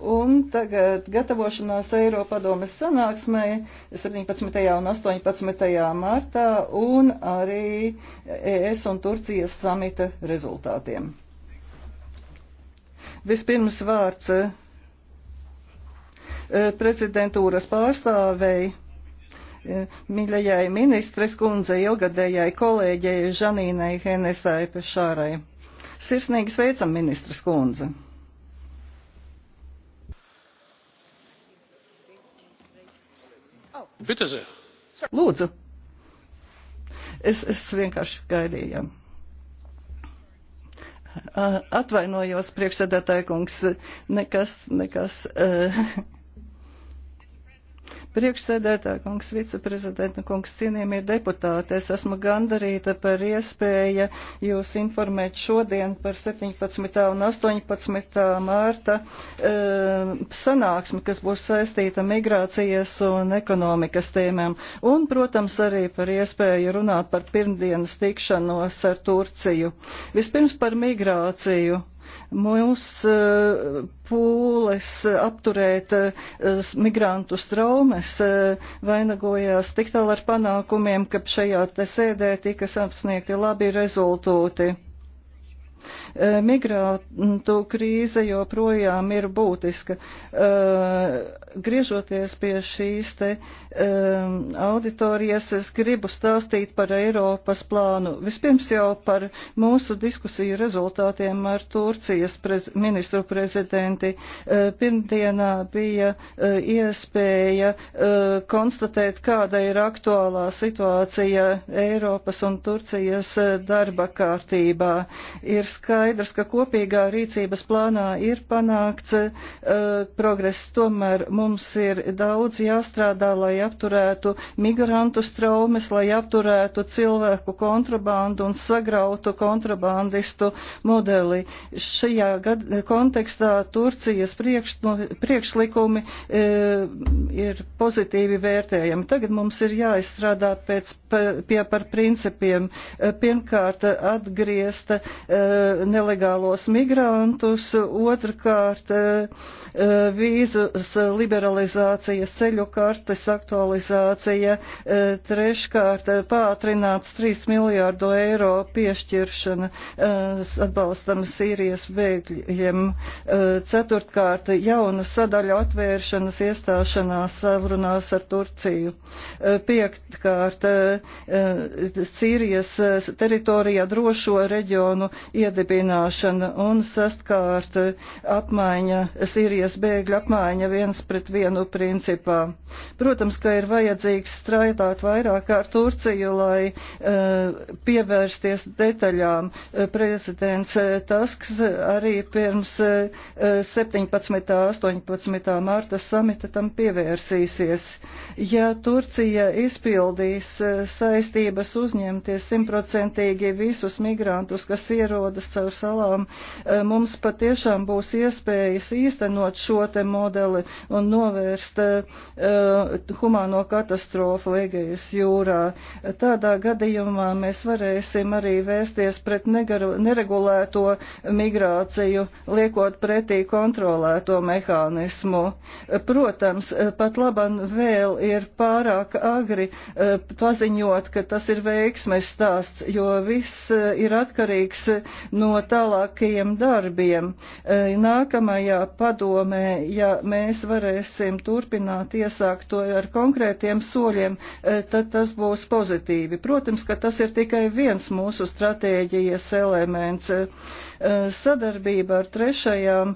Un tagad gatavošanās Eiropadomes sanāksmai 17. un 18. martā un arī ES un Turcijas samita rezultātiem. Vispirms vārds e, prezidentūras pārstāvei e, mīļajai ministres kundzei, ilgadējai kolēģei Žanīnai Henesai Pešārai. Sirsnīgi sveicam ministres kundzi! Lūdzu. Es, es vienkārši gaidīju. Atvainojos, priekšsēdētāji kungs, nekas, nekas. Uh, Priekšsēdētā kungs, viceprezidenta kungs, cienījamie deputāti, es esmu gandarīta par iespēju jūs informēt šodien par 17. un 18. mārta e, sanāksmi, kas būs saistīta migrācijas un ekonomikas tēmām. Un, protams, arī par iespēju runāt par pirmdienas tikšanos ar Turciju. Vispirms par migrāciju. Mums eh, pūles apturēt eh, migrantu straumes eh, vainagojās tik tālu ar panākumiem, ka šajā te sēdē tika sasniegti labi rezultāti. Eh, Migrāntu krīze joprojām ir būtiska. Eh, griežoties pie šīs te eh, auditorijas, es gribu stāstīt par Eiropas plānu. Vispirms jau par mūsu diskusiju rezultātiem ar Turcijas prez ministru prezidenti. Pirmdienā bija iespēja konstatēt, kāda ir aktuālā situācija Eiropas un Turcijas darba kārtībā. Ir skar skaidrs, ka kopīgā rīcības plānā ir panākts uh, progress. Tomēr mums ir daudz jāstrādā, lai apturētu migrantu straumes, lai apturētu cilvēku kontrabandu un sagrautu kontrabandistu modeli. Šajā gad, kontekstā Turcijas priekš, no, priekšlikumi uh, ir pozitīvi vērtējami. Tagad mums ir jāizstrādā pēc, pie, par principiem. Eh, pirmkārt, atgriezta uh, nelegālos migrantus, otrkārt e, e, vīzas liberalizācija, ceļu kartes aktualizācija, e, treškārt pātrināts 3 miljārdu eiro piešķiršana atbalstam Sīrijas bēgļiem, ceturtkārt jauna sadaļa atvēršanas iestāšanās sarunās ar Turciju, piektkārt Sīrijas teritorijā drošo reģionu iedibināšana nogalināšana un sastkārt apmaiņa, Sīrijas bēgļu apmaiņa viens pret vienu principā. Protams, ka ir vajadzīgs strādāt vairāk ar Turciju, lai uh, pievērsties detaļām. E, prezidents e, Tasks arī pirms uh, 17. 18. marta samita tam pievērsīsies. Ja Turcija izpildīs uh, saistības uzņemties simtprocentīgi visus migrantus, kas ierodas caur Azāru salām, e, mums patiešām būs iespējas īstenot šo te modeli un novērst e, e, humāno katastrofu Egejas jūrā. Tādā gadījumā mēs varēsim arī vērsties pret negaru, neregulēto migrāciju, liekot pretī kontrolēto mehānismu. Protams, pat laban vēl ir pārāk agri paziņot, ka tas ir veiksmes stāsts, jo viss ir atkarīgs no no tālākajiem darbiem. E, nākamajā padomē, ja mēs varēsim turpināt iesākt to ar konkrētiem soļiem, e, tad tas būs pozitīvi. Protams, ka tas ir tikai viens mūsu stratēģijas elements e, sadarbība ar trešajām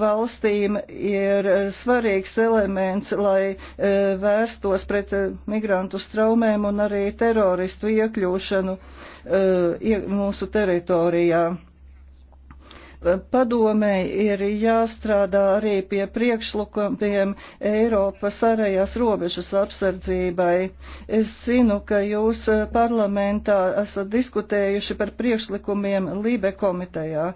valstīm ir svarīgs elements, lai vērstos pret migrantu straumēm un arī teroristu iekļūšanu mūsu teritorijā. Padomē ir jāstrādā arī pie priekšlikumiem Eiropas arējās robežas apsardzībai. Es zinu, ka jūs parlamentā esat diskutējuši par priekšlikumiem Lībe komitejā.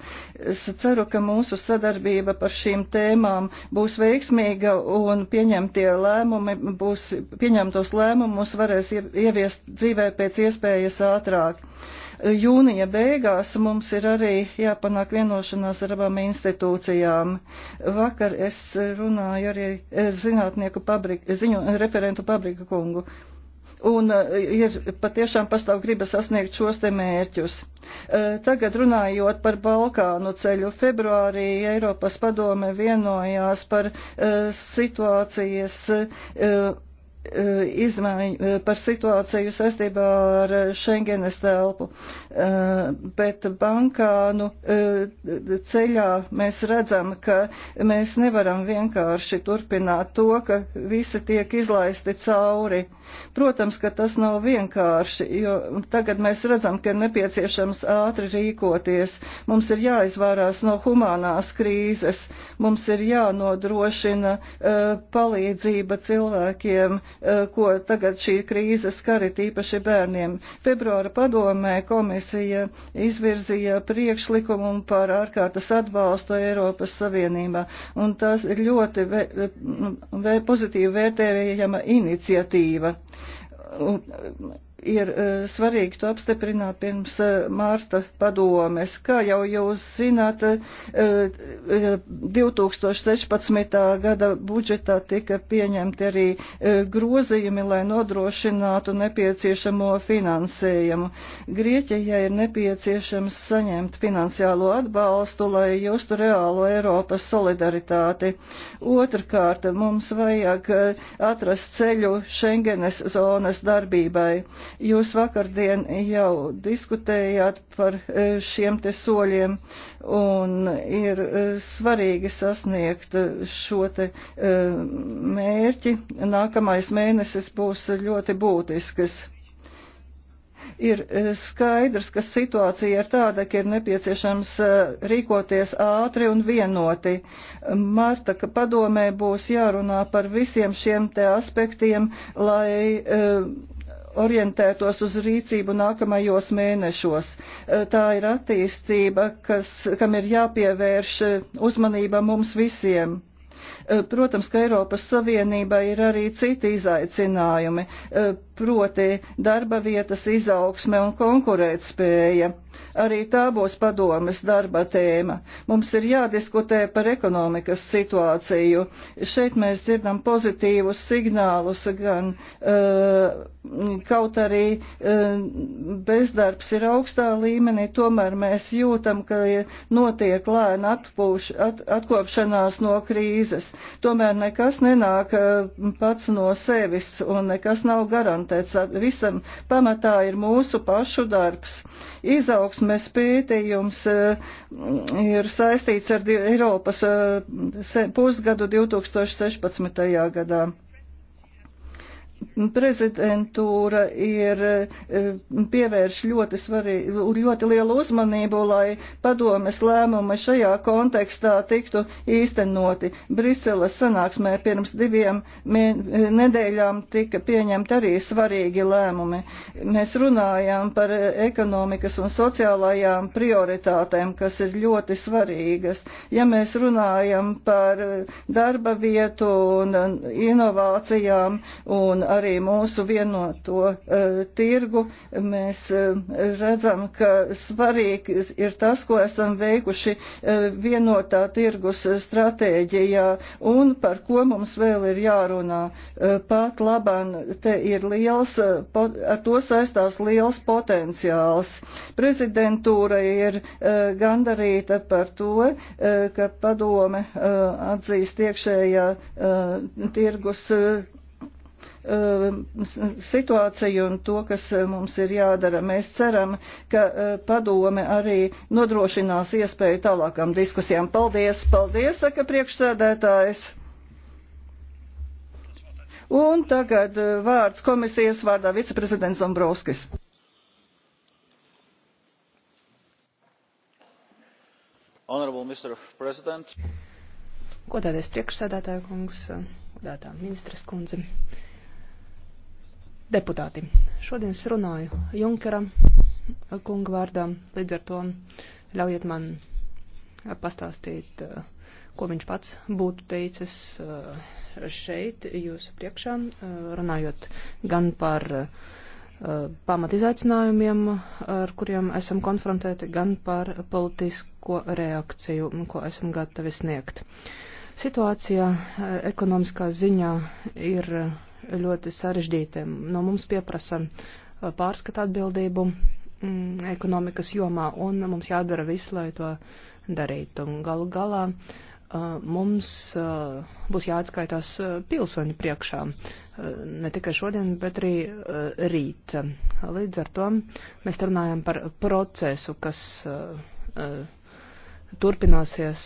Es ceru, ka mūsu sadarbība par šīm tēmām būs veiksmīga un pieņemtie lēmumi būs, pieņemtos lēmumus varēs ieviest dzīvē pēc iespējas ātrāk. Jūnija beigās mums ir arī jāpanāk vienošanās ar abām institūcijām. Vakar es runāju arī eh, zinātnieku pabrik, ziņo, referentu pabriku kungu. Un eh, ir patiešām pastāv griba sasniegt šos te mērķus. Eh, tagad runājot par Balkānu ceļu, februārī Eiropas padome vienojās par situācijas Eh, izmaiņu, eh, par situāciju saistībā ar Schengenes telpu, eh, bet bankānu ceļā mēs redzam, ka mēs nevaram vienkārši turpināt to, ka visi tiek izlaisti cauri. Protams, ka tas nav vienkārši, jo tagad mēs redzam, ka ir nepieciešams ātri rīkoties. Mums ir jāizvārās no humanās krīzes, mums ir jānodrošina palīdzība cilvēkiem, Eh, ko tagad šī krīze skari tīpaši bērniem. Februāra padomē komisija izvirzīja priekšlikumu par ārkārtas atbalstu Eiropas Savienībā, un tas ir ļoti vē, vē, pozitīvi vērtējama iniciatīva. Un, ir e, svarīgi to apstiprināt pirms e, mārta padomes. Kā jau jūs zināt, 2016. E, gada budžetā tika pieņemti arī grozījumi, lai nodrošinātu nepieciešamo finansējumu. Grieķijai ir nepieciešams saņemt finansiālo atbalstu, lai justu reālo Eiropas solidaritāti. Otrkārt, mums vajag atrast ceļu Schengenes zonas darbībai. Jūs vakardien jau diskutējāt par e, šiem te soļiem un ir e, svarīgi sasniegt šo te e, mērķi. Nākamais mēnesis būs ļoti būtisks ir skaidrs, ka situācija ir tāda, ka ir nepieciešams rīkoties ātri un vienoti. Marta, ka padomē būs jārunā par visiem šiem te aspektiem, lai orientētos uz rīcību nākamajos mēnešos. E, Tā ir attīstība, kas, kam ir jāpievērš uzmanība mums visiem. Eh, protams, ka Eiropas Savienībai ir arī citi izaicinājumi, eh, proti darba vietas izaugsme un konkurētspēja. Arī tā būs padomes darba tēma. Mums ir jādiskutē par ekonomikas situāciju. Šeit mēs dzirdam pozitīvus signālus, gan uh, kaut arī uh, bezdarbs ir augstā līmenī, tomēr mēs jūtam, ka notiek lēna atpūš, at, atkopšanās no krīzes. Tomēr nekas nenāk eh, pats no sevis un nekas nav garantēts. Visam pamatā ir mūsu pašu darbs. Izaugsmes pētījums eh, ir saistīts ar Eiropas eh, pusgadu 2016. gadā prezidentūra ir eh, pievērš ļoti svarīgu, ļoti lielu uzmanību, lai padomes lēmumi šajā kontekstā tiktu īstenoti. Briseles sanāksmē pirms diviem nedēļām tika pieņemti arī svarīgi lēmumi. Mēs runājām par ekonomikas un sociālajām prioritātēm, kas ir ļoti svarīgas. Ja mēs runājam par darba vietu un inovācijām un arī mūsu vienoto eh, tirgu, mēs eh, redzam, ka svarīgi ir tas, ko esam veikuši eh, vienotā tirgus stratēģijā un par ko mums vēl ir jārunā. Pat labam te ir liels, ar to saistās liels potenciāls. Prezidentūra ir gandarīta par to, ka padome atzīst iekšējā tirgus Um, situāciju un to, kas uh, mums ir jādara. Mēs ceram, ka uh, padome arī nodrošinās iespēju tālākām diskusijām. Paldies, paldies, saka priekšsēdētājs. Un tagad uh, vārds komisijas vārdā viceprezidents Dombrovskis. Honorable Mr. President. Godāties priekšsēdētāju kungs, godātā ministres kundze. Deputāti, šodien es runāju Junkera kunga vārdā, līdz ar to ļaujiet man pastāstīt, ko viņš pats būtu teicis eh, šeit jūsu priekšā, eh, runājot gan par eh, pamat izaicinājumiem, ar kuriem esam konfrontēti, gan par politisko reakciju, ko esam gatavi sniegt. Situācija ekonomiskā ziņā ir ļoti sarežģīti. No mums pieprasa uh, pārskata atbildību mm, ekonomikas jomā, un mums jādara viss, lai to darītu. Un galu galā uh, mums uh, būs jāatskaitās pilsoņu priekšā, ne tikai šodien, bet arī rīt. Līdz ar to mēs runājam par procesu, kas turpināsies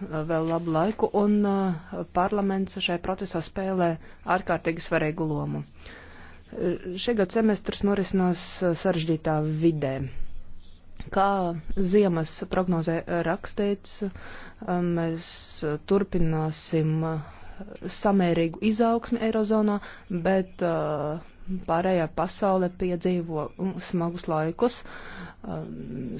vēl labu laiku, un eh, parlaments šajā procesā spēlē ārkārtīgi svarīgu lomu. Eh, šī gada semestrs norisinās eh, sarežģītā vidē. Kā ziemas prognozē rakstīts, mēs turpināsim samērīgu izaugsmi Eirozonā, bet uh, pārējā pasaule piedzīvo smagus laikus. Um,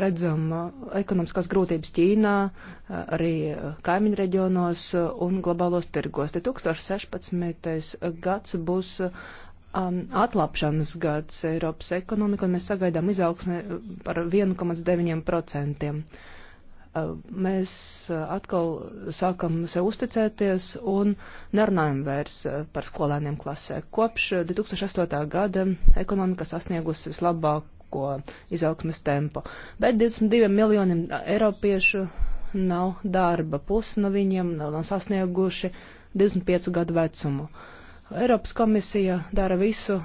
redzam uh, ekonomiskās grūtības Ķīnā, uh, arī uh, kaimiņu reģionos un globālos tirgos. Te 2016. gads būs um, atlapšanas gads Eiropas ekonomika, un mēs sagaidām izaugsmi par 1,9% mēs eh, atkal sākam sev uzticēties un nerunājam vairs eh, par skolēniem klasē. Kopš 2008. Eh, gada ekonomika sasniegusi vislabāko izaugsmes tempu, bet 22 miljoniem eiropiešu nav darba, pusi no viņiem nav sasnieguši 25 gadu vecumu. Eiropas komisija dara visu,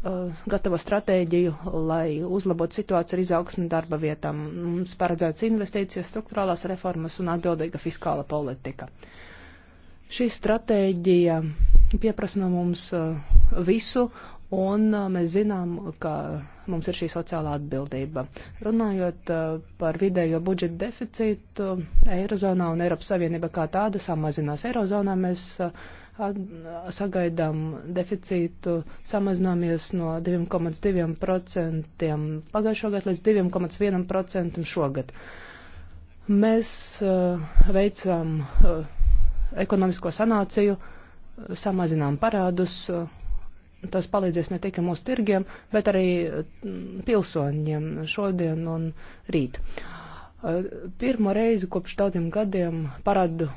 Eh, gatavo stratēģiju, lai uzlabotu situāciju ar izaugsmu darba vietām. Mums paredzēts investīcijas, struktūrālās reformas un atbildīga fiskāla politika. Šī stratēģija pieprasa no mums eh, visu, un eh, mēs zinām, ka mums ir šī sociālā atbildība. Runājot par vidējo budžeta deficītu, Eirozonā un Eiropas Savienība kā tāda samazinās. Eirozonā mēs uh, Uh, sagaidām deficītu samazināmies no 2,2% pagājušo gadu līdz 2,1% šogad. Mēs uh, veicam uh, ekonomisko sanāciju, samazinām parādus. Tas palīdzēs ne tikai mūsu tirgiem, bet arī pilsoņiem šodien un rīt. Pirmo reizi kopš daudziem gadiem parādu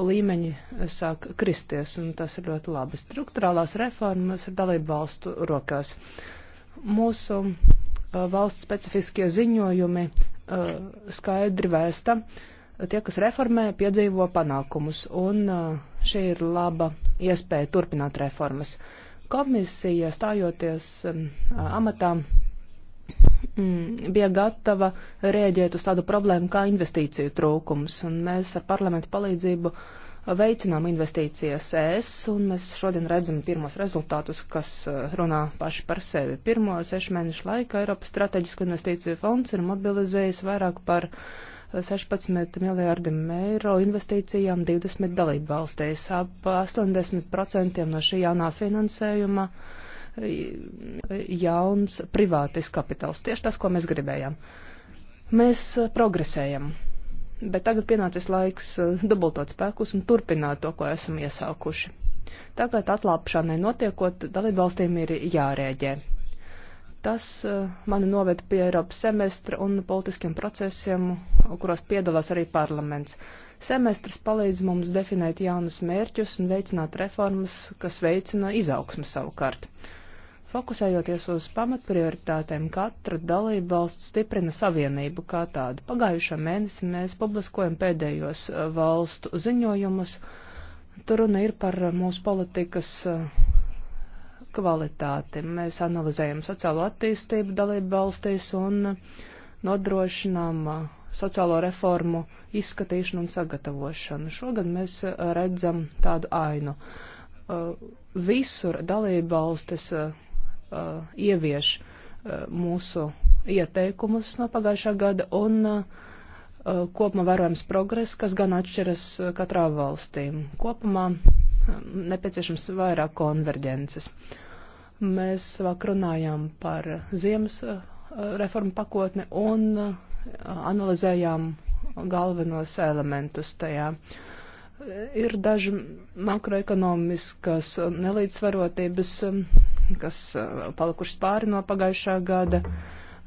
līmeņi sāk kristies, un tas ir ļoti labi. Struktūrālās reformas ir dalību valstu rokās. Mūsu valsts specifiskie ziņojumi skaidri vēsta, tie, kas reformē, piedzīvo panākumus, un šī ir laba iespēja turpināt reformas. Komisija stājoties amatā Mm, bija gatava rēģēt uz tādu problēmu kā investīciju trūkums. Un mēs ar parlamentu palīdzību veicinām investīcijas ES, un mēs šodien redzam pirmos rezultātus, kas eh, runā paši par sevi. Pirmo sešu mēnešu laikā Eiropas strateģisko investīciju fonds ir mobilizējis vairāk par 16 eh, miljārdiem eiro investīcijām 20 dalību valstīs. Ap 80% no šī jaunā finansējuma uh, jauns privātais kapitāls. Tieši tas, ko mēs gribējām. Mēs eh, progresējam, bet tagad pienācis laiks eh, dubultot spēkus un turpināt to, ko esam iesākuši. Tagad atlāpšanai notiekot, dalībvalstīm ir jārēģē. Tas eh, mani noved pie Eiropas semestra un politiskiem procesiem, kuros piedalās arī parlaments. Semestrs palīdz mums definēt jaunus mērķus un veicināt reformas, kas veicina izaugsmu savukārt. Fokusējoties uz pamatprioritātēm, katra dalība valsts stiprina savienību kā tādu. Pagājušā mēnesī mēs publiskojam pēdējos eh, valstu ziņojumus. Tur runa ir par eh, mūsu politikas eh, kvalitāti. Mēs analizējam sociālo attīstību dalību valstīs un nodrošinām sociālo reformu izskatīšanu un sagatavošanu. Šogad mēs redzam tādu ainu. Visur dalība valstis uh, ievieš uh, mūsu ieteikumus no pagājušā gada un uh, uh kopumā vērojams progress, kas gan atšķiras uh, katrā valstī. Kopumā um, nepieciešams vairāk konverģences. Mēs vakar runājām par ziemas uh, reformu pakotni un analizējām galvenos elementus tajā. Ir daži makroekonomiskas nelīdzsvarotības um, kas vēl uh, palikušas pāri no pagājušā gada,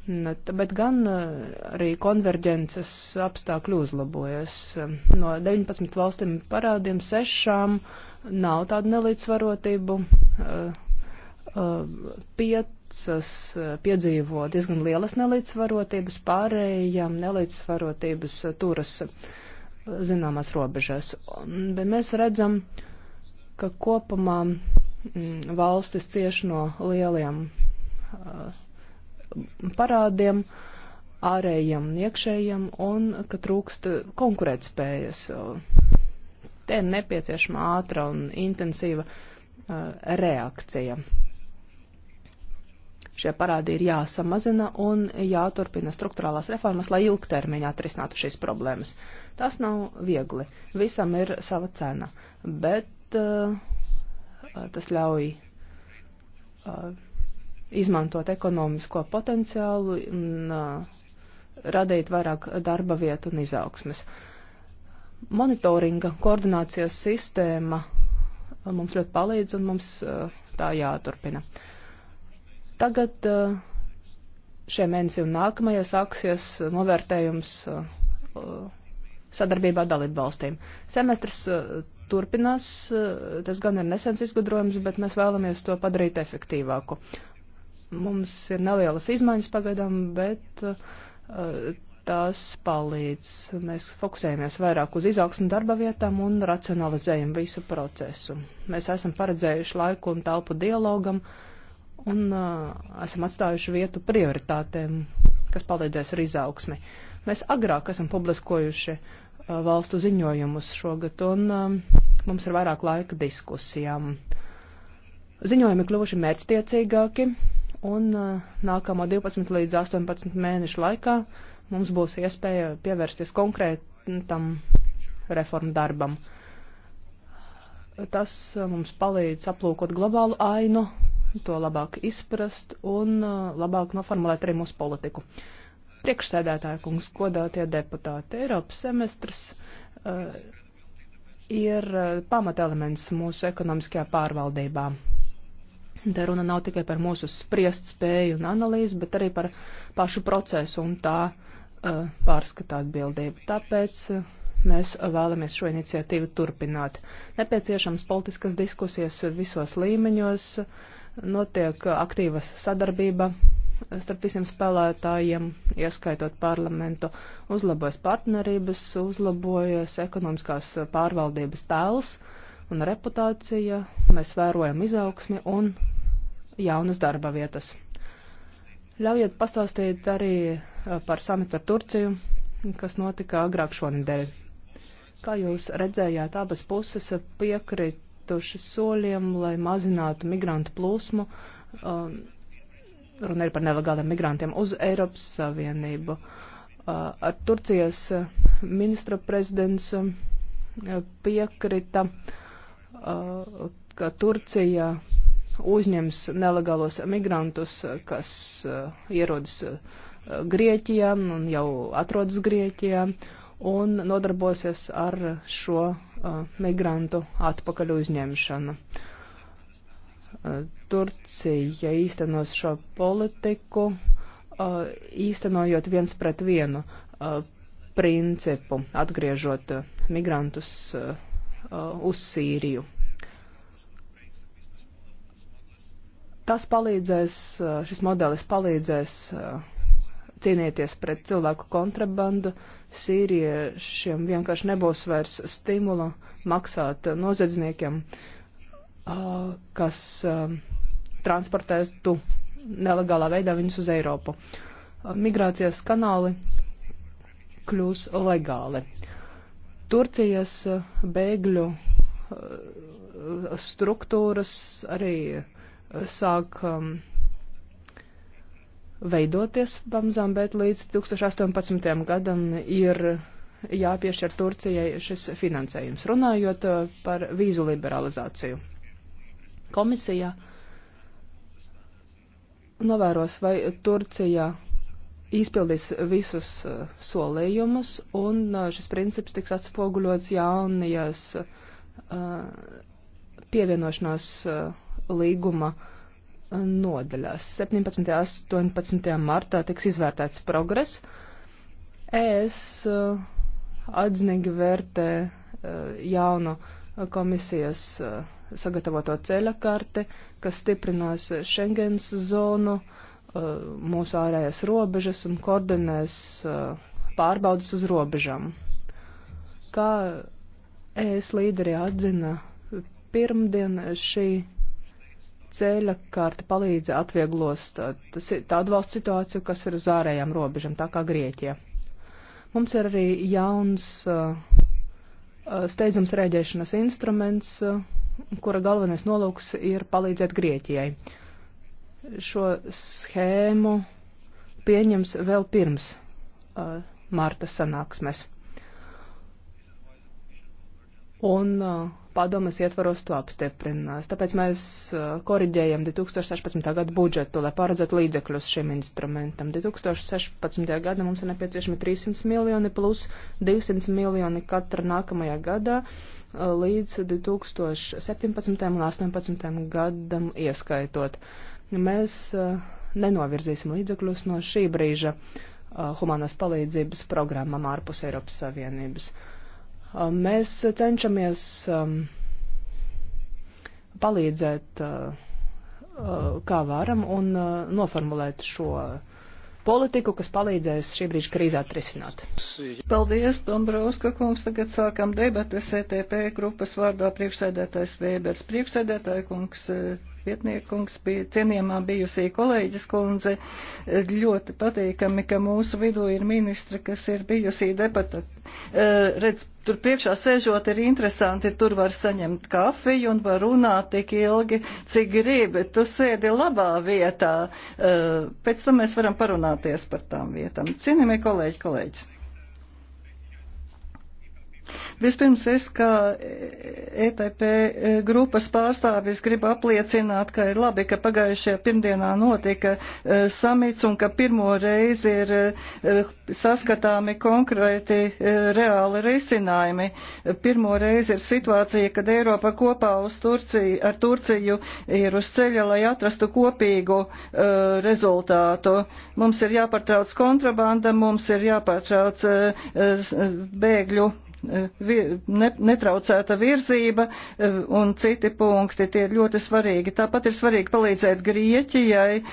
mm, bet gan uh, arī konverģences apstākļi uzlabojas. Um, no 19 valstīm parādiem sešām nav tādu nelīdzvarotību. Uh, piecas piedzīvo diezgan lielas nelīdzvarotības, pārējām nelīdzvarotības turas zināmās robežās. Bet mēs redzam, ka kopumā Mm, valstis cieši no lieliem uh, parādiem, ārējiem un iekšējiem, un ka trūkst konkurētspējas. Te ir nepieciešama ātra un intensīva uh, reakcija. Šie parādi ir jāsamazina un jāturpina struktūrālās reformas, lai ilgtermiņā atrisinātu šīs problēmas. Tas nav viegli. Visam ir sava cena. Bet uh, Uh, tas ļauj uh, izmantot ekonomisko potenciālu un uh, radīt vairāk darba vietu un izaugsmes. Monitoringa koordinācijas sistēma mums ļoti palīdz un mums tā jāturpina. Tagad šie mēnesi un nākamajie sāksies novērtējums sadarbībā dalību valstīm. Semestrs turpinās. Eh, tas gan ir nesens izgudrojums, bet mēs vēlamies to padarīt efektīvāku. Mums ir nelielas izmaiņas pagaidām, bet eh, tās palīdz. Mēs fokusējamies vairāk uz izaugsmu darba vietām un racionalizējam visu procesu. Mēs esam paredzējuši laiku un telpu dialogam un uh, esam atstājuši vietu prioritātēm, kas palīdzēs ar izaugsmi. Mēs agrāk esam publiskojuši uh, Uh, valstu ziņojumus šogad, un um, mums ir vairāk laika diskusijām. Ziņojumi kļuvuši mērķtiecīgāki, un uh, nākamo 12 līdz 18 mēnešu laikā mums būs iespēja pievērsties konkrētam reformu darbam. Tas uh, mums palīdz aplūkot globālu ainu, to labāk izprast un labāk noformulēt arī mūsu politiku. Uh, Priekšsēdētāja kungs, godātie deputāti, Eiropas semestrs uh, ir uh, pamatelements mūsu ekonomiskajā pārvaldībā. Te runa nav tikai par mūsu spriest spēju un analīzi, bet arī par pašu procesu un tā uh, pārskatā atbildību. Tāpēc uh, mēs vēlamies šo iniciatīvu turpināt. Nepieciešams politiskas diskusijas visos līmeņos, notiek aktīva sadarbība starp visiem spēlētājiem, ieskaitot parlamentu, uzlabojas partnerības, uzlabojas ekonomiskās pārvaldības tēls un reputācija, mēs vērojam izaugsmi un jaunas darba vietas. Ļaujiet pastāstīt arī eh, par samitu ar Turciju, kas notika agrāk šonadēļ. Kā jūs redzējāt, abas puses piekritušas soļiem, lai mazinātu migrantu plūsmu. Um, runa ir par nelegāliem migrantiem uz Eiropas Savienību. Uh, ar Turcijas uh, ministra prezidents um, uh, piekrita, ka Turcija uzņems nelegālos migrantus, kas ierodas Grieķijā un jau atrodas Grieķijā un nodarbosies ar šo migrantu atpakaļ uzņemšanu. Uh, Turcija īstenos šo politiku, īstenojot viens pret vienu principu, atgriežot migrantus uz Sīriju. Tas palīdzēs, šis modelis palīdzēs cīnīties pret cilvēku kontrabandu. Sīriešiem vienkārši nebūs vairs stimula maksāt noziedzniekiem uh, Uh, kas uh, transportētu nelegālā veidā viņus uz Eiropu. Uh, migrācijas kanāli kļūs legāli. Turcijas bēgļu struktūras arī sāk um, veidoties pamazām, bet līdz 2018. gadam ir jāpiešķir Turcijai šis finansējums, runājot par vīzu liberalizāciju komisija novēros, vai Turcija izpildīs visus eh, solījumus, un eh, šis princips tiks atspoguļots jaunajās eh, pievienošanās līguma nodaļās. 17. un 18. martā tiks izvērtēts progress. Es atzinīgi vērtē jaunu komisijas sagatavoto ceļa karte, kas stiprinās Schengens zonu, uh, mūsu ārējās robežas un koordinēs uh, pārbaudas uz robežām. Kā ES līderi atzina, pirmdien šī ceļa kārta palīdz atvieglos tādu valstu situāciju, kas ir uz ārējām robežām, tā kā Grieķija. Mums ir arī jauns uh, uh steidzams rēģēšanas instruments, uh, kura galvenais nolūks ir palīdzēt Grieķijai. Šo schēmu pieņems vēl pirms uh, Marta sanāksmes. Un uh, padomas ietvaros to apstiprinās. Tāpēc mēs uh, koriģējam 2016. gada budžetu, lai paredzētu līdzekļus šim instrumentam. 2016. gada mums ir nepieciešami 300 miljoni plus 200 miljoni katra nākamajā gadā uh, līdz 2017. un 2018. gadam ieskaitot. Mēs uh, nenovirzīsim līdzekļus no šī brīža humanās palīdzības programmām ārpus Eiropas Savienības. Uh, Um, mēs cenšamies um, palīdzēt, uh, uh, kā varam, un uh, noformulēt šo politiku, kas palīdzēs šī brīža krīzē atrisināt. Paldies, Dombrovska kungs. Tagad sākam debates ETP grupas vārdā priekšsēdētājs Vēbers. Priekšsēdētāja kungs vietniekungs, bija cienījumā bijusī kolēģis kundze. Ļoti patīkami, ka mūsu vidū ir ministra, kas ir bijusī deputāta. E, redz, tur priekšā sēžot ir interesanti, tur var saņemt kafiju un var runāt tik ilgi, cik gribi. Tu sēdi labā vietā. E, pēc tam mēs varam parunāties par tām vietām. Cienījamie kolēģi, kolēģis. Vispirms es kā ETP grupas pārstāvis gribu apliecināt, ka ir labi, ka pagājušajā pirmdienā notika e, samits un ka pirmo reizi ir e, saskatāmi konkrēti e, reāli risinājumi. Pirmo reizi ir situācija, kad Eiropa kopā uz Turciju, ar Turciju ir uz ceļa, lai atrastu kopīgu uh, rezultātu. Mums ir jāpārtrauc kontrabanda, mums ir jāpārtrauc uh, bēgļu netraucēta virzība e, un citi punkti. Tie ir ļoti svarīgi. Tāpat ir svarīgi palīdzēt Grieķijai e,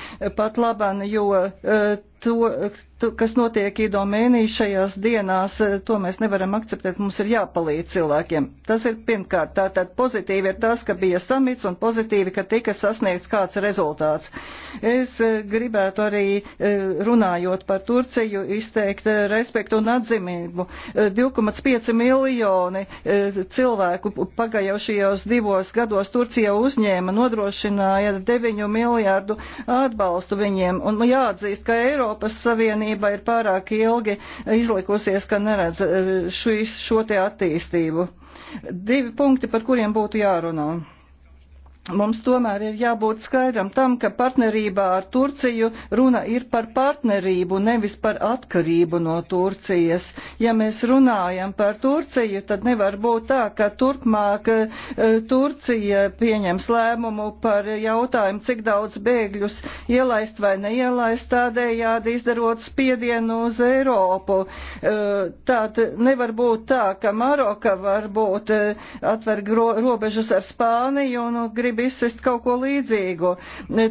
pat labāk, jo e, to, kas notiek īdomēnī šajās dienās, eh, to mēs nevaram akceptēt, mums ir jāpalīdz cilvēkiem. Tas ir pirmkārt, tātad pozitīvi ir tas, ka bija samits un pozitīvi, ka tika sasniegts kāds rezultāts. Es eh, gribētu arī eh, runājot par Turciju izteikt respektu un atzimību. 2,5 miljoni cilvēku pagājušajos divos gados Turcija uzņēma, nodrošināja 9 miljārdu atbalstu viņiem un jāatzīst, ka Eiropa Eiropas Savienība ir pārāk ilgi izlikusies, ka neredz eh, šis, šo te attīstību. Divi punkti, par kuriem būtu jārunā. Mums tomēr ir jābūt skaidram tam, ka partnerībā ar Turciju runa ir par partnerību, nevis par atkarību no Turcijas. Ja mēs runājam par Turciju, tad nevar būt tā, ka turpmāk eh, Turcija pieņems lēmumu par jautājumu, cik daudz bēgļus ielaist vai neielaist, tādējādi izdarot spiedienu uz Eiropu. Eh, tātad nevar būt tā, ka Maroka varbūt eh, atver robežas ar Spāniju un grib grib izsist kaut ko līdzīgu.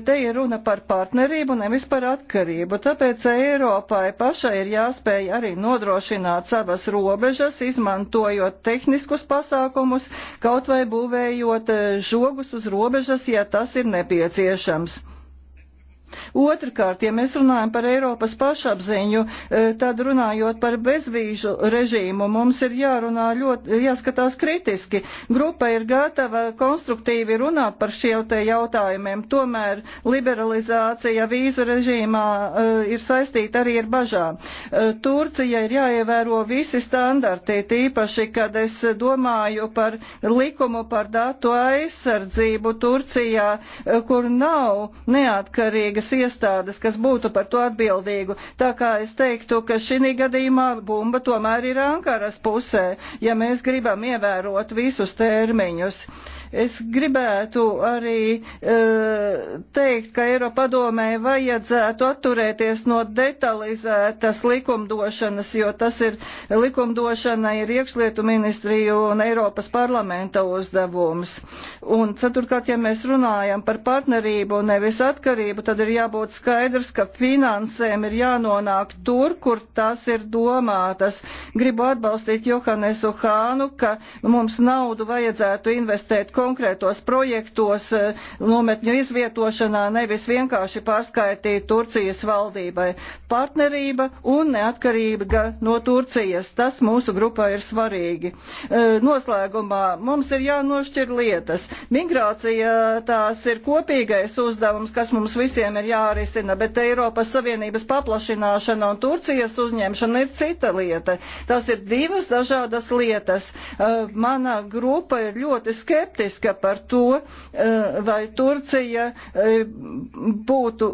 Te ir runa par partnerību, nevis par atkarību. Tāpēc Eiropai pašai ir jāspēj arī nodrošināt savas robežas, izmantojot tehniskus pasākumus, kaut vai būvējot eh, žogus uz robežas, ja tas ir nepieciešams. Otrakārt, ja mēs runājam par Eiropas pašapziņu, e, tad runājot par bezvīžu režīmu, mums ir jārunā ļoti, jāskatās kritiski. Grupa ir gatava konstruktīvi runāt par šiem te jautājumiem, tomēr liberalizācija vīzu režīmā e, ir saistīta arī ar bažām. E, Turcija ir jāievēro visi standarti, tīpaši, kad es domāju par likumu par datu aizsardzību Turcijā, kur nav neatkarīga atbildīgas iestādes, kas būtu par to atbildīgu. Tā kā es teiktu, ka šī gadījumā bumba tomēr ir Ankaras pusē, ja mēs gribam ievērot visus termiņus. Es gribētu arī e, teikt, ka Eiropadomē vajadzētu atturēties no detalizētas likumdošanas, jo tas ir likumdošana ir iekšlietu ministriju un Eiropas parlamenta uzdevums. Un ceturkārt, ja mēs runājam par partnerību, nevis atkarību, tad ir jābūt skaidrs, ka finansēm ir jānonāk tur, kur tas ir domātas. Gribu atbalstīt Johannesu Hānu, ka mums naudu vajadzētu investēt konkrētos projektos eh, nometņu izvietošanā, nevis vienkārši pārskaitīt Turcijas valdībai. Partnerība un neatkarība no Turcijas, tas mūsu grupā ir svarīgi. Eh, noslēgumā mums ir jānošķir lietas. Migrācija tās ir kopīgais uzdevums, kas mums visiem ir jārisina, bet Eiropas Savienības paplašināšana un Turcijas uzņemšana ir cita lieta. Tas ir divas dažādas lietas. Eh, mana grupa ir ļoti skeptiska skeptiska par to, eh, vai Turcija eh, būtu,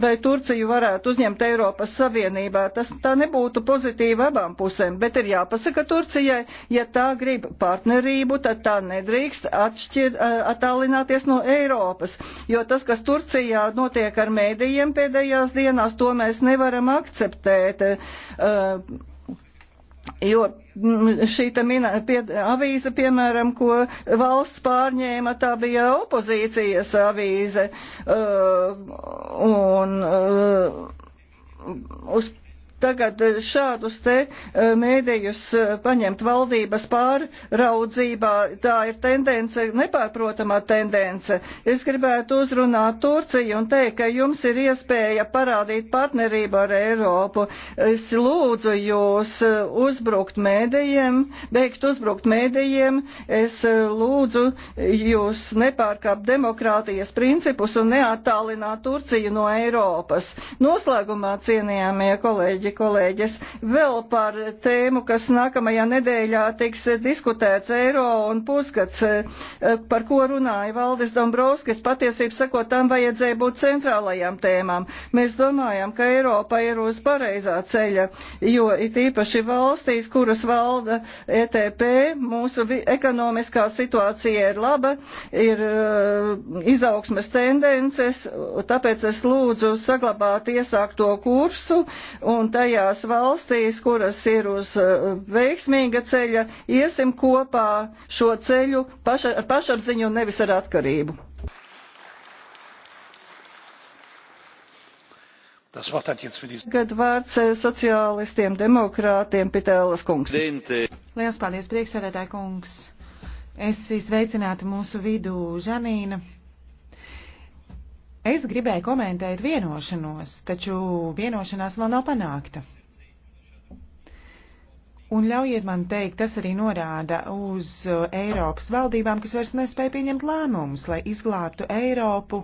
vai Turciju varētu uzņemt Eiropas Savienībā. Tas tā nebūtu pozitīva abām pusēm, bet ir jāpasaka Turcijai, ja tā grib partnerību, tad tā nedrīkst atšķir, eh, attālināties no Eiropas, jo tas, kas Turcijā notiek ar mēdījiem pēdējās dienās, to mēs nevaram akceptēt. Uh, Jo mm, šī mina, pie, avīze, piemēram, ko valsts pārņēma, tā bija opozīcijas avīze. Uh, un, uh, uz Tagad eh, šādus te eh, mēdījus eh, paņemt valdības pārraudzībā, tā ir tendence, nepārprotamā tendence. Es gribētu uzrunāt Turciju un teikt, ka jums ir iespēja parādīt partnerību ar Eiropu. Es lūdzu jūs uzbrukt mēdījiem, beigt uzbrukt mēdījiem. Es lūdzu jūs nepārkāpt demokrātijas principus un neattālināt Turciju no Eiropas. Noslēgumā, cienījamie kolēģi, kolēģi, kolēģis. Vēl par tēmu, kas nākamajā nedēļā tiks diskutēts eiro un pusgads, eh, par ko runāja Valdis Dombrovskis, patiesību sakot, tam vajadzēja būt centrālajām tēmām. Mēs domājam, ka Eiropa ir uz pareizā ceļa, jo it īpaši valstīs, kuras valda ETP, mūsu ekonomiskā situācija ir laba, ir eh, izaugsmes tendences, tāpēc es lūdzu saglabāt iesākto kursu un tajās valstīs, kuras ir uz eh, veiksmīga ceļa, iesim kopā šo ceļu paša, ar pašapziņu un nevis ar atkarību. Tagad vārds eh, sociālistiem demokrātiem Pitēlas kungs. Liels paldies, priekšsēdētāji kungs. Es izveicinātu mūsu vidū Žanīnu. Es gribēju komentēt vienošanos, taču vienošanās vēl nav panākta. Un ļaujiet man teikt, tas arī norāda uz uh, Eiropas valdībām, kas vairs nespēja pieņemt lēmumus, lai izglābtu Eiropu,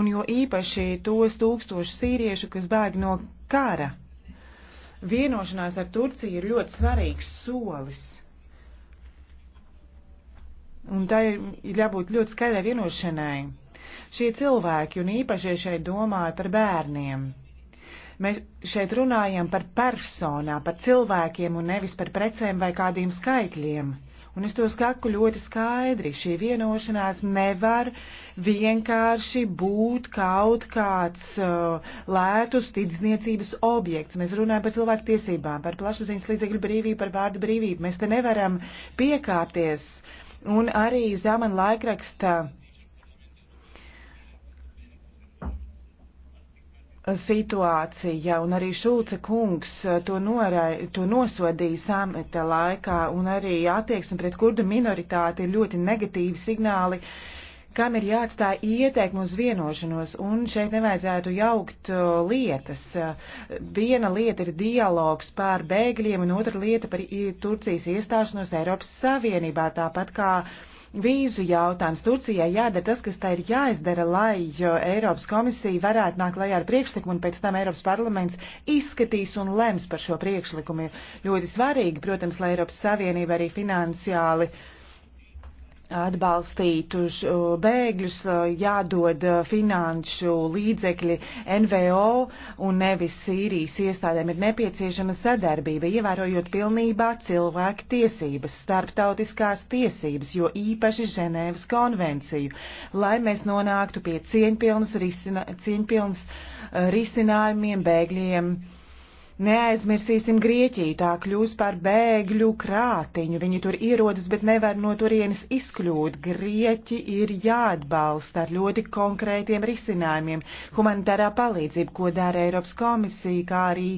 un jo īpaši tos tūkstošu sīriešu, kas bēg no kara. Vienošanās ar Turciju ir ļoti svarīgs solis. Un tā ir jābūt ļoti skaidrai vienošanai šie cilvēki, un īpaši šeit domāju par bērniem. Mēs šeit runājam par personā, par cilvēkiem un nevis par precēm vai kādiem skaitļiem. Un es to skaku ļoti skaidri. Šī vienošanās nevar vienkārši būt kaut kāds uh, lētus tirdzniecības objekts. Mēs runājam par cilvēku tiesībām, par plašsaziņas līdzekļu brīvību, par vārdu brīvību. Mēs te nevaram piekāpties. Un arī zemana laikraksta situācija, un arī Šulce kungs eh, to, norai, to nosodīja samita laikā, un arī attieksme pret kurdu minoritāti ir ļoti negatīvi signāli, kam ir jāatstāj ieteikumu uz vienošanos, un šeit nevajadzētu jaukt eh, lietas. Viena lieta ir dialogs par bēgļiem, un otra lieta par Turcijas iestāšanos Eiropas Savienībā, tāpat kā uh, vīzu jautājums. Turcijai jādara tas, kas tai ir jāizdara, lai Eiropas komisija varētu nākt lejā ar priekšlikumu un pēc tam Eiropas parlaments izskatīs un lems par šo priekšlikumu. Ir ļoti svarīgi, protams, lai Eiropas Savienība arī finansiāli uh, atbalstītu uh, bēgļus, uh, jādod uh, finanšu līdzekļi NVO un nevis Sīrijas iestādēm ir nepieciešama sadarbība, ievērojot pilnībā cilvēku tiesības, starptautiskās tiesības, jo īpaši Ženēvas konvenciju, lai mēs nonāktu pie cieņpilnas, risina, cieņpilnas risinājumiem bēgļiem Neaizmirsīsim Grieķiju, tā kļūs par bēgļu krātiņu. Viņi tur ierodas, bet nevar no turienes izkļūt. Grieķi ir jāatbalsta ar ļoti konkrētiem risinājumiem. Humanitārā palīdzība, ko dara Eiropas komisija, kā arī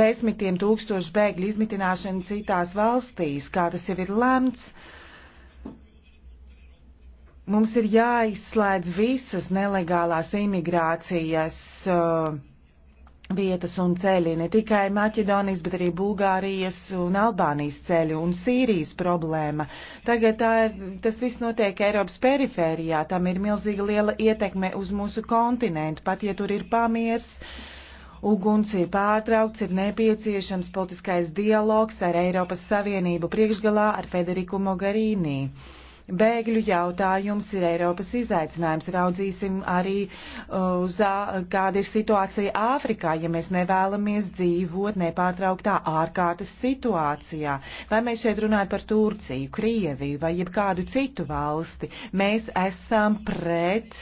desmitiem tūkstošu bēgļu izmitināšana citās valstīs, kā tas jau ir lemts. Mums ir jāizslēdz visas nelegālās imigrācijas. Uh, vietas un ceļi, ne tikai Maķedonijas, bet arī Bulgārijas un Albānijas ceļu un Sīrijas problēma. Tagad tā ir, tas viss notiek Eiropas perifērijā, tam ir milzīga liela ietekme uz mūsu kontinentu, pat ja tur ir pamiers. Uguns ir pārtraukts, ir nepieciešams politiskais dialogs ar Eiropas Savienību priekšgalā ar Federiku Mogarīnī. Bēgļu jautājums ir Eiropas izaicinājums. Raudzīsim arī uh, uz uh, kāda ir situācija Āfrikā, ja mēs nevēlamies dzīvot nepārtrauktā ārkārtas situācijā. Vai mēs šeit runājam par Turciju, Krieviju vai jebkādu citu valsti, mēs esam pret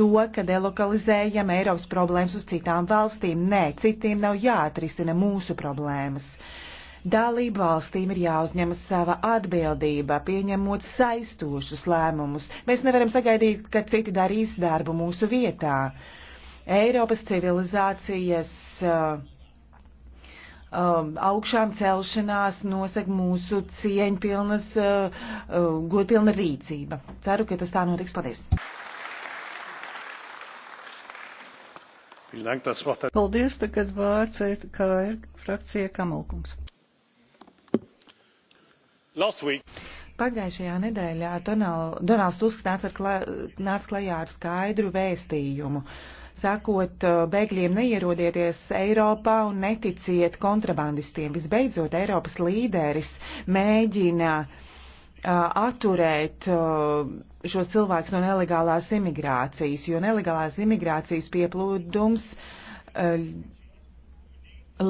to, ka delokalizējam Eiropas problēmas uz citām valstīm. Nē, citiem nav jāatrisina mūsu problēmas. Uh, Dalību valstīm ir jāuzņemas sava atbildība, pieņemot saistošus lēmumus. Mēs nevaram sagaidīt, ka citi darīs darbu mūsu vietā. Eiropas civilizācijas uh, um, augšām celšanās nosaka mūsu cieņpilnas, uh, uh, godpilna rīcība. Ceru, ka tas tā notiks. Paldies! Paldies, tagad vārds ir, kā ir frakcija Kamalkungs. Pagājušajā nedēļā Donalds Tusks nāca klajā ar skaidru vēstījumu. Sakot, eh, bēgļiem neierodieties Eiropā un neticiet kontrabandistiem. Visbeidzot, Eiropas līderis mēģina eh, atturēt eh, šos cilvēkus no nelegālās imigrācijas, jo nelegālās imigrācijas pieplūdums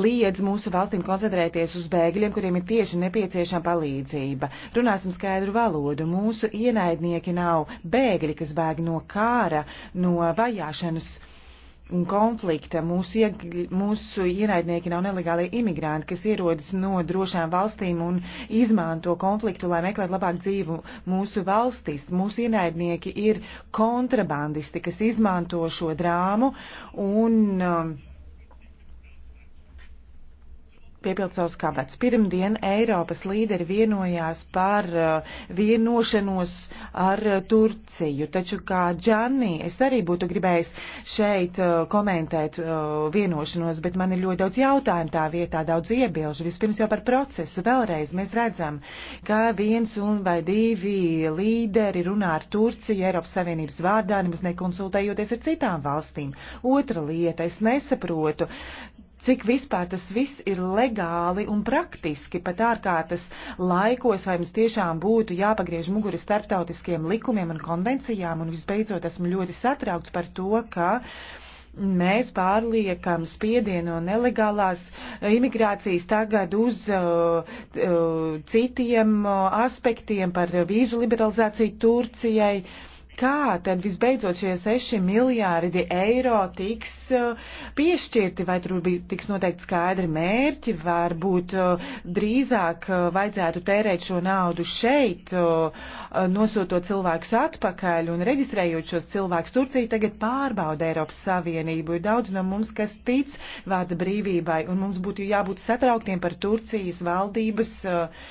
liedz mūsu valstīm koncentrēties uz bēgļiem, kuriem ir tieši nepieciešama palīdzība. Runāsim skaidru valodu. Mūsu ienaidnieki nav bēgļi, kas bēg no kāra, no vajāšanas un konflikta. Mūsu, iegļ, mūsu ienaidnieki nav nelegālie imigranti, kas ierodas no drošām valstīm un izmanto konfliktu, lai meklētu labāku dzīvu mūsu valstīs. Mūsu ienaidnieki ir kontrabandisti, kas izmanto šo drāmu un um, piepild savus kabatas. Pirmdien Eiropas līderi vienojās par uh, vienošanos ar uh, Turciju, taču kā Džanni, es arī būtu gribējis šeit uh, komentēt uh, vienošanos, bet man ir ļoti daudz jautājumu tā vietā, daudz iebilžu. Vispirms jau par procesu vēlreiz mēs redzam, ka viens un vai divi līderi runā ar Turciju Eiropas Savienības vārdā, nemaz nekonsultējoties ar citām valstīm. Otra lieta, es nesaprotu, cik vispār tas viss ir legāli un praktiski pat ārkārtas laikos, vai mums tiešām būtu jāpagriež muguri starptautiskiem likumiem un konvencijām, un visbeidzot esmu ļoti satraukts par to, ka mēs pārliekam spiedienu no nelegālās imigrācijas tagad uz uh, uh, citiem uh, aspektiem par vīzu liberalizāciju Turcijai. Uh, kā tad visbeidzot šie 6 miljārdi eiro tiks uh, piešķirti, vai tur bija tiks noteikti skaidri mērķi, varbūt uh, drīzāk uh, vajadzētu tērēt šo naudu šeit, nosūtot cilvēkus atpakaļ un reģistrējot šos cilvēkus. Turcija tagad pārbauda Eiropas Savienību, ir daudz no mums, kas tic vārda brīvībai, un mums būtu jābūt satrauktiem par Turcijas valdības uh,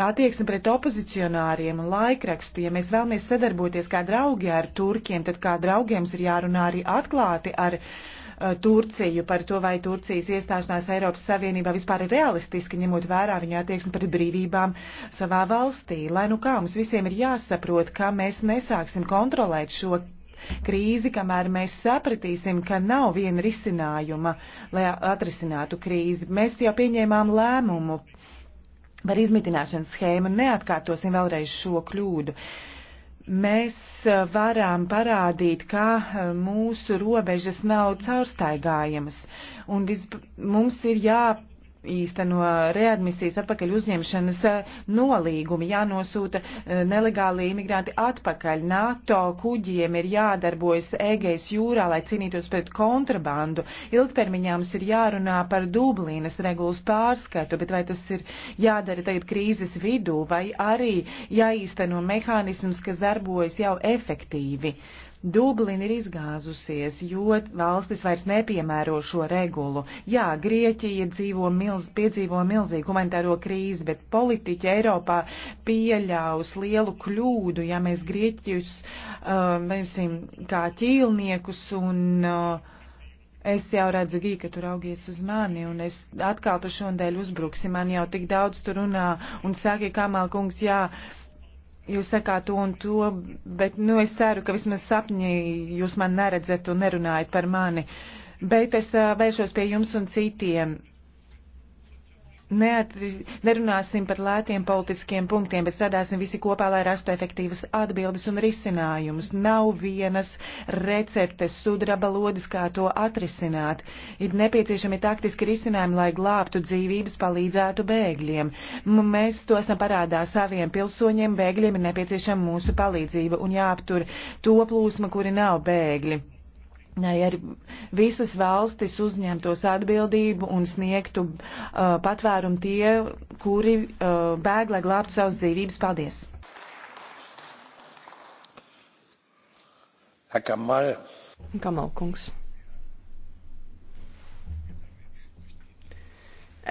attieksmi pret opozicionāriem un laikrakstu. Ja mēs vēlamies sadarboties kā draugi ar turkiem, tad kā draugiem ir jārunā arī atklāti ar uh, Turciju par to, vai Turcijas iestāšanās Eiropas Savienībā vispār ir realistiski, ņemot vērā viņa attieksmi pret brīvībām savā valstī. Lai nu kā mums visiem ir jāsaprot, ka mēs nesāksim kontrolēt šo krīzi, kamēr mēs sapratīsim, ka nav viena risinājuma, lai atrisinātu krīzi. Mēs jau pieņēmām lēmumu par izmitināšanas schēmu. Neatkārtosim vēlreiz šo kļūdu. Mēs eh, varam parādīt, ka eh, mūsu robežas nav caurstaigājamas, un vis, mums ir jāpārādīt jāīsteno readmisijas atpakaļ uzņemšanas eh, nolīgumi, jānosūta eh, nelegāli imigranti atpakaļ. NATO kuģiem ir jādarbojas Egejas jūrā, lai cīnītos pret kontrabandu. Ilgtermiņā mums ir jārunā par Dublīnas regulas pārskatu, bet vai tas ir jādara tagad krīzes vidū, vai arī jāīsteno mehānisms, kas darbojas jau efektīvi. Dublina ir izgāzusies, jo valstis vairs nepiemēro šo regulu. Jā, Grieķija dzīvo milz, piedzīvo milzīgu humanitāro krīzi, bet politiķi Eiropā pieļaus lielu kļūdu, ja mēs Grieķus, uh, veiksim, kā ķīlniekus un. Uh, Es jau redzu, Gī, ka tu raugies uz mani, un es atkal tu šodien uzbruksi. Man jau tik daudz tur runā un saka, Kamal kungs, jā. Uh, jūs sakāt to un to, bet, nu, es ceru, ka vismaz sapņī jūs man neredzat un nerunājat par mani. Bet es vēršos pie jums un citiem neatri, nerunāsim par lētiem politiskiem punktiem, bet strādāsim visi kopā, lai rastu efektīvas atbildes un risinājumus. Nav vienas receptes sudraba lodis, kā to atrisināt. Ir nepieciešami taktiski risinājumi, lai glābtu dzīvības, palīdzētu bēgļiem. Mēs to esam parādā saviem pilsoņiem, bēgļiem ir nepieciešama mūsu palīdzība un jāaptur to plūsma, kuri nav bēgļi. Lai arī visas valstis uzņemtos atbildību un sniegtu uh, patvērumu tie, kuri uh, bēg, lai glābtu savas dzīvības. Paldies! Kamal. Kamalkungs.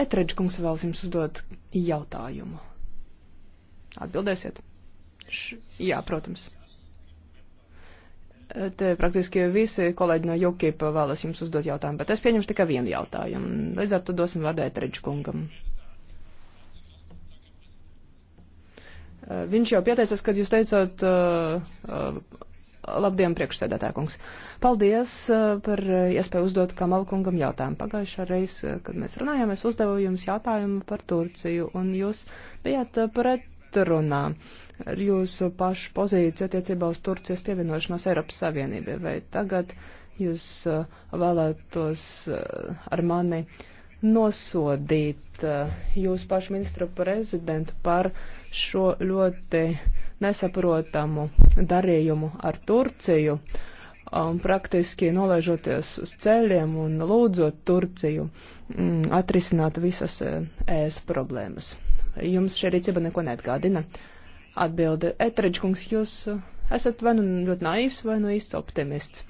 Etreģkungs vēlas jums uzdot jautājumu. Atbildēsiet? Š jā, protams. Te praktiski visi kolēģi no UKIP vēlas jums uzdot jautājumu, bet es pieņemšu tikai vienu jautājumu. Līdz ar to dosim vārdu Eteriču kungam. Eh, viņš jau pieteicās, kad jūs teicāt, eh, labdien, priekšsēdētā kungs. Paldies eh, par iespēju uzdot Kamal kungam jautājumu. Pagājušā reize, kad mēs runājām, es uzdevu jums jautājumu par Turciju, un jūs bijāt pret pretrunā ar jūsu pašu pozīciju attiecībā uz Turcijas pievienošanos Eiropas Savienībai? Vai tagad jūs uh, vēlētos uh, ar mani nosodīt uh, jūsu pašu ministru prezidentu par šo ļoti nesaprotamu darījumu ar Turciju, um, praktiski nolaižoties uz ceļiem un lūdzot Turciju um, atrisināt visas ES problēmas jums šī rīcība neko neatgādina. Atbilde, Etriģkungs, jūs uh, esat vai nu ļoti naivs, vai nu īsts optimists.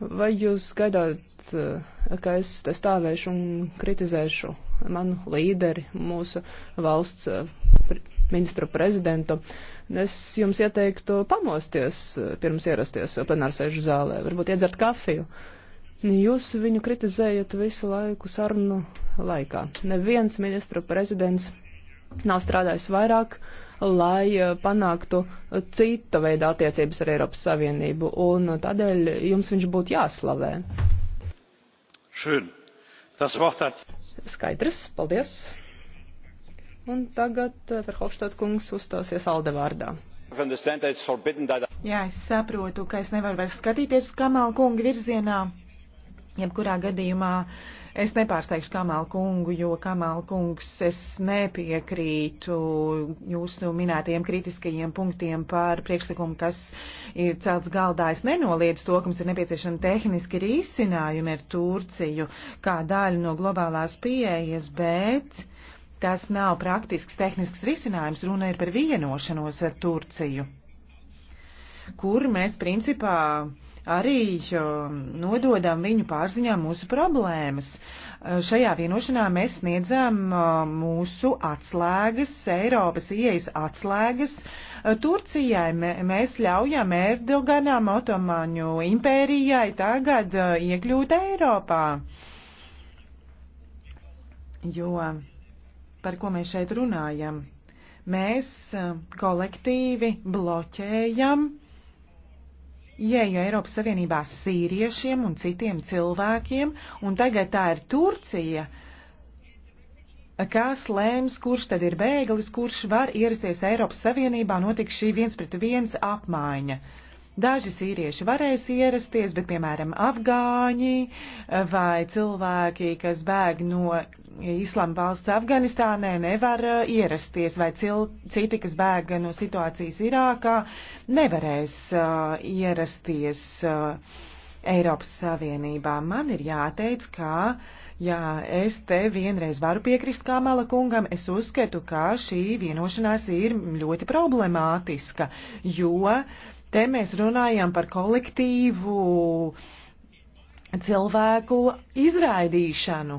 Vai jūs gaidāt, uh, ka es te stāvēšu un kritizēšu manu līderi, mūsu valsts uh, ministru prezidentu? Es jums ieteiktu pamosties pirms ierasties plenārsēžu zālē, varbūt iedzert kafiju. Jūs viņu kritizējat visu laiku sarunu laikā. Neviens ministru prezidents nav strādājis vairāk, lai eh, panāktu cita veida attiecības ar Eiropas Savienību, un tādēļ jums viņš būtu jāslavē. Šön. Tas vārtāt. Skaidrs, paldies. Un tagad eh, Verhofstadt kungs uzstāsies Alde vārdā. Jā, es saprotu, ka es nevaru vairs skatīties Kamala kunga virzienā, jebkurā gadījumā. Uh, Es nepārsteigšu Kamalu kungu, jo Kamalu kungs es nepiekrītu jūsu minētajiem kritiskajiem punktiem par priekšlikumu, kas ir celts galdā. Es nenoliedzu to, ka mums ir nepieciešami tehniski risinājumi ar Turciju kā daļu no globālās pieejas, bet tas nav praktisks tehnisks risinājums. Runa ir par vienošanos ar Turciju, kur mēs principā arī nododam viņu pārziņā mūsu problēmas. Eh, šajā vienošanā mēs sniedzam eh, mūsu atslēgas, Eiropas ieejas atslēgas eh, Turcijai. Mēs ļaujam Erdoganam, Otomāņu impērijai tagad iekļūt Eiropā. Jo par ko mēs šeit runājam? Mēs kolektīvi bloķējam uh, ieeja Eiropas Savienībā sīriešiem un citiem cilvēkiem, un tagad tā ir Turcija, kas lēms, kurš tad ir bēglis, kurš var ierasties Eiropas Savienībā, notiks šī viens pret viens apmaiņa. Uh, Daži sīrieši varēs ierasties, bet, piemēram, afgāņi eh, vai cilvēki, kas bēg no islama valsts Afganistānē, nevar eh, ierasties, vai cil, citi, kas bēg no situācijas Irākā, nevarēs uh, ierasties. Uh, Eiropas Savienībā. Man ir jāteic, ka, jā, es te vienreiz varu piekrist Kamala kungam, es uzskatu, ka šī vienošanās ir ļoti problemātiska, jo Te mēs runājam par kolektīvu cilvēku izraidīšanu,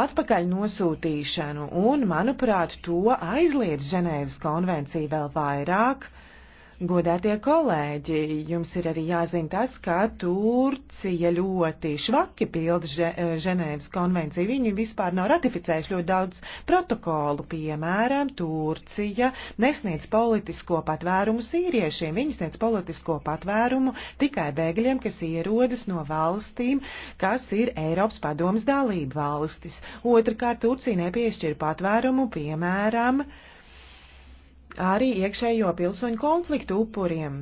atpakaļ nosūtīšanu, un, manuprāt, to aizliedz Ženēvas konvencija vēl vairāk Godātie kolēģi, jums ir arī jāzina tas, ka Turcija ļoti švaki pilda eh, Ženēvas konvenciju. Viņi vispār nav ratificējuši ļoti daudz protokolu. Piemēram, Turcija nesniedz politisko patvērumu sīriešiem. Viņi sniedz politisko patvērumu tikai bēgļiem, kas ierodas no valstīm, kas ir Eiropas padomas dalība valstis. Otrakārt, Turcija nepiešķir patvērumu, piemēram, arī iekšējo pilsoņu konfliktu upuriem.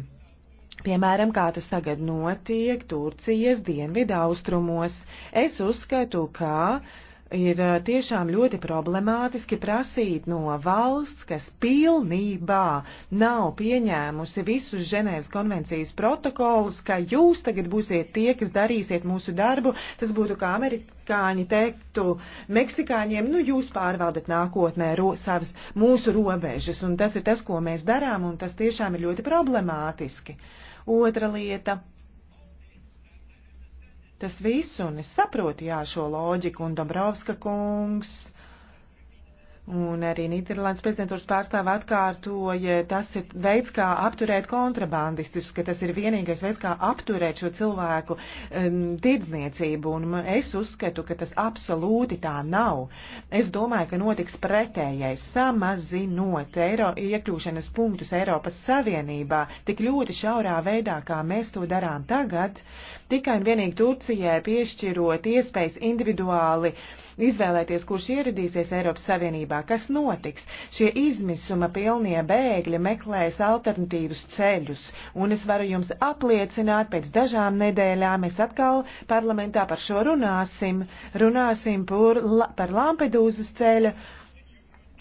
Piemēram, kā tas tagad notiek Turcijas dienvidu austrumos, es uzskatu, ka uh, ir eh, tiešām ļoti problemātiski prasīt no valsts, kas pilnībā nav pieņēmusi visus Ženēvas konvencijas protokolus, ka jūs tagad būsiet tie, kas darīsiet mūsu darbu. Tas būtu kā amerikāņi teiktu meksikāņiem, nu jūs pārvaldat nākotnē ro, savas mūsu robežas, un tas ir tas, ko mēs darām, un tas tiešām ir ļoti problemātiski. Otra lieta tas viss, un es saprotu, jā, šo loģiku, un Dombrovska kungs Un arī Nīderlandes prezidentūras pārstāvja atkārtoja, tas ir veids, kā apturēt kontrabandistus, ka tas ir vienīgais veids, kā apturēt šo cilvēku um, tirdzniecību. Un es uzskatu, ka tas absolūti tā nav. Es domāju, ka notiks pretējais, samazinot eiro, iekļūšanas punktus Eiropas Savienībā tik ļoti šaurā veidā, kā mēs to darām tagad, tikai un vienīgi Turcijai piešķirot iespējas individuāli uh, izvēlēties, kurš ieradīsies Eiropas Savienībā, kas notiks. Šie izmisuma pilnie bēgļi meklēs alternatīvus ceļus, un es varu jums apliecināt, pēc dažām nedēļām mēs atkal parlamentā par šo runāsim, runāsim par, par Lampedūzas ceļu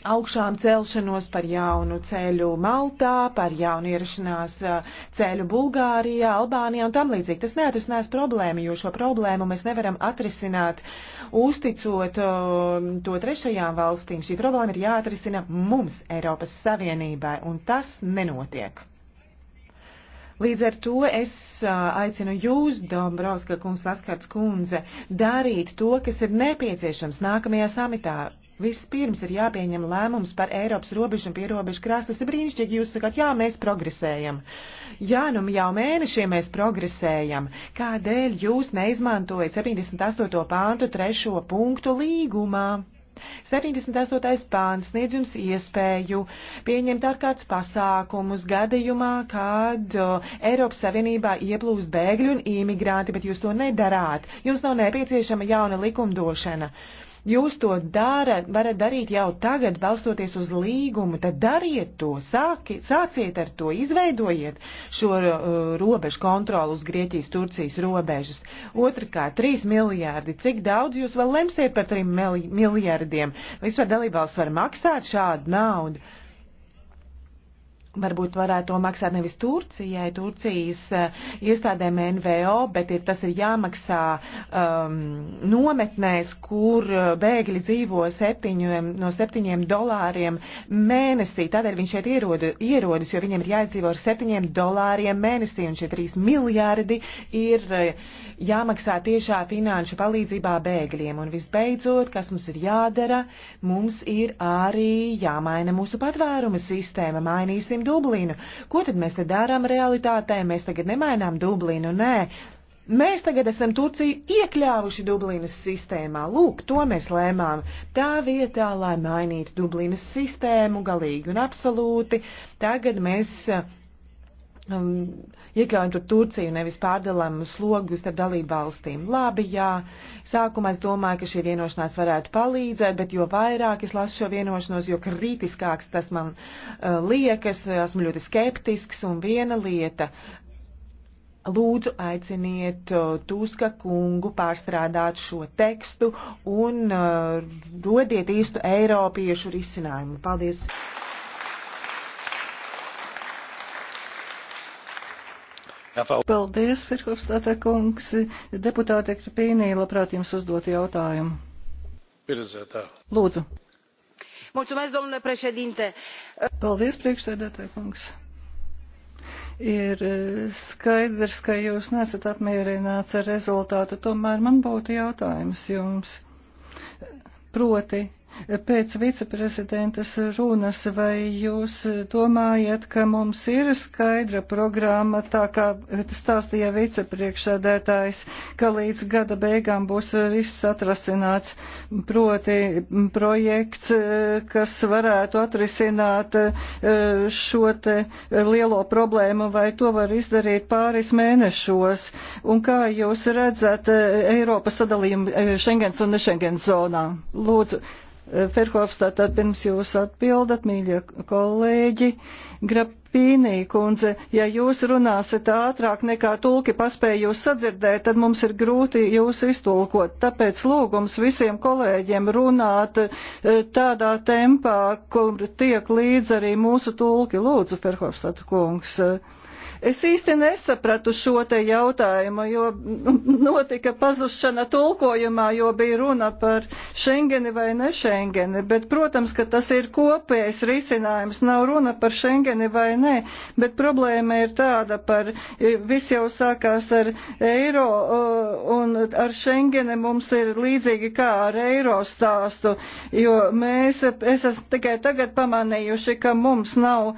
augšām celšanos par jaunu ceļu Maltā, par jaunu ierašanās eh, ceļu Bulgārijā, Albānijā un tam līdzīgi. Tas neatrisinās problēmu, jo šo problēmu mēs nevaram atrisināt uzticot eh, to trešajām valstīm. Šī problēma ir jāatrisina mums, Eiropas Savienībai, un tas nenotiek. Līdz ar to es eh, aicinu jūs, Dombrovska kungs, Laskārts kundze, darīt to, kas ir nepieciešams nākamajā samitā Vispirms ir jāpieņem lēmums par Eiropas robežu un pierobežu krāstu. Tas ir brīnišķīgi, jūs sakāt, jā, mēs progresējam. Jā, nu jau mēnešiem mēs progresējam. Kādēļ jūs neizmantojat 78. pāntu trešo punktu līgumā? 78. pāns sniedz jums iespēju pieņemt ārkārtas pasākumus gadījumā, kad Eiropas Savienībā ieplūst bēgļi un imigranti, bet jūs to nedarāt. Jums nav nepieciešama jauna likumdošana. Uh, Jūs to dara, varat darīt jau tagad, balstoties uz līgumu, tad dariet to, sāki, sāciet ar to, izveidojiet šo uh, robežu kontroli uz Grieķijas, Turcijas robežas. Otrakārt, 3 miljārdi, cik daudz jūs vēl lemsiet par 3 miljārdiem? Vispār dalībvalsts var maksāt šādu naudu. Varbūt varētu to maksāt nevis Turcijai, Turcijas eh, iestādēm NVO, bet ir, tas ir jāmaksā um, nometnēs, kur eh, bēgļi dzīvo septiņiem, no septiņiem dolāriem mēnesī. Tādēļ viņš šeit ierodu, ierodas, jo viņiem ir jāizdzīvo ar septiņiem dolāriem mēnesī, un šie trīs miljardi ir eh, jāmaksā tiešā finanšu palīdzībā bēgļiem. Un visbeidzot, kas mums ir jādara, mums ir arī jāmaina mūsu patvēruma sistēma. Mainīsim mainām Dublinu. Ko tad mēs te darām realitātē? Mēs tagad nemainām Dublinu, nē. Mēs tagad esam Turciju iekļāvuši Dublinas sistēmā. Lūk, to mēs lēmām. Tā vietā, lai mainītu Dublinas sistēmu galīgi un absolūti, tagad mēs um, iekļaujam tur Turciju, nevis pārdalām slogus starp dalību valstīm. Labi, jā, sākumā es domāju, ka šī vienošanās varētu palīdzēt, bet jo vairāk es lasu šo vienošanos, jo kritiskāks tas man uh, liekas, esmu ļoti skeptisks un viena lieta. Lūdzu, aiciniet uh, Tuska kungu pārstrādāt šo tekstu un uh, dodiet īstu Eiropiešu risinājumu. Paldies! Paldies, Firkopstāta kungs. Deputāte Kripīnī, labprāt jums uzdot jautājumu. Pirzētā. Lūdzu. Mulțumesc, domnule președinte. Paldies, priekšsēdētāji kungs ir eh, skaidrs, ka jūs nesat apmierināts ar rezultātu. Tomēr man būtu jautājums jums. Proti, Pēc viceprezidentas runas, vai jūs domājat, ka mums ir skaidra programma, tā kā stāstīja vicepriekšsēdētājs, ka līdz gada beigām būs viss atrasināts, proti projekts, kas varētu atrisināt eh, šo te lielo problēmu, vai to var izdarīt pāris mēnešos? Un kā jūs redzat eh, Eiropas sadalījumu eh, Schengens un ne Schengens zonā? Lūdzu. Eh, Ferhofstāt, tad pirms jūs atbildat, mīļie kolēģi, Grapīnī kundze, ja jūs runāsiet ātrāk nekā tulki paspēja jūs sadzirdēt, tad mums ir grūti jūs iztulkot. Tāpēc lūgums visiem kolēģiem runāt eh, tādā tempā, kur tiek līdz arī mūsu tulki. Lūdzu, Ferhofstāt kungs. Uh, Es īsti nesapratu šo te jautājumu, jo notika pazušana tulkojumā, jo bija runa par Schengeni vai ne Schengeni, bet, protams, ka tas ir kopējs risinājums, nav runa par Schengeni vai nē, bet problēma ir tāda par, viss jau sākās ar eiro, un ar Schengeni mums ir līdzīgi kā ar eiro stāstu, jo mēs, es esmu tikai tagad pamanījuši, ka mums nav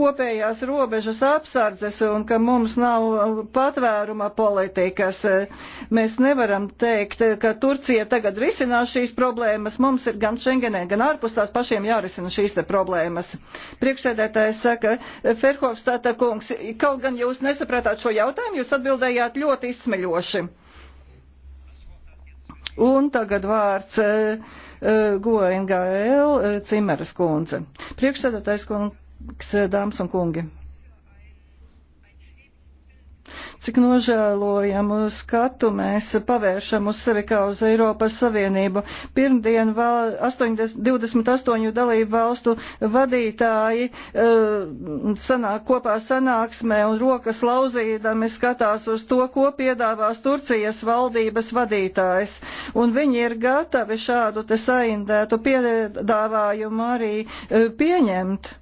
kopējās robežas apsardzes, un ka mums nav patvēruma politikas. Mēs nevaram teikt, ka Turcija tagad risinās šīs problēmas. Mums ir gan Schengenē, gan ārpus tās pašiem jārisina šīs te problēmas. Priekšsēdētājs saka, Ferhofstāta kungs, kaut gan jūs nesapratāt šo jautājumu, jūs atbildējāt ļoti izsmeļoši. Un tagad vārds eh, eh, Goengāl eh, Cimeras kundze. Priekšsēdētājs kungs, dāmas un kungi. Cik nožēlojamu skatu mēs pavēršam uz sevi kā uz Eiropas Savienību. Pirmdien 80, 28 dalību valstu vadītāji eh, sanāk kopā sanāksmē un rokas lauzīdami skatās uz to, ko piedāvās Turcijas valdības vadītājs. Un viņi ir gatavi šādu te saindētu piedāvājumu arī eh, pieņemt.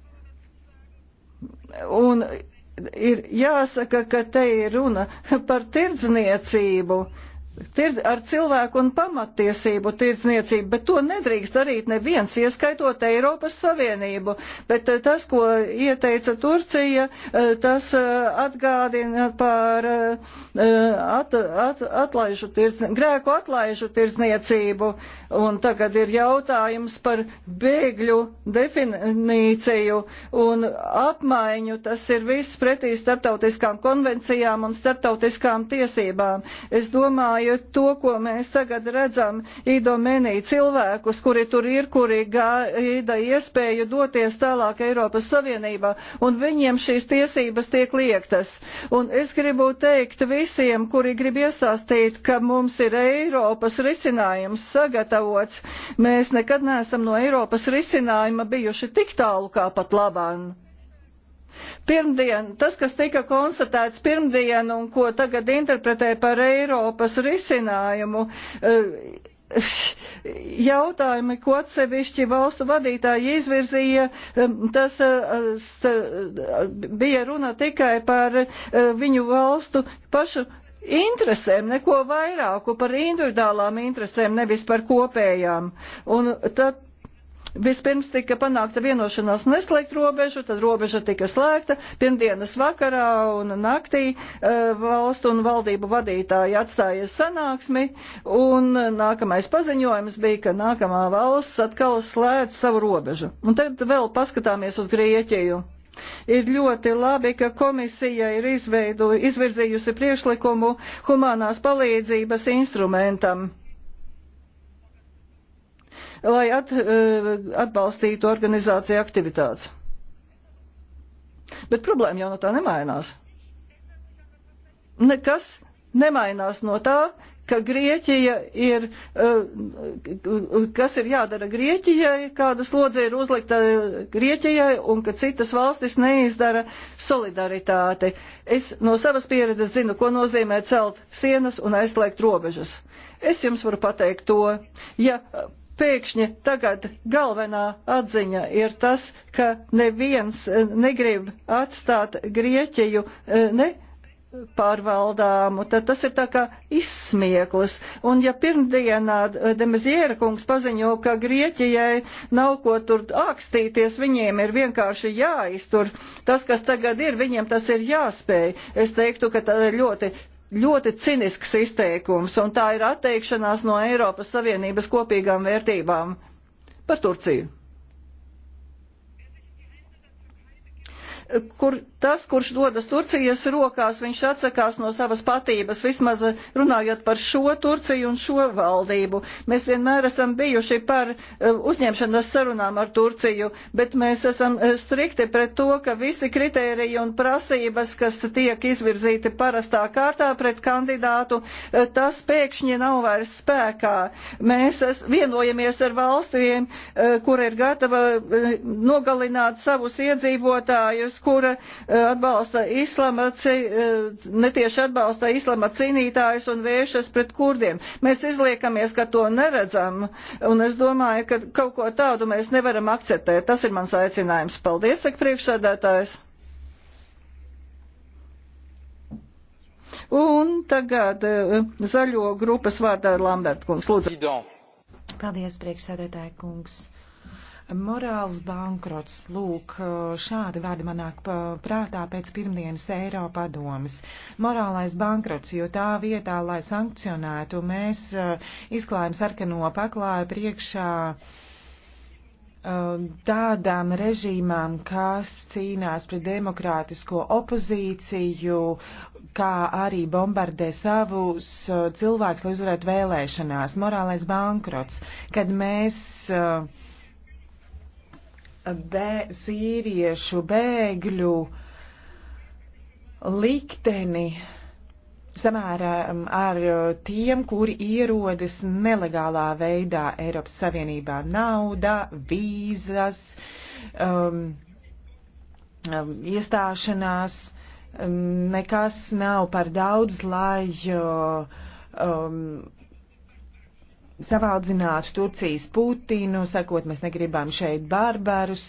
Un ir jāsaka, ka te ir runa par tirdzniecību. Uh, ar cilvēku un pamatiesību tirdzniecību, bet to nedrīkst darīt neviens, ieskaitot Eiropas Savienību. Bet eh, tas, ko ieteica Turcija, eh, tas eh, atgādina par at, at, atlaižu tirdzniecību, grēku atlaižu tirdzniecību. Un tagad ir jautājums par bēgļu definīciju un apmaiņu. Tas ir viss pretī starptautiskām konvencijām un starptautiskām tiesībām. Es domāju, Domājot to, ko mēs tagad redzam īdomenī, cilvēkus, kuri tur ir, kuri gaida iespēju doties tālāk Eiropas Savienībā, un viņiem šīs tiesības tiek liektas. Un es gribu teikt visiem, kuri grib iestāstīt, ka mums ir Eiropas risinājums sagatavots, mēs nekad neesam no Eiropas risinājuma bijuši tik tālu kā pat labāk. Pirmdien, tas, kas tika konstatēts pirmdien un ko tagad interpretē par Eiropas risinājumu, eh, jautājumi, ko atsevišķi valstu vadītāji izvirzīja, eh, tas eh, bija runa tikai par viņu valstu pašu interesēm, neko vairāku par individuālām interesēm, nevis par kopējām. Un tad Vispirms tika panākta vienošanās neslēgt robežu, tad robeža tika slēgta. Pirmdienas vakarā un naktī eh, valstu un valdību vadītāji atstāja sanāksmi, un nākamais paziņojums bija, ka nākamā valsts atkal slēdz savu robežu. Un tad vēl paskatāmies uz Grieķiju. Ir ļoti labi, ka komisija ir izveidu, izvirzījusi priekšlikumu humanās palīdzības instrumentam lai at, e, atbalstītu organizāciju aktivitātes. Bet problēma jau no tā nemainās. Nekas nemainās no tā, ka Grieķija ir, e, kas ir jādara Grieķijai, kāda slodze ir uzlikta Grieķijai un ka citas valstis neizdara solidaritāti. Es no savas pieredzes zinu, ko nozīmē celt sienas un aizslēgt robežas. Es jums varu pateikt to, ja pēkšņi tagad galvenā atziņa ir tas, ka neviens eh, negrib atstāt Grieķiju eh, ne pārvaldāmu, tad tas ir tā kā izsmieklis. Un ja pirmdienā eh, Demaziera kungs paziņo, ka Grieķijai nav ko tur ākstīties, viņiem ir vienkārši jāiztur. Tas, kas tagad ir, viņiem tas ir jāspēj. Es teiktu, ka tā ir ļoti ļoti cinisks izteikums, un tā ir atteikšanās no Eiropas Savienības kopīgām vērtībām par Turciju. Kur tas, kurš dodas Turcijas rokās, viņš atsakās no savas patības, vismaz runājot par šo Turciju un šo valdību. Mēs vienmēr esam bijuši par eh, uzņemšanas sarunām ar Turciju, bet mēs esam eh, strikti pret to, ka visi kritēriji un prasības, kas tiek izvirzīti parastā kārtā pret kandidātu, eh, tas pēkšņi nav vairs spēkā. Mēs vienojamies ar valstīm, kura ir gatava nogalināt savus iedzīvotājus, kura uh, atbalsta islama, eh, netieši atbalsta islama cīnītājus un vēršas pret kurdiem. Mēs izliekamies, ka to neredzam, un es domāju, ka kaut ko tādu mēs nevaram akceptēt. Tas ir mans aicinājums. Paldies, saka priekšsēdētājs. Un tagad eh, zaļo grupas vārdā Lamberta kungs. Lūdzu. Paldies, priekšsēdētāja kungs. Morāls bankrots. Lūk, šādi vārdi man nāk prātā pēc pirmdienas Eiropa padomas. Morālais bankrots, jo tā vietā, lai sankcionētu, mēs eh, izklājam sarkano paklāju priekšā eh, tādām režīmām, kas cīnās pret demokrātisko opozīciju, kā arī bombardē savus eh, cilvēkus, lai uzvarētu vēlēšanās. Morālais bankrots, kad mēs uh, bē, sīriešu bēgļu likteni samērā um, ar uh, tiem, kuri ierodas nelegālā veidā Eiropas Savienībā - nauda, vīzas, um, um, iestāšanās. Um, nekas nav par daudz, lai uh, um, savaldzinātu Turcijas Putinu, sakot, mēs negribam šeit barbarus.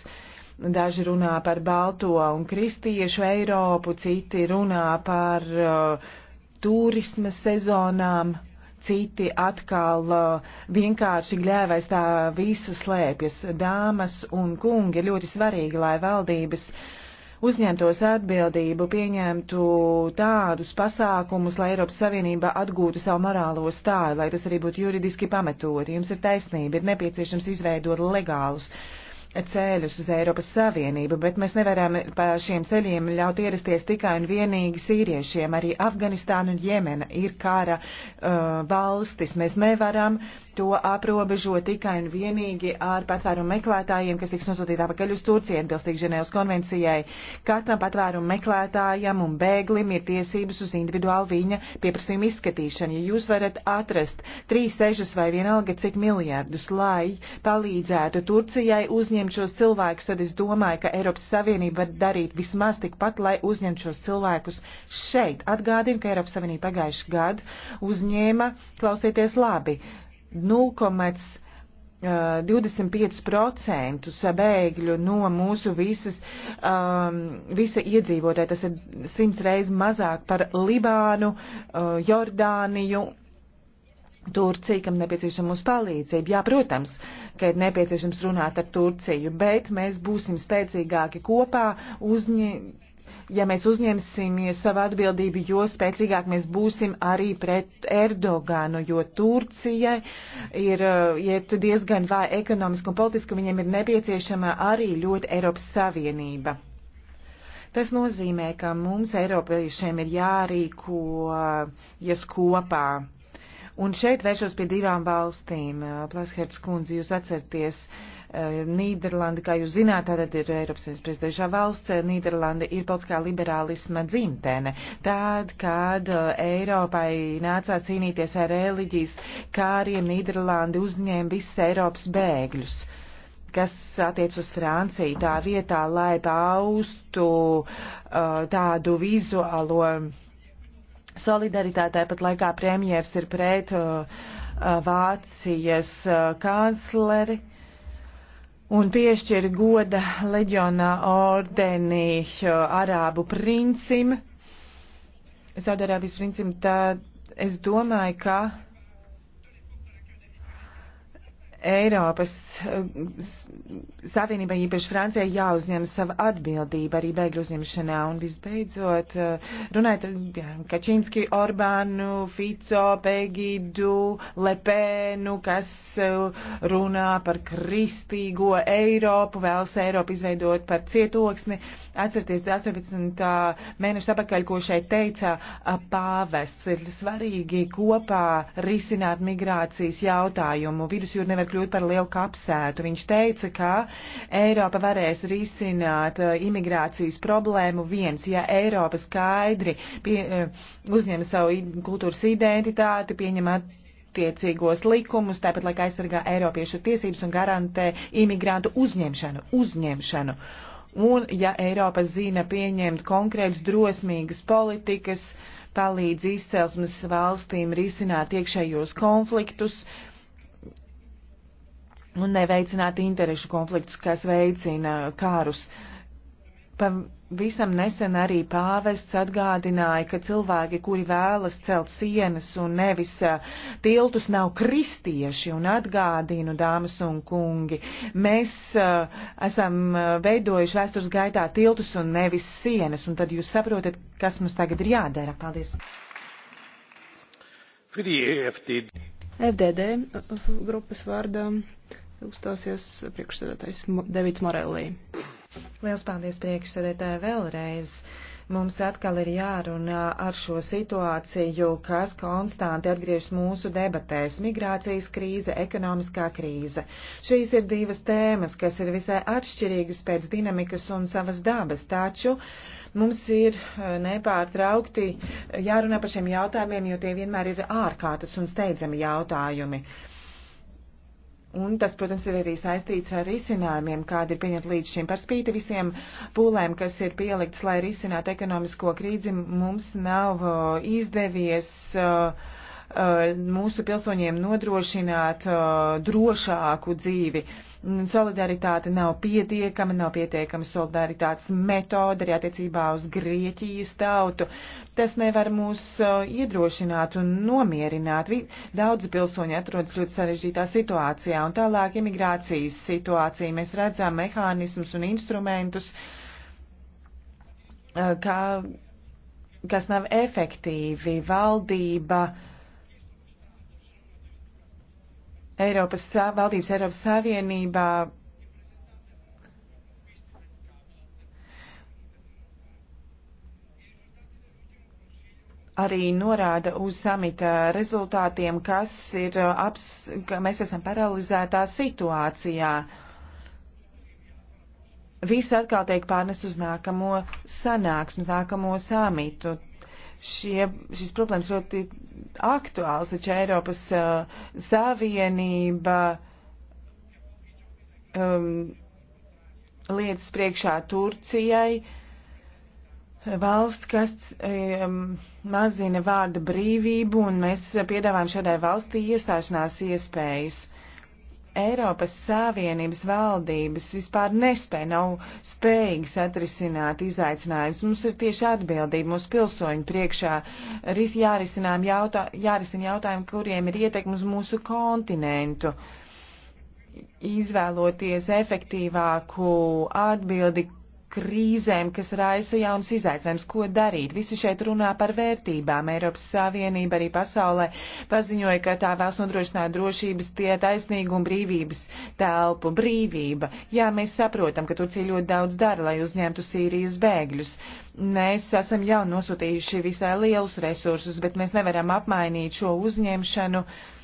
Daži runā par balto un kristiešu Eiropu, citi runā par uh, turisma sezonām, citi atkal uh, vienkārši gļēvēs tā visa slēpjas. Dāmas un kungi, ļoti svarīgi, lai valdības uh, uzņemtos atbildību, pieņemtu tādus pasākumus, lai Eiropas Savienība atgūtu savu morālo stāju, lai tas arī būtu juridiski pamatoti. Jums ir taisnība, ir nepieciešams izveidot legālus ceļus uz Eiropas Savienību, bet mēs nevaram pa šiem ceļiem ļaut ierasties tikai un vienīgi sīriešiem. Arī Afganistāna un Jemena ir kara uh, valstis. Mēs nevaram uh, to aprobežo tikai un vienīgi ar patvērumu meklētājiem, kas tiks nosūtīti atpakaļ uz Turciju, atbilstīgi Ženēvas konvencijai. Katram patvērumu meklētājam un bēglim ir tiesības uz individuālu viņa pieprasījumu izskatīšanu. Ja jūs varat atrast 3, 6 vai vienalga cik miljardus, lai palīdzētu Turcijai uzņemt šos cilvēkus, tad es domāju, ka Eiropas Savienība var darīt vismaz tikpat, lai uzņemtu šos cilvēkus šeit. Atgādinu, ka Eiropas Savienība pagājuši gadu uzņēma, klausieties labi, 0,25% eh, bēgļu no mūsu visas, um, visa iedzīvotāja. Tas ir simts reizes mazāk par Libānu, uh, Jordāniju. Turcija, kam nepieciešama mūsu palīdzība. Jā, protams, ka ir nepieciešams runāt ar Turciju, bet mēs būsim spēcīgāki kopā uzņemt ja mēs uzņemsimies savu atbildību, jo spēcīgāk mēs būsim arī pret Erdoganu, jo Turcija ir uh, iet diezgan vāja ekonomiski un politiski, viņiem ir nepieciešama arī ļoti Eiropas Savienība. Tas nozīmē, ka mums Eiropiešiem ir jārīkojas kopā. Un šeit vēršos pie divām valstīm. Uh, Plasherts kundze, jūs atcerties. Uh, Eh, Nīderlanda, kā jūs zināt, tātad ir Eiropas Savienības prezidentā valsts. Eh, Nīderlanda ir politiskā liberālisma dzimtene. Tad, kad eh, Eiropai nācās cīnīties ar reliģijas kāriem, Nīderlanda uzņēma visus Eiropas bēgļus kas attiec uz Franciju, tā vietā, lai paustu uh, tādu vizuālo solidaritāti, tāpat laikā premjers ir pret uh, Vācijas uh, kancleri. Uh, un piešķir goda leģionā ordenī uh, arābu princim, Saudarābijas princim, tad es domāju, ka Eiropas eh, Savienībai, īpaši Francijai, jāuzņem sava atbildība arī bēgļu uzņemšanā. Un visbeidzot, eh, runājot ar Kačinski, Orbānu, Fico, Pegidu, Lepēnu, kas eh, runā par kristīgo Eiropu, vēlas Eiropu izveidot par cietoksni. Atcerieties, 18 mēnešu apakaļ, ko šeit teica pāvests, ir svarīgi kopā risināt migrācijas jautājumu. Vidusjūra nevar kļūt kļūt par lielu kapsētu. Viņš teica, ka Eiropa varēs risināt eh, imigrācijas problēmu viens, ja Eiropa skaidri pie, eh, uzņem savu kultūras identitāti, pieņem attiecīgos likumus, tāpat laikā aizsargā Eiropiešu tiesības un garantē imigrantu uzņemšanu. uzņemšanu. Un, ja Eiropa zina pieņemt konkrētas drosmīgas politikas, palīdz izcelsmes valstīm risināt iekšējos konfliktus, un neveicināt interešu konfliktus, kas veicina kārus. Pavisam nesen arī pāvests atgādināja, ka cilvēki, kuri vēlas celt sienas un nevis tiltus, nav kristieši un atgādīnu, dāmas un kungi. Mēs uh, esam veidojuši vēstures gaitā tiltus un nevis sienas, un tad jūs saprotat, kas mums tagad ir jādara. Paldies! FDD e uh, uh, grupas vārdā uzstāsies priekšsēdētājs Devits Morellī. Liels paldies priekšsēdētāji vēlreiz. Mums atkal ir jārunā ar šo situāciju, kas konstanti atgriežas mūsu debatēs - migrācijas krīze, ekonomiskā krīze. Šīs ir divas tēmas, kas ir visai atšķirīgas pēc dinamikas un savas dabas, taču mums ir eh, nepārtraukti jārunā par šiem jautājumiem, jo tie vienmēr ir ārkārtas un steidzami jautājumi. Uh, Un tas, protams, ir arī saistīts ar risinājumiem, kādi ir pieņemti līdz šim. Par spīti visiem pūlēm, kas ir pieliktas, lai risinātu ekonomisko krīzi, mums nav uh, izdevies uh, uh, mūsu pilsoņiem nodrošināt drošāku dzīvi solidaritāte nav pietiekama, nav pietiekama solidaritātes metode arī attiecībā uz Grieķijas tautu. Tas nevar mūs uh, iedrošināt un nomierināt. Daudzi pilsoņi atrodas ļoti sarežģītā situācijā un tālāk imigrācijas situācija. Mēs redzam mehānismus un instrumentus, uh, kā, kas nav efektīvi. Valdība Eiropas, valdības Eiropas Savienībā arī norāda uz samita rezultātiem, kas ir, uh, aps, ka mēs esam paralizētā situācijā. Viss atkal tiek pārnes uz nākamo sanāksmi, nākamo samitu. Šie, šis problēmas ļoti aktuāls, taču Eiropas uh, Savienība um, lietas priekšā Turcijai, valsts, kas um, mazina vārda brīvību, un mēs piedāvājam šādai valstī iestāšanās iespējas. Eiropas Savienības valdības vispār nespēja, nav spējīgas atrisināt izaicinājumus. Mums ir tieši atbildība mūsu pilsoņu priekšā, ris, jautā, jārisina jautājumi, kuriem ir ietekmi uz mūsu kontinentu. Izvēloties efektīvāku atbildi, krīzēm, kas raisa jaunas izaicinājumus, ko darīt. Visi šeit runā par vērtībām. Eiropas Savienība arī pasaulē paziņoja, ka tā vēlas nodrošināt drošības, tie taisnīgu un brīvības telpu. Brīvība. Jā, mēs saprotam, ka Turcija ļoti daudz dara, lai uzņemtu Sīrijas bēgļus. Mēs esam jau nosūtījuši visai lielus resursus, bet mēs nevaram apmainīt šo uzņemšanu. Uh,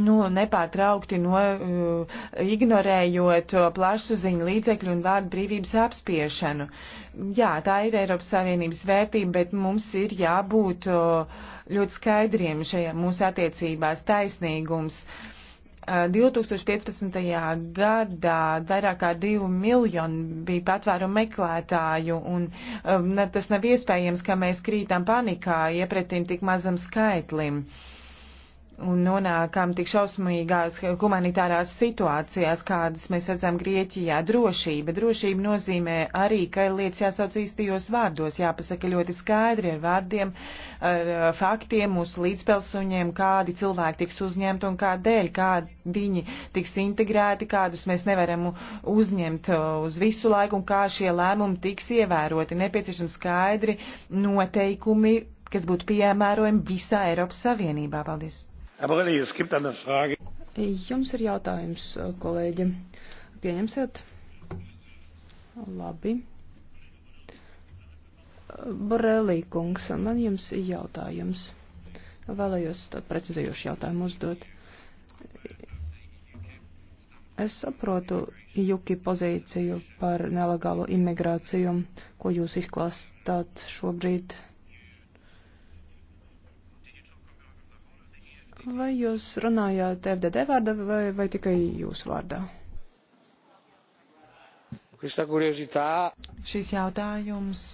nu, nepārtraukti no, uh, ignorējot plašsaziņu līdzekļu un vārdu brīvības apspiešanu. Jā, tā ir Eiropas Savienības vērtība, bet mums ir jābūt uh, ļoti skaidriem šajā mūsu attiecībās taisnīgums. Uh, 2015. gadā vairāk kā 2 miljoni bija patvēru meklētāju, un um, ne, tas nav iespējams, ka mēs krītam panikā iepretim tik mazam skaitlim. Uh, un nonākam tik šausmīgās humanitārās situācijās, kādas mēs redzam Grieķijā. Drošība. Drošība nozīmē arī, ka lietas jāsauc īstajos vārdos, jāpasaka ļoti skaidri ar vārdiem, ar uh, faktiem mūsu līdzpilsuņiem, kādi cilvēki tiks uzņemti un kādēļ, kā viņi tiks integrēti, kādus mēs nevaram uzņemt uh, uz visu laiku un kā šie lēmumi tiks ievēroti. Nepieciešams skaidri noteikumi kas būtu piemērojami visā Eiropas Savienībā. Paldies! Jums ir jautājums, eh, kolēģi. Pieņemsiet? Labi. Borelī kungs, man jums ir jautājums. Vēlējos precizējuši jautājumu uzdot. Es saprotu Juki pozīciju par nelegālo imigrāciju, ko jūs izklāstāt šobrīd Vai jūs runājāt FDD vārdā vai, vai tikai jūsu vārdā? Šis jautājums,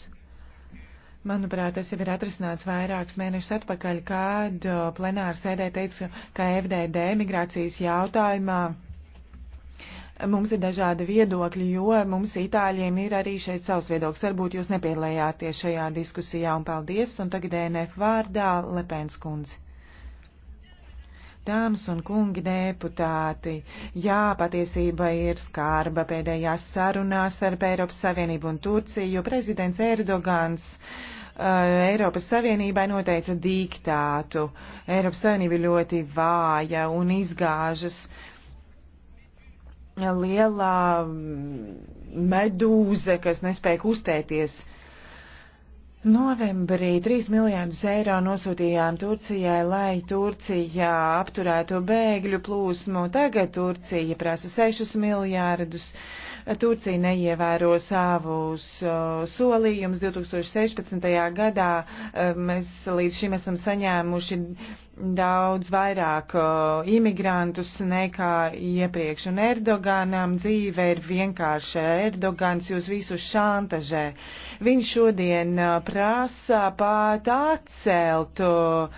manuprāt, tas jau ir atrisināts vairākus mēnešus atpakaļ, kad uh, plenāra sēdē teica, ka FDD migrācijas jautājumā mums ir dažādi viedokļi, jo mums itāļiem ir arī šeit savs viedoklis. Varbūt jūs nepiedalījāties šajā diskusijā un paldies. Un tagad DNF vārdā Lepēns kundze. Dāmas un kungi deputāti, jā, patiesība ir skarba pēdējās sarunās starp Eiropas Savienību un Turciju. Prezidents Erdogans uh, Eiropas Savienībai noteica diktātu. Eiropas Savienība ir ļoti vāja un izgāžas lielā mm, medūze, kas nespēja kustēties. Uh, Novembrī 3 miljārdus eiro nosūtījām Turcijai, lai Turcija apturētu bēgļu plūsmu. Tagad Turcija prasa 6 miljārdus. Turcija neievēro savus uh, solījumus. 2016. gadā uh, mēs līdz šim esam saņēmuši daudz vairāk uh, imigrantus nekā iepriekš. Un Erdoganam dzīve ir vienkārša. Erdogans jūs visus šantažē. Viņš šodien uh, prasa pat atcelt uh,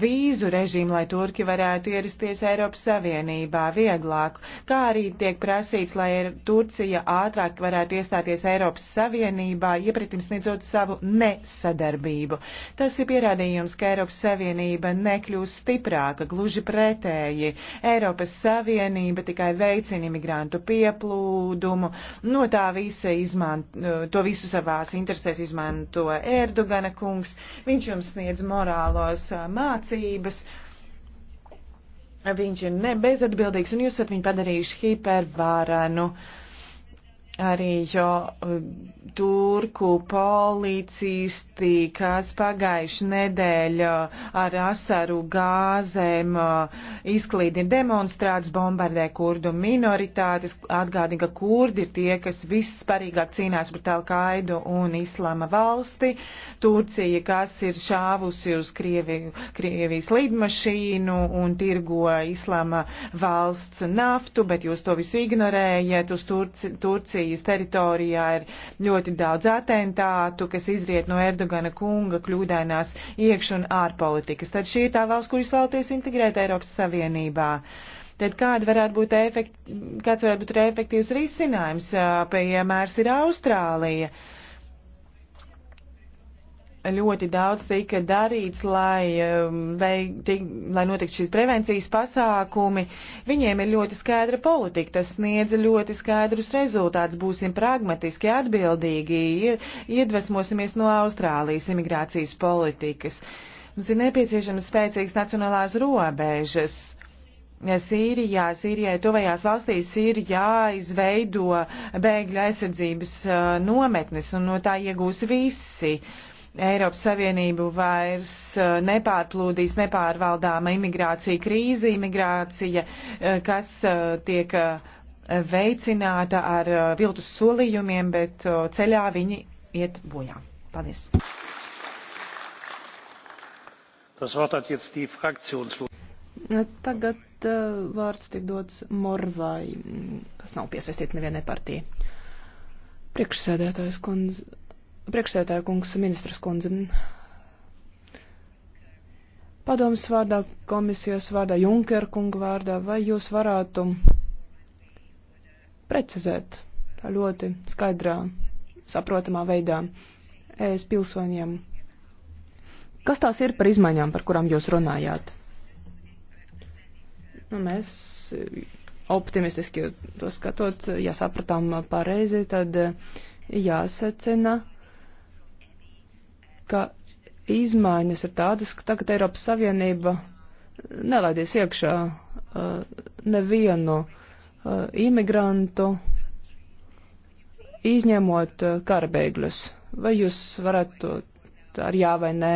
vīzu režīmu, lai Turki varētu ierasties Eiropas Savienībā vieglāk. Kā arī tiek prasīts, lai Turcija ātrāk varētu iestāties Eiropas Savienībā, iepratim sniedzot savu nesadarbību. Tas ir pierādījums, ka Eiropas Savienība nekļūst kļūst stiprāka, gluži pretēji. Eiropas Savienība tikai veicina imigrantu pieplūdumu, no tā visa izmanto, to visu savās interesēs izmanto Erdogana kungs, viņš jums sniedz morālos mācības. Viņš ir bezatbildīgs un jūs esat viņu padarījuši hipervāranu. Uh, arī jo um, turku policisti, kas pagājuši nedēļa ar asaru gāzēm uh, izklīdina demonstrāts, bombardē kurdu minoritātes, atgādina, ka kurdi ir tie, kas vissparīgāk cīnās pret Alkaidu un Islama valsti. Turcija, kas ir šāvusi uz Krievi, Krievijas lidmašīnu un tirgo Islama valsts naftu, bet jūs to visu ignorējat uz Turci, Turciju Sīrijas teritorijā ir ļoti daudz atentātu, kas izriet no Erdogana kunga kļūdainās iekš un ārpolitikas. Tad šī ir tā valsts, kuras vēlties integrēt Eiropas Savienībā. Tad kāda varētu būt efekt, kāds varētu būt efektīvs risinājums? Piemērs ir Austrālija. Uh, ļoti daudz tika darīts, lai, um, veik, tik, lai notiktu šīs prevencijas pasākumi. Viņiem ir ļoti skaidra politika, tas sniedz ļoti skaidrus rezultātus. Būsim pragmatiski, atbildīgi, iedvesmosimies no Austrālijas imigrācijas politikas. Mums ir nepieciešams spēcīgs nacionālās robežas. Sīrijā, Sīrijai tuvajās valstīs ir jāizveido bēgļu aizsardzības uh, nometnes un no tā iegūs visi. Uh, Eiropas Savienību vairs e, nepārplūdīs nepārvaldāma imigrācija krīze, imigrācija, kas e, tiek e, veicināta ar viltus solījumiem, bet ceļā viņi iet bojā. Paldies! Das Wort hat jetzt die Fraktionslos. Nu, tagad uh, vārds tiek dots Morvai, kas nav piesaistīta nevienai partijai. Priekšsēdētājs kundze. Priekšsētāja kungs, ministras kundze. Padomas vārdā, komisijas vārdā, Junker kunga vārdā, vai jūs varētu precizēt ļoti skaidrā, saprotamā veidā ES pilsoņiem, kas tās ir par izmaiņām, par kurām jūs runājāt? Nu, mēs optimistiski to skatot, ja sapratām pareizi, tad jāsacina, ka izmaiņas ir tādas, ka tagad Eiropas Savienība nelaidies iekšā uh, nevienu uh, imigrantu, izņemot uh, karabēgļus. Vai jūs varētu ar jā vai nē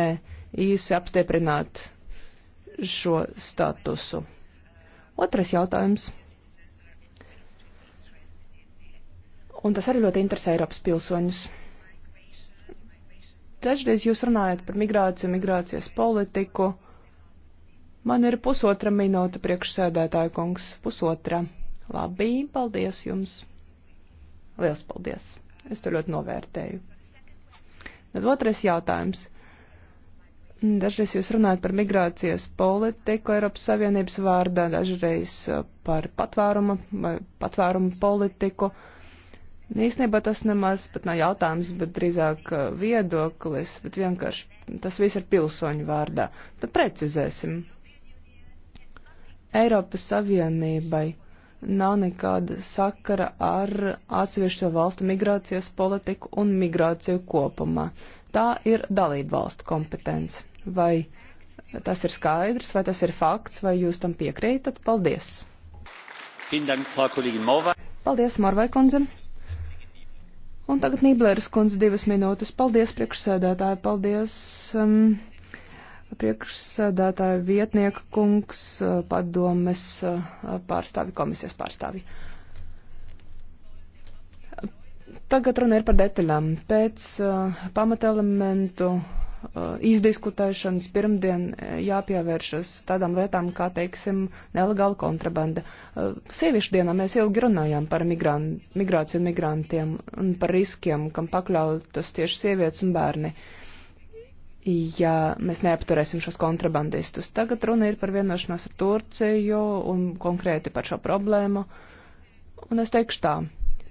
īsi apstiprināt šo statusu? Otrais jautājums. Un tas arī ļoti interesē Eiropas pilsoņus. Dažreiz jūs runājat par migrāciju, migrācijas politiku. Man ir pusotra minūte priekšsēdētāja kungs, pusotra. Labi, paldies jums. Liels paldies. Es to ļoti novērtēju. Tad otrais jautājums. Dažreiz jūs runājat par migrācijas politiku Eiropas Savienības vārdā, dažreiz par patvērumu vai patvērumu politiku. Uh, Īsnībā tas nemaz pat nav jautājums, bet drīzāk uh, viedoklis, bet vienkārši tas viss ir pilsoņu vārdā. Tad precizēsim. Eiropas Savienībai nav nekāda sakara ar atsevišķo valstu migrācijas politiku un migrāciju kopumā. Tā ir dalība valstu kompetence. Vai tas ir skaidrs, vai tas ir fakts, vai jūs tam piekrītat? Paldies! Paldies, Morvai kundze! Un tagad Nībleris kundze divas minūtes. Paldies, priekšsēdētāji, paldies, um, priekšsēdētāja vietnieka kungs, uh, padomes uh, pārstāvi, komisijas pārstāvi. Tagad runa ir par detaļām. Pēc uh, pamatelementu uh, Uh, izdiskutēšanas pirmdien uh, jāpievēršas tādām lietām, kā, teiksim, nelegāla kontrabanda. Uh, sieviešu dienā mēs ilgi runājām par migran, migrāciju un migrantiem un par riskiem, kam pakļautas tieši sievietes un bērni, ja mēs neapturēsim šos kontrabandistus. Tagad runa ir par vienošanos ar Turciju un konkrēti par šo problēmu. Un es teikšu tā.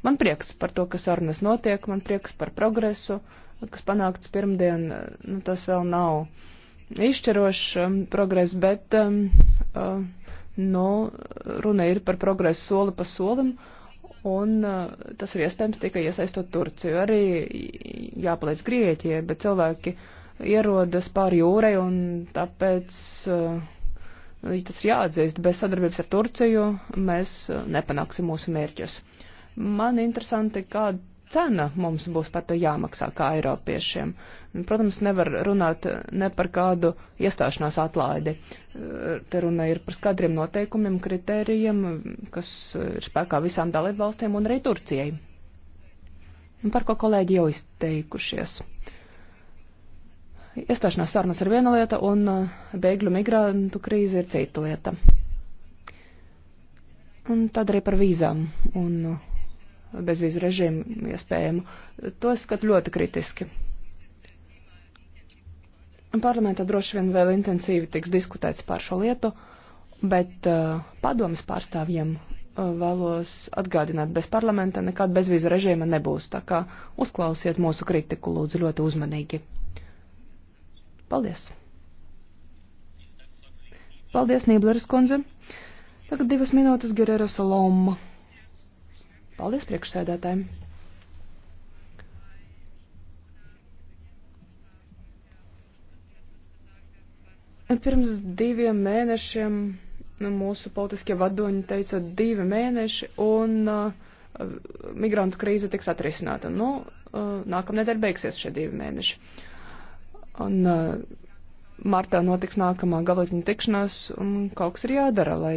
Man prieks par to, ka sarunas notiek, man prieks par progresu. Uh, kas panākts pirmdien, nu, tas vēl nav izšķirošs um, progress, bet um, uh, nu, runa ir par progresu soli pa solim. Un uh, tas ir iespējams tikai iesaistot Turciju. Arī jāpalīdz Grieķijai, bet cilvēki ierodas pāri jūrai un tāpēc uh, tas ir jāatzīst. Bez sadarbības ar Turciju mēs uh, nepanāksim mūsu mērķus. Man interesanti, kāda cena mums būs par to jāmaksā kā Eiropiešiem. Protams, nevar runāt ne par kādu iestāšanās atlaidi. Te runa ir par skaidriem noteikumiem, kritērijiem, kas ir spēkā visām dalībvalstīm un arī Turcijai. Un par ko kolēģi jau izteikušies. Iestāšanās sarunas ir viena lieta, un uh, bēgļu migrantu krīze ir cita lieta. Un tad arī par vīzām un uh, bezvīzu režīmu iespējamu. To es skatu ļoti kritiski. Parlamentā droši vien vēl intensīvi tiks diskutēts par šo lietu, bet uh, padomas pārstāvjiem uh, vēlos atgādināt, bez parlamenta nekāda bezvīza režīma nebūs, tā kā uzklausiet mūsu kritiku lūdzu ļoti uzmanīgi. Paldies! Paldies, Nībleris kundze! Tagad divas minūtes Gerēra Saloma. Paldies priekšsēdētājiem! Nu, pirms diviem mēnešiem nu, mūsu politiskie vadoņi teica divi mēneši un uh, migrantu krīze tiks atrisināta. Nu, uh, nākamnedēļ beigsies šie divi mēneši. Un uh, martā notiks nākamā galotņa tikšanās un kaut kas ir jādara, lai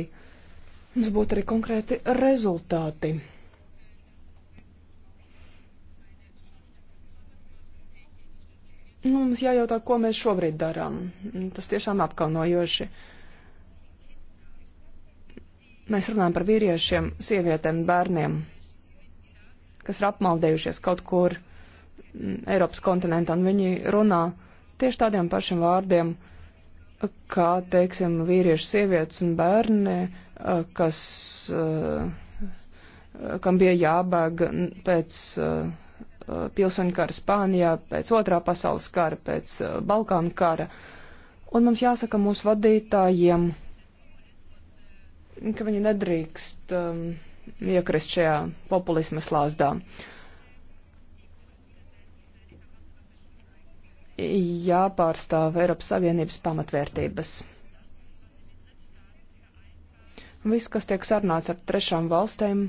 mums būtu arī konkrēti rezultāti. Nu, mums jājautā, ko mēs šobrīd darām. Tas tiešām apkaunojoši. Mēs runājam par vīriešiem, sievietēm, bērniem, kas ir apmaldējušies kaut kur mm, Eiropas kontinentā, un viņi runā tieši tādiem pašiem vārdiem, kā, teiksim, vīrieši, sievietes un bērni, kas, kam bija jābēg pēc pilsoņu kara Spānijā, pēc otrā pasaules kara, pēc uh, Balkānu kara. Un mums jāsaka mūsu vadītājiem, ka viņi nedrīkst um, iekrist šajā populisma slāzdā. Jāpārstāv Eiropas Savienības pamatvērtības. Viss, kas tiek sarunāts ar trešām valstēm,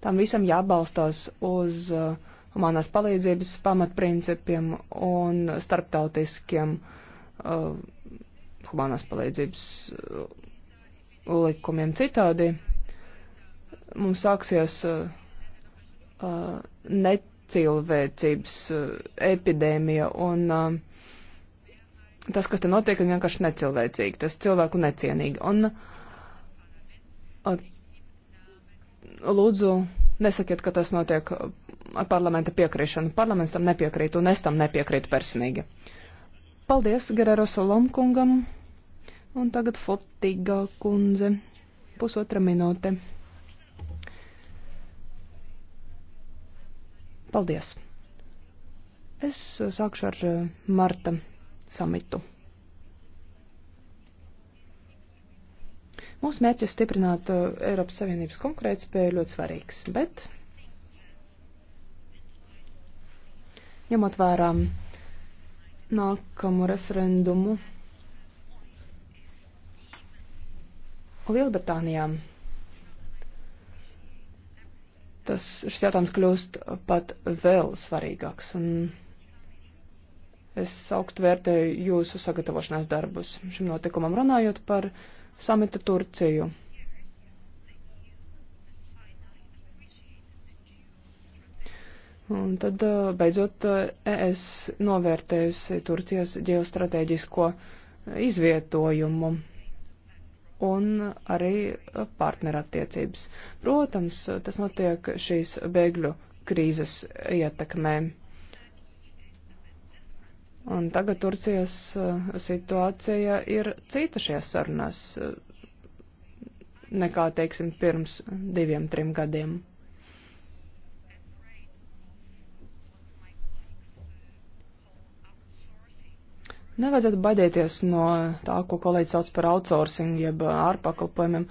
Tam visam jābalstās uz uh, humanās palīdzības pamatprincipiem un starptautiskiem uh, humanās palīdzības uh, likumiem citādi. Mums sāksies uh, uh, necilvēcības uh, epidēmija un uh, tas, kas te notiek, ir vienkārši necilvēcīgi, tas cilvēku necienīgi. Un, uh, lūdzu nesakiet, ka tas notiek ar parlamenta piekrišanu. Parlaments tam nepiekrīt, un es tam nepiekrītu personīgi. Paldies Gerero Solomkungam, un tagad Fotīga kundze. Pusotra minūte. Paldies! Es sākšu ar eh, Marta samitu. Mūsu mērķis stiprināt uh, Eiropas Savienības konkurētspēju ļoti svarīgs, bet ņemot vērā nākamu referendumu Lielbritānijā. Tas šis jautājums kļūst pat vēl svarīgāks, un es augstu vērtēju jūsu sagatavošanās darbus šim notikumam runājot par uh, samita Turciju. Un tad uh, beidzot uh, es novērtējusi Turcijas ģeostrateģisko izvietojumu un arī uh, partnerattiecības. Protams, tas notiek šīs bēgļu krīzes ietekmē. Un tagad Turcijas eh, situācija ir cita šajā sarunās eh, nekā, teiksim, pirms diviem, trim gadiem. Nevajadzētu baidīties no tā, ko kolēģis sauc par outsourcing, jeb ārpakalpojumiem.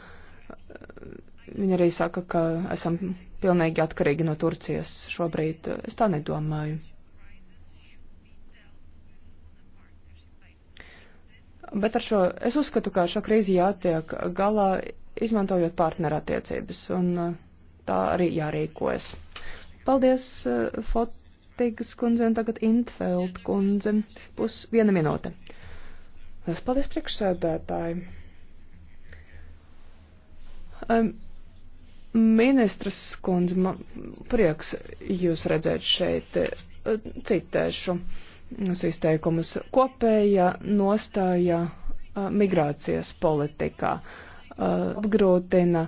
Viņi arī saka, ka esam pilnīgi atkarīgi no Turcijas šobrīd. Es tā nedomāju. Bet ar šo es uzskatu, ka šo krīzi jātiek galā, izmantojot partnerattiecības, un eh, tā arī jārīkojas. Paldies, eh, Fotigas kundze, un tagad Intfeld kundze. Pus viena minūte. Es paldies priekšsēdētāji. Um, ministras kundze, man prieks jūs redzēt šeit. Eh, citēšu uz izteikumus. Kopēja nostāja migrācijas politikā apgrūtina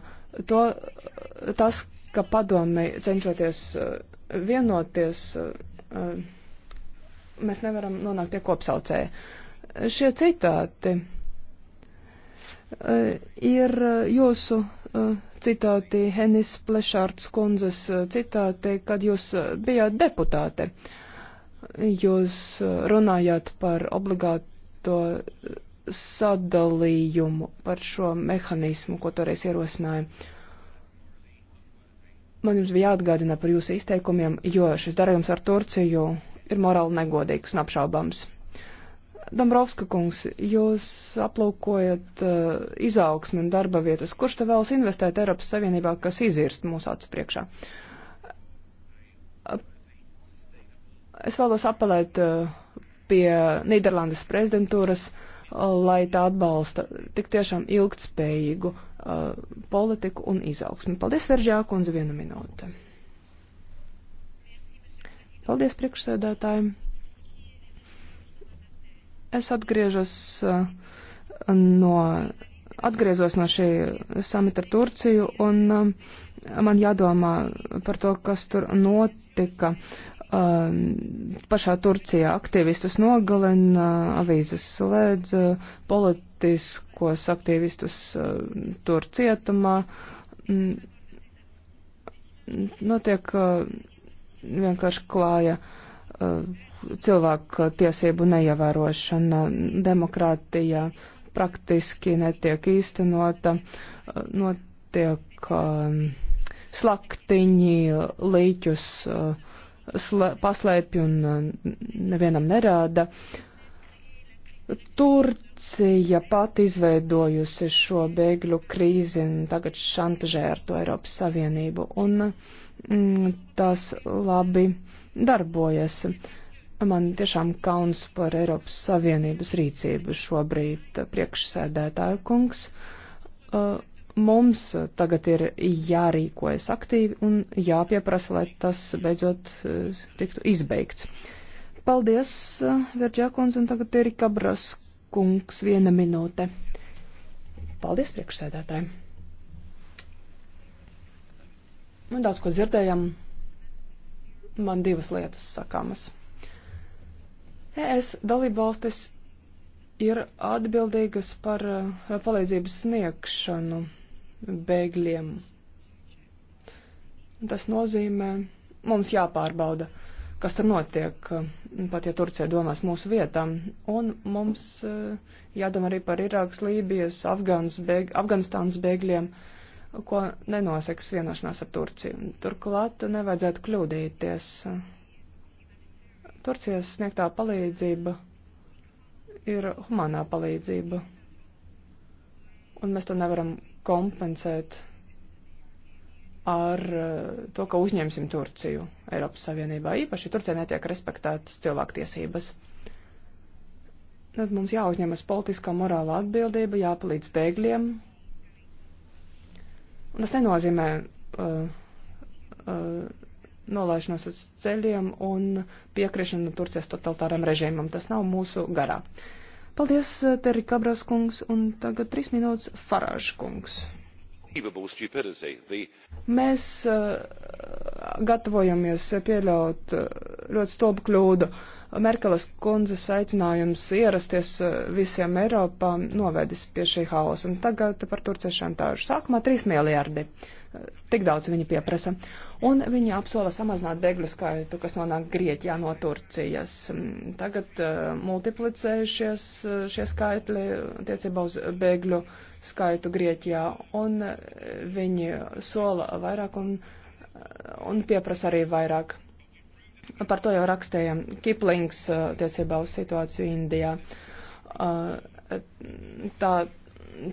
to, tas, ka padomi cenšoties vienoties, mēs nevaram nonākt pie kopsaucēja. Šie citāti ir jūsu citāti Henis Plešārds kundzes citāti, kad jūs bijāt deputāte. Uh, Jūs eh, runājāt par obligāto sadalījumu, par šo mehānismu, ko toreiz ierosināja. Man jums bija jāatgādina par jūsu izteikumiem, jo šis darījums ar Turciju ir morāli negodīgs un apšaubams. Dombrovska kungs, jūs aplūkojat uh, izaugsmi un darba vietas. Kurš te vēlas investēt Eiropas Savienībā, kas izirst mūsu acu priekšā? Uh, Es vēlos apelēt eh, pie Nīderlandes prezidentūras, lai tā atbalsta tik tiešām ilgtspējīgu eh, politiku un izaugsmi. Paldies, Veržā kundze, viena minūte. Paldies priekšsēdētājiem. Es atgriežos eh, no, atgriezos no šī samita ar Turciju un man jādomā par to, kas tur notika um, pašā Turcijā aktīvistus nogalina, avīzes slēdz, politiskos aktīvistus uh, tur cietumā. Mm, notiek uh, vienkārši klāja uh, cilvēku tiesību neievērošana, demokrātija praktiski netiek īstenota, uh, notiek uh, slaktiņi, līķus. Uh, paslēpj un uh, nevienam nerāda. Turcija pati izveidojusi šo bēgļu krīzi un tagad šantažē ar to Eiropas Savienību, un mm, tas labi darbojas. Man tiešām kauns par Eiropas Savienības rīcību šobrīd priekšsēdētāju kungs. Uh, Mums tagad ir jārīkojas aktīvi un jāpieprasa, lai tas beidzot eh, tiktu izbeigts. Paldies, eh, Verģēkons, un tagad ir Kabras kungs viena minūte. Paldies priekšsēdētājiem. Un daudz ko dzirdējam. Man divas lietas sakāmas. ES dalībvalstis ir atbildīgas par eh, palīdzības sniegšanu bēgļiem. Tas nozīmē, mums jāpārbauda, kas tur notiek, pat ja Turcija domās mūsu vietām. Un mums eh, jādomā arī par Irākas, Lībijas, Afgans, bēg, Afganistānas bēgļiem, ko nenoseks vienošanās ar Turciju. Turklāt nevajadzētu kļūdīties. Turcijas sniegtā palīdzība ir humanā palīdzība. Un mēs to nevaram kompensēt ar eh, to, ka uzņemsim Turciju Eiropas Savienībā. Īpaši Turcija netiek respektētas cilvēktiesības. Tad mums jāuzņemas politiskā morāla atbildība, jāpalīdz bēgļiem. Un tas nenozīmē uh, uh, nolaišanos uz ceļiem un piekrišanu Turcijas totalitāram režīmam. Tas nav mūsu garā. Uh, Paldies, eh, Terri Kabras kungs, un tagad trīs minūtes Farāžs kungs. Mēs uh, gatavojamies pieļaut uh, ļoti stopu kļūdu. Uh, Merkeles kundzes aicinājums ierasties eh, visiem Eiropā novedis pie šī haosa. Un tagad par Turcijas šantāžu. Sākumā 3 miljardi. Tik daudz viņi pieprasa. Un viņi apsola samazināt bēgļu skaitu, kas nonāk Grieķijā no Turcijas. Mm, tagad uh, multiplicējušies eh, šie skaitļi tiecībā uz bēgļu skaitu Grieķijā. Un viņi sola vairāk un, un pieprasa arī vairāk Par to jau rakstēja Kiplings uh, tiecībā uz situāciju Indijā. Uh, tā,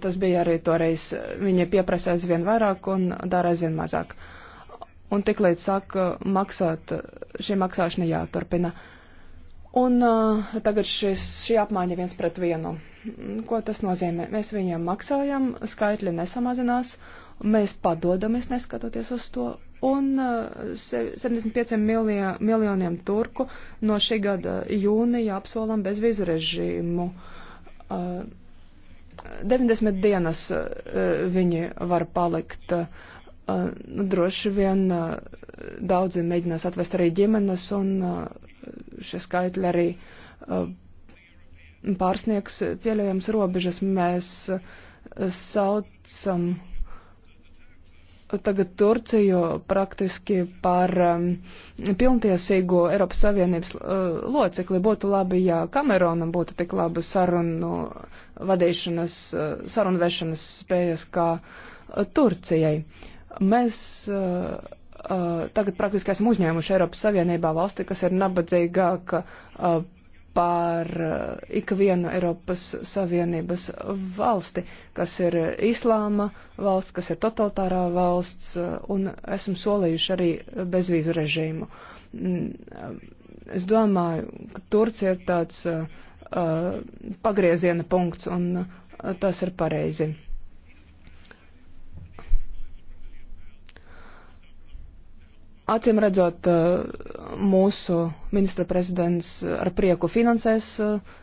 tas bija arī toreiz, viņi pieprasa aizvien vairāk un dara aizvien mazāk. Un tiklīdz sāk uh, maksāt, šī maksāšana jāturpina. Un uh, tagad šis, šī apmaiņa viens pret vienu. Ko tas nozīmē? Mēs viņiem maksājam, skaitļi nesamazinās, mēs padodamies neskatoties uz to, un 75 eh, miljā, miljoniem turku no šī gada jūnija apsolam bezvīzu režīmu. 90 eh, dienas eh, viņi var palikt. Droši vien daudzi mēģinās atvest arī ģimenes, un šie skaitļi arī pārsniegs pieļaujams robežas. Mēs saucam tagad Turciju praktiski par um, pilntiesīgu Eiropas Savienības uh, locekli. Būtu labi, ja Kamerona būtu tik laba sarunu vadīšanas, uh, sarunvešanas spējas kā uh, Turcijai. Mēs uh, uh, tagad praktiski esam uzņēmuši Eiropas Savienībā valsti, kas ir nabadzīgāka. Uh, par eh, ikvienu Eiropas Savienības valsti, kas ir islāma valsts, kas ir totalitārā valsts, eh, un esam solījuši arī bezvīzu režīmu. Mm, eh, es domāju, ka Turcija ir tāds uh, pagrieziena punkts, un tas ir pareizi. Acīm redzot, eh, mūsu ministra prezidents ar prieku finansēs eh,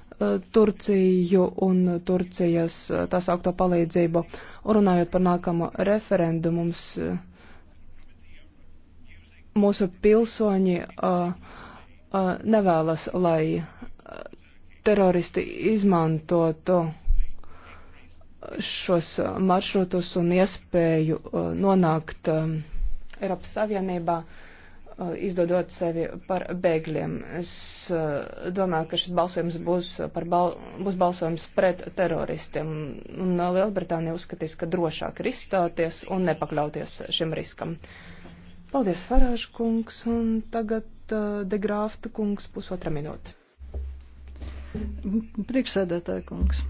Turciju un Turcijas eh, tā saukto palīdzību. Runājot par nākamo referendumu, mums mūsu pilsoņi nevēlas, lai teroristi izmantotu šos maršrutus un iespēju nonākt Eiropas Savienībā, uh, izdodot sevi par bēgļiem. Es uh, domāju, ka šis balsojums būs, par bal būs balsojums pret teroristiem. Un uh, Lielbritānija uzskatīs, ka drošāk ir izstāties un nepakļauties šim riskam. Paldies, Farāžu kungs, un tagad uh, Degrāfta kungs pusotra minūte. Priekšsēdētāja kungs.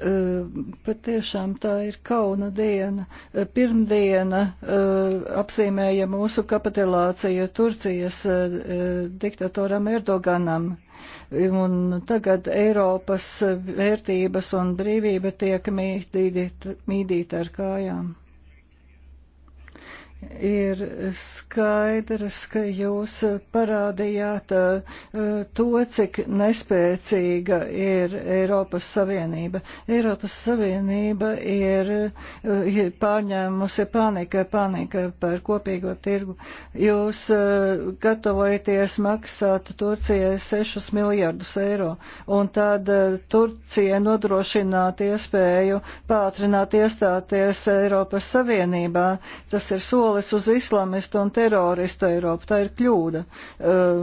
Eh, patiešām tā ir kauna diena. Eh, pirmdiena eh, apzīmēja mūsu kapitulāciju Turcijas diktatoram Erdoganam. Un tagad Eiropas vērtības un brīvība tiek mīdīta mīdīt ar kājām. Ir skaidrs, ka jūs parādījāt eh, to, cik nespēcīga ir Eiropas Savienība. Eiropas Savienība ir eh, pārņēmusi panika, panika par kopīgo tirgu. Jūs eh, gatavojaties maksāt Turcijai 6 miljardus eiro, un tad Turcija nodrošināt iespēju pātrināt iestāties Eiropas Savienībā. Tas ir solis solis uz islamistu un teroristu Eiropu. Tā ir kļūda. Eh,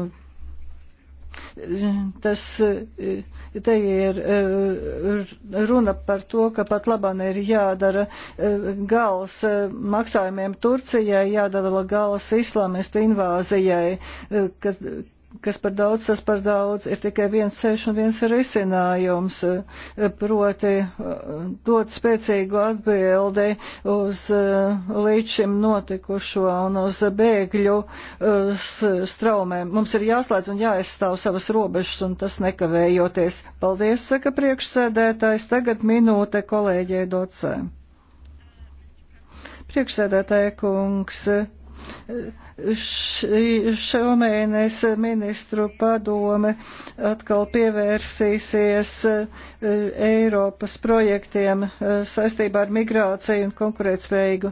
tas eh, te ir eh, runa par to, ka pat labam ir jādara gals maksājumiem Turcijai, jādara gals islamistu invāzijai, kas, kas par daudz, tas par daudz, ir tikai viens ceļš un viens risinājums, eh, proti eh, dot spēcīgu atbildi uz eh, līdz šim notikušo un uz bēgļu straumēm. Mums ir jāslēdz un jāaizstāv savas robežas un tas nekavējoties. Paldies, saka priekšsēdētājs, tagad minūte kolēģei docē. Priekšsēdētāja kungs Šomēnes ministru padome atkal pievērsīsies e, Eiropas projektiem e, saistībā ar migrāciju un konkurētspējīgu.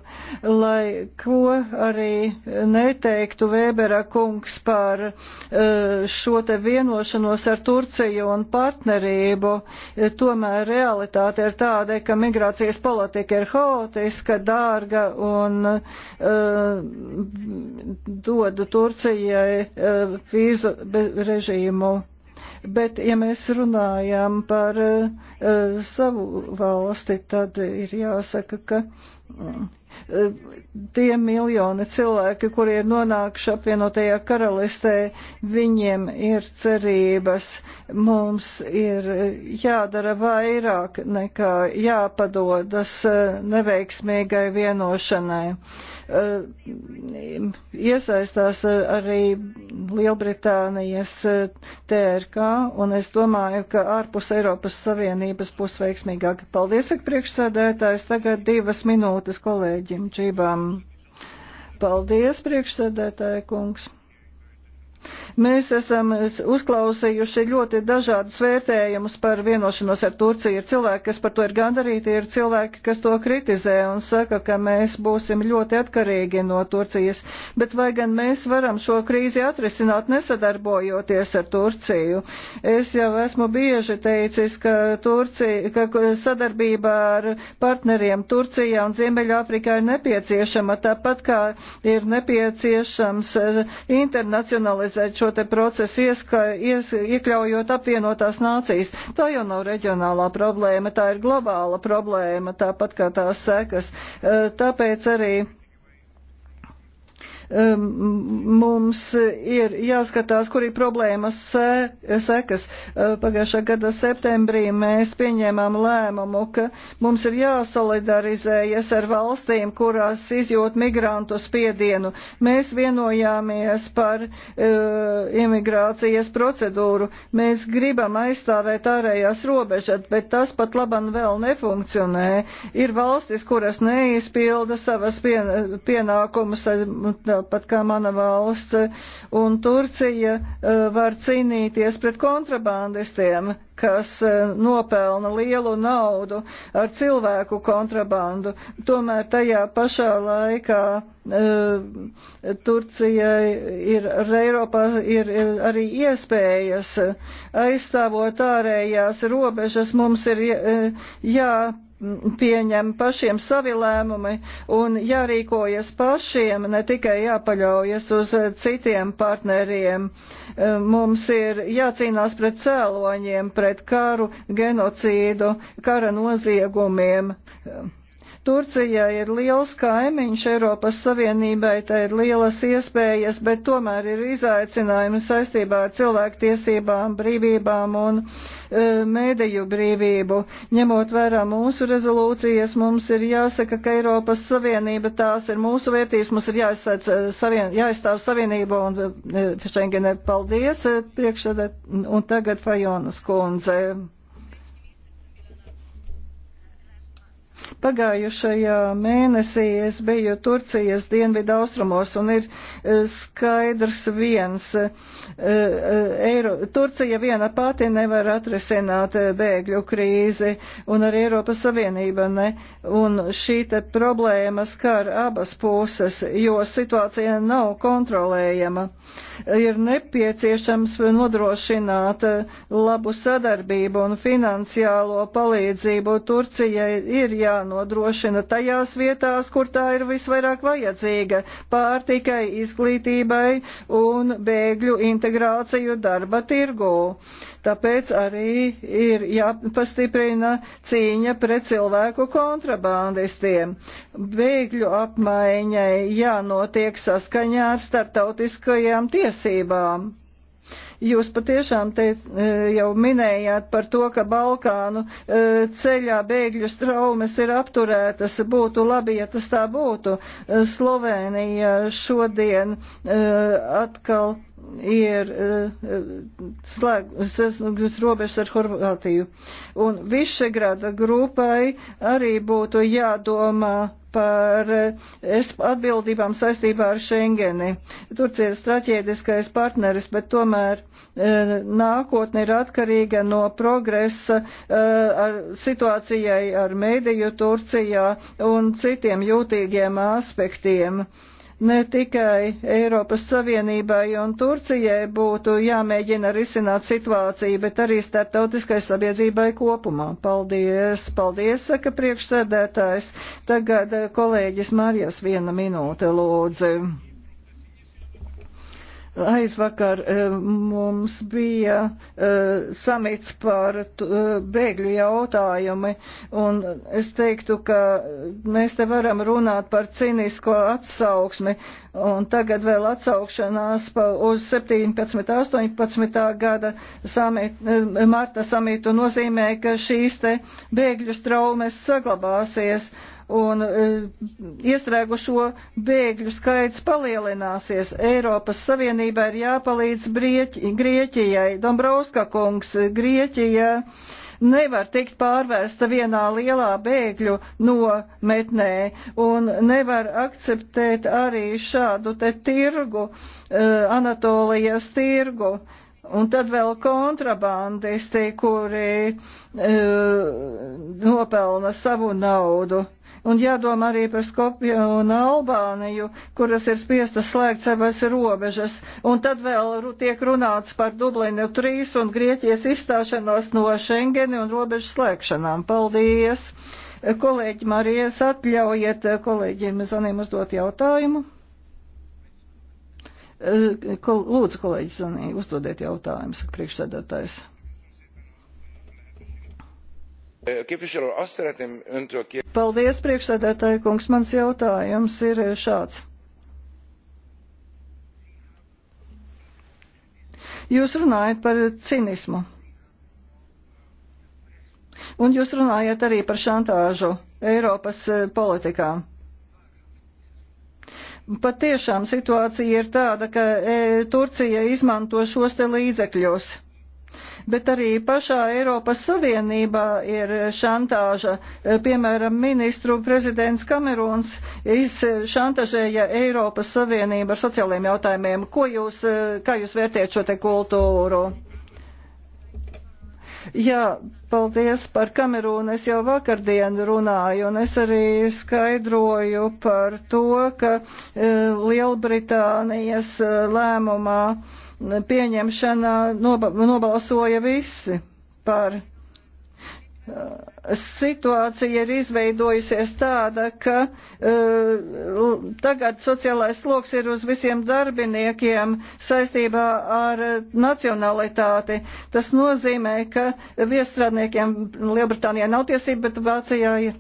Lai ko arī neteiktu Vēbera kungs par e, šo te vienošanos ar Turciju un partnerību, tomēr realitāte ir tāda, ka migrācijas politika ir haotiska, dārga un uh, dodu Turcijai e, vīzu režīmu. Bet, ja mēs runājam par e, savu valsti, tad ir jāsaka, ka mm, e, tie miljoni cilvēki, kuri ir nonākuši apvienotajā karalistē, viņiem ir cerības. Mums ir jādara vairāk nekā jāpadodas neveiksmīgai vienošanai. Eh, iesaistās eh, arī Lielbritānijas eh, TRK, un es domāju, ka ārpus Eiropas Savienības būs veiksmīgāk. Paldies, ak, priekšsēdētājs, tagad divas minūtes kolēģim Čībām. Paldies, priekšsēdētāja kungs. Mēs esam uzklausījuši ļoti dažādus vērtējumus par vienošanos ar Turciju. Ir cilvēki, kas par to ir gandarīti, ir cilvēki, kas to kritizē un saka, ka mēs būsim ļoti atkarīgi no Turcijas. Bet vai gan mēs varam šo krīzi atrisināt nesadarbojoties ar Turciju? Es jau esmu bieži teicis, ka, Turcija, ka sadarbība ar partneriem Turcijā un Ziemeļāfrikā ir nepieciešama, tāpat kā ir nepieciešams eh, internacionalizēt organizēt šo te procesu, ieska, ies, iekļaujot apvienotās nācijas. Tā jau nav reģionālā problēma, tā ir globāla problēma, tāpat kā tās sekas. Eh, tāpēc arī Mums ir jāskatās, kur ir problēmas sekas. Pagājušā gada septembrī mēs pieņēmām lēmumu, ka mums ir jāsolidarizējas ar valstīm, kurās izjūt migrantu spiedienu. Mēs vienojāmies par uh, imigrācijas procedūru. Mēs gribam aizstāvēt ārējās robežas, bet tas pat laban vēl nefunkcionē. Ir valstis, kuras neizpilda savas pienākumus e, tāpat kā mana valsts, un Turcija e, var cīnīties pret kontrabandistiem, kas e, nopelna lielu naudu ar cilvēku kontrabandu. Tomēr tajā pašā laikā e, Turcijai ir, ar Eiropā ir, ir arī iespējas aizstāvot ārējās robežas, mums ir jā jāpieņem pašiem savi lēmumi un jārīkojas pašiem, ne tikai jāpaļaujas uz citiem partneriem. E, mums ir jācīnās pret cēloņiem, pret karu, genocīdu, kara noziegumiem. E, Turcija ir liels kaimiņš Eiropas Savienībai, tā ir lielas iespējas, bet tomēr ir izaicinājumi saistībā ar cilvēktiesībām, brīvībām un e, mēdīju brīvību. Ņemot vērā mūsu rezolūcijas, mums ir jāsaka, ka Eiropas Savienība tās ir mūsu vērtības, mums ir jāizsēc, e, savien, jāizstāv Savienība un e, Šengene, paldies, e, priekšsēdē, un tagad Fajonas kundze. Pagājušajā mēnesī es biju Turcijas dienvidu austrumos un ir e, skaidrs viens. E, e, Eiro, Turcija viena pati nevar atrisināt bēgļu krīzi un arī Eiropas Savienība ne. Un šī te problēma skar abas puses, jo situācija nav kontrolējama. Uh, ir nepieciešams nodrošināt labu sadarbību un finansiālo palīdzību Turcijai ir jānodrošina tajās vietās, kur tā ir visvairāk vajadzīga - pārtikai, izglītībai un bēgļu integrāciju darba tirgū. Tāpēc arī ir jāpastiprina cīņa pret cilvēku kontrabandistiem. Bēgļu apmaiņai jānotiek saskaņā ar starptautiskajām tiesībām. Jūs patiešām te e, jau minējāt par to, ka Balkānu e, ceļā bēgļu straumes ir apturētas. Būtu labi, ja tas tā būtu. E, Slovenija šodien atkal ir eh, slēgts robežas ar Horvātiju. Un Višegrada grupai arī būtu jādomā par eh, atbildībām saistībā ar Schengeni. Turcija ir straķēdiskais partneris, bet tomēr eh, nākotne ir atkarīga no progresa ar situācijai ar mēdīju Turcijā un citiem jūtīgiem aspektiem. Uh, Ne tikai Eiropas Savienībai un Turcijai būtu jāmēģina risināt situāciju, bet arī starptautiskai sabiedrībai kopumā. Paldies, paldies, saka priekšsēdētājs. Tagad eh, kolēģis Marijas viena minūte lūdzu. Aizvakar eh, mums bija eh, samits par eh, bēgļu jautājumi, un es teiktu, ka mēs te varam runāt par cīnisko atsauksmi, un tagad vēl atsaukšanās uz 17. 18. gada samit, marta samitu nozīmē, ka šīs te bēgļu traumas saglabāsies un e, iestrēgušo bēgļu skaits palielināsies. Eiropas Savienībā ir jāpalīdz Grieķi, Grieķijai. Dombrovska kungs, Grieķija nevar tikt pārvērsta vienā lielā bēgļu nometnē un nevar akceptēt arī šādu te tirgu, e, Anatolijas tirgu. Un tad vēl kontrabandisti, kuri e, nopelna savu naudu. Un jādomā arī par Skopju un Albāniju, kuras ir spiestas slēgt savas robežas. Un tad vēl tiek runāts par Dublinu 3 un Grieķijas izstāšanos no Schengeni un robežu slēgšanām. Paldies! Kolēģi Marijas, atļaujiet kolēģiem Zanim uzdot jautājumu. Eh, lūdzu, kolēģi Zanī, uzdodiet jautājumus, priekšsēdētājs. Paldies, priekšsēdētāji kungs. Mans jautājums ir šāds. Jūs runājat par cinismu. Un jūs runājat arī par šantāžu Eiropas eh, politikā. Pat tiešām situācija ir tāda, ka e, Turcija izmanto šos te līdzekļos bet arī pašā Eiropas Savienībā ir šantāža. Piemēram, ministru prezidents Kamerons šantažēja Eiropas Savienību ar sociālajiem jautājumiem. Ko jūs, kā jūs vērtējat šo te kultūru? Jā, paldies par Kamerūnu. Es jau vakardien runāju, un es arī skaidroju par to, ka e, Lielbritānijas eh, lēmumā pieņemšanā nobalsoja visi par. Eh, situācija ir izveidojusies tāda, ka uh, tagad sociālais sloks ir uz visiem darbiniekiem saistībā ar nacionalitāti. Tas nozīmē, ka viestrādniekiem Lielbritānijā nav tiesība, bet Vācijā ir.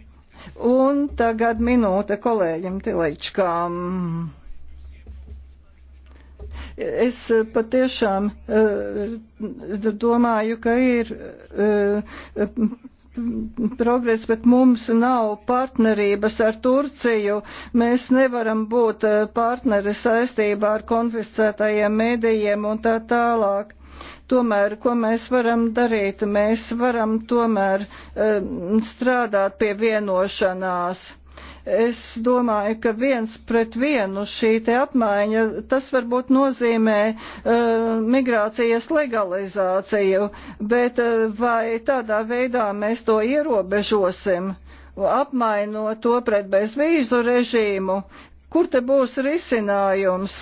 Un tagad minūte kolēģim Tilečkām. Es eh, patiešām eh, domāju, ka ir eh, progress, bet mums nav partnerības ar Turciju. Mēs nevaram būt partneri saistībā ar konfiscētajiem medijiem un tā tālāk tomēr, ko mēs varam darīt? Mēs varam tomēr um, strādāt pie vienošanās. Es domāju, ka viens pret vienu šī te apmaiņa, tas varbūt nozīmē uh, migrācijas legalizāciju, bet uh, vai tādā veidā mēs to ierobežosim? apmainot to pret bezvīzu režīmu, kur te būs risinājums?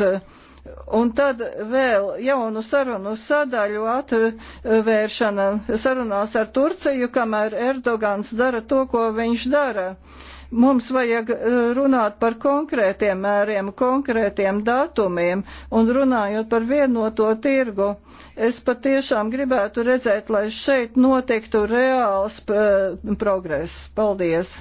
Un tad vēl jaunu sarunu sadaļu atvēršana sarunās ar Turciju, kamēr Erdogans dara to, ko viņš dara. Uh, Mums vajag eh, runāt par konkrētiem mēriem, konkrētiem datumiem un runājot par vienoto tirgu. Es patiešām gribētu redzēt, lai šeit notiktu reāls eh, progress. Paldies!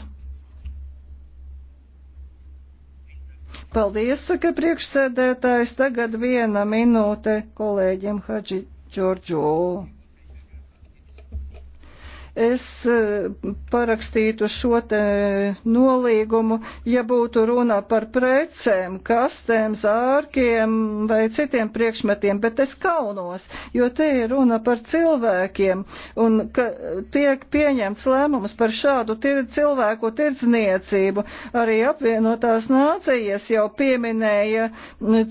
Paldies, saka priekšsēdētājs. Tagad viena minūte kolēģiem Hadži Čorģo es e, parakstītu šo te nolīgumu, ja būtu runa par precēm, kastēm, zārkiem vai citiem priekšmetiem, bet es kaunos, jo te ir runa par cilvēkiem un ka tiek pieņemts lēmums par šādu tir cilvēku tirdzniecību. Arī apvienotās nācijas jau pieminēja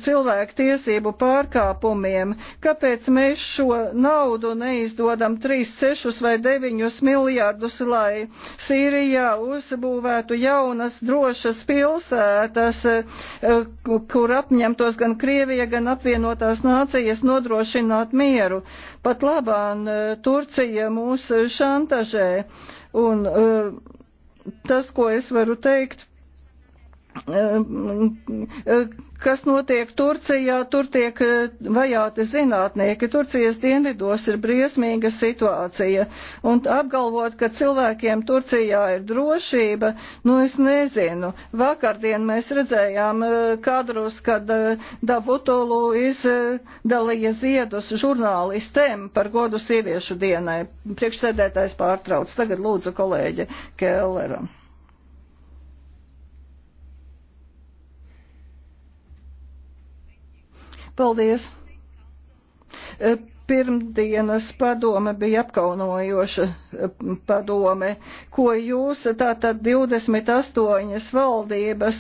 cilvēku tiesību pārkāpumiem. Kāpēc mēs šo naudu neizdodam 3, 6 vai 9 piecus miljardus, lai Sīrijā uzbūvētu jaunas drošas pilsētas, eh, kur apņemtos gan Krievija, gan apvienotās nācijas nodrošināt mieru. Pat labāk eh, Turcija mūs šantažē. Un, eh, tas, ko es varu teikt, Kas notiek Turcijā? Tur tiek eh, vajāti zinātnieki. Turcijas dienvidos ir briesmīga situācija. Un apgalvot, ka cilvēkiem Turcijā ir drošība, nu es nezinu. Vakardien mēs redzējām eh, kadrus, kad eh, Davutolu izdalīja ziedus žurnālistēm par godu sieviešu dienai. Priekšsēdētājs pārtrauc. Tagad lūdzu kolēģi Kelleram. Paldies! E, pirmdienas padome bija apkaunojoša e, padome, ko jūs tātad 28 valdības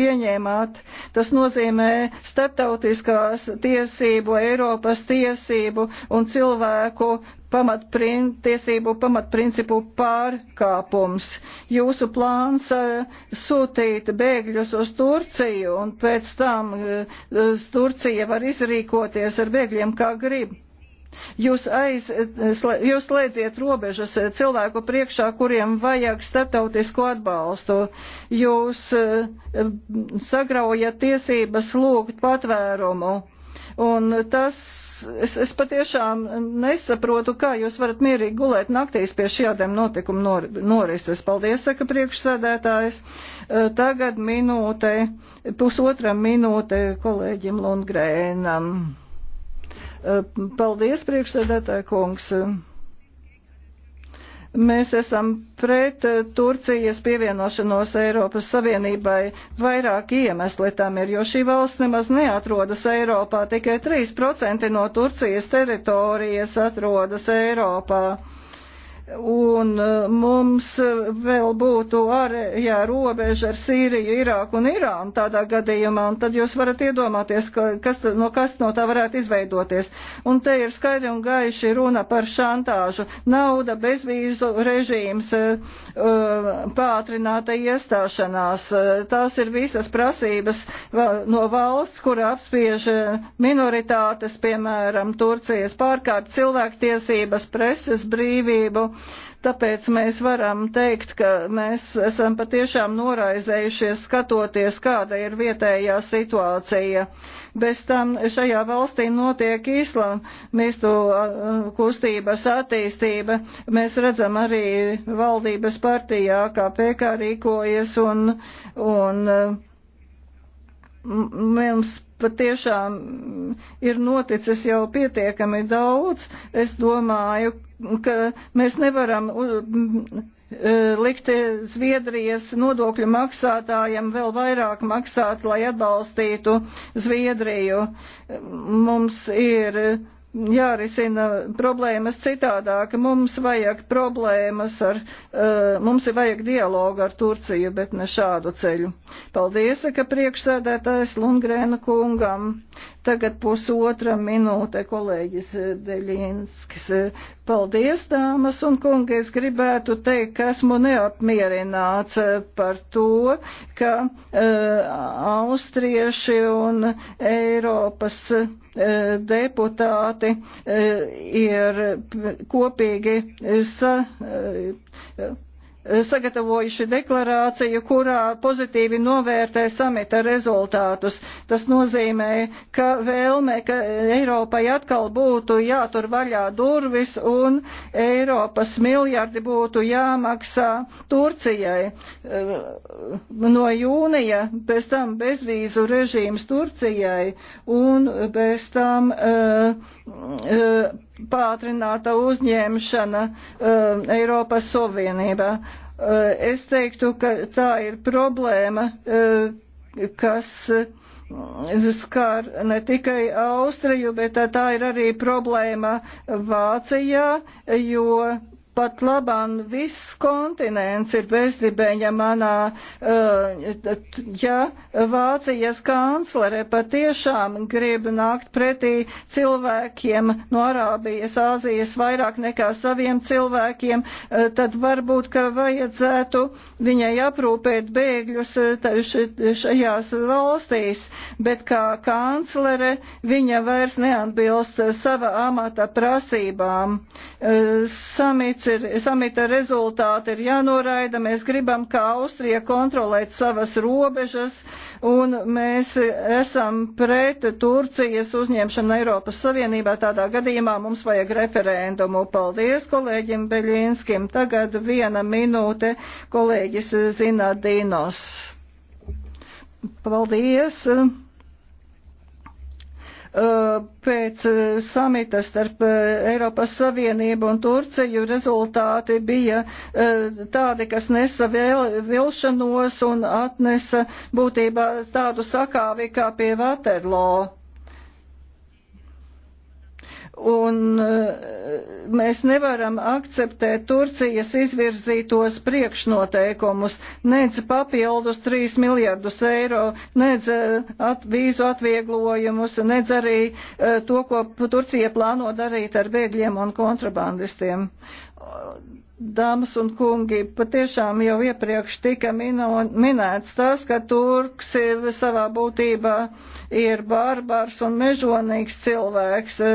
pieņēmāt. Tas nozīmē starptautiskās tiesību, Eiropas tiesību un cilvēku pamattiesību pamatprincipu pārkāpums. Jūsu plāns eh, sūtīt bēgļus uz Turciju un pēc tam eh, Turcija var izrīkoties ar bēgļiem kā grib. Jūs, aiz, jūs slēdziet robežas eh, cilvēku priekšā, kuriem vajag starptautisko atbalstu. Jūs sagraujat tiesības lūgt patvērumu. Un tas es, es patiešām nesaprotu, kā jūs varat mierīgi gulēt naktīs pie šādiem notikumu nor, norises. Paldies, saka priekšsēdētājs. E, tagad minūte, pusotra minūte kolēģim Lundgrēnam. E, paldies, priekšsēdētāja kungs. Mēs esam pret eh, Turcijas pievienošanos Eiropas Savienībai. Vairāki iemesli tam ir, jo šī valsts nemaz neatrodas Eiropā, tikai 3% no Turcijas teritorijas atrodas Eiropā un uh, mums uh, vēl būtu ārējā robeža ar Sīriju, Irāku un Irānu tādā gadījumā, un tad jūs varat iedomāties, ka, kas, no kas no tā varētu izveidoties. Un te ir skaidri un gaiši runa par šantāžu. Nauda, bezvīzu režīms, uh, pātrināta iestāšanās, tās ir visas prasības no valsts, kura apspiež minoritātes, piemēram, Turcijas pārkārt cilvēktiesības, preses brīvību Tāpēc mēs varam teikt, ka mēs esam patiešām noraizējušies skatoties, kāda ir vietējā situācija. Bez tam šajā valstī notiek islamistu kustības attīstība. Mēs redzam arī valdības partijā, kā PK rīkojas un, un mums patiešām mm, ir noticis jau pietiekami daudz. Es domāju, ka mēs nevaram mm, eh, likt Zviedrijas nodokļu maksātājiem vēl vairāk maksāt, lai atbalstītu Zviedriju. Mums ir jārisina problēmas citādāk. Mums vajag problēmas ar, eh, mums ir vajag dialogu ar Turciju, bet ne šādu ceļu. Paldies, ka priekšsēdētājs Lundgrēna kungam. Tagad pusotra minūte kolēģis Deļinskis. Paldies, dāmas un kungi, es gribētu teikt, ka esmu neapmierināts par to, ka uh, austrieši un Eiropas uh, deputāti uh, ir kopīgi sa, uh, Eh, sagatavojuši deklarāciju, kurā pozitīvi novērtē samita rezultātus. Tas nozīmē, ka vēlme, ka Eiropai atkal būtu jātur vaļā durvis un Eiropas miljardi būtu jāmaksā Turcijai. Eh, no jūnija pēc tam bezvīzu režīms Turcijai un pēc tam uh, uh, pātrināta uzņemšana uh, Eiropas Savienībā. Uh, es teiktu, ka tā ir problēma, uh, kas mm, skar ne tikai Austriju, bet tā ir arī problēma Vācijā, jo Pat labāk viss kontinents ir bezdibēņa manā, uh, ja Vācijas kanclere patiešām grib nākt pretī cilvēkiem no Arābijas, Āzijas vairāk nekā saviem cilvēkiem, uh, tad varbūt, ka vajadzētu viņai aprūpēt bēgļus uh, šajās valstīs, bet kā kanclere viņa vairs neatbilst sava amata prasībām. Samits Samits ir, samita rezultāti ir jānoraida. Mēs gribam, kā Austrija kontrolēt savas robežas, un mēs esam pret Turcijas uzņemšanu Eiropas Savienībā. Tādā gadījumā mums vajag referendumu. Paldies kolēģim Beļinskim. Tagad viena minūte kolēģis Zinadinos. Paldies! Uh, pēc uh, samita starp uh, Eiropas Savienību un Turciju rezultāti bija tādi, kas nesa vilšanos un atnesa būtībā tādu sakāvi kā pie Vaterloo un eh, mēs nevaram akceptēt Turcijas izvirzītos priekšnoteikumus, nedz papildus 3 miljardus eiro, nedz eh, at, vīzu atvieglojumus, nedz arī eh, to, ko Turcija plāno darīt ar bēgļiem un kontrabandistiem dāmas un kungi, patiešām jau iepriekš tika mino, minēts tas, ka Turks ir savā būtībā uh, ir barbārs un mežonīgs cilvēks, e,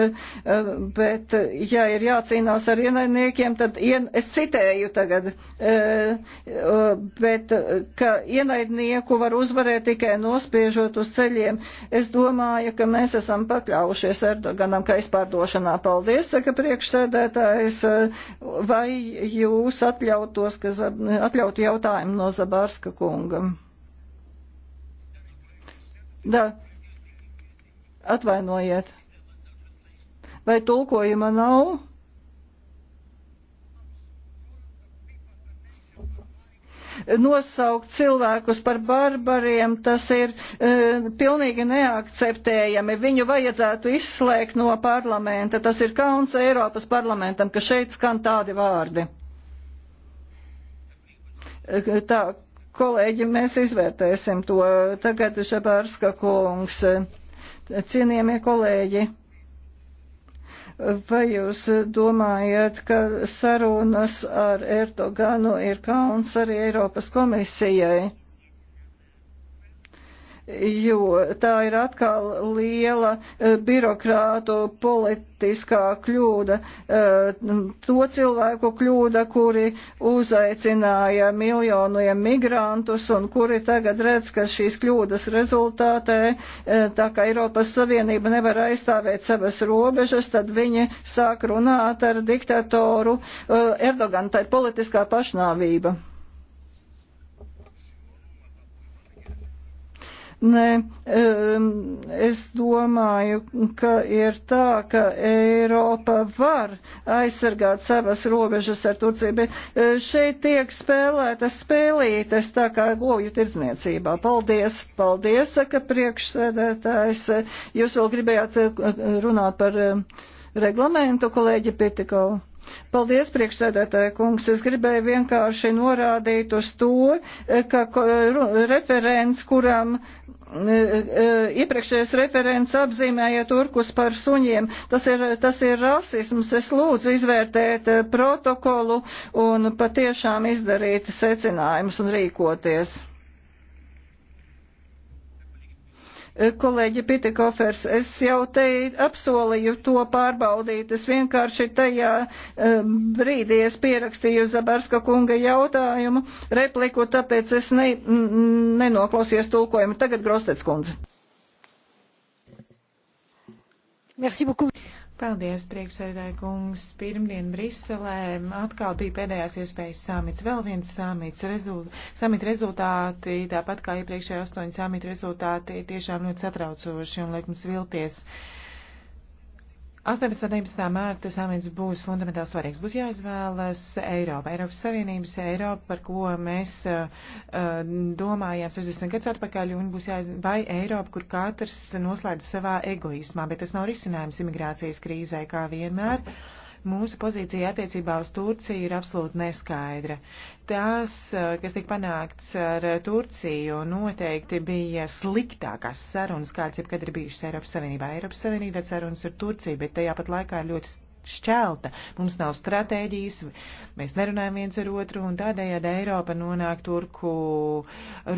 e, bet ja ir jācīnās ar ienaidniekiem, tad ien, es citēju tagad, e, bet ka ienaidnieku var uzvarēt tikai nospiežot uz ceļiem. Es domāju, ka mēs esam pakļaujušies Erdoganam kaispārdošanā. Paldies, saka priekšsēdētājs, vai jūs atļautos, ka atļautu jautājumu no Zabārska kungam? Да, Atvainojiet. Vai tulkojuma nav? nosaukt cilvēkus par barbariem, tas ir e, pilnīgi neakceptējami. Viņu vajadzētu izslēgt no parlamenta. Tas ir kauns Eiropas parlamentam, ka šeit skan tādi vārdi. E, tā, kolēģi, mēs izvērtēsim to. Tagad Šabārska kungs. E, Cienījamie kolēģi, vai jūs domājat, ka sarunas ar Erdoganu ir kauns arī Eiropas komisijai? jo tā ir atkal liela eh, birokrātu politiskā kļūda, eh, to cilvēku kļūda, kuri uzaicināja miljoniem migrantus un kuri tagad redz, ka šīs kļūdas rezultātē, eh, tā kā Eiropas Savienība nevar aizstāvēt savas robežas, tad viņi sāk runāt ar diktatoru Erdogan, tā ir politiskā pašnāvība. Nē, es domāju, ka ir tā, ka Eiropa var aizsargāt savas robežas ar Turciju, bet eh, šeit tiek spēlētas spēlītes tā kā govju tirdzniecībā. Paldies, paldies, saka priekšsēdētājs. Jūs vēl gribējāt eh, runāt par reglamentu, kolēģi Pitikau. Paldies, priekšsēdētāja kungs. Es gribēju vienkārši norādīt uz to, eh, ka referents, kuram uh, E, e, iepriekšējais referents apzīmēja turkus par suņiem. Tas ir, tas ir rasisms. Es lūdzu izvērtēt e, protokolu un patiešām izdarīt secinājumus un rīkoties. Kolēģi Pitekofers, es jau te apsolīju to pārbaudīt. Es vienkārši tajā um, brīdī es pierakstīju Zabarska kunga jautājumu, repliku, tāpēc es ne, nenoklausījos tulkojumu. Tagad Grostec kundze. Merci beaucoup. Paldies, priekšsēdētāji kungs. Pirmdien Briselē atkal bija pēdējās iespējas samits. Vēl viens samits. Rezult, samita rezultāti, tāpat kā iepriekšējā astoņu samita rezultāti, tiešām ļoti satraucoši un liek mums vilties. Uh, 18. un 19. mārta samits būs fundamentāli svarīgs. Būs jāizvēlas Eiropa, Eiropas Savienības Eiropa, par ko mēs uh, uh domājām 60 gadus atpakaļ, un būs jāizvēlas vai Eiropa, kur katrs noslēdz savā egoismā, bet tas nav risinājums imigrācijas krīzē, kā vienmēr. Uh, Mūsu pozīcija attiecībā uz Turciju ir absolūti neskaidra. Tās, eh, kas tika panākts ar eh, Turciju, noteikti bija sliktākās sarunas, kāds jebkad ir bijušas Eiropas Savienībā. Eiropas Savienībā sarunas ar Turciju, bet tajā pat laikā ļoti šķelta, mums nav stratēģijas, mēs nerunājam viens ar otru, un tādējādi Eiropa nonāk turku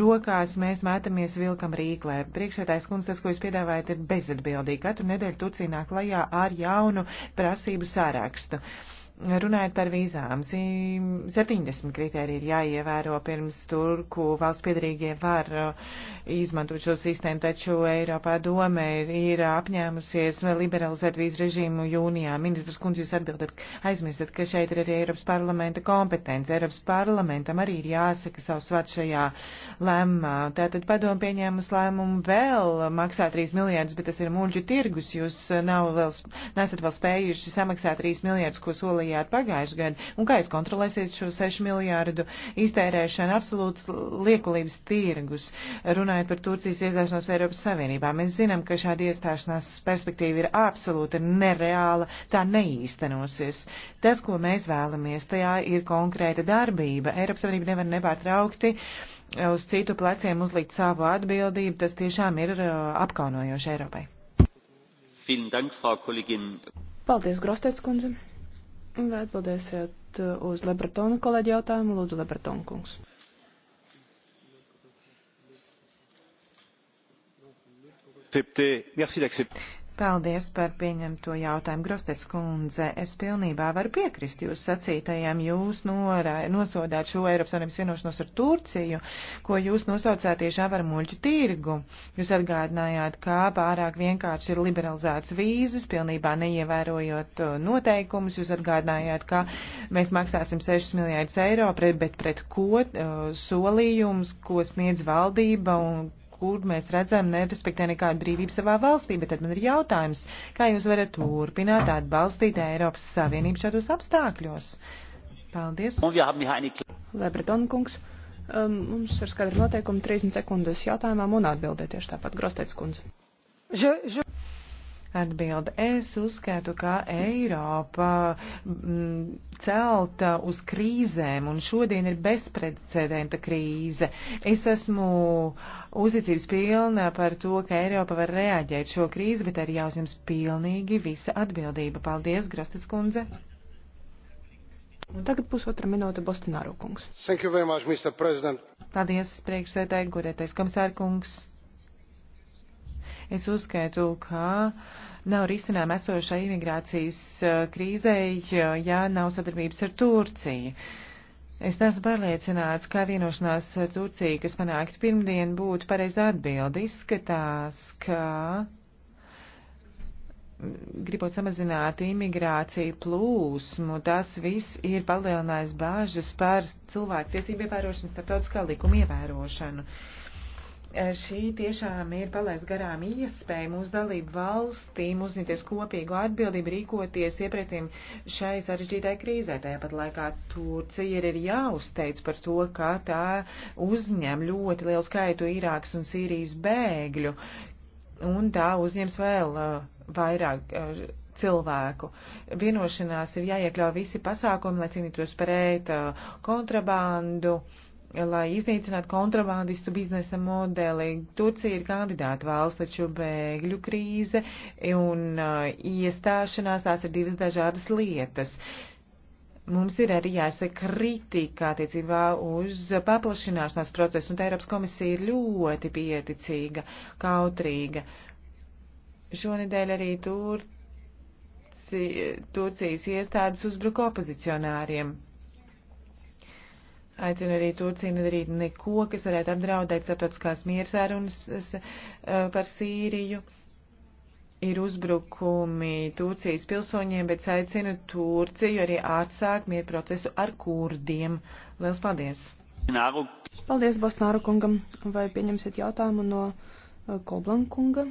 rokās, mēs mētamies vilkam rīklē. Priekšētājs kundze, tas, ko jūs piedāvājat, ir bezatbildīgi. Katru nedēļu tucīnāk lajā ar jaunu prasību sārakstu. Uh, Runājot par vīzām, 70 kriteriji ir jāievēro pirms turku valsts piedarīgie var uh, izmantot šo sistēmu, taču Eiropā doma ir, ir apņēmusies liberalizēt vīzu režīmu jūnijā. Ministrs kundze, jūs atbildat, aizmirstat, ka šeit ir arī Eiropas parlamenta kompetence. Eiropas parlamentam arī ir jāsaka savs vārds šajā lēmumā. Tātad padomu pieņēmus lēmumu vēl maksā 3 miljārdus, bet tas ir muļķu tirgus. Jūs nav vēl, nesat vēl spējuši samaksāt 3 miljārdus, ko solīja miljārdi pagājuši gadu. Un kā jūs kontrolēsiet šo 6 miljārdu iztērēšanu absolūts liekulības tirgus, runājot par Turcijas iestāšanos Eiropas Savienībā? Mēs zinām, ka šāda iestāšanās perspektīva ir absolūti nereāla, tā neīstenosies. Tas, ko mēs vēlamies, tajā ir konkrēta darbība. Eiropas Savienība nevar nepārtraukti uz citu pleciem uzlikt savu atbildību, tas tiešām ir uh, apkaunojoši Eiropai. Paldies, Grostets kundze. Vai atbildēsiet uh, uz Lebretona kolēģi jautājumu? Lūdzu, Lebretona kungs. Merci d'accepter. Paldies par pieņemto jautājumu, Grostets kundze. Es pilnībā varu piekrist jūs sacītajām. Jūs norā, nosodāt šo Eiropas Savienības vienošanos ar Turciju, ko jūs nosaucāt tiešām par muļķu tirgu. Jūs atgādinājāt, kā pārāk vienkārši ir liberalizēts vīzes, pilnībā neievērojot uh, noteikumus. Jūs atgādinājāt, ka mēs maksāsim 6 miljārdus eiro, pret, bet pret ko uh, solījums, ko sniedz valdība un kur mēs redzam nerespektē nekādu brīvību savā valstī, bet tad man ir jautājums, kā jūs varat turpināt atbalstīt Eiropas Savienību šādos apstākļos? Paldies. Nu, Lebreton kungs, um, mums ir skaidri noteikumi 30 sekundes jautājumam un atbildēt tieši tāpat. Grosteits kundze. Je, je... Atbilde. Es uzskatu, ka Eiropa m, mm, celta uz krīzēm, un šodien ir bezprecedenta krīze. Es esmu uzticības pilna par to, ka Eiropa var reaģēt šo krīzi, bet arī jāuzņems pilnīgi visa atbildība. Paldies, Grastis kundze. Un tagad pusotra minūte Bostināru kungs. Much, Paldies, priekšsēdētāji, godētais komisārkungs Es uzskaitu, ka nav risinājuma esošai imigrācijas eh, krīzei, ja nav sadarbības ar Turciju. Es neesmu pārliecināts, ka vienošanās ar Turciju, kas panākt pirmdien, būtu pareizā atbildi. Izskatās, ka mm, gribot samazināt imigrāciju plūsmu, tas viss ir palielinājis bāžas par cilvēku tiesību ievērošanu, starptautiskā likuma ievērošanu. Uh, Eh, šī tiešām ir palaist garām iespēja mūsu dalību valstīm uzņemties kopīgu atbildību, rīkoties iepretim šai sarežģītai krīzē. Tāpat laikā Turcija ir jāuzteic par to, ka tā uzņem ļoti lielu skaitu Irākas un Sīrijas bēgļu, un tā uzņems vēl eh, vairāk eh, cilvēku. Vienošanās ir jāiekļauj visi pasākumi, lai cīnītos pret kontrabandu lai iznīcinātu kontrabandistu biznesa modeli. Turcija ir kandidāta valsts, taču bēgļu krīze un uh, iestāšanās tās ir divas dažādas lietas. Mums ir arī jāsaka kritika attiecībā uz paplašināšanās procesu, un tā Eiropas komisija ir ļoti pieticīga, kautrīga. Šonedēļ arī tur, Turcijas iestādes uzbruka opozicionāriem aicina arī Turciju nedarīt neko, kas varētu apdraudēt starptautiskās miersērunas eh, par Sīriju. Ir uzbrukumi Turcijas pilsoņiem, bet aicinu Turciju arī atsākt mieru procesu ar kurdiem. Liels paldies! Nāru. Paldies Bosnāru kungam. Vai pieņemsiet jautājumu no eh, Koblan kunga?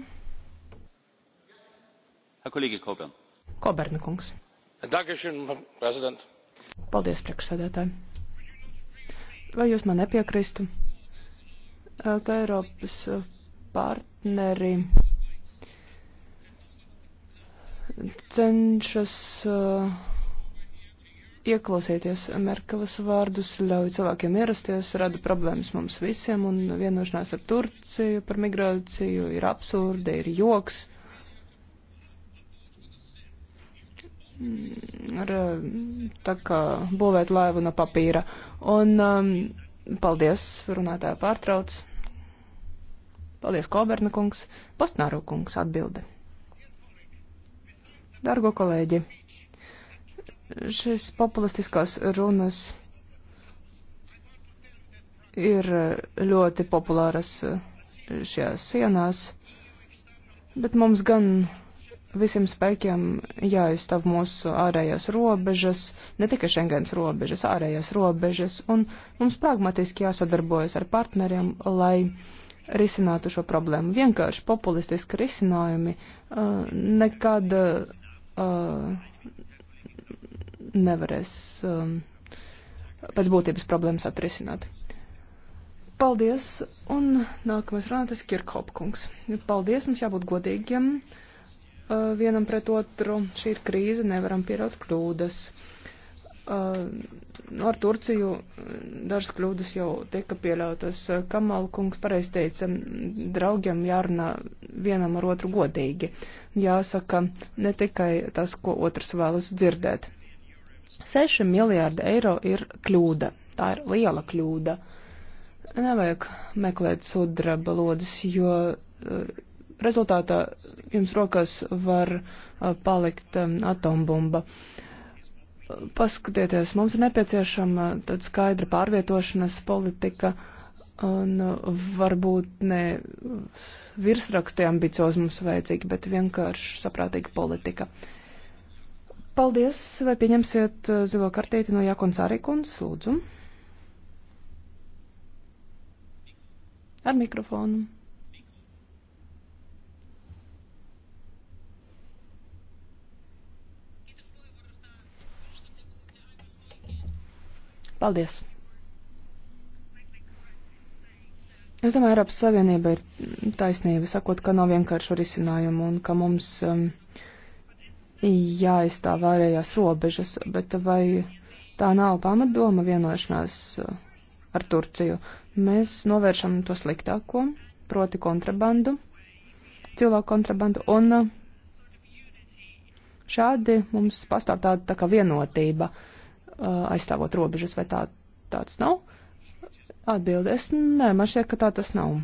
Kolēģi Koblan. Koberna kungs. Dankeschön, prezident. Paldies, priekšsēdētāji. Vai jūs man nepiekristu, ka Eiropas partneri cenšas ieklausīties Merkavas vārdus, ļauj cilvēkiem ierasties, rada problēmas mums visiem, un vienošanās ar Turciju par migrāciju ir absurdi, ir joks. Mm, ar tā kā būvēt laivu no papīra. Un um, paldies, runātāja pārtrauc. Paldies, Koberna kungs. Postnāru kungs atbilde. Dargo kolēģi, šis populistiskās runas ir ļoti populāras šajās sienās, bet mums gan visiem spēkiem jāizstāv mūsu ārējās robežas, ne tikai Schengens robežas, ārējās robežas, un mums pragmatiski jāsadarbojas ar partneriem, lai risinātu šo problēmu. Vienkārši populistiski risinājumi uh, nekad uh, nevarēs um, pēc būtības problēmas atrisināt. Paldies, un nākamais runātājs Kirkhopkungs. Paldies, mums jābūt godīgiem. Ja Eh, vienam pret otru. Šī ir krīze, nevaram pieļaut kļūdas. Eh, nu, ar Turciju eh, dažas kļūdas jau tika pieļautas. Kamala kungs pareiz teica, draugiem jārunā vienam ar otru godīgi. Jāsaka ne tikai tas, ko otrs vēlas dzirdēt. 6 miljārdi eiro ir kļūda. Tā ir liela kļūda. Nevajag meklēt sudraba lodas, jo rezultātā jums rokās var uh, palikt um, atombumba. Paskatieties, mums ir nepieciešama uh, tāda skaidra pārvietošanas politika un uh, varbūt ne virsraksti ambiciozi mums vajadzīgi, bet vienkārši saprātīga politika. Paldies, vai pieņemsiet zilo kartīti no Jākons Arikundzes, lūdzu. Ar mikrofonu. Paldies! Es domāju, Eiropas Savienība ir taisnība, sakot, ka nav vienkāršu risinājumu un ka mums um, jāizstāv ārējās robežas, bet vai tā nav pamatdoma vienošanās uh, ar Turciju? Mēs novēršam to sliktāko, proti kontrabandu, cilvēku kontrabandu, un uh, šādi mums pastāv tāda tā kā vienotība. Uh, aizstāvot robežas, vai tā tāds nav? Atbilde, es nē, man šķiet, ka tā tas nav.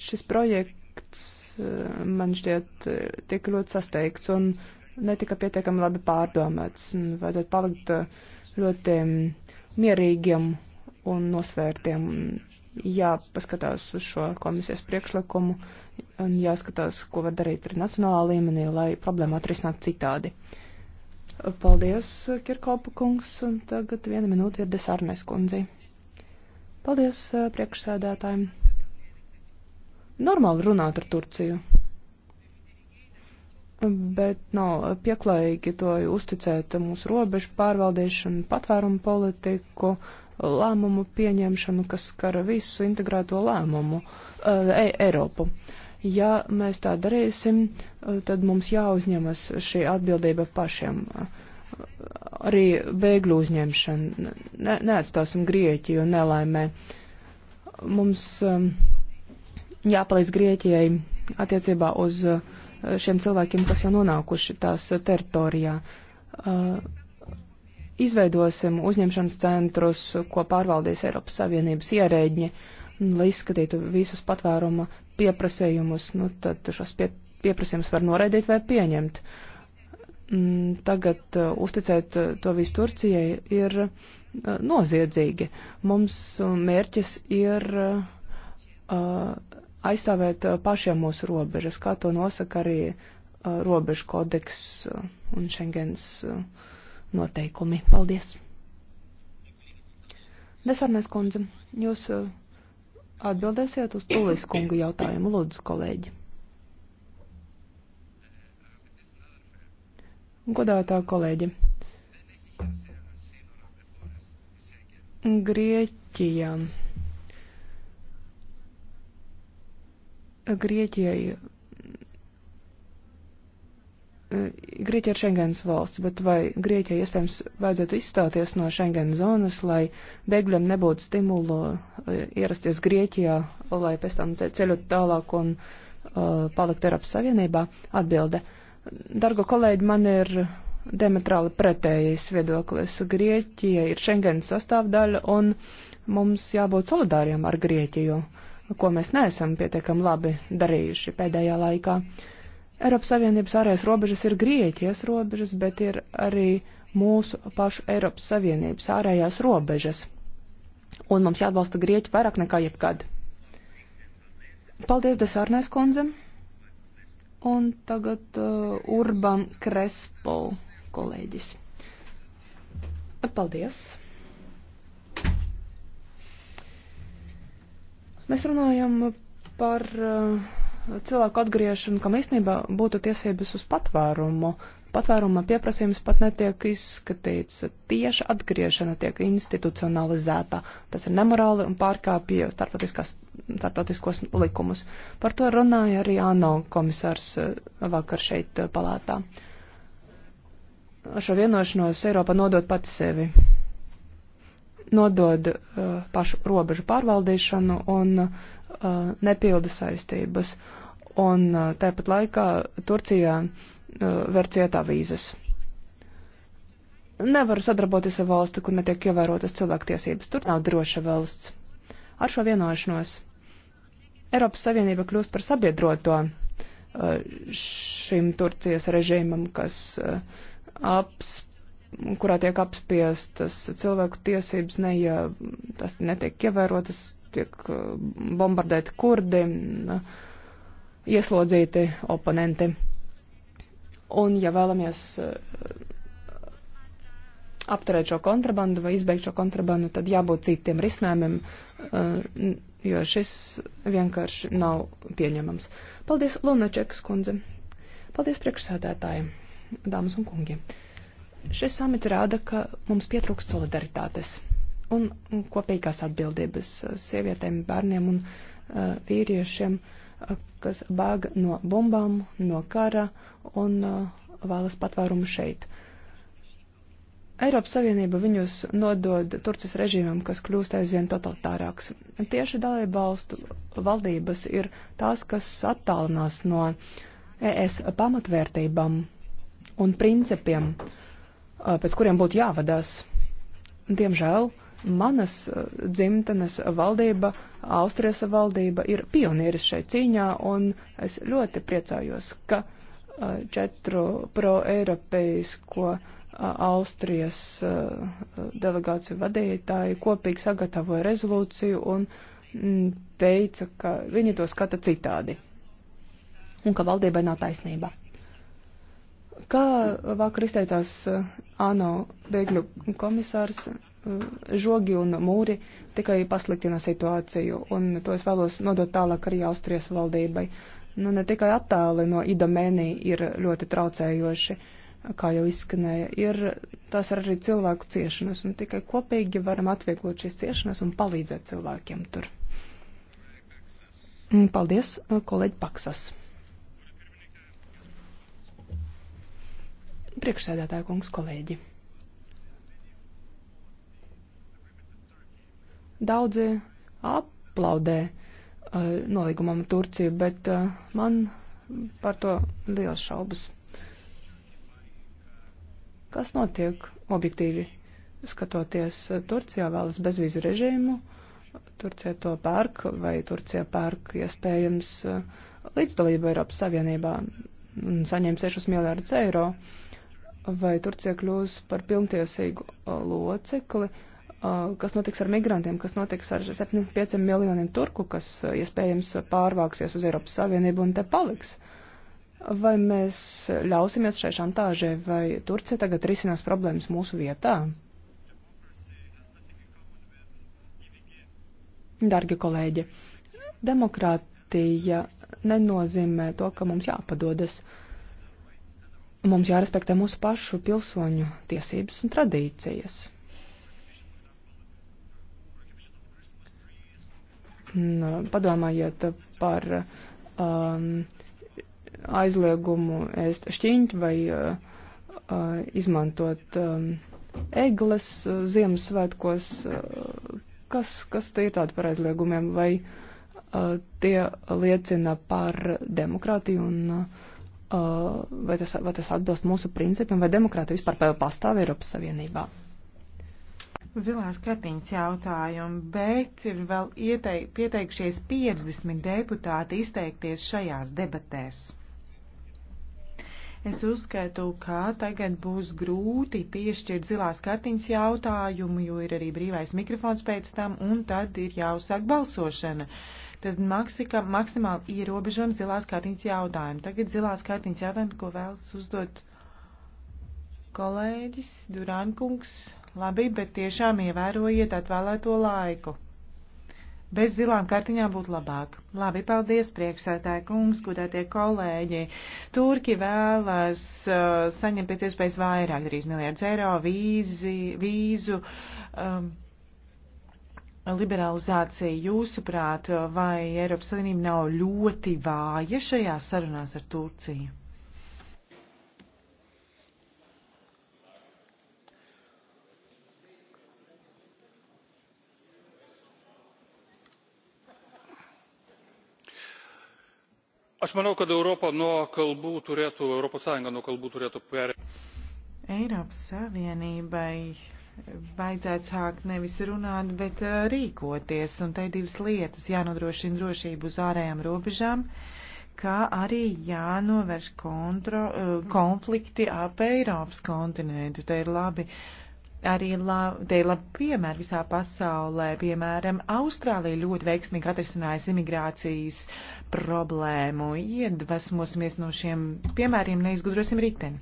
Šis projekts man šķiet tik ļoti sasteigts un netika pietiekami labi pārdomāts. Vajadzētu palikt ļoti mierīgiem un nosvērtiem. Jāpaskatās uz šo komisijas priekšlikumu un jāskatās, ko var darīt arī nacionālā līmenī, lai problēmu atrisināt citādi. Uh, Paldies, Kirkopa kungs, un tagad viena minūte ir Desarnes kundzei. Paldies eh, priekšsēdētājiem. Normāli runāt ar Turciju, bet nav pieklājīgi to uzticēt mūsu robežu pārvaldīšanu, patvērumu politiku, lēmumu pieņemšanu, kas skara visu integrēto lēmumu eh, e Eiropu. Uh, Ja mēs tā darīsim, tad mums jāuzņemas šī atbildība pašiem. Arī bēgļu uzņemšana. Ne, neatstāsim Grieķiju nelaimē. Mums um, jāpalīdz Grieķijai attiecībā uz uh, šiem cilvēkiem, kas jau nonākuši tās teritorijā. Uh, izveidosim uzņemšanas centrus, ko pārvaldīs Eiropas Savienības ierēģi, lai izskatītu visus patvēruma pieprasījumus, nu, tad šos pie, pieprasījumus var noraidīt vai pieņemt. Mm, tagad uh, uzticēt uh, to visu Turcijai ir uh, noziedzīgi. Mums uh, mērķis ir uh, uh aizstāvēt pašiem mūsu robežas, kā to nosaka arī robežu kodeks un Schengens noteikumi. Paldies! Desarnēs kundze, jūs Atbildēsiet uz Tulis kunga jautājumu, lūdzu, kolēģi. Godātā kolēģi. Grieķijā. Grieķijai Grieķija ir Schengens valsts, bet vai Grieķijai iespējams vajadzētu izstāties no Schengen zonas, lai bēgļiem nebūtu stimulu e, ierasties Grieķijā, lai pēc tam ceļot tālāk un uh, palikt Eiropas Savienībā? Atbilde. Dargo kolēģi, man ir demetrāli pretējais viedoklis. Grieķija ir Schengen sastāvdaļa un mums jābūt solidāriem ar Grieķiju, ko mēs neesam pietiekami labi darījuši pēdējā laikā. Uh, Eiropas Savienības ārējās robežas ir Grieķijas robežas, bet ir arī mūsu pašu Eiropas Savienības ārējās robežas. Un mums jāatbalsta Grieķi vairāk nekā jebkad. Paldies Desārnēs kundzem. Un tagad uh, Urban Krespo kolēģis. Paldies. Mēs runājam par. Uh, cilvēku atgriešanu, kam īstenībā būtu tiesības uz patvērumu. Patvēruma pieprasījums pat netiek izskatīts. Tieša atgriešana tiek institucionalizēta. Tas ir nemorāli un pārkāpja starptautiskos likumus. Par to runāja arī ANO komisārs eh, vakar šeit eh, palātā. Ar šo vienošanos Eiropa nodod pati sevi. Nodod uh, pašu robežu pārvaldīšanu un uh, Uh, nepilda saistības. Un uh, tāpat laikā Turcijā uh, ver cietā vīzas. Nevar sadarboties ar valsti, kur netiek ievērotas cilvēktiesības. Tur nav droša valsts. Ar šo vienošanos Eiropas Savienība kļūst par sabiedroto šim Turcijas režīmam, kas aps, kurā tiek apspiestas cilvēku tiesības, ne, ja tas netiek ievērotas, tiek eh, bombardēti kurdi, ieslodzīti oponenti. Un, ja vēlamies eh, apturēt šo kontrabandu vai izbeigt šo kontrabandu, tad jābūt citiem risinājumiem, eh, jo šis vienkārši nav pieņemams. Paldies, Lunačekas kundze. Paldies priekšsēdētāji, dāmas un kungi. Šis samits rāda, ka mums pietrūkst solidaritātes un kopīgās atbildības uh, sievietēm, bērniem un uh, vīriešiem, uh, kas bāga no bombām, no kara un uh, vēlas patvērumu šeit. Eiropas Savienība viņus nodod Turcijas režīmam, kas kļūst aizvien totalitārāks. Tieši dalībvalstu valdības ir tās, kas attālinās no ES pamatvērtībām un principiem, uh, pēc kuriem būtu jāvadās. Diemžēl uh, Manas eh, dzimtenes valdība, Austrijas valdība ir pionieris šai cīņā, un es ļoti priecājos, ka eh, četru proeiropeisko eh, Austrijas delegāciju vadītāji kopīgi sagatavoja rezolūciju un mm, teica, ka viņi to skata citādi un ka valdībai nav taisnība. Kā vakar izteicās ANO bēgļu komisārs, Mm, žogi un mūri tikai pasliktina situāciju, un to es vēlos nodot tālāk arī Austrijas valdībai. Nu, ne tikai attāli no idomēnī ir ļoti traucējoši, kā jau izskanēja, ir tās ir arī cilvēku ciešanas, un tikai kopīgi varam atvieglot šīs ciešanas un palīdzēt cilvēkiem tur. Mm, paldies, kolēģi Paksas. Priekšsēdētāja kungs, kolēģi. Daudzi aplaudē uh, nolīgumam Turciju, bet uh, man par to liels šaubas. Kas notiek objektīvi skatoties? Uh, Turcijā vēlas bezvīzu režīmu, Turcija to pērk vai Turcija pērk iespējams līdzdalību Eiropas Savienībā un saņem 6 miljārdus eiro, vai Turcija kļūs par pilntiesīgu locekli Uh, kas notiks ar migrantiem, kas notiks ar 75 miljoniem turku, kas uh, iespējams pārvāksies uz Eiropas Savienību un te paliks. Vai mēs ļausimies šai šantāžai, vai Turcija tagad risinās problēmas mūsu vietā? Dargi kolēģi, demokrātija nenozīmē to, ka mums jāpadodas. Mums jārespektē mūsu pašu pilsoņu tiesības un tradīcijas. Padomājiet par um, aizliegumu ēst šķiņķi vai uh, uh, izmantot um, egles uh, Ziemassvētkos. Uh, kas, kas tie ir tādi par aizliegumiem? Vai uh, tie liecina par demokrātiju un uh, vai, tas, vai tas atbilst mūsu principiem, vai demokrātija vispār pastāv Eiropas Savienībā? zilās kartiņas jautājumu, bet ir vēl ieteik, pieteikšies 50 deputāti izteikties šajās debatēs. Es uzskatu, ka tagad būs grūti piešķirt zilās kartiņas jautājumu, jo ir arī brīvais mikrofons pēc tam, un tad ir jāuzsāk balsošana. Tad maksika, maksimāli ierobežam zilās kartiņas jautājumu. Tagad zilās kartiņas jautājumu, ko vēlas uzdot kolēģis Durankungs. Labi, bet tiešām ievērojiet atvēlēto laiku. Bez zilām kartiņām būtu labāk. Labi, paldies, priekšsētāji kungs, gudētie kolēģi. Turki vēlas uh, saņemt pēc iespējas vairāk, 3 miljārdus eiro vīzi, vīzu. Um, Liberalizācija, jūsuprāt, vai Eiropas Savienība nav ļoti vāja šajā sarunās ar Turciju? aš manau kad europa nuo kalbų turėtų europos sąjunga nuo kalbų turėtų pereiti Eiropas Savienībai vajadzētu sākt nevis runāt, bet rīkoties, un tai divas lietas jānodrošina drošību uz ārējām robežām, kā arī jānovērš kontro, konflikti ap Eiropas kontinentu. Te ir labi uh, arī la, te ir labi piemēri visā pasaulē. Piemēram, Austrālija ļoti veiksmīgi atrisinājusi imigrācijas problēmu. Iedvesmosimies no šiem piemēriem, neizgudrosim riteni.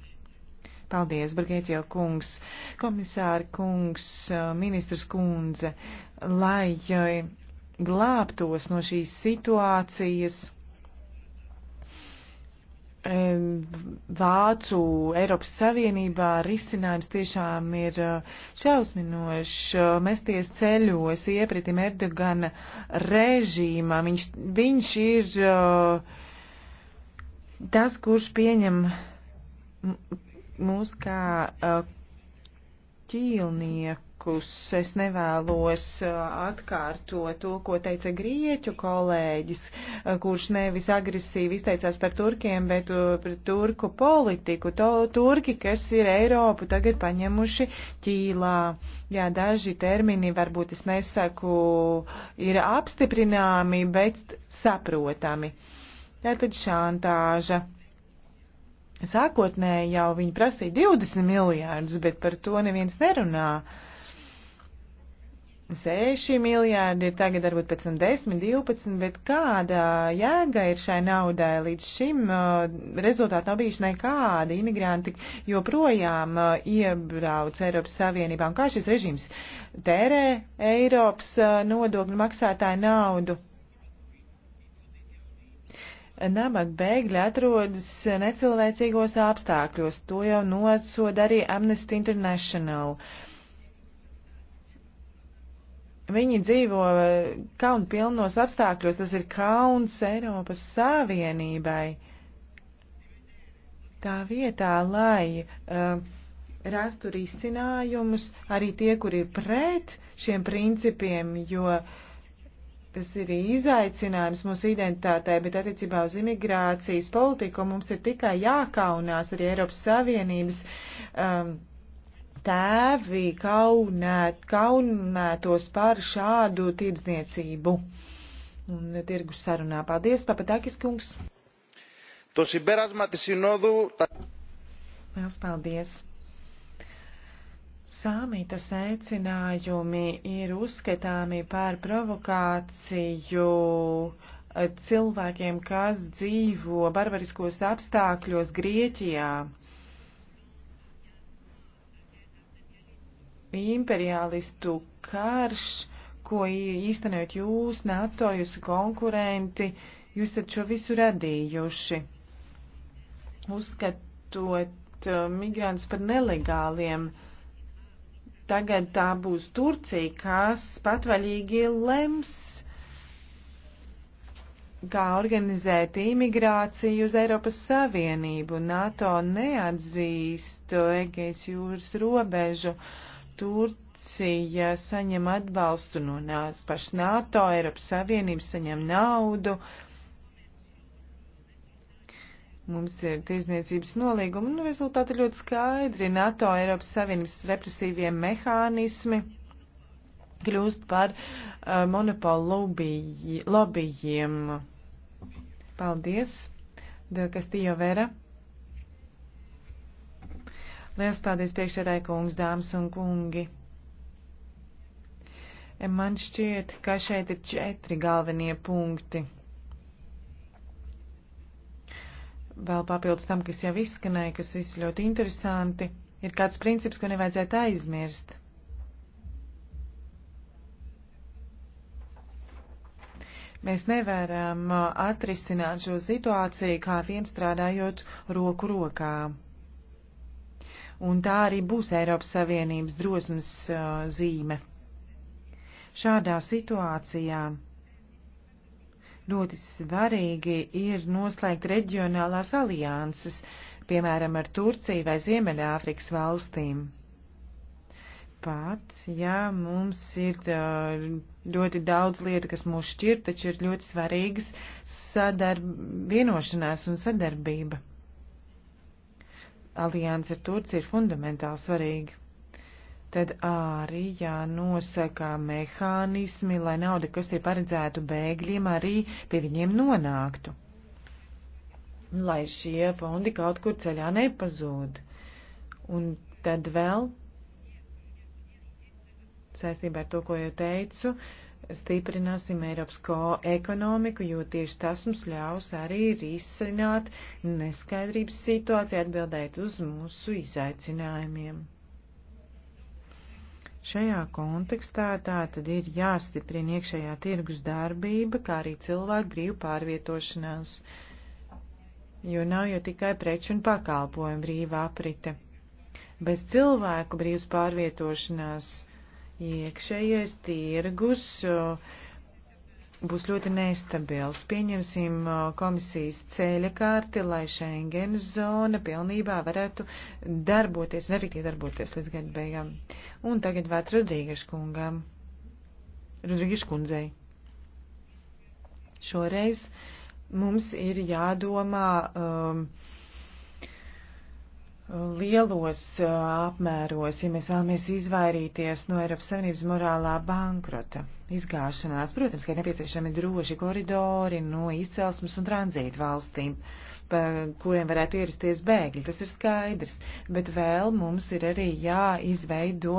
Paldies, Bargēcijo kungs, komisāra kungs, ministrs kundze, lai eh, glābtos no šīs situācijas. Vācu Eiropas Savienībā risinājums tiešām ir eh, šausminošs. Eh, Mesties ceļos iepratim Erdogana režīmā. Viņš, viņš ir eh, tas, kurš pieņem mūs kā ķīlnieku blakus. Es nevēlos atkārtot to, ko teica grieķu kolēģis, kurš nevis agresīvi izteicās par turkiem, bet par turku politiku. To turki, kas ir Eiropu tagad paņemuši ķīlā. Jā, daži termini, varbūt es nesaku, ir apstiprināmi, bet saprotami. Tātad šantāža. Sākotnēji jau viņi prasīja 20 miljārdus, bet par to neviens nerunā. Uh, 6 miljārdi ir tagad, varbūt pēc tam 10, 12, bet kāda jēga ir šai naudai? Līdz šim uh, rezultāti nav bijuši nekādi. Imigranti joprojām uh, iebrauc Eiropas Savienībā. Un kā šis režīms tērē Eiropas uh, nodokļu maksātāju naudu? Nabaga bēgļi atrodas necilvēcīgos apstākļos. To jau nosoda arī Amnesty International. Uh, Viņi dzīvo eh, kaunpilnos apstākļos, tas ir kauns Eiropas Savienībai. Tā vietā, lai uh, rastu risinājumus arī tie, kur ir pret šiem principiem, jo uh, Tas ir izaicinājums mūsu identitātei, bet attiecībā uz imigrācijas politiku mums ir tikai jākaunās arī Eiropas Savienības um, tēvi kaunēt, kaunētos par šādu tirdzniecību. Un tirgus sarunā. Paldies, Papatakis kungs. To συμπέρασμα της Συνόδου... Liels paldies! Sāmīta secinājumi ir uzskatāmi par provokāciju cilvēkiem, kas dzīvo barbariskos apstākļos Grieķijā. imperialistu karš, ko īstenot jūs, NATO, jūsu konkurenti, jūs esat šo visu radījuši. Uzskatot eh, migrantus par nelegāliem, tagad tā būs Turcija, kas patvaļīgi lems, kā organizēt imigrāciju uz Eiropas Savienību. NATO neatzīst Egejas jūras robežu. Uh, Turcija saņem atbalstu no pašas NATO, Eiropas Savienības saņem naudu. Mums ir tirzniecības nolīguma, un nu, rezultāti ļoti skaidri. NATO, Eiropas Savienības represīvie mehānismi kļūst par uh, monopolu lobijiem. Paldies, Delkastījo Vera. Liels paldies priekšsēdē kungs, dāmas un kungi. E, man šķiet, ka šeit ir četri galvenie punkti. Vēl papildus tam, kas jau izskanēja, kas viss ļoti interesanti, ir kāds princips, ko nevajadzētu aizmirst. Mēs nevaram atrisināt šo situāciju kā vien strādājot roku rokā un tā arī būs Eiropas Savienības drosmes uh, zīme. Šādā situācijā ļoti svarīgi ir noslēgt reģionālās alianses, piemēram, ar Turciju vai Ziemeļāfrikas valstīm. Pat, ja mums ir ļoti daudz lietu, kas mūs šķir, taču ir ļoti svarīgas sadarb vienošanās un sadarbība alianse ar Turciju ir fundamentāli svarīga. Tad arī jānosaka mehānismi, lai nauda, kas ir paredzēta bēgļiem, arī pie viņiem nonāktu. Lai šie fondi kaut kur ceļā nepazūd. Un tad vēl saistībā ar to, ko jau teicu, uh, stiprināsim Eiropas ko ekonomiku, jo tieši tas mums ļaus arī risināt neskaidrības situāciju, atbildēt uz mūsu izaicinājumiem. Šajā kontekstā tā tad ir jāstiprina iekšējā tirgus darbība, kā arī cilvēku brīvu pārvietošanās, jo nav jau tikai preču un pakalpojumu brīva aprite. Bez cilvēku brīvas pārvietošanās iekšējais tirgus būs ļoti nestabils. Pieņemsim komisijas ceļa kārti, lai Schengen zona pilnībā varētu darboties un efektīvi darboties līdz gada beigām. Un tagad vārds Rodrīgas kungam. Rodrīgas kundzei. Šoreiz mums ir jādomā. Um, lielos apmēros, ja mēs vēlamies izvairīties no Eiropas Savienības morālā bankrota izgāšanās. Protams, ka ir nepieciešami droši koridori no izcelsmes un tranzītu valstīm, pa kuriem varētu ierasties bēgļi, tas ir skaidrs, bet vēl mums ir arī jāizveido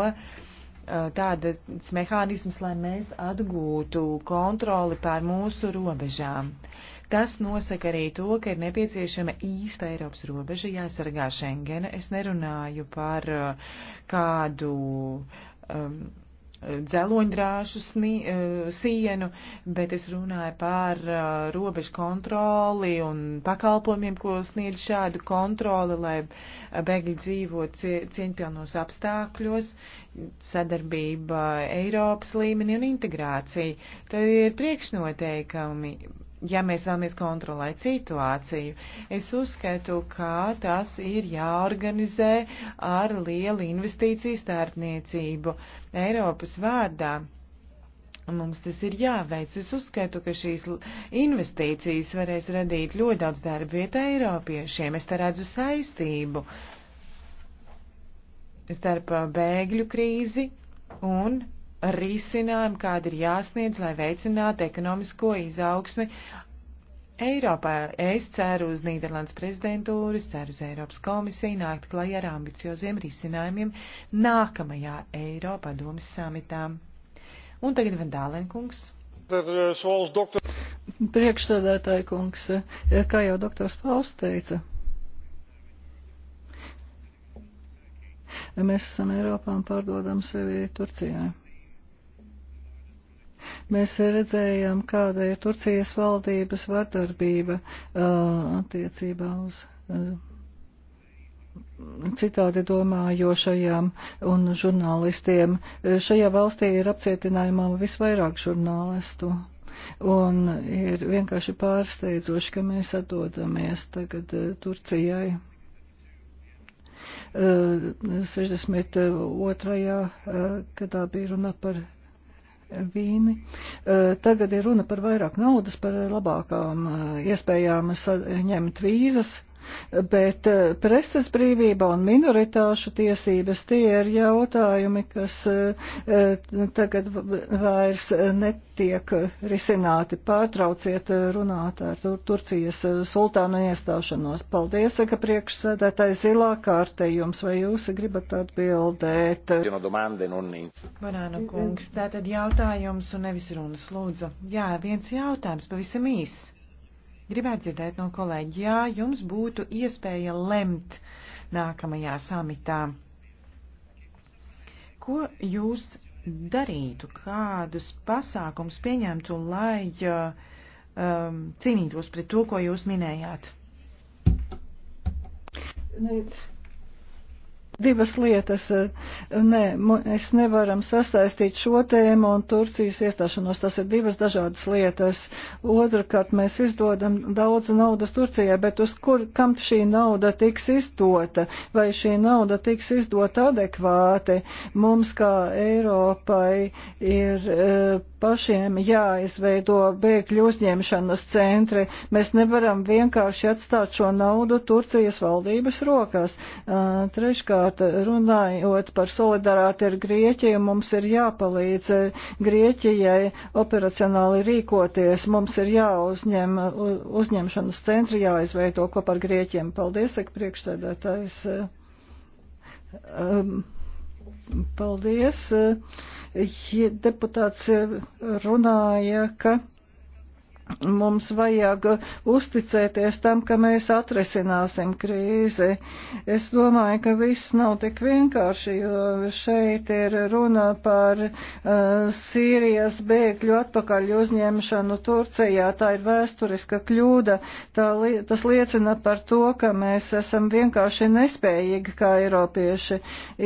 tādas mehānismas, lai mēs atgūtu kontroli pār mūsu robežām. Uh, Tas nosaka arī to, ka ir nepieciešama īsta Eiropas robeža jāsargā Schengena. Es nerunāju par uh, kādu um, dzeloņdrāšu sni, uh, sienu, bet es runāju par uh, robežu kontroli un pakalpojumiem, ko sniedz šādu kontroli, lai uh, bēgļi dzīvo cieņpilnos apstākļos, sadarbība Eiropas līmenī un integrācija. Tad ir priekšnoteikumi ja mēs vēlamies kontrolēt situāciju. Es uzskatu, ka tas ir jāorganizē ar lielu investīciju starpniecību Eiropas vārdā. Mums tas ir jāveic. Es uzskatu, ka šīs investīcijas varēs radīt ļoti daudz darba vietu Eiropiešiem. Es te redzu saistību starp bēgļu krīzi un risinājumi, kādi ir jāsniedz, lai veicinātu ekonomisko izaugsmi Eiropā. Es ceru uz Nīderlandes prezidentūras, ceru uz Eiropas komisiju nākt klajā ar ambicioziem risinājumiem nākamajā Eiropā domas samitā. Un tagad Vendālenkungs. Eh, Priekšsēdētāji kungs, eh, kā jau doktors Pauls teica, mēs esam Eiropā un pārdodam sevi Turcijai. Mēs redzējām, kāda ir Turcijas valdības vardarbība attiecībā uz citādi domājošajām un žurnālistiem. Šajā valstī ir apcietinājumā visvairāk žurnālistu. Un ir vienkārši pārsteidzoši, ka mēs atdodamies tagad Turcijai. 62. gadā bija runa par vīni. Eh, tagad ir runa par vairāk naudas, par labākām eh, iespējām saņemt vīzas bet eh, preses brīvība un minoritāšu tiesības tie ir jautājumi, kas eh, tagad vairs netiek risināti. Pārtrauciet runāt ar Turcijas sultānu iestāšanos. Paldies, ka priekšsēdētāji zilā kārte jums, vai jūs gribat atbildēt? Banāna kungs, tātad jautājums un nevis runas, lūdzu. Jā, viens jautājums, pavisam īsi. Gribētu dzirdēt no kolēģi, ja jums būtu iespēja lemt nākamajā samitā, ko jūs darītu, kādus pasākums pieņemtu, lai um, cīnītos pret to, ko jūs minējāt? Nē. Nu, divas lietas. Nē, mēs nevaram sasaistīt šo tēmu un Turcijas iestāšanos. Tas ir divas dažādas lietas. Otrakārt, mēs izdodam daudz naudas Turcijai, bet uz kur, kam šī nauda tiks izdota? Vai šī nauda tiks izdota adekvāti? Mums kā Eiropai ir e, pašiem jāizveido bēgļu uzņemšanas centri. Mēs nevaram vienkārši atstāt šo naudu Turcijas valdības rokās. E, treškārt, solidaritāte. Runājot par solidaritāti ar Grieķiju, mums ir jāpalīdz Grieķijai operacionāli rīkoties. Mums ir jāuzņem uzņemšanas centri, jāizveido kopā ar Grieķiem. Paldies, saka priekšsēdētājs. Um, paldies. Deputāts runāja, ka Mums vajag uzticēties tam, ka mēs atrisināsim krīzi. Es domāju, ka viss nav tik vienkārši, jo šeit ir runa par uh, Sīrijas bēgļu atpakaļ uzņemšanu Turcijā. Tā ir vēsturiska kļūda. Tā, li tas liecina par to, ka mēs esam vienkārši nespējīgi kā eiropieši.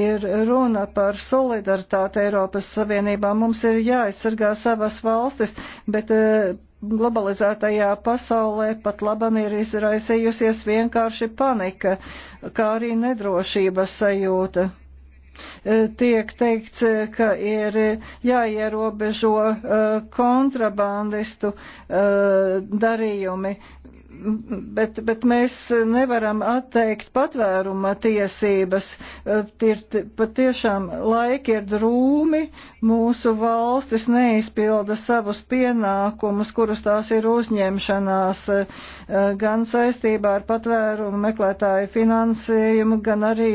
Ir runa par solidaritāti Eiropas Savienībā. Mums ir jāaizsargā savas valstis, bet uh, globalizētajā pasaulē pat laban ir izraisījusies vienkārši panika, kā arī nedrošības sajūta e, tiek teikts, ka ir jāierobežo e, kontrabandistu e, darījumi bet, bet mēs nevaram atteikt patvēruma tiesības. Ir patiešām laiki ir drūmi, mūsu valstis neizpilda savus pienākumus, kurus tās ir uzņemšanās gan saistībā ar patvērumu meklētāju finansējumu, gan arī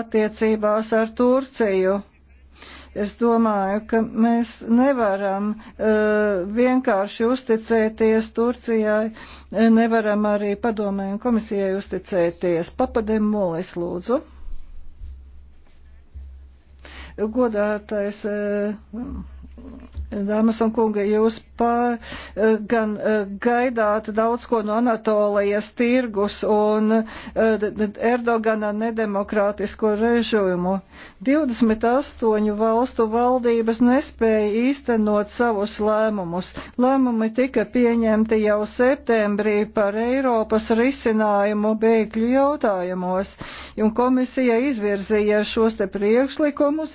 attiecībās ar Turciju. Es domāju, ka mēs nevaram eh, vienkārši uzticēties Turcijai, eh, nevaram arī padomē un komisijai uzticēties. Papadem Molis lūdzu. Godātais eh, Dāmas un kungi, jūs pār, eh, gan eh, gaidāt daudz ko no Anatolijas tirgus un eh, Erdogana nedemokrātisko režīmu. 28 valstu valdības nespēja īstenot savus lēmumus. Lēmumi tika pieņemti jau septembrī par Eiropas risinājumu bēgļu jautājumos, un komisija izvirzīja šos te priekšlikumus,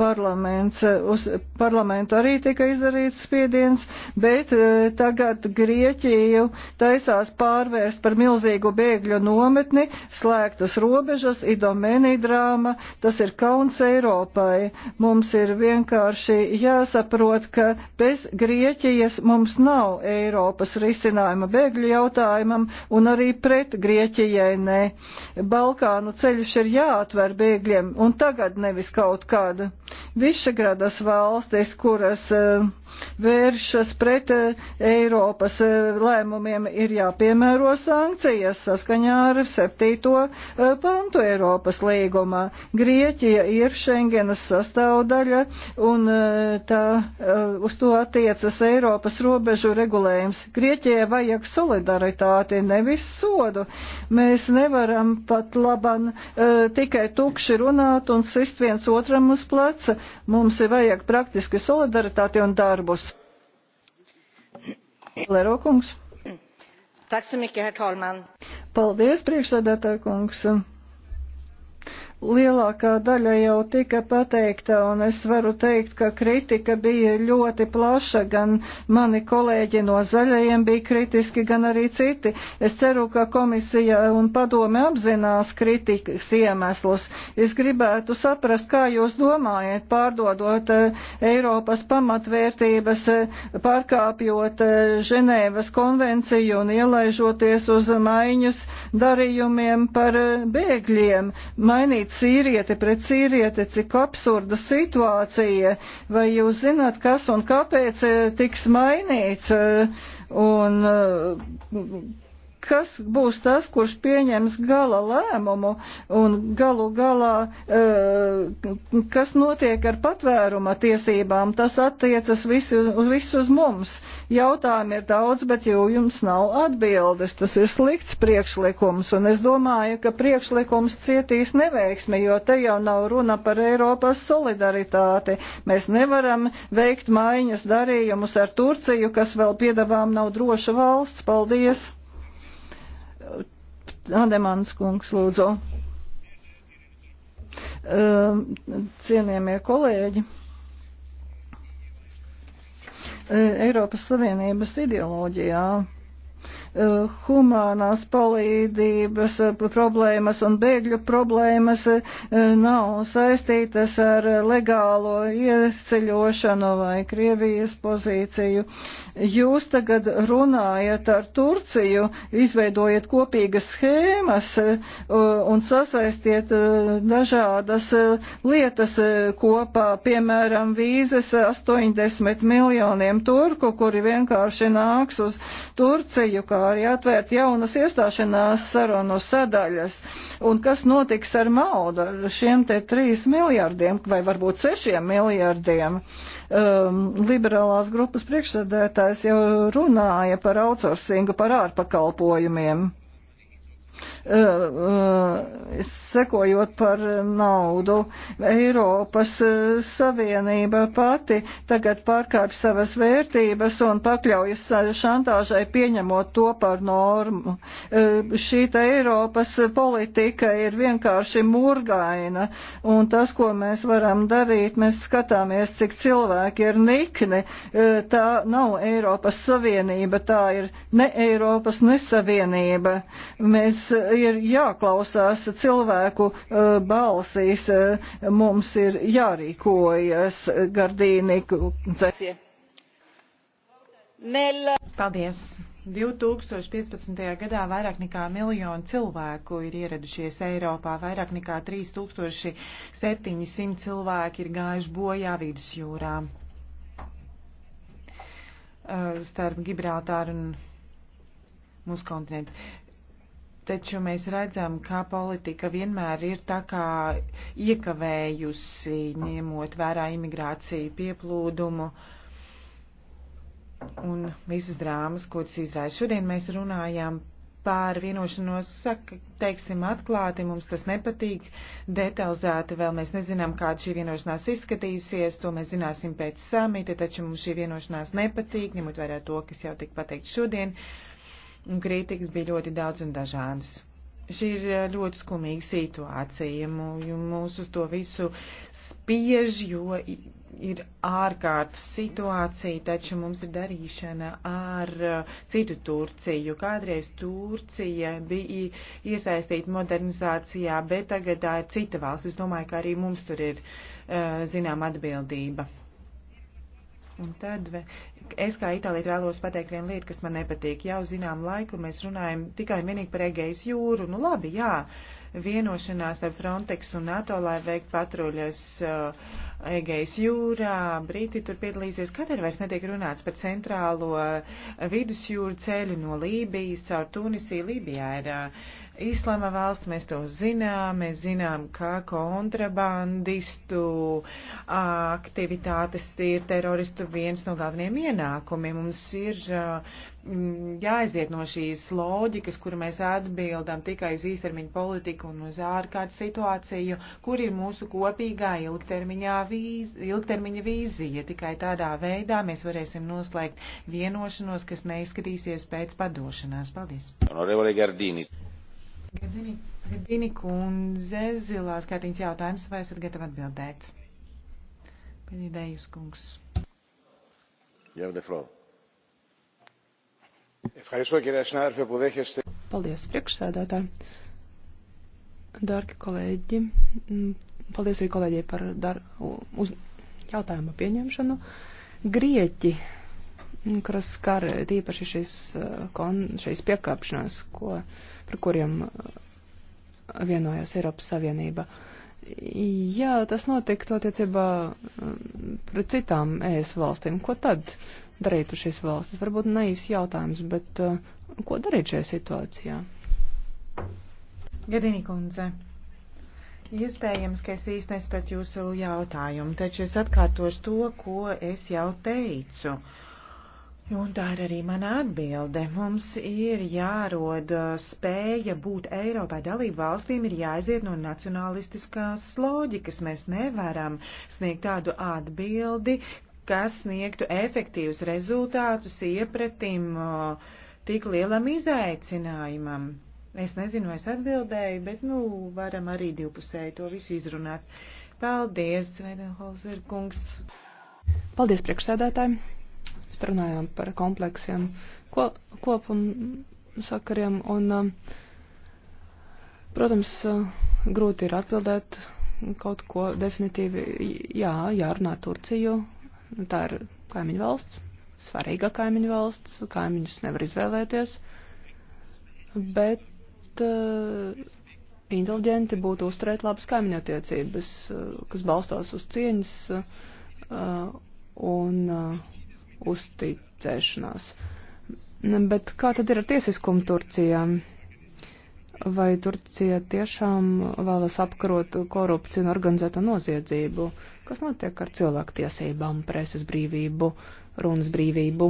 parlaments, uz, parlamentu arī tika izdarīts spiediens, bet e, tagad Grieķiju taisās pārvērst par milzīgu bēgļu nometni, slēgtas robežas, idomēnī drāma, tas ir kauns Eiropai. Mums ir vienkārši jāsaprot, ka bez Grieķijas mums nav Eiropas risinājuma bēgļu jautājumam un arī pret Grieķijai nē. Balkānu ceļš ir jāatver bēgļiem un tagad nevis kaut kāda. Višegradas valstis, kuras uh, vēršas pret eh, Eiropas eh, lēmumiem, ir jāpiemēro sankcijas saskaņā ar 7. Eh, pantu Eiropas līgumā. Grieķija ir Schengenas sastāvdaļa un tā, uz to attiecas Eiropas robežu regulējums. Grieķijai vajag solidaritāti, nevis sodu. Mēs nevaram pat laban tikai tukši runāt un sist viens otram uz pleca. Mums ir vajag praktiski solidaritāti un darbu darbus. Lero kungs. Herr talman. Paldies, priekšsēdētāja kungs. Lielākā daļa jau tika pateikta, un es varu teikt, ka kritika bija ļoti plaša, gan mani kolēģi no zaļajiem bija kritiski, gan arī citi. Es ceru, ka komisija un padome apzinās kritikas iemeslus. Es gribētu saprast, kā jūs domājat, pārdodot eh, Eiropas pamatvērtības, eh, pārkāpjot eh, Ženēvas konvenciju un ielaižoties uz maiņas darījumiem par bēgļiem, mainīt cīrieti pret cīrieti, cik absurda situācija, vai jūs zināt, kas un kāpēc eh, tiks mainīts, eh, un eh, kas būs tas, kurš pieņems gala lēmumu un galu galā, eh, kas notiek ar patvēruma tiesībām, tas attiecas visu, visu uz mums. Jautājumi ir daudz, bet jau jums nav atbildes. Tas ir slikts priekšlikums, un es domāju, ka priekšlikums cietīs neveiksmi, jo te jau nav runa par Eiropas solidaritāti. Mēs nevaram veikt maiņas darījumus ar Turciju, kas vēl piedabām nav droša valsts. Paldies! Ademans kungs, lūdzu. Ehm, cienījamie kolēģi. Eiropas Savienības ideoloģijā Eh, humānās palīdības eh, problēmas un bēgļu problēmas eh, nav saistītas ar legālo ieceļošanu vai Krievijas pozīciju. Jūs tagad runājat ar Turciju, izveidojat kopīgas schēmas un sasaistiet dažādas lietas kopā, piemēram, vīzes 80 miljoniem turku, kuri vienkārši nāks uz Turciju kā arī atvērt jaunas iestāšanās sarunu sadaļas. Un kas notiks ar naudu, ar šiem te 3 miljārdiem vai varbūt 6 miljārdiem? Um, liberālās grupas priekšsēdētājs jau runāja par outsourcingu, par ārpakalpojumiem. Eh, eh, sekojot par naudu. Eiropas eh, Savienība pati tagad pārkāpj savas vērtības un pakļaujas šantāžai pieņemot to par normu. Šīta Eiropas politika ir vienkārši murgaina un tas, ko mēs varam darīt, mēs skatāmies, cik cilvēki ir nikni. Tā nav Eiropas Savienība, tā ir ne Eiropas, ne Savienība. Mēs ir jāklausās cilvēku eh, balsīs, eh, mums ir jārīkojas Gardīni. Paldies! 2015. gadā vairāk nekā miljonu cilvēku ir ieradušies Eiropā, vairāk nekā 3700 cilvēki ir gājuši bojā vidusjūrā eh, starp Gibraltāru un mūsu kontinentu taču mēs redzam, ka politika vienmēr ir tā kā iekavējusi, ņemot vērā imigrāciju pieplūdumu un visas drāmas, ko tas izraisa. Šodien mēs runājām par vienošanos, saka, teiksim, atklāti, mums tas nepatīk, detalizēti vēl mēs nezinām, kāda šī vienošanās izskatīsies, to mēs zināsim pēc samita, taču mums šī vienošanās nepatīk, ņemot vērā to, kas jau tika pateikt šodien. Uh, un kritikas bija ļoti daudz un dažādas. Šī ir eh, ļoti skumīga situācija, mūs uz to visu spiež, jo ir ārkārtas situācija, taču mums ir darīšana ar eh, citu Turciju. Kādreiz Turcija bija iesaistīta modernizācijā, bet tagad tā ir cita valsts. Es domāju, ka arī mums tur ir eh, zinām atbildība. Un tad es kā itāliet vēlos pateikt vienu lietu, kas man nepatīk. Jau zinām laiku mēs runājam tikai un vienīgi par Egejas jūru. Nu labi, jā, vienošanās ar Frontex un NATO, lai veikt patruļas uh, Egejas jūrā, Brīti tur piedalīsies. Kādēļ vairs netiek runāts par centrālo uh, vidusjūru ceļu no Lībijas caur Tunisiju? Lībijā ir uh, Īslāma valsts mēs to zinām, mēs zinām, ka kontrabandistu aktivitātes ir teroristu viens no galvenajiem ienākumiem. Mums ir mm, jāaiziet no šīs loģikas, kur mēs atbildam tikai uz īstermiņu politiku un uz ārkārtas situāciju, kur ir mūsu kopīgā vīz, ilgtermiņa vīzija. Tikai tādā veidā mēs varēsim noslēgt vienošanos, kas neizskatīsies pēc padošanās. Paldies! Honorevole Gardini. Gardini, Gardini kundze, zilās kārtiņas jautājums, vai esat gatavi atbildēt? Pēdējais kungs. Jā, defro. Paldies, priekšsēdētāji. Dārgi kolēģi, mm, paldies arī kolēģiem par dar, uz, jautājumu pieņemšanu. Grieķi, mm, kas skar tīpaši šīs, uh, kon, šīs piekāpšanās, ko uh, par kuriem uh, vienojas Eiropas Savienība. Ja tas notiktu attiecībā um, pret citām ES valstīm, ko tad darītu šīs valstis? Varbūt naivs jautājums, bet uh, ko darīt šajā situācijā? Gadīni kundze, iespējams, ka es īsti nespratu jūsu jautājumu, taču es atkārtošu to, ko es jau teicu. Uh, Un tā ir arī mana atbilde. Mums ir jārod spēja būt Eiropai dalību valstīm, ir jāiziet no nacionalistiskās loģikas. Mēs nevaram sniegt tādu atbildi, kas sniegtu efektīvus rezultātus iepratim tik lielam izaicinājumam. Es nezinu, es atbildēju, bet, nu, varam arī divpusēji to visu izrunāt. Paldies, Svedenholzer kungs! Paldies, priekšsēdētāji! Mēs runājām par kompleksiem ko, kopam sakariem un, protams, grūti ir atbildēt kaut ko definitīvi. Jā, jārunā Turciju. Tā ir kaimiņu valsts, svarīga kaimiņu valsts, kaimiņus nevar izvēlēties. Bet uh, inteliģenti būtu uzturēt labas kaimiņattiecības, uh, kas balstās uz cieņas uh, un uh, uzticēšanās. Bet kā tad ir ar tiesiskumu Turcijā? Vai Turcija tiešām vēlas apkarot korupciju un organizēto noziedzību? Kas notiek ar cilvēktiesībām, preses brīvību, runas brīvību?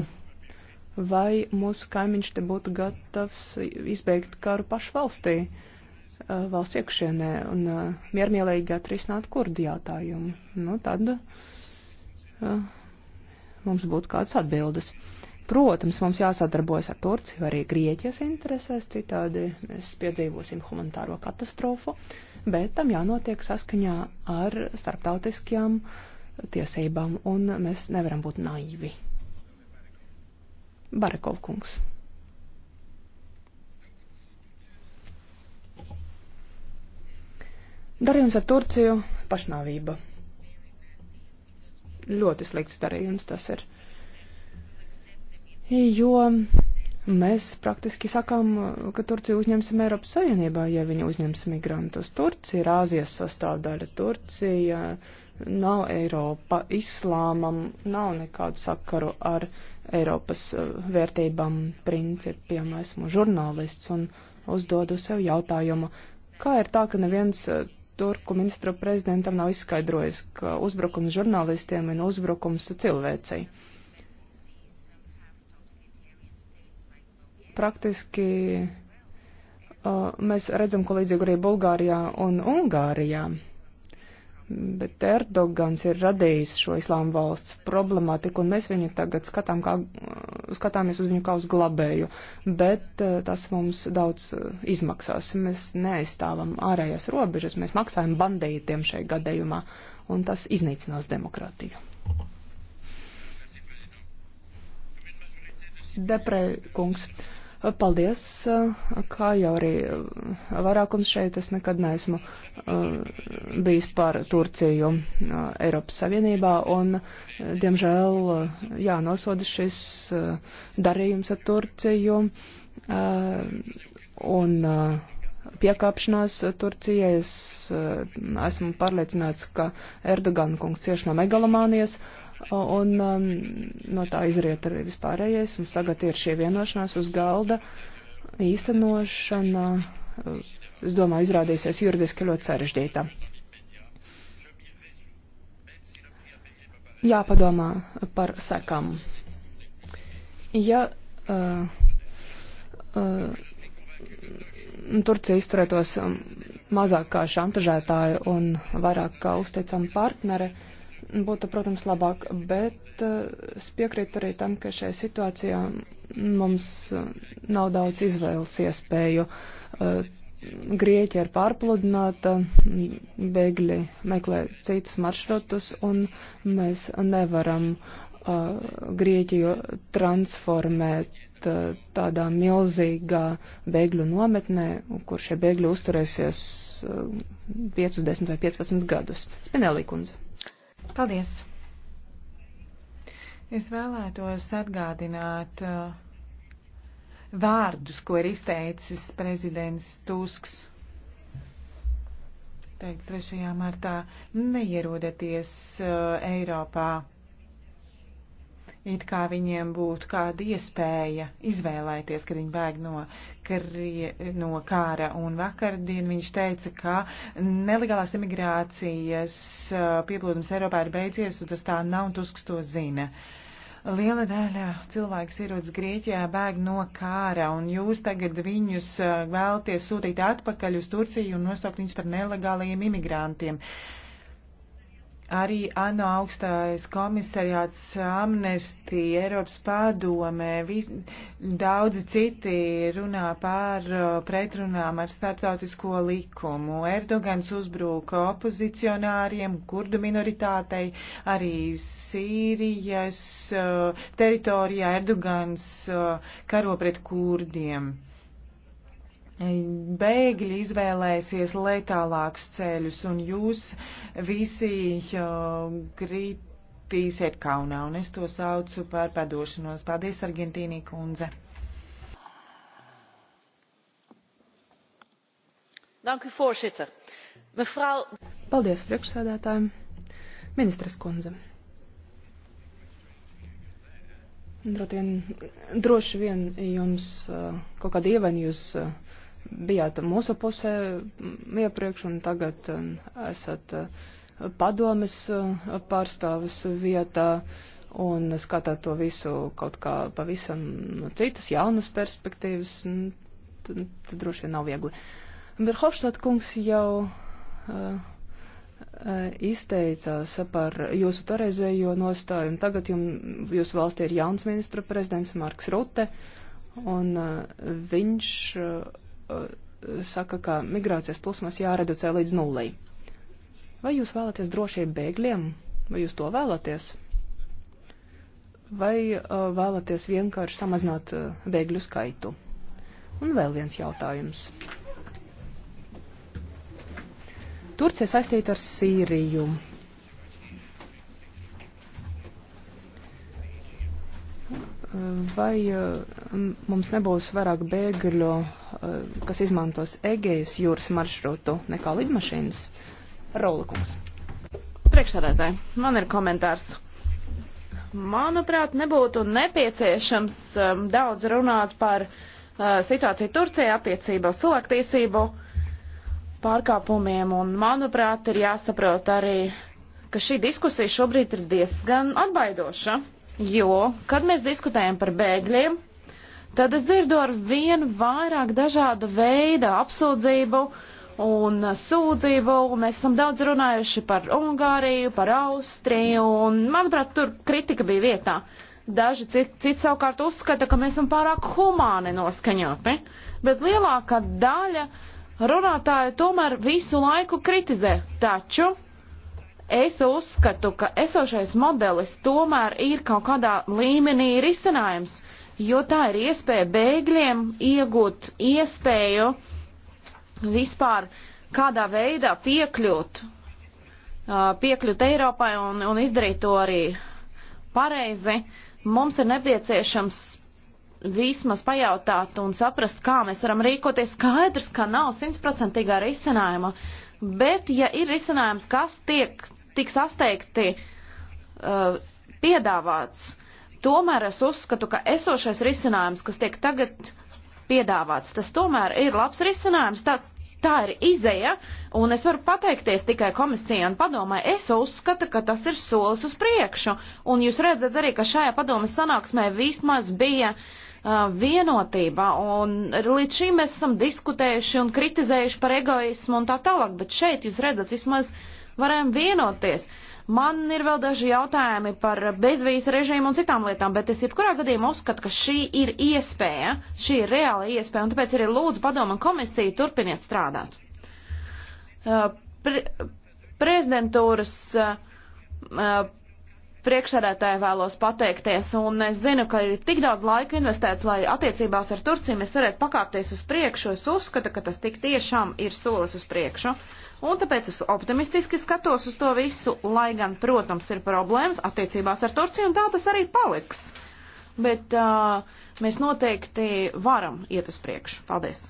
Vai mūsu kaimiņš te būtu gatavs izbeigt karu pašu valstī, eh, valsts iekšienē un eh, miermielīgi atrisināt kurdu jautājumu? Nu, tad eh, mums būtu kādas atbildes. Protams, mums jāsadarbojas ar Turciju, arī Grieķijas interesēs, citādi mēs piedzīvosim humanitāro katastrofu, bet tam jānotiek saskaņā ar starptautiskajām tiesībām, un mēs nevaram būt naivi. Barakov kungs. Darījums ar Turciju - pašnāvība. Ļoti slikts darījums tas ir. Jo mēs praktiski sakām, ka Turciju uzņemsim Eiropas Savienībā, ja viņi uzņems migrantus. Turcija ir Āzijas sastāvdaļa. Turcija nav Eiropa. Islāmam nav nekādu sakaru ar Eiropas uh, vērtībām, principiem. Esmu žurnālists un uzdodu sev jautājumu, kā ir tā, ka neviens uh, Turku ministru prezidentam nav izskaidrojis, ka uzbrukums žurnālistiem ir uzbrukums cilvēcei. Praktiski uh, mēs redzam, ko līdzīgu arī Bulgārijā un Ungārijā bet Erdogans ir radījis šo islāma valsts problemātiku, un mēs viņu tagad skatām kā, skatāmies uz viņu kā uz glabēju, bet eh, tas mums daudz eh, izmaksās. Mēs neaizstāvam ārējās robežas, mēs maksājam bandītiem šai gadījumā, un tas iznīcinās demokrātiju. Deprē kungs. Uh, Paldies, kā jau arī vairākums šeit, es nekad neesmu eh, bijis par Turciju eh, Eiropas Savienībā, un, eh, diemžēl, jā, nosoda šis darījums ar Turciju, un piekāpšanās Turcijai. Es esmu pārliecināts, ka Erdogan kungs cieši no megalomānijas. Uh, un um, no tā izriet arī vispārējais. Mums tagad ir šie vienošanās uz galda īstenošana, es domāju, izrādīsies juridiski ļoti sarežģīta. Jāpadomā par sekām. Ja uh, uh, Turcija izturētos mazāk kā šantažētāja un vairāk kā uzticama partnere, uh, būtu, protams, labāk, bet eh, es piekrītu arī tam, ka šajā situācijā mums eh, nav daudz izvēles iespēju. Eh, Grieķija ir pārpludināta, bēgļi meklē citus maršrutus, un mēs nevaram Grieķiju transformēt tādā milzīgā bēgļu nometnē, kur šie bēgļi uzturēsies 5, 10 vai 15 gadus. Spinelī kundze. Paldies! Es vēlētos atgādināt uh, vārdus, ko ir izteicis prezidents Tusks. Teikt 3. martā neierodaties uh, Eiropā it kā viņiem būtu kāda iespēja izvēlēties, kad viņi bēg no, karie, no kāra. Un vakardien viņš teica, ka nelegālās imigrācijas uh, pieplūdums Eiropā ir beidzies, un tas tā nav, un Tusks to zina. Liela daļa cilvēks ierodas Grieķijā, bēg no kāra, un jūs tagad viņus uh, vēlties sūtīt atpakaļ uz Turciju un nosaukt viņus par nelegāliem imigrantiem. Uh, Arī ANO augstājas komisariāts amnesti Eiropas padomē, vis, daudzi citi runā pār uh, pretrunām ar starptautisko likumu. Erdogans uzbruka opozicionāriem, kurdu minoritātei, arī Sīrijas uh, teritorijā Erdogans uh, karo pret kurdiem bēgļi izvēlēsies letālākus ceļus, un jūs visi kritīsiet kaunā, un es to saucu par padošanos. Paldies, Argentīnī kundze! Dank u, voorzitter. Mevrouw... Paldies, priekšsēdētājiem. Ministres kundze. Droši vien, droši vien jums uh, kaut kāda ievaina jūs uh, bijāt mūsu pusē mm, iepriekš un tagad mm, esat mm, padomes pārstāvis vietā un skatāt to visu kaut kā pavisam no citas jaunas perspektīvas, tad, tad droši vien nav viegli. Berhofštāt kungs jau uh, izteicās par jūsu toreizējo nostāju, un tagad jum, jūsu valstī ir jauns ministra prezidents Marks Rute, un uh, viņš uh, Uh, saka, ka migrācijas plūsmas jāreducē līdz nulai. Vai jūs vēlaties drošību bēgļiem? Vai jūs to vēlaties? Vai uh, vēlaties vienkārši samazināt uh, bēgļu skaitu? Un vēl viens jautājums. Turcija saistīta ar Sīriju. vai eh, mums nebūs vairāk bēgļu, eh, kas izmantos Egejas jūras maršrutu nekā lidmašīnas? Raulikums. Priekšsādātāji, man ir komentārs. Manuprāt, nebūtu nepieciešams um, daudz runāt par uh, situāciju Turcijā attiecībā uz cilvēktiesību pārkāpumiem, un manuprāt, ir jāsaprot arī, ka šī diskusija šobrīd ir diezgan atbaidoša. Jo, kad mēs diskutējam par bēgļiem, tad es dzirdu ar vien vairāk dažādu veidu apsūdzību un sūdzību. Mēs esam daudz runājuši par Ungāriju, par Austriju, un, manuprāt, tur kritika bija vietā. Daži citi cit savukārt uzskata, ka mēs esam pārāk humāni noskaņoti, bet lielākā daļa runātāju tomēr visu laiku kritizē. Taču Es uzskatu, ka esošais modelis tomēr ir kaut kādā līmenī risinājums, jo tā ir iespēja bēgļiem iegūt iespēju vispār kādā veidā piekļūt, piekļūt Eiropai un, un izdarīt to arī pareizi. Mums ir nepieciešams vismaz pajautāt un saprast, kā mēs varam rīkoties. Skaidrs, ka nav simtprocentīgā risinājuma, bet ja ir risinājums, kas tiek tik sasteigti uh, piedāvāts. Tomēr es uzskatu, ka esošais risinājums, kas tiek tagad piedāvāts, tas tomēr ir labs risinājums. Tā, tā ir izeja, un es varu pateikties tikai komisijai un padomai. Es uzskatu, ka tas ir solis uz priekšu, un jūs redzat arī, ka šajā padomas sanāksmē vismaz bija uh, vienotība, un līdz šim mēs esam diskutējuši un kritizējuši par egoismu un tā tālāk, bet šeit jūs redzat vismaz uh, varējām vienoties. Man ir vēl daži jautājumi par bezvīzu režīmu un citām lietām, bet es jebkurā gadījumā uzskatu, ka šī ir iespēja, šī ir reāla iespēja, un tāpēc arī lūdzu padomu un komisiju turpiniet strādāt. Pre prezidentūras priekšsēdētāji vēlos pateikties, un es zinu, ka ir tik daudz laika investēts, lai attiecībās ar Turciju mēs varētu pakāpties uz priekšu. Es uzskatu, ka tas tik tiešām ir solis uz priekšu. Un tāpēc es optimistiski skatos uz to visu, lai gan, protams, ir problēmas attiecībās ar Turciju, un tā tas arī paliks. Bet uh, mēs noteikti varam iet uz priekšu. Paldies!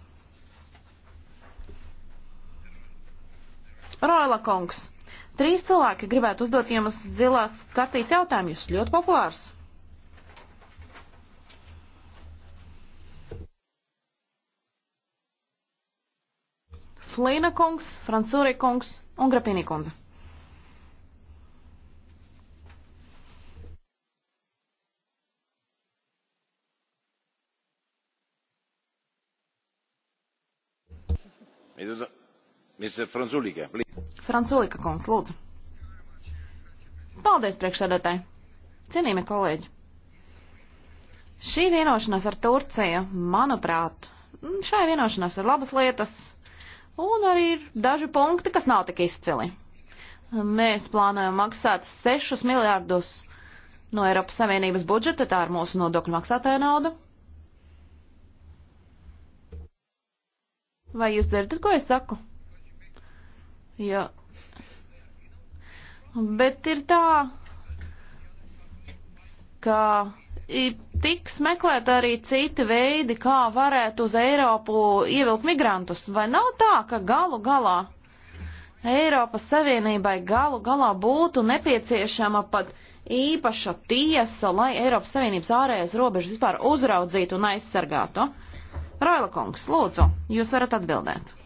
Roila kungs, trīs cilvēki gribētu uzdot jums zilās kartītes jautājumu. Jūs ļoti populārs! Līna kungs, Francūri kungs un Grapīnī kundze. Franculika, Franculika kungs, lūdzu. Paldies, priekšsēdētāji. Cienījami kolēģi. Šī vienošanās ar Turciju, manuprāt, šai vienošanās ir labas lietas un arī ir daži punkti, kas nav tik izcili. Mēs plānojam maksāt 6 miljārdus no Eiropas Savienības budžeta, tā ir mūsu nodokļu maksātāja nauda. Vai jūs dzirdat, ko es saku? Jā. Bet ir tā, ka tiks meklēt arī citi veidi, kā varētu uz Eiropu ievilkt migrantus. Vai nav tā, ka galu galā Eiropas Savienībai galu galā būtu nepieciešama pat īpaša tiesa, lai Eiropas Savienības ārējais robežas vispār uzraudzītu un aizsargātu? Raila kungs, lūdzu, jūs varat atbildēt.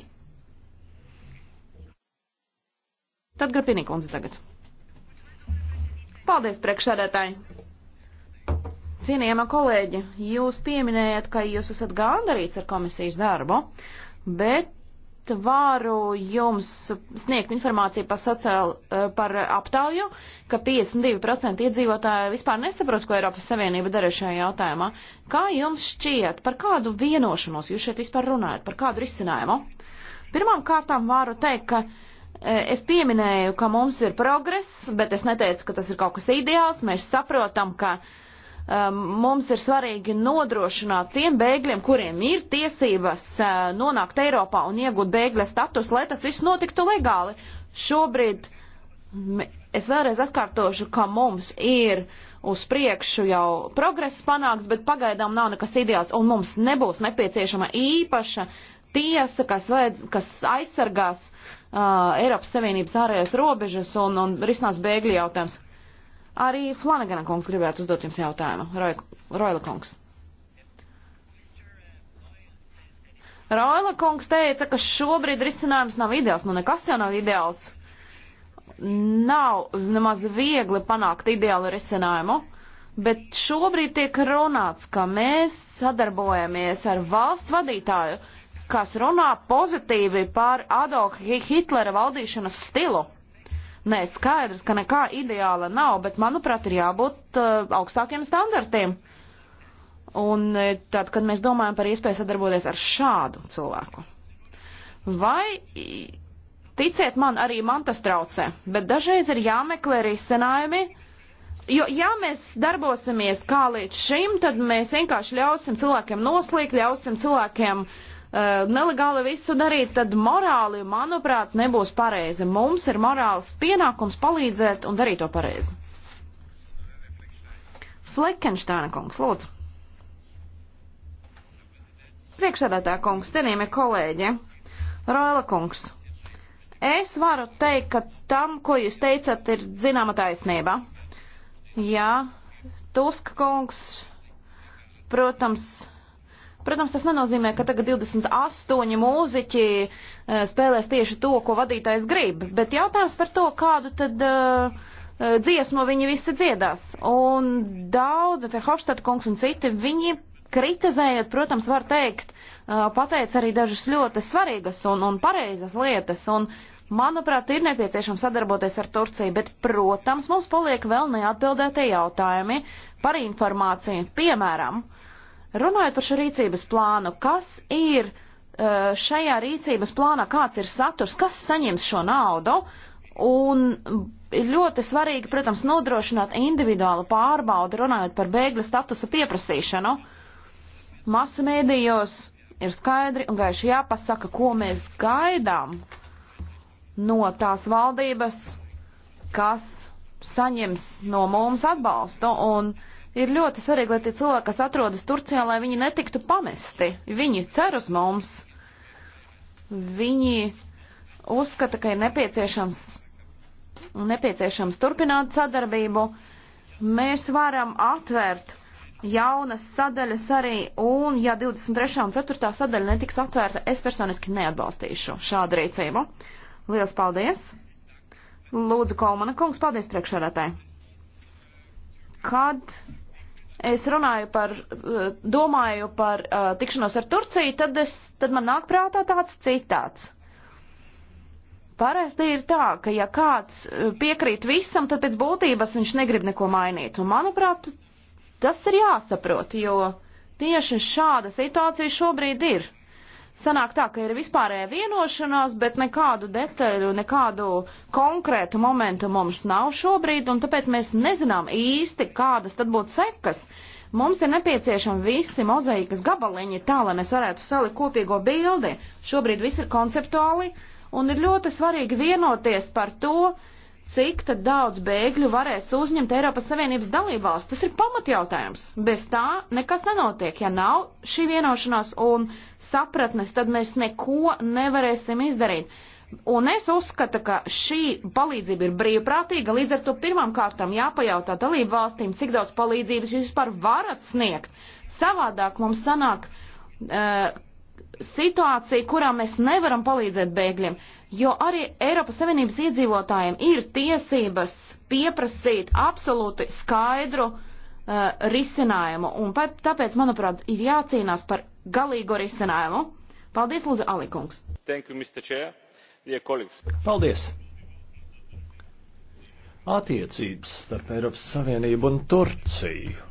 Tad Grapinī kundze tagad. Paldies, priekšsēdētāji! Cienījamā kolēģi, jūs pieminējat, ka jūs esat gandarīts ar komisijas darbu, bet varu jums sniegt informāciju par, sociālu, eh, par aptauju, ka 52% iedzīvotāji vispār nesaprot, ko Eiropas Savienība dara šajā jautājumā. Kā jums šķiet, par kādu vienošanos jūs šeit vispār runājat, par kādu risinājumu? Pirmām kārtām varu teikt, ka. Eh, es pieminēju, ka mums ir progress, bet es neteicu, ka tas ir kaut kas ideāls. Mēs saprotam, ka uh, Um, mums ir svarīgi nodrošināt tiem bēgļiem, kuriem ir tiesības uh, nonākt Eiropā un iegūt bēgļa status, lai tas viss notiktu legāli. Šobrīd es vēlreiz atkārtošu, ka mums ir uz priekšu jau progress panāks, bet pagaidām nav nekas ideāls un mums nebūs nepieciešama īpaša tiesa, kas, vajadz, kas aizsargās uh, Eiropas Savienības ārējās robežas un, un risinās bēgļu jautājums. Arī Flanagana kungs gribētu uzdot jums jautājumu. Roila kungs. Roila kungs teica, ka šobrīd risinājums nav ideāls. Nu, nekas jau nav ideāls. Nav nemaz viegli panākt ideālu risinājumu. Bet šobrīd tiek runāts, ka mēs sadarbojamies ar valsts vadītāju, kas runā pozitīvi par Adolfa Hitlera valdīšanas stilu. Nē, skaidrs, ka nekā ideāla nav, bet, manuprāt, ir jābūt uh, augstākiem standartiem. Un eh, tad, kad mēs domājam par iespēju sadarboties ar šādu cilvēku. Vai, ticiet man, arī man tas traucē, bet dažreiz ir jāmeklē risinājumi, jo, ja mēs darbosimies kā līdz šim, tad mēs vienkārši ļausim cilvēkiem noslīgt, ļausim cilvēkiem uh, Eh, nelegāli visu darīt, tad morāli, manuprāt, nebūs pareizi. Mums ir morāls pienākums palīdzēt un darīt to pareizi. Fleckensteina kungs, lūdzu. Priekšsēdētā kungs, cienījamie kolēģi, Roila kungs, es varu teikt, ka tam, ko jūs teicat, ir zināma taisnība. Jā, Tuska kungs, protams, Protams, tas nenozīmē, ka tagad 28 mūziķi eh, spēlēs tieši to, ko vadītājs grib, bet jautājums par to, kādu tad uh, dziesmu viņi visi dziedās. Un daudzi, Ferhofstadt kungs un citi, viņi kritizēja, protams, var teikt, uh, pateica arī dažas ļoti svarīgas un, un pareizas lietas. Un, Manuprāt, ir nepieciešams sadarboties ar Turciju, bet, protams, mums paliek vēl neatbildētie jautājumi par informāciju. Piemēram, uh, Runājot par šo rīcības plānu, kas ir e, šajā rīcības plānā, kāds ir saturs, kas saņems šo naudu, un ir ļoti svarīgi, protams, nodrošināt individuālu pārbaudi, runājot par bēgļa statusa pieprasīšanu. Masu mēdījos ir skaidri un gaiši jāpasaka, ko mēs gaidām no tās valdības, kas saņems no mums atbalstu. Un, uh, Ir ļoti svarīgi, lai tie cilvēki, kas atrodas Turcijā, lai viņi netiktu pamesti. Viņi cer uz mums. Viņi uzskata, ka ir nepieciešams, nepieciešams turpināt sadarbību. Mēs varam atvērt jaunas sadaļas arī, un ja 23. un 4. sadaļa netiks atvērta, es personiski neatbalstīšu šādu rīcību. Lielas paldies! Lūdzu, Kolmana kungs, paldies priekšsēdētāji! Kad es runāju par, eh, domāju par uh, tikšanos ar Turciju, tad, es, tad man nāk prātā tāds citāts. Parasti ir tā, ka ja kāds eh, piekrīt visam, tad pēc būtības viņš negrib neko mainīt. Un manuprāt, tas ir jāsaprot, jo tieši šāda situācija šobrīd ir sanāk tā, ka ir vispārēja vienošanās, bet nekādu detaļu, nekādu konkrētu momentu mums nav šobrīd, un tāpēc mēs nezinām īsti, kādas tad būtu sekas. Mums ir nepieciešami visi mozaīkas gabaliņi tā, lai mēs varētu salikt kopīgo bildi. Šobrīd viss ir konceptuāli, un ir ļoti svarīgi vienoties par to, uh, cik tad daudz bēgļu varēs uzņemt Eiropas Savienības dalībvalsts. Tas ir pamatjautājums. Bez tā nekas nenotiek. Ja nav šī vienošanās un sapratnes, tad mēs neko nevarēsim izdarīt. Un es uzskatu, ka šī palīdzība ir brīvprātīga, līdz ar to pirmām kārtām jāpajautā dalību valstīm, cik daudz palīdzības jūs vispār varat sniegt. Savādāk mums sanāk uh, situācija, kurā mēs nevaram palīdzēt bēgļiem. Uh, jo arī Eiropas Savienības iedzīvotājiem ir tiesības pieprasīt absolūti skaidru uh, risinājumu, un tāpēc, manuprāt, ir jācīnās par galīgo risinājumu. Paldies, Lūdzu, Alikungs. Thank you, Mr. Chair. Yeah, colleagues. Paldies. Attiecības starp Eiropas Savienību un Turciju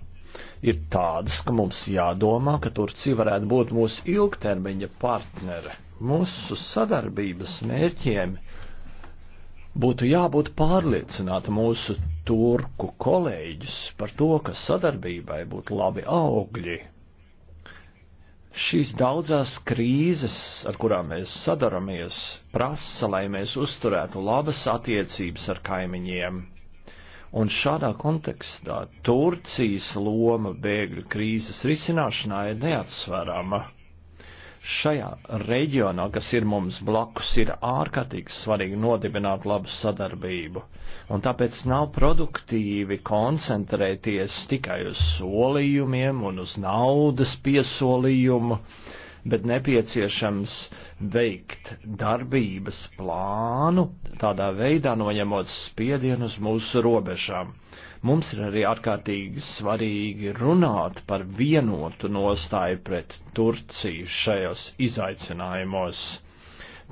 ir tādas, ka mums jādomā, ka Turcija varētu būt mūsu ilgtermiņa partnere Mūsu sadarbības mērķiem būtu jābūt pārliecināta mūsu turku kolēģis par to, ka sadarbībai būtu labi augļi. Šīs daudzās krīzes, ar kurām mēs sadaramies, prasa, lai mēs uzturētu labas attiecības ar kaimiņiem. Un šādā kontekstā Turcijas loma bēgļu krīzes risināšanā ir neatsverama. Šajā reģionā, kas ir mums blakus, ir ārkārtīgi svarīgi nodibināt labu sadarbību, un tāpēc nav produktīvi koncentrēties tikai uz solījumiem un uz naudas piesolījumu, bet nepieciešams veikt darbības plānu, tādā veidā noņemot spiedienu uz mūsu robežām Mums ir arī ārkārtīgi svarīgi runāt par vienotu nostāju pret Turciju šajos izaicinājumos.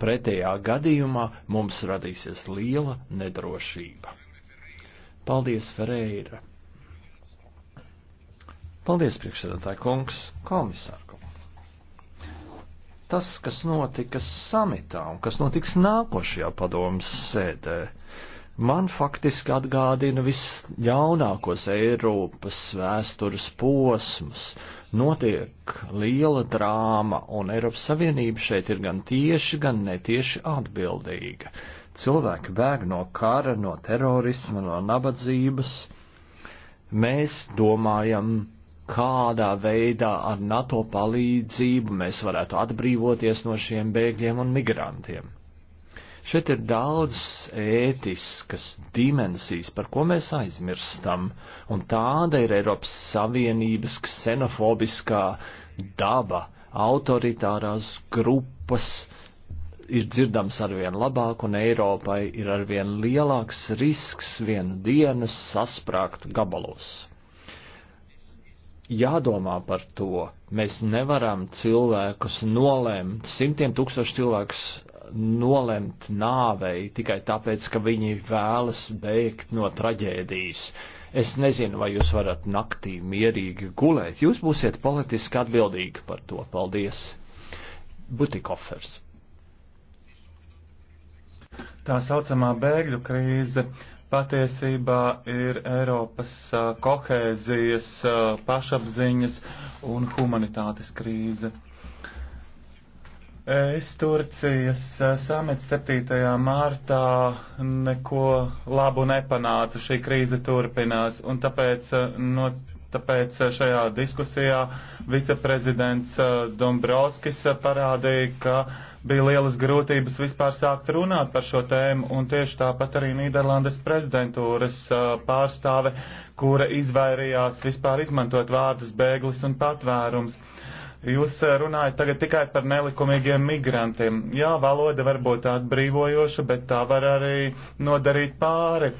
Pretējā gadījumā mums radīsies liela nedrošība. Paldies, Ferreira! Paldies, priekšsēdētāji kungs, komisāru! Tas, kas notika samitā un kas notiks nākošajā padomas sēdē, man faktiski atgādina visjaunākos Eiropas vēstures posmus. Notiek liela drāma, un Eiropas Savienība šeit ir gan tieši, gan netieši atbildīga. Cilvēki bēg no kara, no terorisma, no nabadzības. Mēs domājam, kādā veidā ar NATO palīdzību mēs varētu atbrīvoties no šiem bēgļiem un migrantiem. Šeit ir daudz ētiskas dimensijas, par ko mēs aizmirstam, un tāda ir Eiropas Savienības ksenofobiskā daba, autoritārās grupas ir dzirdams arvien labāk, un Eiropai ir arvien lielāks risks vienu dienu sasprākt gabalos. Jādomā par to, mēs nevaram cilvēkus nolēmt, simtiem tūkstošu cilvēkus nolemt nāvei tikai tāpēc, ka viņi vēlas bēgt no traģēdijas. Es nezinu, vai jūs varat naktī mierīgi gulēt. Jūs būsiet politiski atbildīgi par to. Paldies! Butikofers. Tā saucamā bēgļu krīze patiesībā ir Eiropas kohēzijas, pašapziņas un humanitātes krīze. Es Turcijas eh, samets 7. mārtā neko labu nepanācu. Šī krīze turpinās, un tāpēc, eh, no, tāpēc eh, šajā diskusijā viceprezidents Dombrovskis parādīja, ka bija lielas grūtības vispār sākt runāt par šo tēmu, un tieši tāpat arī Nīderlandes prezidentūras pārstāve, kura izvairījās vispār izmantot vārdus bēglis un patvērums. Jūs eh, runājat tagad tikai par nelikumīgiem migrantiem. Jā, valoda var būt atbrīvojoša, bet tā var arī nodarīt pāri.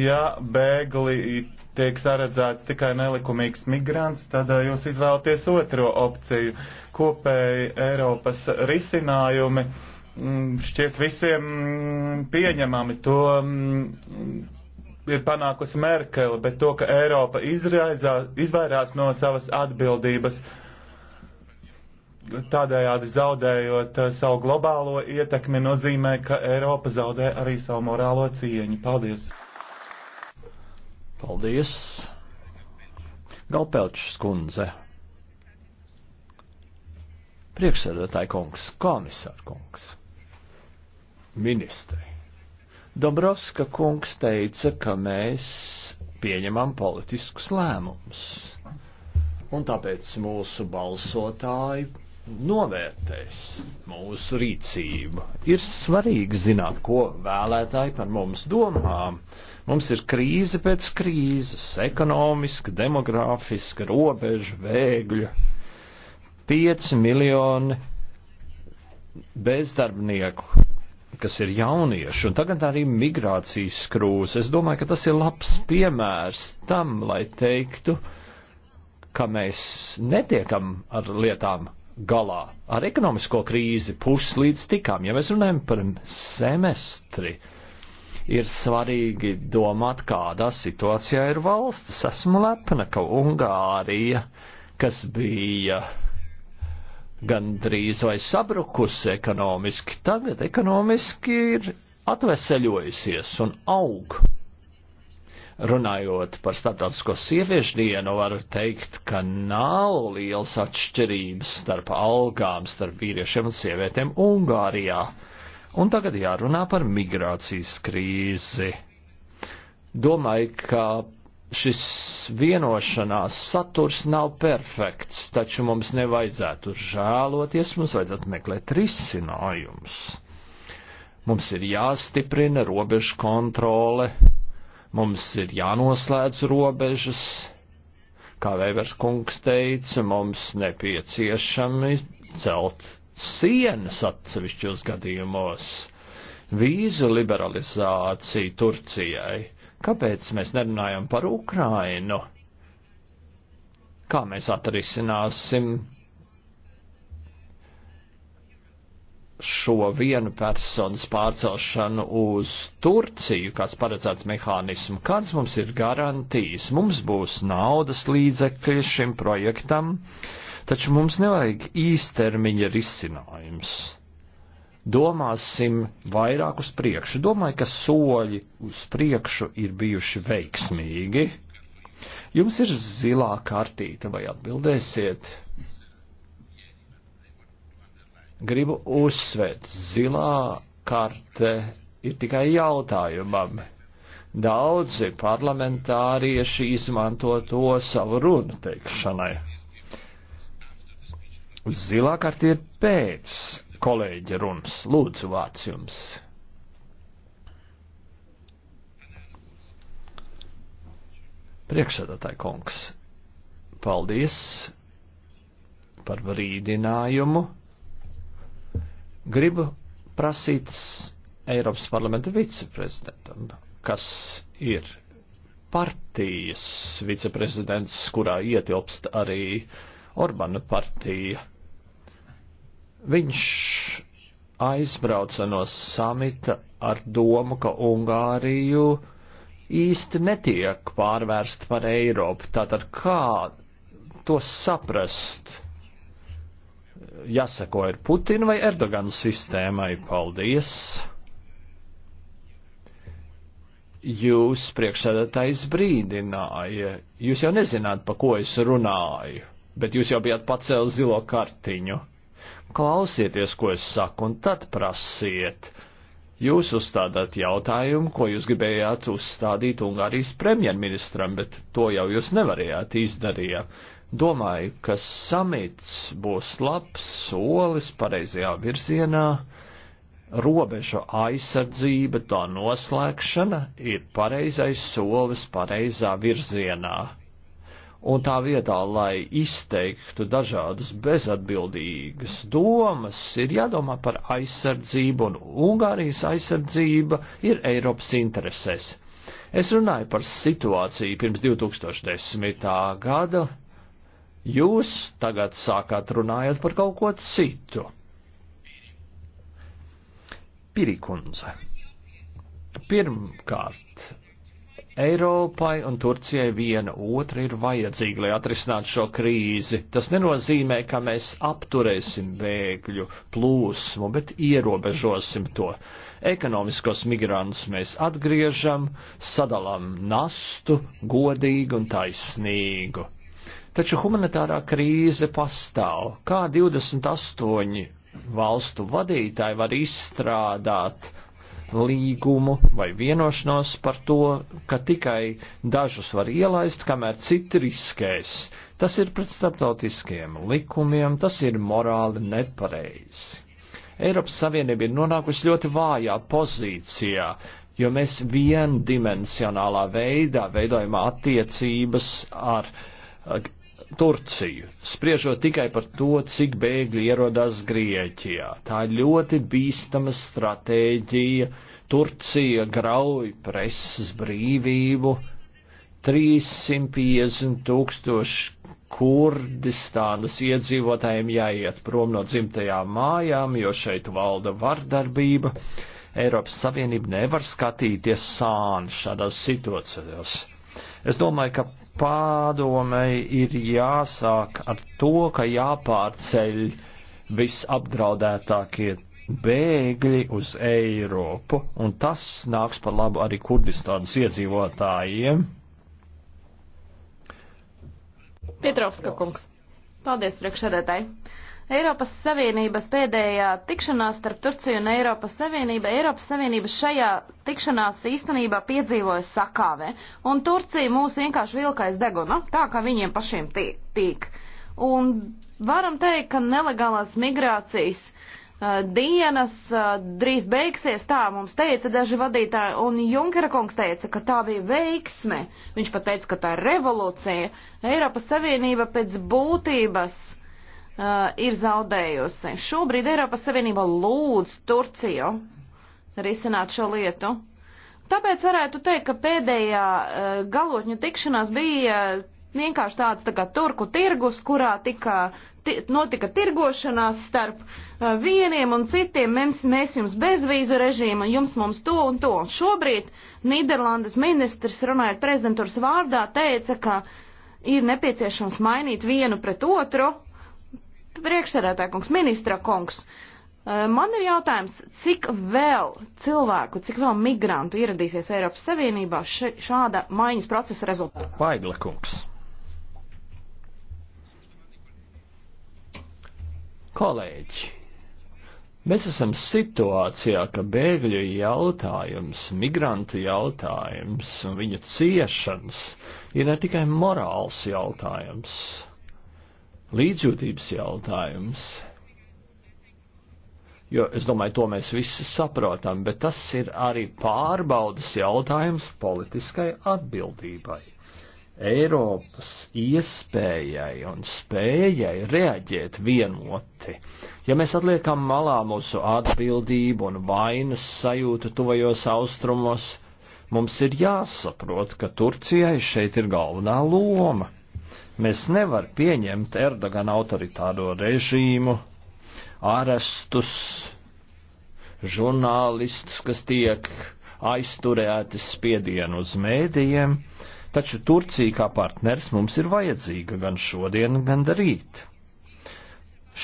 Ja bēgli tiek saredzēts tikai nelikumīgs migrants, tad eh, jūs izvēlaties otro opciju. Kopēji Eiropas risinājumi mm, šķiet visiem mm, pieņemami. To mm, ir panākusi Merkele, bet to, ka Eiropa izraizā, izvairās no savas atbildības tādējādi zaudējot eh, savu globālo ietekmi, nozīmē, ka Eiropa zaudē arī savu morālo cieņu. Paldies! Paldies! Galpelčs kundze! Priekšsēdētāji kungs, komisār kungs, ministri. Dobrovska kungs teica, ka mēs pieņemam politiskus lēmumus. Un tāpēc mūsu balsotāji novērtēs mūsu rīcību. Ir svarīgi zināt, ko vēlētāji par mums domā. Mums ir krīze pēc krīzes - ekonomiska, demogrāfiska, robeža, vēgļa. 5 miljoni bezdarbnieku, kas ir jaunieši, un tagad arī migrācijas skrūs. Es domāju, ka tas ir labs piemērs tam, lai teiktu, ka mēs netiekam ar lietām galā ar ekonomisko krīzi puslīdz tikām. Ja mēs runājam par semestri, ir svarīgi domāt, kādā situācijā ir valsts. Esmu lepna, ka Ungārija, kas bija gandrīz vai sabrukusi ekonomiski, tagad ekonomiski ir atveseļojusies un aug. Runājot par starptautisko sieviešu dienu, varu teikt, ka nav liels atšķirības starp algām starp vīriešiem un sievietēm Ungārijā. Un tagad jārunā par migrācijas krīzi. Domāju, ka šis vienošanās saturs nav perfekts, taču mums nevajadzētu žēloties, mums vajadzētu meklēt risinājumus. Mums ir jāstiprina robežu kontrole Mums ir jānoslēdz robežas, kā Vēvers kungs teica, mums nepieciešami celt sienas atsevišķos gadījumos. Vīzu liberalizācija Turcijai. Kāpēc mēs nerunājam par Ukrainu? Kā mēs atrisināsim šo vienu personas pārcelšanu uz Turciju, kāds paredzēts mehānismu, kāds mums ir garantijas. Mums būs naudas līdzekļi šim projektam, taču mums nevajag īstermiņa risinājums. Domāsim vairāk uz priekšu. Domāju, ka soļi uz priekšu ir bijuši veiksmīgi. Jums ir zilā kartīte, vai atbildēsiet? Gribu uzsvērt, zilā karte ir tikai jautājumam. Daudzi parlamentārieši izmanto to savu runu teikšanai. Zilā karte ir pēc kolēģa runas. Lūdzu, vārds jums. Priekšsēdētāji kungs, paldies par brīdinājumu. Gribu prasīt Eiropas parlamenta viceprezidentam, kas ir partijas viceprezidents, kurā ietilpst arī Orbana partija. Viņš aizbrauca no samita ar domu, ka Ungāriju īsti netiek pārvērst par Eiropu. Tātad kā to saprast? jāsako ir Putina vai Erdogana sistēmai. Paldies! Jūs priekšsēdētājs brīdināja. Jūs jau nezināt, pa ko es runāju, bet jūs jau bijāt pacēlis zilo kartiņu. Klausieties, ko es saku, un tad prasiet. Jūs uzstādāt jautājumu, ko jūs gribējāt uzstādīt Ungārijas premjerministram, bet to jau jūs nevarējāt izdarīt Domāju, ka samits būs labs solis pareizajā virzienā. Robežu aizsardzība, tā noslēgšana ir pareizais solis pareizā virzienā. Un tā vietā, lai izteiktu dažādas bezatbildīgas domas, ir jādomā par aizsardzību, un Ungārijas aizsardzība ir Eiropas interesēs. Es runāju par situāciju pirms 2010. gada, Jūs tagad sākāt runājot par kaut ko citu. Pirikundze. Pirmkārt, Eiropai un Turcijai viena otra ir vajadzīga, lai atrisinātu šo krīzi. Tas nenozīmē, ka mēs apturēsim bēgļu plūsmu, bet ierobežosim to. Ekonomiskos migrantus mēs atgriežam, sadalām nastu godīgi un taisnīgu Taču humanitārā krīze pastāv. Kā 28 valstu vadītāji var izstrādāt līgumu vai vienošanos par to, ka tikai dažus var ielaist, kamēr citi riskēs. Tas ir pret starptautiskiem likumiem, tas ir morāli nepareizi. Eiropas Savienība ir nonākusi ļoti vājā pozīcijā, jo mēs viendimensionālā veidā veidojam attiecības ar Turciju, spriežot tikai par to, cik bēgļi ierodās Grieķijā. Tā ir ļoti bīstama stratēģija. Turcija grauj preses brīvību. 350 tūkstoši Kurdistānas iedzīvotājiem jāiet prom no dzimtajām mājām, jo šeit valda vardarbība. Eiropas Savienība nevar skatīties sāni šādās situācijās Es domāju, ka pārdomai ir jāsāk ar to, ka jāpārceļ visapdraudētākie bēgļi uz Eiropu, un tas nāks par labu arī Kurdistānas iedzīvotājiem. Pietrovska kungs. Paldies, priekšsēdētāji. Eiropas Savienības pēdējā tikšanās starp Turciju un Eiropas Savienību. Eiropas Savienība šajā tikšanās īstenībā piedzīvoja sakāvē, un Turcija mūs vienkārši vilkais deguna, tā kā viņiem pašiem tīk. Un varam teikt, ka nelegālās migrācijas uh, dienas uh, drīz beigsies, tā mums teica daži vadītāji, un Junkera kungs teica, ka tā bija veiksme. Viņš pat teica, ka tā ir revolūcija. Eiropas Savienība pēc būtības uh, ir zaudējusi. Šobrīd Eiropas Savienība lūdz Turciju risināt šo lietu. Tāpēc varētu teikt, ka pēdējā uh, galotņu tikšanās bija vienkārši tāds tā kā turku tirgus, kurā tika, ti, notika tirgošanās starp uh, vieniem un citiem. Mēs, mēs jums bezvīzu režīmu, jums mums to un to. Šobrīd Nīderlandes ministrs, runājot prezidentūras vārdā, teica, ka ir nepieciešams mainīt vienu pret otru, uh, Priekšsēdētāj kungs, ministra kungs, e, man ir jautājums, cik vēl cilvēku, cik vēl migrantu ieradīsies Eiropas Savienībā šāda maiņas procesa rezultātā? Paigla kungs. Kolēģi, mēs esam situācijā, ka bēgļu jautājums, migrantu jautājums un viņa ciešanas ir ne tikai morāls jautājums līdzjūtības jautājums. Jo es domāju, to mēs visi saprotam, bet tas ir arī pārbaudas jautājums politiskai atbildībai. Eiropas iespējai un spējai reaģēt vienoti. Ja mēs atliekam malā mūsu atbildību un vainas sajūtu tuvajos austrumos, mums ir jāsaprot, ka Turcijai šeit ir galvenā loma. Mēs nevar pieņemt Erdogana autoritāro režīmu, arestus, žurnālistus, kas tiek aizturēti spiedienu uz mēdījiem, taču Turcija kā partners mums ir vajadzīga gan šodien, gan rīt.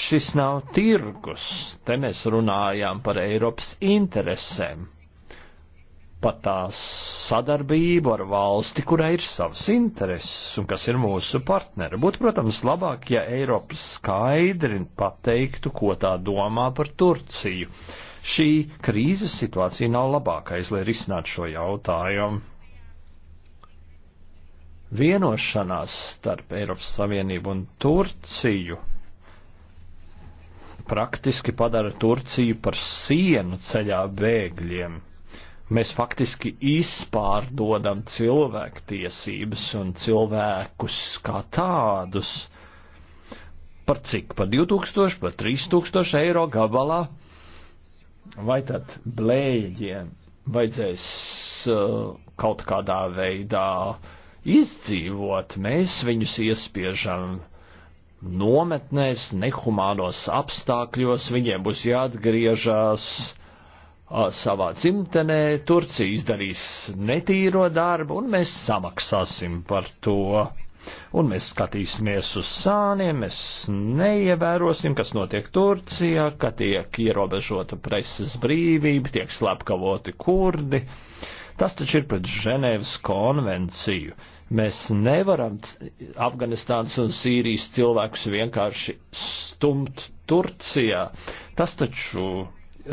Šis nav tirgus, te mēs runājām par Eiropas interesēm pat tā sadarbību ar valsti, kurai ir savas intereses un kas ir mūsu partneri. Būtu, protams, labāk, ja Eiropa skaidri pateiktu, ko tā domā par Turciju. Šī krīzes situācija nav labākais, lai risinātu šo jautājumu. Vienošanās starp Eiropas Savienību un Turciju praktiski padara Turciju par sienu ceļā bēgļiem Mēs faktiski izpārdodam cilvēktiesības un cilvēkus kā tādus par cik? Par 2000, par 3000 eiro gabalā? Vai tad blēģiem vajadzēs uh, kaut kādā veidā izdzīvot? Mēs viņus iespiežam nometnēs, nehumānos apstākļos, viņiem būs jāatgriežas savā dzimtenē, Turcija izdarīs netīro darbu, un mēs samaksāsim par to. Un mēs skatīsimies uz sāniem, mēs neievērosim, kas notiek Turcijā, ka tiek ierobežota preses brīvība, tiek slepkavoti kurdi. Tas taču ir pret Ženēvas konvenciju. Mēs nevaram Afganistānas un Sīrijas cilvēkus vienkārši stumt Turcijā. Tas taču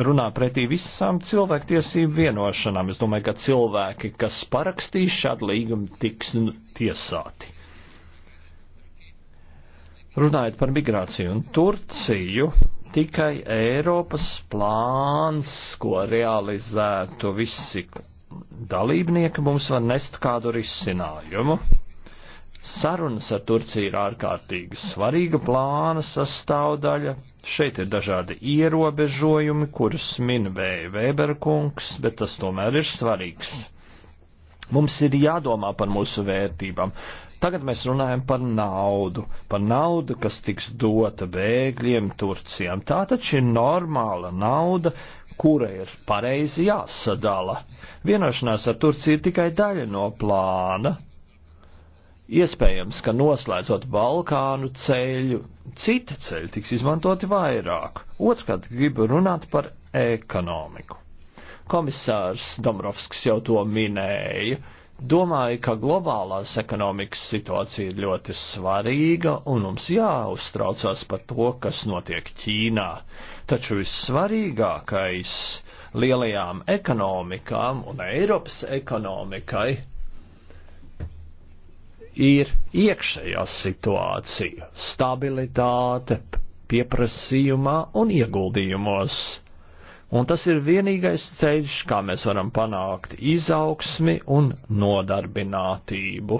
runā pretī visām cilvēktiesību vienošanām. Es domāju, ka cilvēki, kas parakstīs šādu līgumu, tiks nu tiesāti. Runājot par migrāciju un Turciju, tikai Eiropas plāns, ko realizētu visi dalībnieki, mums var nest kādu risinājumu. Sarunas ar Turciju ir ārkārtīgi svarīga plāna sastāvdaļa, Šeit ir dažādi ierobežojumi, kurus min Vēja Vēberkungs, bet tas tomēr ir svarīgs. Mums ir jādomā par mūsu vērtībām. Tagad mēs runājam par naudu, par naudu, kas tiks dota bēgļiem Turcijam. Tā taču ir normāla nauda, kura ir pareizi jāsadala. Vienošanās ar Turciju ir tikai daļa no plāna. Iespējams, ka noslēdzot Balkānu ceļu, citi ceļi tiks izmantoti vairāk. Otrkārt, gribu runāt par ekonomiku. Komisārs Dombrovskis jau to minēja. Domāju, ka globālās ekonomikas situācija ir ļoti svarīga un mums jāuztraucās par to, kas notiek Ķīnā. Taču vissvarīgākais lielajām ekonomikām un Eiropas ekonomikai ir iekšējā situācija - stabilitāte pieprasījumā un ieguldījumos. Un tas ir vienīgais ceļš, kā mēs varam panākt izaugsmi un nodarbinātību.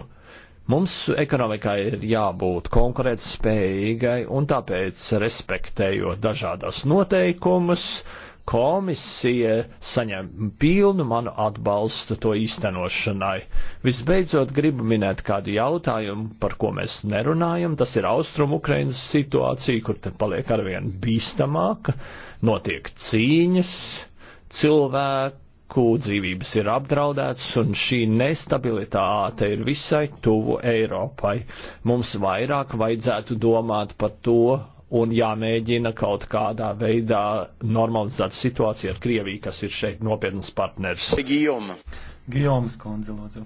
Mums ekonomikai ir jābūt konkurētspējīgai, un tāpēc, respektējot dažādas noteikumus, uh, Komisija saņem pilnu manu atbalstu to īstenošanai. Visbeidzot, gribu minēt kādu jautājumu, par ko mēs nerunājam. Tas ir Austrum Ukrainas situācija, kur te paliek arvien bīstamāka, notiek cīņas, cilvēki cilvēku dzīvības ir apdraudētas, un šī nestabilitāte ir visai tuvu Eiropai. Mums vairāk vajadzētu domāt par to, un jāmēģina kaut kādā veidā normalizēt situāciju ar Krieviju, kas ir šeit nopietnas partners. Gijoma. Gijomas kundze, lūdzu.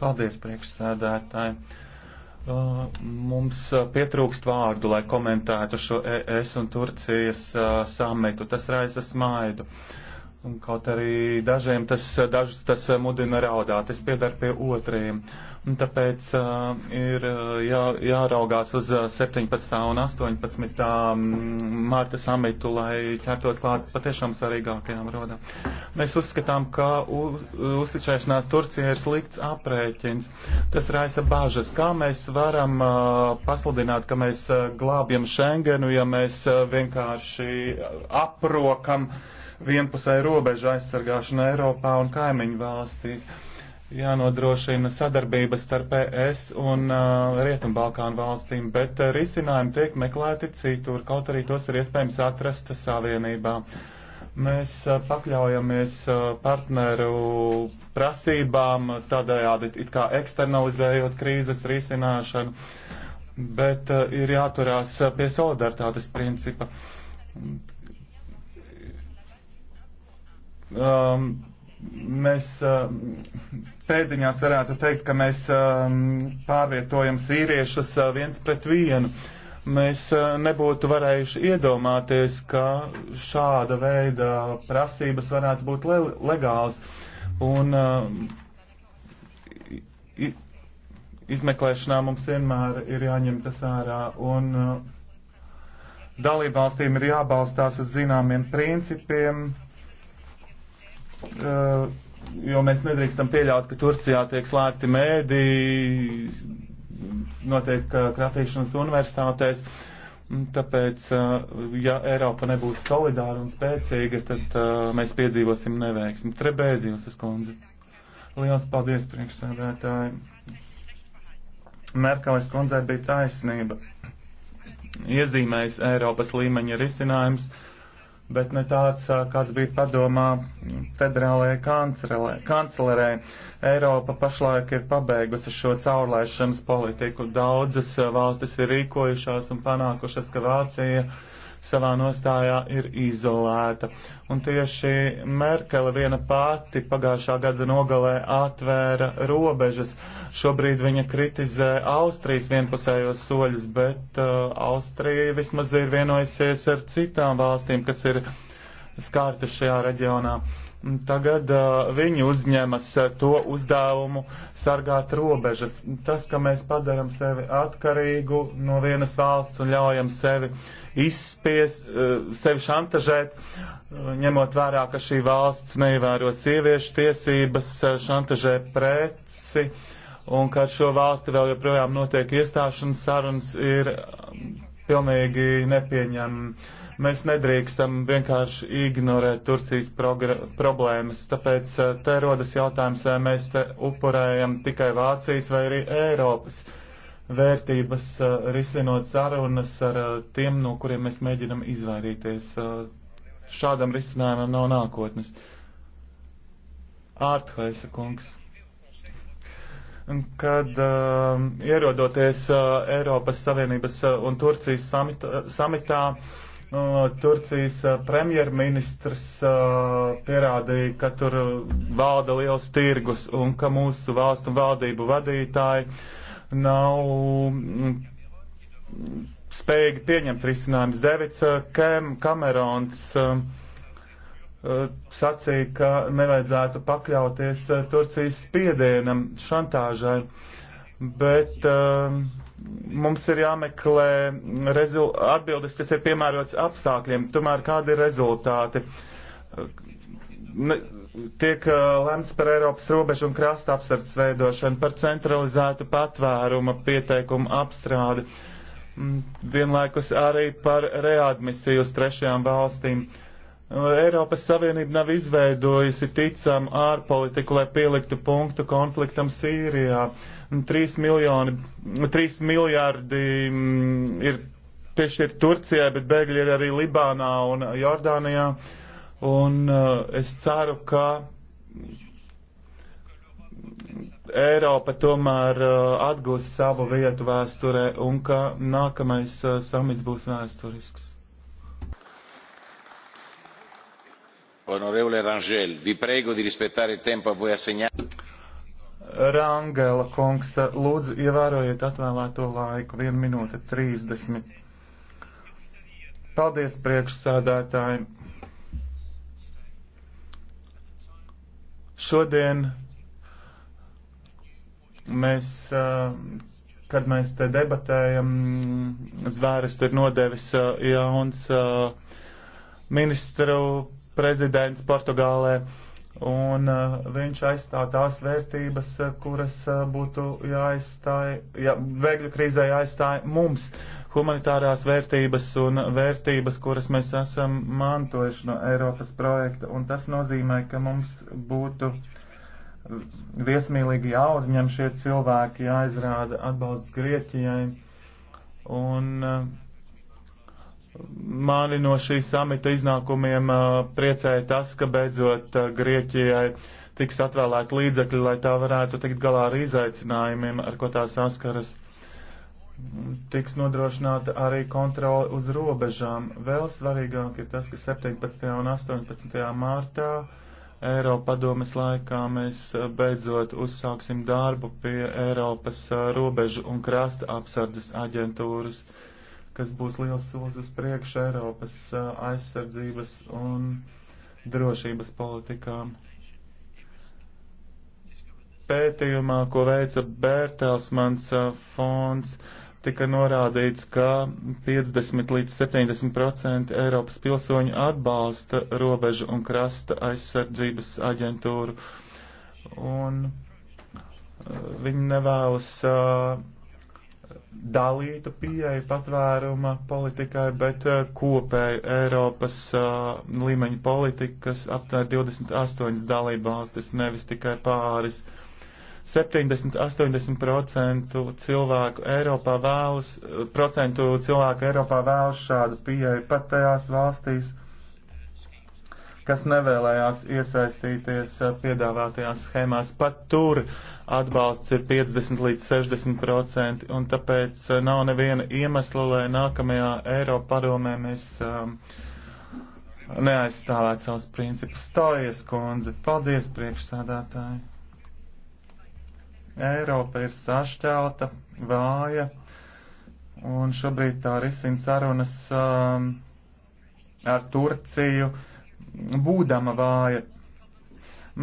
Paldies, priekšsēdētāji. Uh, mums uh, pietrūkst vārdu, lai komentētu šo ES un Turcijas uh, samitu. Tas raisa smaidu. Uh, Un kaut arī dažiem tas, dažus tas eh, mudina raudāt, es piedaru pie otriem. Un tāpēc uh, ir eh, jā, jāraugās uz 17. un 18. mārta mm, samitu, lai ķertos klāt patiešām svarīgākajām rodām. Mēs uzskatām, ka uz, uzticēšanās Turcija ir slikts aprēķins. Tas raisa bāžas. Kā mēs varam uh, pasludināt, ka mēs uh, glābjam Schengenu, ja mēs uh, vienkārši aprokam. Uh, vienpusēju robežu aizsargāšanu Eiropā un kaimiņu valstīs. Jānodrošina sadarbība starp ES un uh, Rietumbalkānu valstīm, bet uh, risinājumi tiek meklēti citur, kaut arī tos ir iespējams atrast savienībā. Mēs uh, pakļaujamies uh, partneru prasībām, tādējādi it kā eksternalizējot krīzes risināšanu. Uh, bet uh, ir jāturās pie solidaritātes principa um, mēs uh, pēdiņās varētu teikt, ka mēs uh, pārvietojam sīriešus uh, viens pret vienu. Mēs uh, nebūtu varējuši iedomāties, ka šāda veida prasības varētu būt le legāls. Un uh, izmeklēšanā mums vienmēr ir jāņem tas ārā. Un uh, dalībvalstīm ir jābalstās uz zināmiem principiem, Eh, jo mēs nedrīkstam pieļaut, ka Turcijā tiek slēgti mēdī, notiek eh, kratīšanas universitātēs. Tāpēc, eh, ja Eiropa nebūs solidāra un spēcīga, tad mēs piedzīvosim neveiksmi. Trebēzijos, es kundze. Liels paldies priekšsēdētāji. Merkeles kundzei bija taisnība. Iezīmējis Eiropas līmeņa risinājums bet ne tāds, kāds bija padomā federālajai kancelerē. Eiropa pašlaik ir pabeigusi šo caurlaišanas politiku. Daudzas valstis ir rīkojušās un panākušas, ka Vācija savā nostājā ir izolēta. Un tieši Merkele viena pati pagājušā gada nogalē atvēra robežas. Šobrīd viņa kritizē Austrijas vienpusējos soļus, bet uh, Austrija vismaz ir vienojusies ar citām valstīm, kas ir skārtas šajā reģionā. Uh, Tagad uh, viņi uzņemas uh, to uzdevumu sargāt robežas. Tas, ka mēs padaram sevi atkarīgu no vienas valsts un ļaujam sevi izspies, uh, sevi šantažēt, uh, ņemot vērā, ka šī valsts neievēro sieviešu tiesības, uh, šantažē preci un ka ar šo valsti vēl joprojām notiek iestāšanas sarunas, ir um, pilnīgi nepieņemami Mēs nedrīkstam vienkārši ignorēt Turcijas problēmas, tāpēc eh, te rodas jautājums, vai mēs te upurējam tikai Vācijas vai arī Eiropas vērtības, eh, risinot sarunas ar eh, tiem, no kuriem mēs mēģinam izvairīties. Šādam risinājumam nav nākotnes. Ārthaisa kungs kad uh, ierodoties uh, Eiropas Savienības un Turcijas samita, samitā, Turcijas eh, premjerministrs eh, pierādīja, ka tur eh, valda liels tirgus un ka mūsu valstu un valdību vadītāji nav mm, spējīgi pieņemt risinājumus. Devits Kamerons sacīja, ka nevajadzētu pakļauties Turcijas spiedienam, šantāžai, bet uh, mums ir jāmeklē atbildes, kas ir piemērots apstākļiem. Tomēr kādi ir rezultāti? Ne, tiek uh, lemts par Eiropas robežu un krasta apsardzes veidošanu, par centralizētu patvēruma pieteikumu apstrādi, vienlaikus arī par readmisiju uz trešajām valstīm. Uh, Eiropas Savienība nav izveidojusi ticamu ārpolitiku, lai pieliktu punktu konfliktam Sīrijā. 3, miljoni, 3 miljārdi mm, ir piešķirt Turcijai, bet bēgļi ir arī Libānā un Jordānijā. Un uh, es ceru, ka Eiropa tomēr uh, atgūs savu vietu vēsturē un ka nākamais uh, samits būs vēsturisks. Onorevole Rangel, vi prego di rispettare il tempo a voi assegnato. Rangela kungs, lūdzu ievērojiet atvēlēto laiku, 1 minūte 30. Paldies priekšsādātājiem. Šodien mēs, kad mēs te debatējam, zvēres ir nodevis jauns ministru prezidents Portugālē, un uh, viņš aizstāv tās vērtības, uh, kuras uh, būtu jāaizstāj, ja bēgļu krīzē jāaizstāj mums, humanitārās vērtības un vērtības, kuras mēs esam mantojuši no Eiropas projekta, un tas nozīmē, ka mums būtu viesmīlīgi jāuzņem šie cilvēki, jāizrāda atbalsts Grieķijai, un uh, Mani no šī samita iznākumiem uh, priecēja tas, ka beidzot uh, Grieķijai tiks atvēlēt līdzekļi, lai tā varētu tikt galā ar izaicinājumiem, ar ko tā saskaras. Tiks nodrošināta arī kontrole uz robežām. Vēl svarīgāk ir tas, ka 17. un 18. mārtā Eiropa padomes laikā mēs uh, beidzot uzsāksim darbu pie Eiropas robežu un krasta apsardzes aģentūras. Uh, kas būs liels solis uz priekšu Eiropas aizsardzības un drošības politikām. Pētījumā, ko veica Bērtelsmans fonds, tika norādīts, ka 50 līdz 70% Eiropas pilsoņu atbalsta robežu un krasta aizsardzības aģentūru. Un viņi nevēlas uh, dalītu pieeju patvēruma politikai, bet eh, kopēju Eiropas uh, eh, līmeņu politiku, kas aptver 28 dalību valstis, nevis tikai pāris. 70-80% cilvēku Eiropā vēlas, eh, procentu cilvēku Eiropā vēlas šādu pieeju pat tajās valstīs, uh, kas nevēlējās iesaistīties eh, piedāvātajās schēmās. Pat tur atbalsts ir 50 līdz 60 procenti, un tāpēc eh, nav neviena iemesla, lai nākamajā Eiropa padomē mēs um, neaizstāvētu savus principus. Stājies, kundze, paldies priekšsādātāji. Eiropa ir sašķelta, vāja, un šobrīd tā risina sarunas um, ar Turciju. Uh, būdama vāja.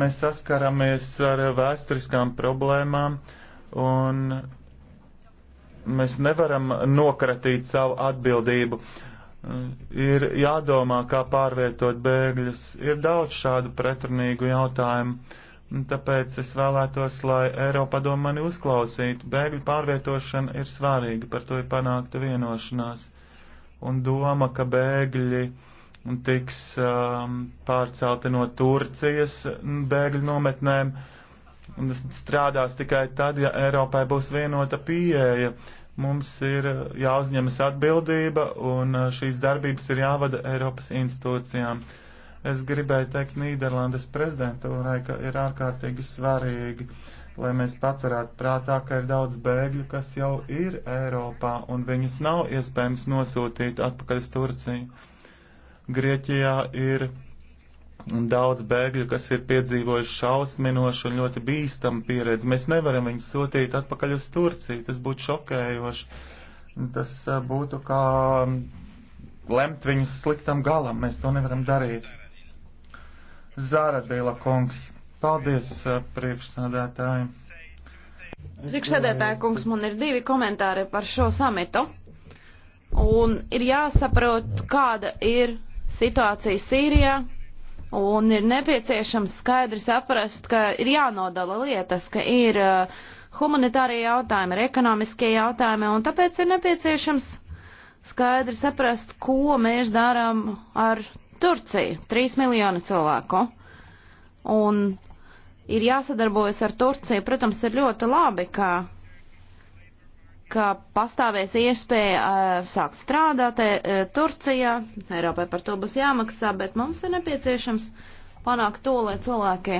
Mēs saskaramies ar vēsturiskām problēmām un mēs nevaram nokratīt savu atbildību. Ir jādomā, kā pārvietot bēgļus. Ir daudz šādu pretrunīgu jautājumu. Tāpēc es vēlētos, lai Eiropa doma mani uzklausītu. Bēgļu pārvietošana ir svarīga, par to ir panākta vienošanās. Un doma, ka bēgļi uh, tiks um, pārcelti no Turcijas bēgļu nometnēm un strādās tikai tad, ja Eiropai būs vienota pieeja. Mums ir jāuzņemas atbildība un uh, šīs darbības ir jāvada Eiropas institūcijām. Es gribēju teikt Nīderlandes prezidentūrai, ka ir ārkārtīgi svarīgi, lai mēs paturētu prātā, ka ir daudz bēgļu, kas jau ir Eiropā un viņus nav iespējams nosūtīt atpakaļ uz Turciju Grieķijā ir daudz bēgļu, kas ir piedzīvojuši šausminošu un ļoti bīstamu pieredzi. Mēs nevaram viņus sūtīt atpakaļ uz Turciju, tas būtu šokējoši. Tas būtu kā lemt viņus sliktam galam, mēs to nevaram darīt. Zāradīla kungs, paldies priekšsādātājiem. Priekšsēdētāja kungs, man ir divi komentāri par šo samitu. Un ir jāsaprot, kāda ir situāciju Sīrijā. Un ir nepieciešams skaidri saprast, ka ir jānodala lietas, ka ir uh, humanitārie jautājumi, ir ekonomiskie jautājumi, un tāpēc ir nepieciešams skaidri saprast, ko mēs darām ar Turciju. 3 miljoni cilvēku. Un ir jāsadarbojas ar Turciju. Protams, ir ļoti labi, ka ka pastāvēs iespēja uh, sākt strādāt uh, Turcijā. Eiropai par to būs jāmaksā, bet mums ir nepieciešams panākt to, lai cilvēki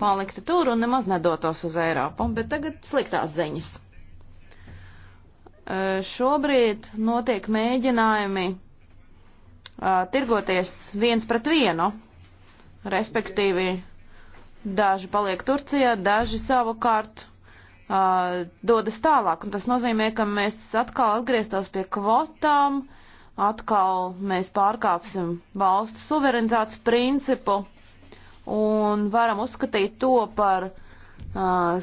paliktu tur un nemaz nedotos uz Eiropu. Bet tagad sliktās ziņas. Uh, šobrīd notiek mēģinājumi uh, tirgoties viens pret vienu, respektīvi daži paliek Turcijā, daži savukārt uh, dodas tālāk. Un tas nozīmē, ka mēs atkal atgrieztos pie kvotām, atkal mēs pārkāpsim valstu suverenitātes principu un varam uzskatīt to par uh,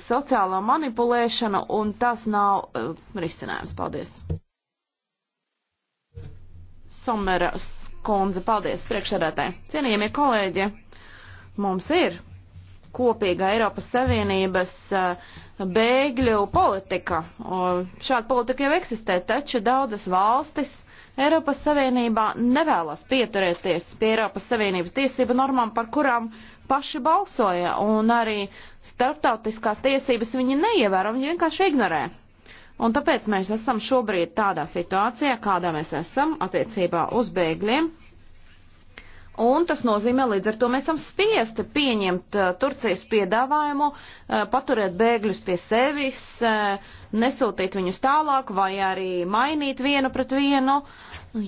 sociālo manipulēšanu, un tas nav uh, risinājums. Paldies! Someras kundze, paldies priekšsēdētē. Cienījamie kolēģi, mums ir kopīga Eiropas Savienības uh, bēgļu politika. Šāda politika jau eksistē, taču daudzas valstis Eiropas Savienībā nevēlas pieturēties pie Eiropas Savienības tiesību normām, par kurām paši balsoja, un arī starptautiskās tiesības viņi neievēro, viņi vienkārši ignorē. Un tāpēc mēs esam šobrīd tādā situācijā, kādā mēs esam attiecībā uz bēgļiem. Un tas nozīmē, līdz ar to mēs esam spiesti pieņemt uh, Turcijas piedāvājumu, uh, paturēt bēgļus pie sevis, uh, nesūtīt viņus tālāk vai arī mainīt vienu pret vienu.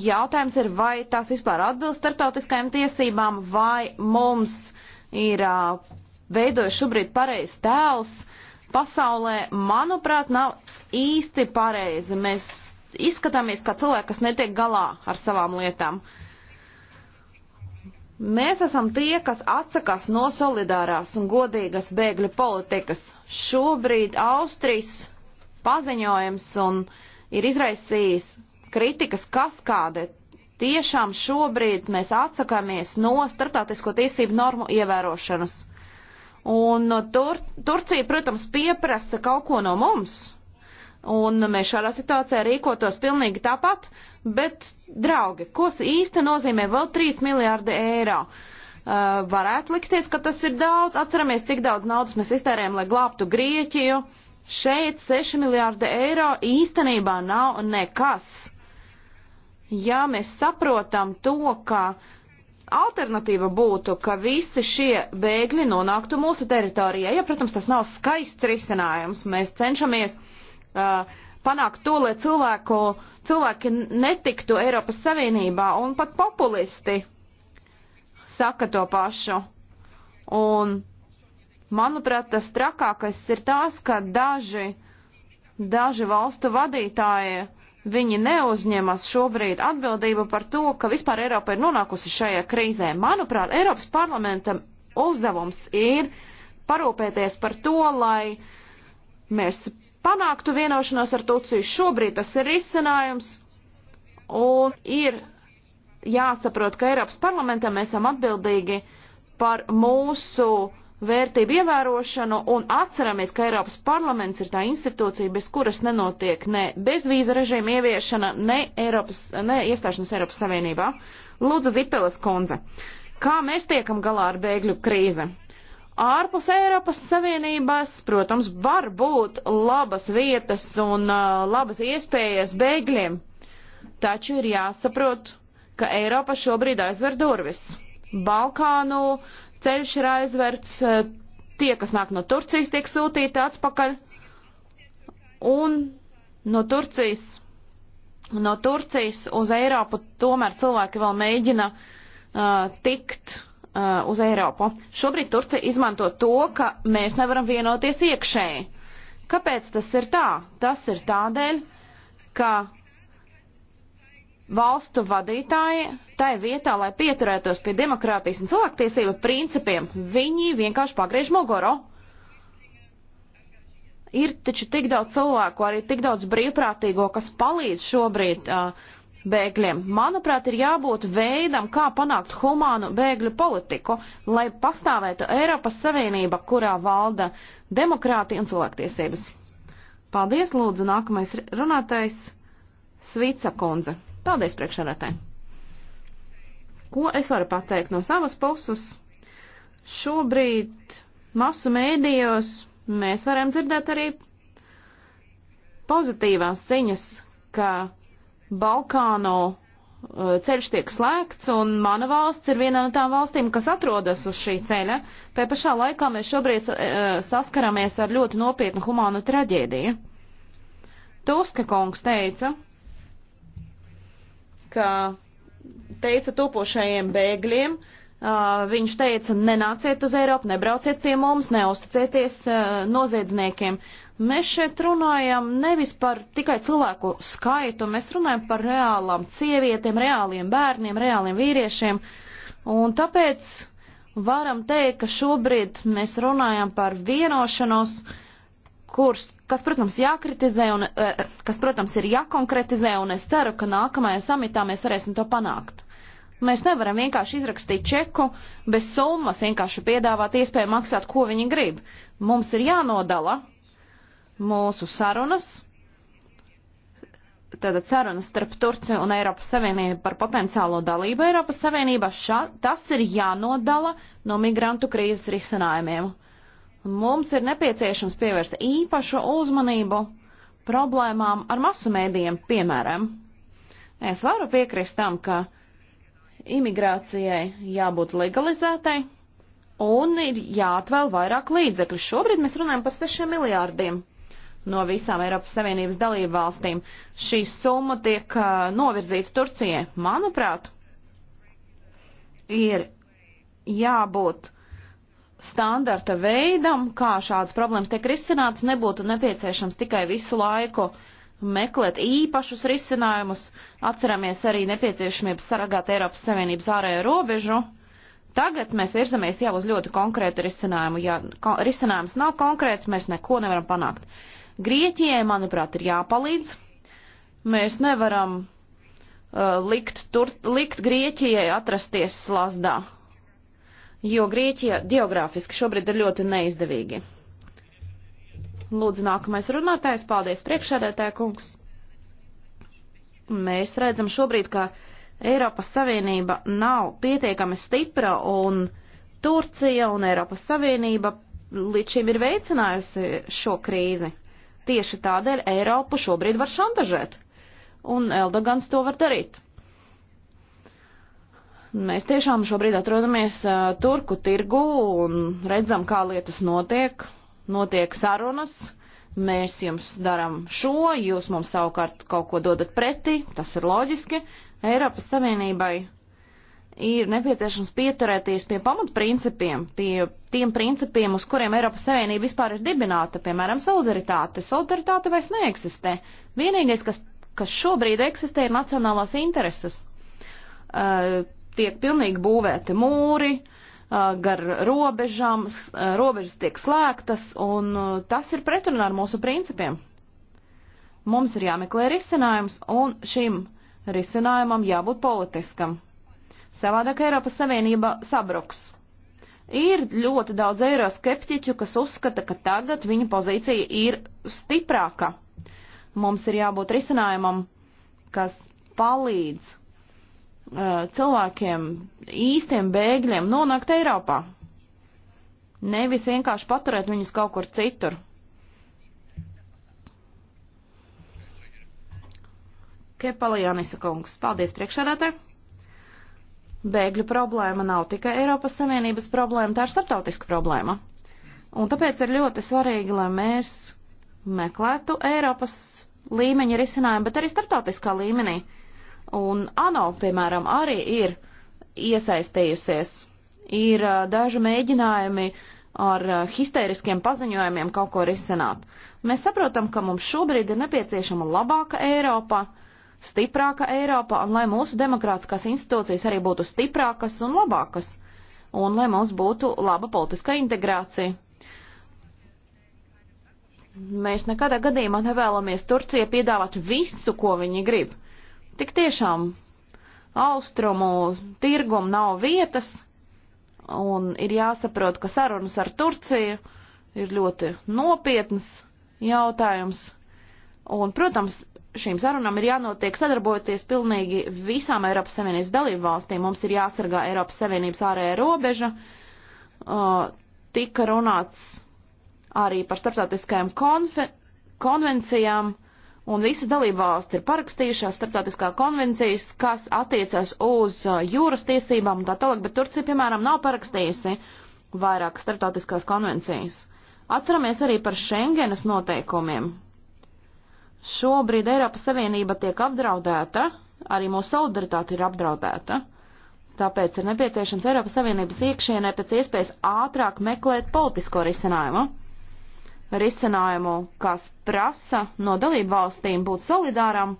Jautājums ir, vai tās vispār atbilst starptautiskajām tiesībām, vai mums ir uh, veidojas šobrīd pareizs tēls pasaulē, manuprāt, nav īsti pareizi. Mēs izskatāmies kā cilvēki, kas netiek galā ar savām lietām. Uh, Mēs esam tie, kas atsakās no solidārās un godīgas bēgļu politikas. Šobrīd Austrijas paziņojums un ir izraisījis kritikas kaskāde. Tiešām šobrīd mēs atsakāmies no starptautisko tiesību normu ievērošanas. Un tur, Turcija, protams, pieprasa kaut ko no mums, Un mēs šādā situācijā rīkotos pilnīgi tāpat, bet, draugi, ko īsti nozīmē vēl 3 miljārdi eiro? Uh, varētu likties, ka tas ir daudz. Atceramies, tik daudz naudas mēs iztērējam, lai glābtu Grieķiju. Šeit 6 miljārdi eiro īstenībā nav nekas. Ja mēs saprotam to, ka alternatīva būtu, ka visi šie bēgļi nonāktu mūsu teritorijā, ja, protams, tas nav skaists risinājums, mēs cenšamies uh, panākt to, lai cilvēku, cilvēki netiktu Eiropas Savienībā, un pat populisti saka to pašu. Un, manuprāt, tas trakākais ir tas, ka daži, daži valstu vadītāji, viņi neuzņemas šobrīd atbildību par to, ka vispār Eiropa ir nonākusi šajā krīzē. Manuprāt, Eiropas parlamentam uzdevums ir parūpēties par to, lai mēs panāktu vienošanos ar Turciju. Šobrīd tas ir izcinājums un ir jāsaprot, ka Eiropas parlamentam mēs esam atbildīgi par mūsu vērtību ievērošanu un atceramies, ka Eiropas parlaments ir tā institūcija, bez kuras nenotiek ne bezvīza režīma ieviešana, ne, Eiropas, ne iestāšanas Eiropas Savienībā. Lūdzu, Zipeles kundze, kā mēs tiekam galā ar bēgļu krīzi? Ārpus Eiropas Savienības, protams, var būt labas vietas un uh, labas iespējas bēgļiem, taču ir jāsaprot, ka Eiropa šobrīd aizver durvis. Balkānu ceļš ir aizverts, uh, tie, kas nāk no Turcijas, tiek sūtīti atpakaļ, un no Turcijas, no Turcijas uz Eiropu tomēr cilvēki vēl mēģina uh, tikt uh, uh, uz Eiropu. Šobrīd Turcija izmanto to, ka mēs nevaram vienoties iekšēji. Kāpēc tas ir tā? Tas ir tādēļ, ka valstu vadītāji, tai vietā, lai pieturētos pie demokrātijas un cilvēktiesība principiem, viņi vienkārši pagriež muguru. Ir taču tik daudz cilvēku, arī tik daudz brīvprātīgo, kas palīdz šobrīd uh, bēgļiem. Manuprāt, ir jābūt veidam, kā panākt humānu bēgļu politiku, lai pastāvētu Eiropas Savienība, kurā valda demokrātija un cilvēktiesības. Paldies, lūdzu, nākamais runātais Svica kundze. Paldies, priekšsēdētāji. Ko es varu pateikt no savas puses? Šobrīd masu mēdījos mēs varam dzirdēt arī pozitīvās ziņas, ka Balkānu uh, ceļš tiek slēgts, un mana valsts ir viena no tām valstīm, kas atrodas uz šī ceļa. Tā pašā laikā mēs šobrīd uh, saskaramies ar ļoti nopietnu humānu traģēdiju. Tuska kungs teica, ka teica topošajiem bēgļiem, uh, viņš teica, nenāciet uz Eiropu, nebrauciet pie mums, neusticieties noziedzniekiem. Mēs šeit runājam nevis par tikai cilvēku skaitu, mēs runājam par reālām sievietēm, reāliem bērniem, reāliem vīriešiem. Un tāpēc varam teikt, ka šobrīd mēs runājam par vienošanos, kurs, kas, protams, jākritizē un, eh, kas, protams, ir jākonkretizē, un es ceru, ka nākamajā samitā mēs varēsim to panākt. Mēs nevaram vienkārši izrakstīt čeku bez summas, vienkārši piedāvāt iespēju maksāt, ko viņi grib. Mums ir jānodala mūsu sarunas, tātad sarunas starp Turciju un Eiropas Savienību par potenciālo dalību Eiropas Savienībā, šā, tas ir jānodala no migrantu krīzes risinājumiem. Mums ir nepieciešams pievērst īpašu uzmanību problēmām ar masu mēdījiem, piemēram. Es varu piekrist tam, ka imigrācijai jābūt legalizētai un ir jāatvēl vairāk līdzekļu. Šobrīd mēs runājam par 6 miljārdiem no visām Eiropas Savienības dalību valstīm. Šī summa tiek uh, novirzīta Turcijai. Manuprāt, ir jābūt standarta veidam, kā šādas problēmas tiek risinātas, nebūtu nepieciešams tikai visu laiku meklēt īpašus risinājumus. Atceramies arī nepieciešamību sargāt Eiropas Savienības ārējo robežu. Tagad mēs virzamies jau uz ļoti konkrētu risinājumu. Ja ko, risinājums nav konkrēts, mēs neko nevaram panākt. Uh, Grieķijai, manuprāt, ir jāpalīdz. Mēs nevaram uh, likt, tur, likt Grieķijai atrasties slazdā, jo Grieķija geogrāfiski šobrīd ir ļoti neizdevīgi. Lūdzu, nākamais runātājs, paldies priekšsēdētāja kungs. Mēs redzam šobrīd, ka Eiropas Savienība nav pietiekami stipra un Turcija un Eiropas Savienība līdz šim ir veicinājusi šo krīzi. Tieši tādēļ Eiropu šobrīd var šantažēt, un Erdogans to var darīt. Mēs tiešām šobrīd atrodamies uh, turku tirgu un redzam, kā lietas notiek, notiek sarunas. Mēs jums darām šo, jūs mums savukārt kaut ko dodat pretī, tas ir loģiski. Eiropas Savienībai ir nepieciešams pieturēties pie pamatprincipiem, pie tiem principiem, uz kuriem Eiropas Savienība vispār ir dibināta, piemēram, solidaritāte. Solidaritāte vairs neeksistē. Vienīgais, kas, kas šobrīd eksistē, ir nacionālās intereses. Uh, tiek pilnīgi būvēti mūri, uh, gar robežām, uh, robežas tiek slēgtas, un uh, tas ir pretrunā ar mūsu principiem. Mums ir jāmeklē risinājums, un šim risinājumam jābūt politiskam. Savādāk Eiropas Savienība sabruks. Ir ļoti daudz eiroskeptiķu, kas uzskata, ka tagad viņa pozīcija ir stiprāka. Mums ir jābūt risinājumam, kas palīdz uh, cilvēkiem, īstiem bēgļiem nonākt Eiropā. Nevis vienkārši paturēt viņus kaut kur citur. Kepalijānisa kungs, paldies priekšsēdētāji! bēgļu problēma nav tikai Eiropas Savienības problēma, tā ir starptautiska problēma. Un tāpēc ir ļoti svarīgi, lai mēs meklētu Eiropas līmeņa risinājumu, bet arī starptautiskā līmenī. Un ANO, piemēram, arī ir iesaistījusies. Ir uh, daži mēģinājumi ar uh, histēriskiem paziņojumiem kaut ko risināt. Mēs saprotam, ka mums šobrīd ir nepieciešama labāka Eiropa, uh, stiprāka Eiropa un lai mūsu demokrātiskās institūcijas arī būtu stiprākas un labākas un lai mums būtu laba politiskā integrācija. Mēs nekadā gadījumā nevēlamies Turcija piedāvāt visu, ko viņi grib. Tik tiešām austrumu tirgumu nav vietas, un ir jāsaprot, ka sarunas ar Turciju ir ļoti nopietnas jautājums. Un, protams, šīm sarunām ir jānotiek sadarbojoties pilnīgi visām Eiropas Savienības dalību valstīm. Mums ir jāsargā Eiropas Savienības ārējā robeža. Uh, tika runāts arī par starptautiskajām konvencijām, un visas dalību valsts ir parakstījušās starptautiskā konvencijas, kas attiecas uz jūras tiesībām un tā tālāk, bet Turcija, piemēram, nav parakstījusi vairāk starptautiskās konvencijas. Atceramies arī par Schengenas noteikumiem, Šobrīd Eiropas Savienība tiek apdraudēta, arī mūsu solidaritāte ir apdraudēta. Tāpēc ir nepieciešams Eiropas Savienības iekšienē pēc iespējas ātrāk meklēt politisko risinājumu. Risinājumu, kas prasa no dalību valstīm būt solidāram,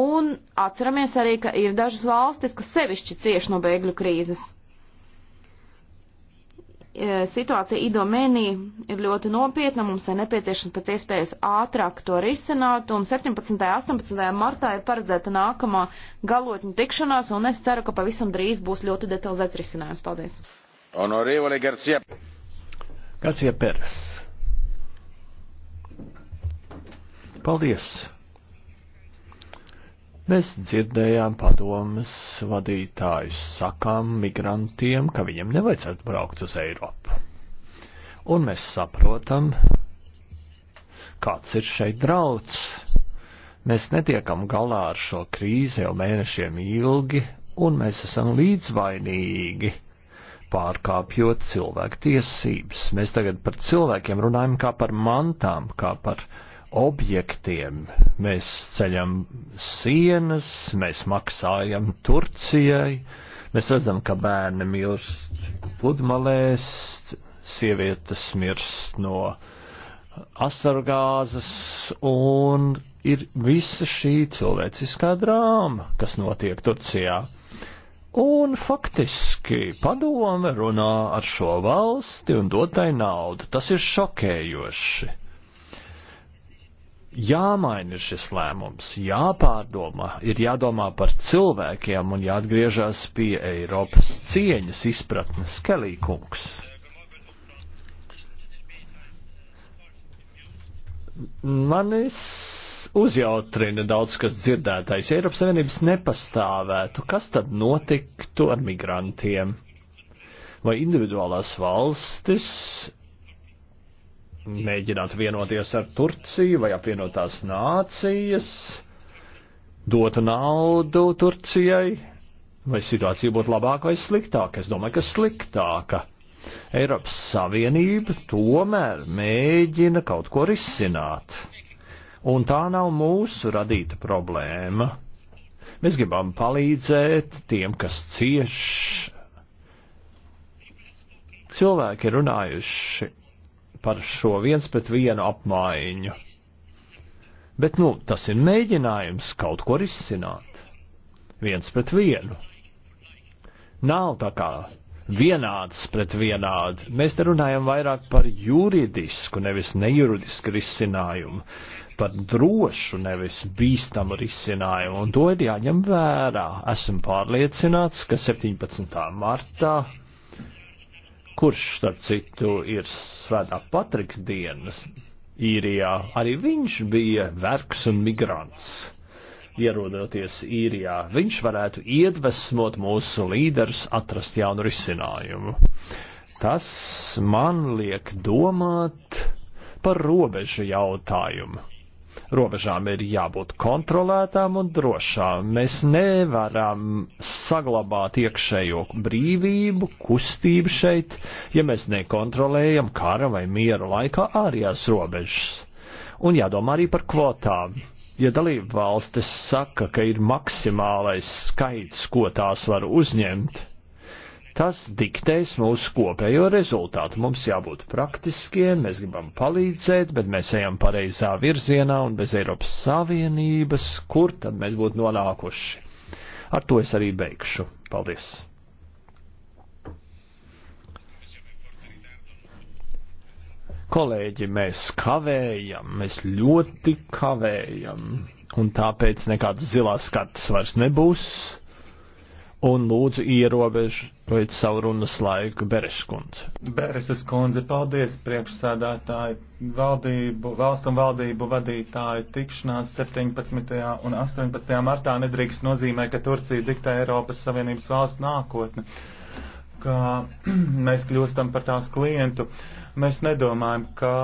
un atceramies arī, ka ir dažas valstis, kas sevišķi cieši no bēgļu krīzes. E, situācija idomēnī ir ļoti nopietna, mums ir nepieciešams pēc iespējas ātrāk to risināt, un 17. un 18. martā ir paredzēta nākamā galotņa tikšanās, un es ceru, ka pavisam drīz būs ļoti detalizēts risinājums. Paldies! Honorevole Garcia. Garcia Peres. Paldies! Mēs dzirdējām padomas vadītājus sakām migrantiem, ka viņiem nevajadzētu braukt uz Eiropu. Un mēs saprotam, kāds ir šeit draudz. Mēs netiekam galā ar šo krīzi jau mēnešiem ilgi, un mēs esam līdzvainīgi pārkāpjot cilvēku tiesības. Mēs tagad par cilvēkiem runājam kā par mantām, kā par uh, objektiem. Mēs ceļam sienas, mēs maksājam Turcijai, mēs redzam, ka bērni mirst pludmalēs, sievietes mirst no asargāzes un ir visa šī cilvēciskā drāma, kas notiek Turcijā. Un faktiski padome runā ar šo valsti un dotai naudu. Tas ir šokējoši jāmaina šis lēmums, jāpārdomā, ir jādomā par cilvēkiem un jāatgriežas pie Eiropas cieņas izpratnes Kelīkungs. Manis uzjautrina daudz kas dzirdētais. Ja Eiropas Savienības nepastāvētu, kas tad notiktu ar migrantiem? Vai individuālās valstis mēģināt vienoties ar Turciju vai apvienotās nācijas, dotu naudu Turcijai, vai situācija būtu labāka vai sliktāka? Es domāju, ka sliktāka. Eiropas Savienība tomēr mēģina kaut ko risināt. Un tā nav mūsu radīta problēma. Mēs gribam palīdzēt tiem, kas cieš. Cilvēki runājuši par šo viens pret vienu apmaiņu. Bet, nu, tas ir mēģinājums kaut ko risināt. Viens pret vienu. Nav tā kā vienāds pret vienādu. Mēs te runājam vairāk par juridisku, nevis nejuridisku risinājumu, par drošu, nevis bīstamu risinājumu, un to ir jāņem vērā. Esmu pārliecināts, ka 17. martā kurš, starp citu, ir svētā Patrika dienas īrijā, arī viņš bija vergs un migrants. Ierodoties īrijā, viņš varētu iedvesmot mūsu līderus atrast jaunu risinājumu. Tas man liek domāt par robežu jautājumu robežām ir jābūt kontrolētām un drošām. Mēs nevaram saglabāt iekšējo brīvību, kustību šeit, ja mēs nekontrolējam kara vai miera laikā ārējās robežas. Un jādomā arī par kvotām. Ja dalība valstis saka, ka ir maksimālais skaits, ko tās var uzņemt, Tas diktēs mūsu kopējo rezultātu. Mums jābūt praktiskiem, mēs gribam palīdzēt, bet mēs ejam pareizā virzienā un bez Eiropas Savienības, kur tad mēs būtu nonākuši. Ar to es arī beigšu. Paldies! Kolēģi, mēs kavējam, mēs ļoti kavējam, un tāpēc nekādas zilās kartas vairs nebūs un lūdzu ierobežojiet savu runas laiku, Bereskundze. Bereskundze, paldies priekšsādātāji, valdību, valstu un valdību vadītāju tikšanās 17. un 18. martā nedrīkst nozīmē, ka Turcija diktē Eiropas Savienības valstu nākotni, ka mēs kļūstam par tās klientu. Mēs nedomājam, ka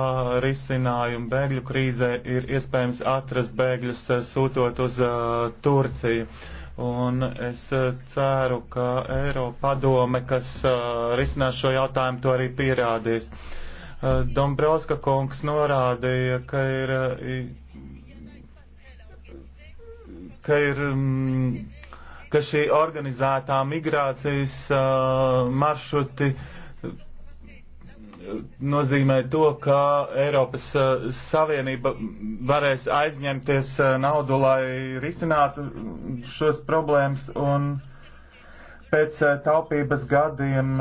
risinājumu bēgļu krīzē ir iespējams atrast bēgļus sūtot uz uh, Turciju. Uh, Un es eh, ceru, ka Eiropa padome, kas eh, risinās šo jautājumu, to arī pierādīs. Eh, Dombrovska kungs norādīja, ka ir, ka ir mm, ka šī organizētā migrācijas uh, maršruti uh, nozīmē to, ka Eiropas eh, Savienība varēs aizņemties eh, naudu, lai risinātu šos problēmas, un pēc eh, taupības gadiem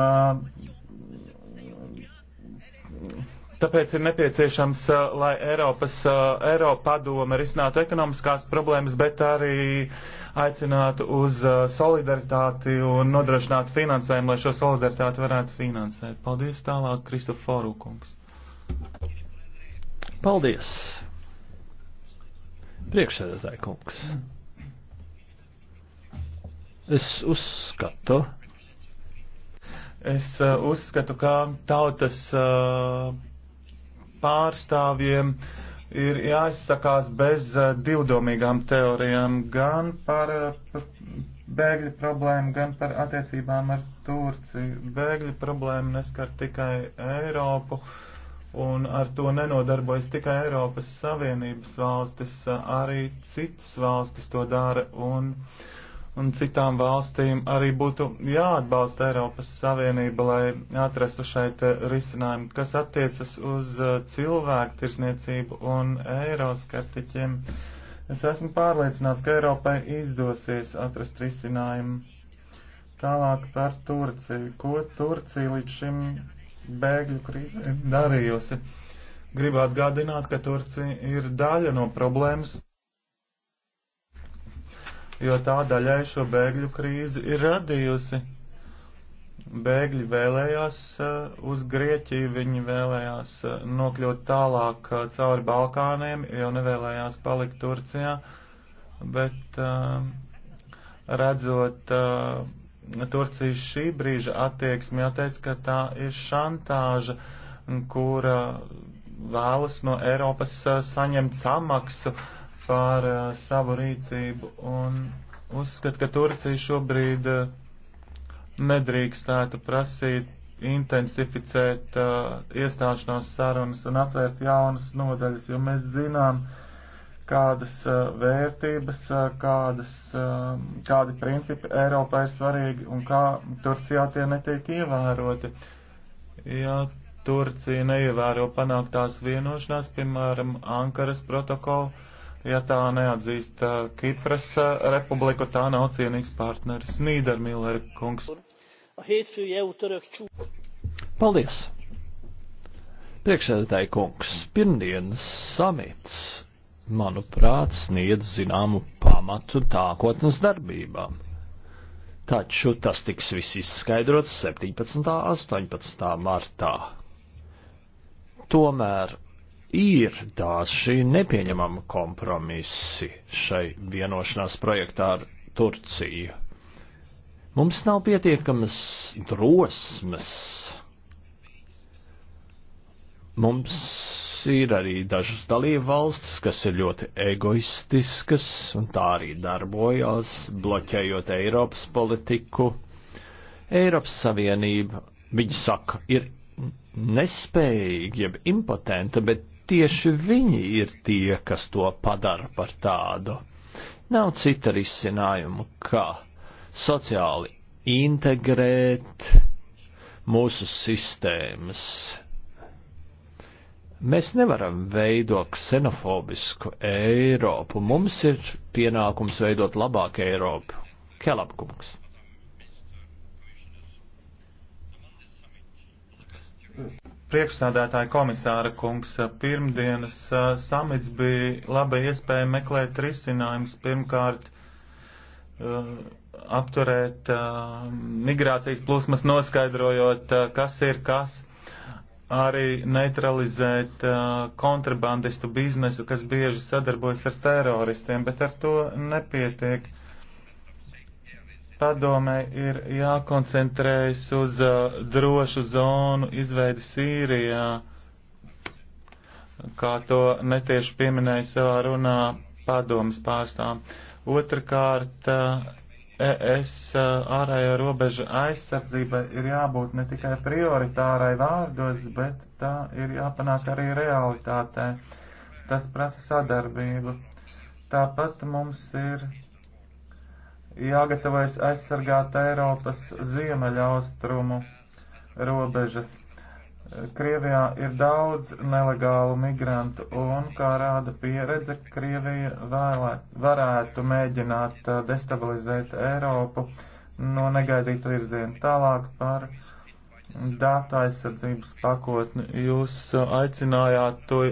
Tāpēc ir nepieciešams, lai Eiropas Eiropa padome risinātu ekonomiskās problēmas, bet arī aicinātu uz solidaritāti un nodrošinātu finansējumu, lai šo solidaritāti varētu finansēt. Paldies tālāk, Kristoforu kungs. Paldies. Priekšsēdētāji kungs. Es uzskatu. Es uh, uzskatu, ka tautas uh, pārstāvjiem ir jāizsakās bez eh, divdomīgām teorijām gan eh, par bēgļu problēmu, gan par attiecībām ar Turciju. Bēgļu problēma neskar tikai Eiropu. Un ar to nenodarbojas tikai Eiropas Savienības valstis, eh, arī citas valstis to dara. Un uh, un citām valstīm arī būtu jāatbalsta Eiropas Savienība, lai atrastu šeit eh, risinājumu, kas attiecas uz eh, cilvēku tirsniecību un eiroskeptiķiem. Es esmu pārliecināts, ka Eiropai izdosies atrast risinājumu. Tālāk par Turciju. Ko Turcija līdz šim bēgļu krīzē darījusi? Gribu atgādināt, ka Turcija ir daļa no problēmas jo tā daļai šo bēgļu krīzi ir radījusi. Bēgļi vēlējās uh, uz Grieķiju, viņi vēlējās uh, nokļūt tālāk uh, cauri Balkāniem, jo nevēlējās palikt Turcijā, bet uh, redzot uh, Turcijas šī brīža attieksmi, jāteic, ka tā ir šantāža, kura uh, vēlas no Eiropas uh, saņemt samaksu. Uh, par uh, savu rīcību un uzskata, ka Turcija šobrīd uh, nedrīkstētu prasīt intensificēt uh, iestāšanās sarunas un atvērt jaunas nodaļas, jo mēs zinām, kādas uh, vērtības, uh, kādas, uh, kādi principi Eiropā ir svarīgi un kā Turcijā tie netiek ievēroti. Ja Turcija neievēro panāktās vienošanās, piemēram, Ankaras protokolu, Ja tā neatzīst uh, Kipras uh, republiku, tā nav cienīgs partneris Nīdermīlera kungs. Paldies! Priekšsēdētāji kungs, pirmdienas samits, manuprāt, sniedz zināmu pamatu tākotnes darbībām. Taču tas tiks viss izskaidrots 17. un 18. martā. Tomēr ir daži nepieņemami kompromisi šai vienošanās projektā ar Turciju. Mums nav pietiekamas drosmes. Mums ir arī dažas dalība valstis, kas ir ļoti egoistiskas, un tā arī darbojās, bloķējot Eiropas politiku. Eiropas Savienība, viņi saka, ir nespējīga, jeb impotenta, bet tieši viņi ir tie, kas to padara par tādu. Nav cita risinājuma, kā sociāli integrēt mūsu sistēmas. Mēs nevaram veidot ksenofobisku Eiropu. Mums ir pienākums veidot labāku Eiropu. Kelapkungs. Priekšsādātāja komisāra kungs, pirmdienas samits bija laba iespēja meklēt risinājumus. Pirmkārt, apturēt migrācijas plūsmas, noskaidrojot, kas ir kas. Arī neutralizēt kontrabandistu biznesu, kas bieži sadarbojas ar teroristiem, bet ar to nepietiek padomē ir jākoncentrējas uz uh, drošu zonu izveidi Sīrijā, kā to netieši pieminēja savā runā padomas pārstāv. Otrakārt, uh, ES uh, ārējo robežu aizsardzībai ir jābūt ne tikai prioritārai vārdos, bet tā ir jāpanāk arī realitātē. Tas prasa sadarbību. Tāpat mums ir jāgatavojas aizsargāt Eiropas ziemeļaustrumu robežas. Krievijā ir daudz nelegālu migrantu un, kā rāda pieredze, Krievija vēlē, varētu mēģināt uh, destabilizēt Eiropu no negaidīta virziena tālāk par datu aizsardzības pakotni. Jūs uh, aicinājāt to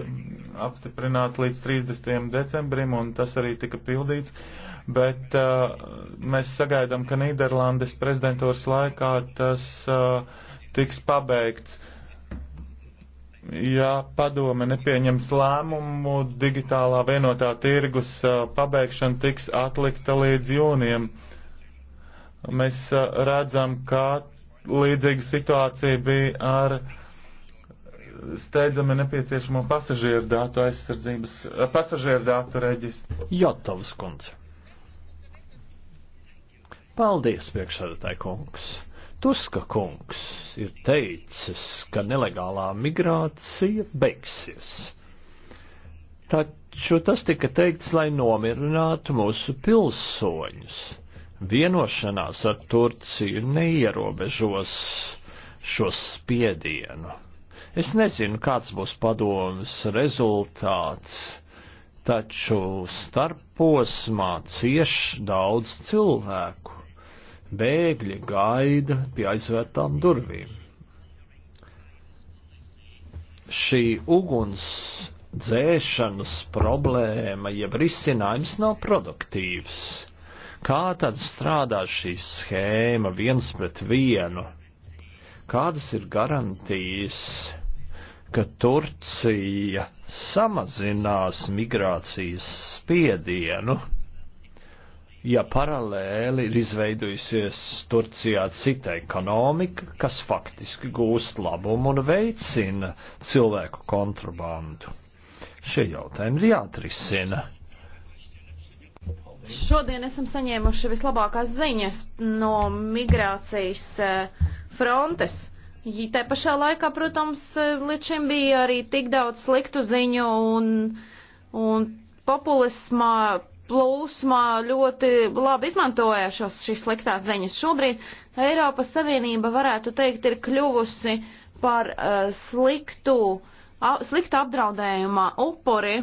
apstiprināt līdz 30. decembrim, un tas arī tika pildīts. Uh, bet uh, mēs sagaidām, ka Nīderlandes prezidentūras laikā tas uh, tiks pabeigts. Ja padome nepieņems lēmumu, digitālā vienotā tirgus uh, pabeigšana tiks atlikta līdz jūnijam. Mēs uh, redzam, kā līdzīga situācija bija ar steidzami nepieciešamo pasažieru datu aizsardzības, uh, pasažieru datu reģistru. Jotovs kundze. Paldies, priekšsēdētāji kungs. Tuska kungs ir teicis, ka nelegālā migrācija beigsies. Taču tas tika teikts, lai nomierinātu mūsu pilsoņus. Vienošanās ar Turciju neierobežos šo spiedienu. Es nezinu, kāds būs padomas rezultāts, taču starposmā cieš daudz cilvēku. Bēgļi gaida pie aizvērtām durvīm. Šī uguns dzēšanas problēma, jeb risinājums nav produktīvs. Kā tad strādā šī schēma viens pret vienu? Kādas ir garantijas, ka Turcija samazinās migrācijas spiedienu? ja paralēli ir izveidojusies Turcijā cita ekonomika, kas faktiski gūst labumu un veicina cilvēku kontrabandu. Šie jautājumi ir jāatrisina. Šodien esam saņēmuši vislabākās ziņas no migrācijas eh, frontes. Te pašā laikā, protams, eh, līdz šim bija arī tik daudz sliktu ziņu un, un populismā plūsmā ļoti labi izmantoja šos, šīs sliktās ziņas. Šobrīd Eiropas Savienība varētu teikt ir kļuvusi par uh, sliktu, ap, slikta apdraudējuma upuri.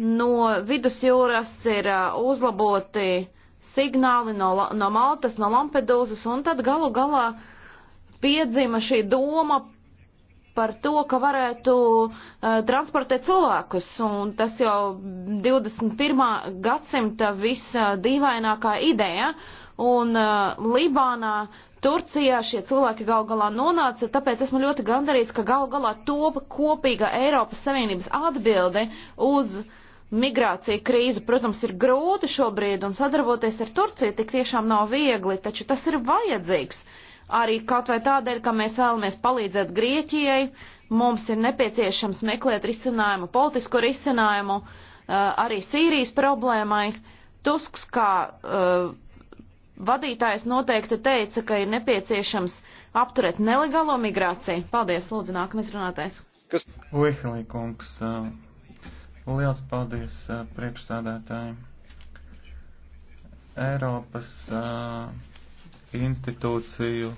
No vidusjūras ir uh, uzlaboti signāli no, no Maltas, no Lampedūzas, un tad galu galā piedzima šī doma par to, ka varētu uh, transportēt cilvēkus, un tas jau 21. gadsimta visdīvainākā ideja, un uh, Libānā, Turcijā šie cilvēki gal galā nonāca, tāpēc esmu ļoti gandarīts, ka gal galā topa kopīga Eiropas Savienības atbilde uz migrācija krīze, protams, ir grūti šobrīd, un sadarboties ar Turciju tik tiešām nav viegli, taču tas ir vajadzīgs. Uh, arī kaut vai tādēļ, ka mēs vēlamies palīdzēt Grieķijai, mums ir nepieciešams meklēt risinājumu, politisku risinājumu uh, arī Sīrijas problēmai. Tusks kā uh, vadītājs noteikti teica, ka ir nepieciešams apturēt nelegālo migrāciju. Paldies, lūdzu, nākamais runātais. Kas? Lihelī kungs, uh, liels paldies priekšstādātājiem. Eiropas uh, institūciju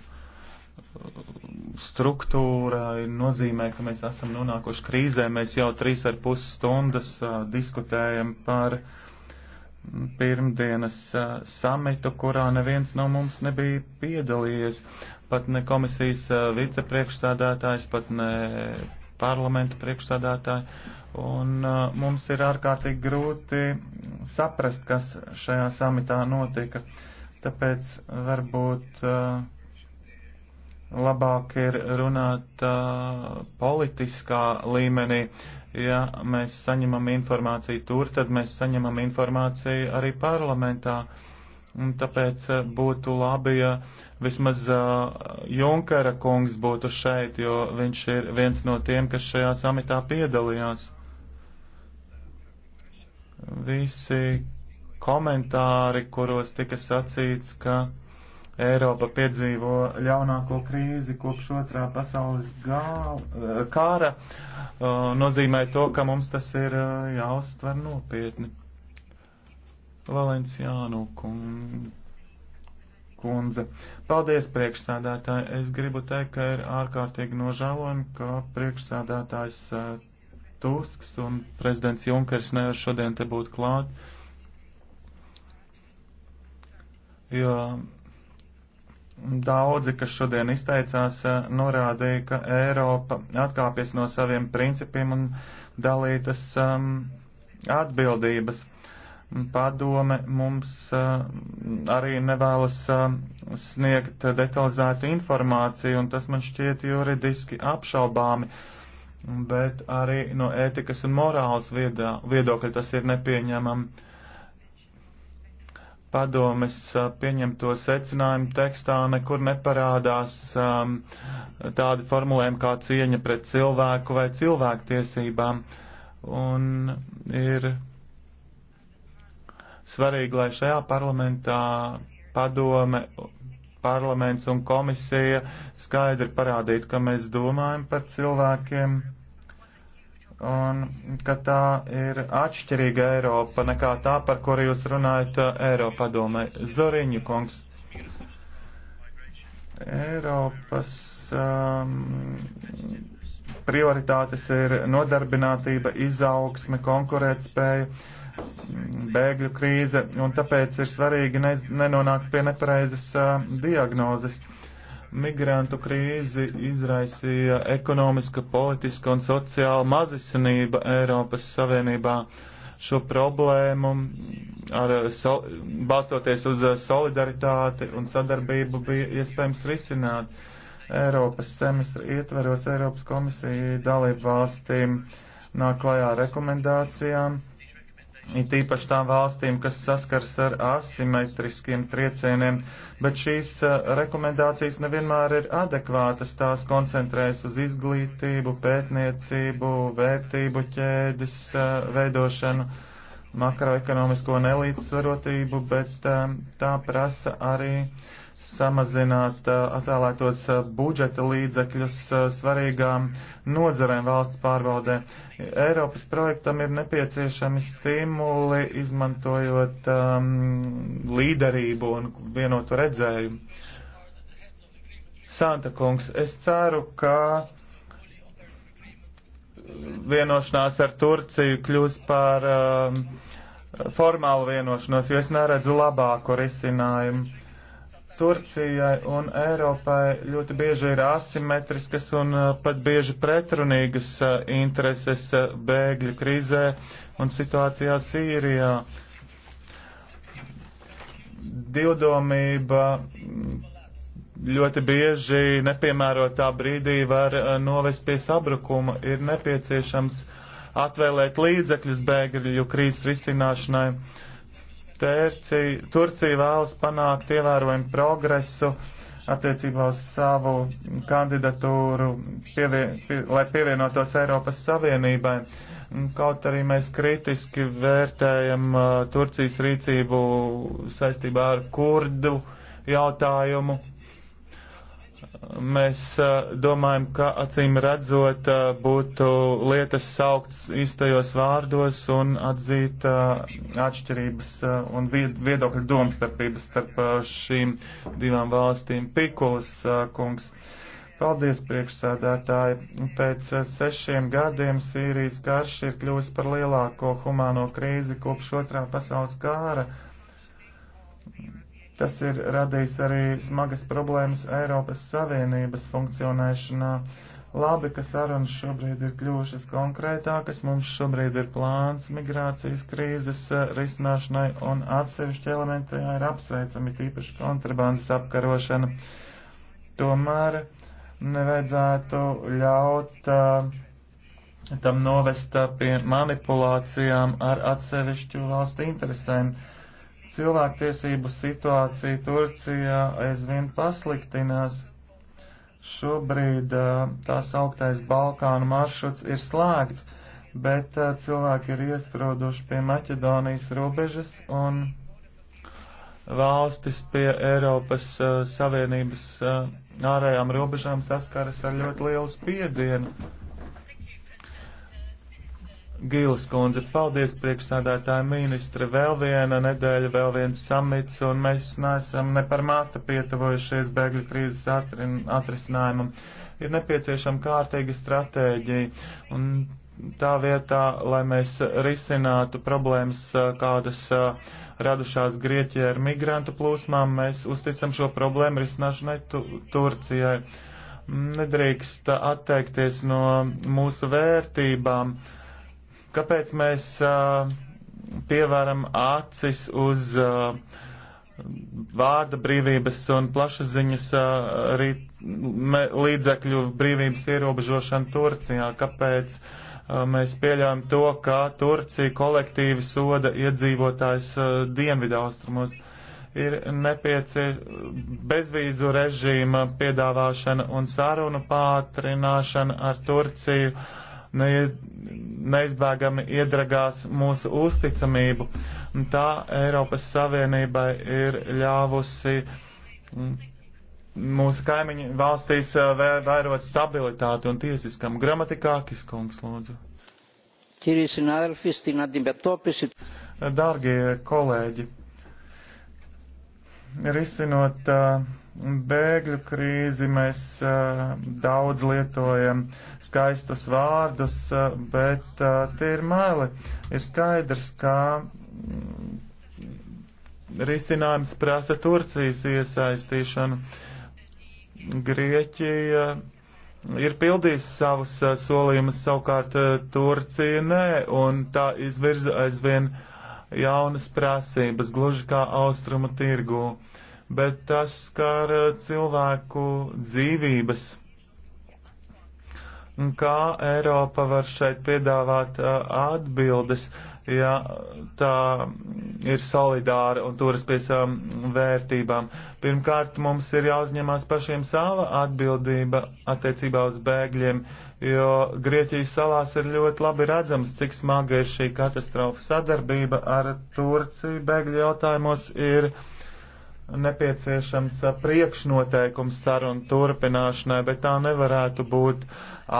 struktūrai nozīmē, ka mēs esam nonākuši krīzē. Mēs jau trīs ar pus stundas uh, diskutējam par pirmdienas uh, samitu, kurā neviens no mums nebija piedalījies. Pat ne komisijas uh, vicepriekšstādātājs, pat ne parlamenta priekšstādātāji. Un uh, mums ir ārkārtīgi grūti saprast, kas šajā samitā notika. Uh, Tāpēc varbūt uh, labāk ir runāt uh, politiskā līmenī. Ja mēs saņemam informāciju tur, tad mēs saņemam informāciju arī parlamentā. Un tāpēc uh, būtu labi, ja vismaz Junkara kungs būtu šeit, jo viņš ir viens no tiem, kas šajā samitā piedalījās. Visi, komentāri, kuros tika sacīts, ka Eiropa piedzīvo ļaunāko krīzi kopš otrā pasaules gala, eh, kara, eh, nozīmē to, ka mums tas ir eh, jāuztver nopietni. Valenciānu kundze. Paldies, priekšsādātāji. Es gribu teikt, ka ir ārkārtīgi nožēlojami, ka priekšsādātājs Tusks un prezidents Junkers nevar šodien te būt klāt. Uh, jo daudzi, kas šodien izteicās, eh, norādīja, ka Eiropa atkāpjas no saviem principiem un dalītas um, atbildības. Padome mums uh, arī nevēlas uh, sniegt detalizētu informāciju, un tas man šķiet juridiski apšaubāmi, bet arī no ētikas un morāles viedā, viedokļa tas ir nepieņemami padomes pieņemto secinājumu tekstā nekur neparādās um, tādi formulējumi kā cieņa pret cilvēku vai cilvēktiesībām. Un ir svarīgi, lai šajā parlamentā padome, parlaments un komisija skaidri parādītu, ka mēs domājam par cilvēkiem un ka tā ir atšķirīga Eiropa nekā tā, par kuru jūs runājat uh, Eiropa domē. Zoriņu kungs. Eiropas um, prioritātes ir nodarbinātība, izaugsme, konkurētspēja, bēgļu krīze, un tāpēc ir svarīgi ne, nenonākt pie nepareizas uh, diagnozes. Uh, Migrantu krīzi izraisīja ekonomiska, politiska un sociāla mazisinība Eiropas Savienībā. Šo problēmu, ar, sol, balstoties uz solidaritāti un sadarbību, bija iespējams risināt. Eiropas semestra ietveros Eiropas komisija dalību valstīm nāk klajā rekomendācijām it īpaši tām valstīm, kas saskars ar asimetriskiem triecieniem, bet šīs uh, rekomendācijas nevienmēr ir adekvātas, tās koncentrējas uz izglītību, pētniecību, vērtību ķēdes uh, veidošanu, makroekonomisko nelīdzsvarotību, bet um, tā prasa arī uh, samazināt atvēlētos budžeta līdzekļus svarīgām nozarēm valsts pārbaudē. Eiropas projektam ir nepieciešami stimuli, izmantojot um, līderību un vienotu redzējumu. Santa kungs, es ceru, ka vienošanās ar Turciju kļūs par um, formālu vienošanos, jo es neredzu labāku risinājumu Turcijai un Eiropai ļoti bieži ir asimetriskas un eh, pat bieži pretrunīgas eh, intereses eh, bēgļu krizē un situācijā Sīrijā. Divdomība mm, ļoti bieži nepiemērotā brīdī var novest pie sabrukuma. Ir nepieciešams atvēlēt līdzekļus bēgļu krīzes risināšanai Tērci, Turcija vēlas panākt ievērojumu progresu attiecībā uz savu kandidatūru, pievien, pie, lai pievienotos Eiropas Savienībai. Kaut arī mēs kritiski vērtējam uh, Turcijas rīcību saistībā ar kurdu jautājumu mēs domājam, ka acīm redzot būtu lietas saukts īstajos vārdos un atzīt atšķirības un viedokļu domstarpības starp šīm divām valstīm. Pikulis kungs. Paldies, priekšsēdētāji. Pēc sešiem gadiem Sīrijas karš ir kļuvis par lielāko humāno krīzi kopš otrā pasaules kāra Tas ir radījis arī smagas problēmas Eiropas Savienības funkcionēšanā. Labi, ka sarunas šobrīd ir kļuvušas konkrētākas, mums šobrīd ir plāns migrācijas krīzes eh, risināšanai un atsevišķi elementi tajā ir apsveicami, tīpaši kontrabandas apkarošana. Tomēr nevajadzētu ļaut uh, tam novest eh, pie manipulācijām ar atsevišķu valstu interesēm. Uh, Cilvēktiesību situācija Turcijā aizvien pasliktinās. Šobrīd tās augtais Balkānu maršruts ir slēgts, bet cilvēki ir iesprūduši pie Maķedonijas robežas un valstis pie Eiropas Savienības ārējām robežām saskaras ar ļoti lielu spiedienu Gīles kundze, paldies priekšsādātāja ministre. Vēl viena nedēļa, vēl viens samits, un mēs neesam ne par matu pietuvojušies bēgļu krīzes atrin, atrisinājumam. Ir nepieciešama kārtīga stratēģija, un tā vietā, lai mēs risinātu problēmas, kādas radušās Grieķijā ar migrantu plūsmām, mēs uzticam šo problēmu risināšanai tu Turcijai. Nedrīkst atteikties no mūsu vērtībām Kāpēc mēs uh, pievēram acis uz uh, vārda brīvības un plašsaziņas uh, līdzekļu brīvības ierobežošanu Turcijā? Kāpēc uh, mēs pieļām to, ka Turcija kolektīvi soda iedzīvotājs uh, dienvidaustrumos? Ir nepieciešama bezvīzu režīma piedāvāšana un sarunu pātrināšana ar Turciju. Uh, neizbēgami iedragās mūsu uzticamību. Tā Eiropas Savienībai ir ļāvusi mūsu kaimiņu valstīs eh, vērot stabilitāti un tiesiskam. Gramatikākis kungs, lūdzu. Dārgie kolēģi, risinot uh, bēgļu krīzi, mēs uh, daudz lietojam skaistus vārdus, uh, bet uh, tie ir meli. Ir skaidrs, ka mm, risinājums prasa Turcijas iesaistīšanu. Grieķija ir pildījis savus solījumus, savukārt Turcija nē, un tā izvirza aizvien jaunas prasības, gluži kā austrumu tirgū bet tas skar uh, cilvēku dzīvības. Kā Eiropa var šeit piedāvāt uh, atbildes, ja tā ir solidāra un turas pie savām vērtībām? Pirmkārt, mums ir jāuzņemās pašiem sava atbildība attiecībā uz bēgļiem, jo Grieķijas salās ir ļoti labi redzams, cik smaga ir šī katastrofa sadarbība ar Turciju bēgļu jautājumos ir nepieciešams priekšnoteikums sarunu turpināšanai, bet tā nevarētu būt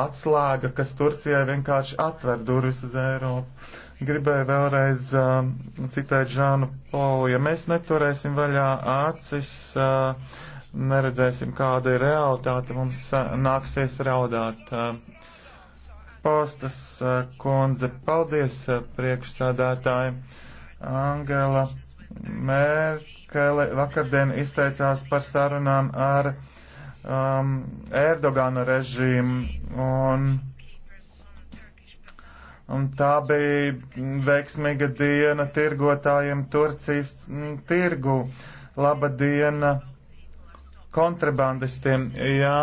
atslēga, kas Turcijai vienkārši atver durvis uz Eiropu. Gribēju vēlreiz uh, citēt Žānu Polu, ja mēs neturēsim vaļā acis, uh, neredzēsim, kāda ir realitāte, mums uh, nāksies raudāt. Uh, postas uh, kundze, paldies uh, priekšsādātāji. Angela Mērķa Merkele vakardien izteicās par sarunām ar um, Erdogana režīmu, un, un tā bija veiksmīga diena tirgotājiem Turcijas mm, tirgu, laba diena kontrabandistiem. Jā,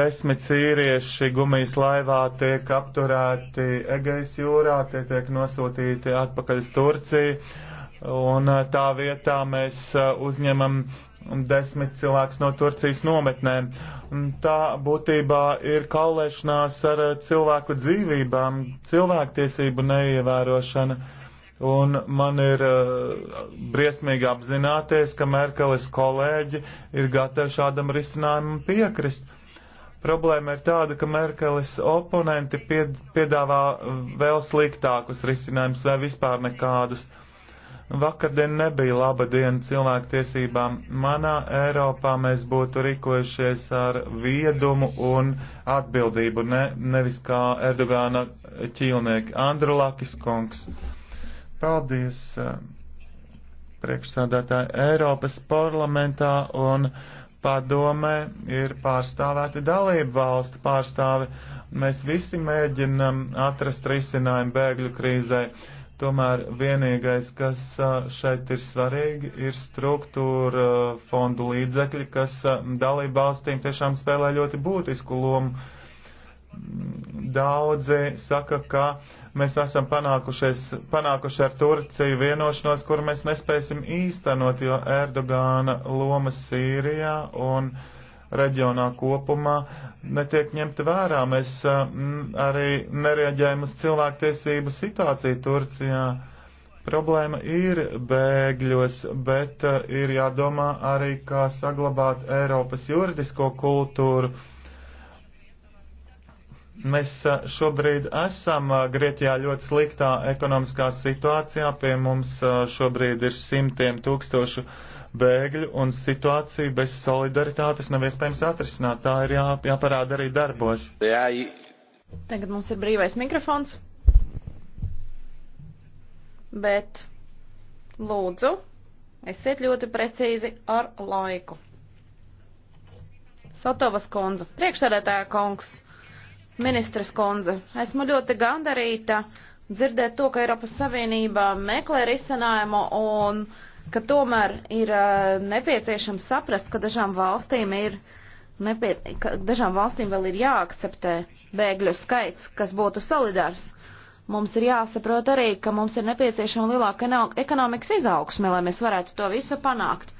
desmit sīrieši gumijas laivā tiek apturēti Egejas jūrā, tie tiek nosūtīti atpakaļ uz Turciju. Un eh, tā vietā mēs eh, uzņemam desmit cilvēkus no Turcijas nometnēm. Tā būtībā ir kaulēšanās ar eh, cilvēku dzīvībām, cilvēktiesību neievērošana. Un man ir uh, briesmīgi apzināties, ka Merkeles kolēģi ir gatavi šādam risinājumam piekrist. Problēma ir tāda, ka Merkeles oponenti pied, piedāvā vēl sliktākus risinājumus vai vispār nekādus. Uh, Vakardien nebija laba diena cilvēktiesībām. Manā Eiropā mēs būtu rīkojušies ar viedumu un atbildību, ne, nevis kā Erdogāna ķīlnieki. Andru Lakis kungs. Paldies, eh, priekšsādātāji. Eiropas parlamentā un padomē ir pārstāvēti dalību valstu pārstāvi. Mēs visi mēģinam atrast risinājumu bēgļu krīzai Tomēr vienīgais, kas šeit ir svarīgi, ir struktūra fondu līdzekļi, kas dalību valstīm tiešām spēlē ļoti būtisku lomu. Daudzi saka, ka mēs esam panākuši ar Turciju vienošanos, kur mēs nespēsim īstenot, jo Erdogāna loma Sīrijā un uh, reģionā kopumā netiek ņemta vērā. Mēs arī nereaģējam uz cilvēktiesību situāciju Turcijā. Problēma ir bēgļos, bet ir jādomā arī, kā saglabāt Eiropas juridisko kultūru. Mēs šobrīd esam Grieķijā ļoti sliktā ekonomiskā situācijā. Pie mums šobrīd ir simtiem tūkstošu uh, bēgļu un situāciju bez solidaritātes nav iespējams atrisināt. Tā ir jā, jāparāda arī darbos. Jā, j... Tagad mums ir brīvais mikrofons. Bet lūdzu, esiet ļoti precīzi ar laiku. Sotovas konza, priekšsēdētāja kungs, ministres konza, esmu ļoti gandarīta dzirdēt to, ka Eiropas Savienība meklē risinājumu un uh, ka tomēr ir uh, nepieciešams saprast, ka dažām valstīm ir nepie, ka dažām valstīm vēl ir jāakceptē bēgļu skaits, kas būtu solidārs. Mums ir jāsaprot arī, ka mums ir nepieciešama lielāka ekonomikas izaugsme, lai mēs varētu to visu panākt.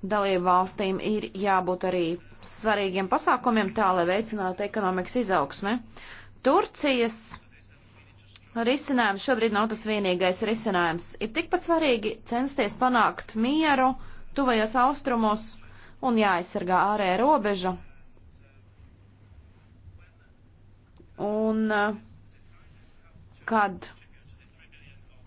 Dalību valstīm ir jābūt arī svarīgiem pasākumiem tā, lai veicinātu ekonomikas izaugsme. Turcijas risinājums šobrīd nav tas vienīgais risinājums. Ir tikpat svarīgi censties panākt mieru tuvajos austrumos un jāaizsargā ārēja robeža. Un eh, kad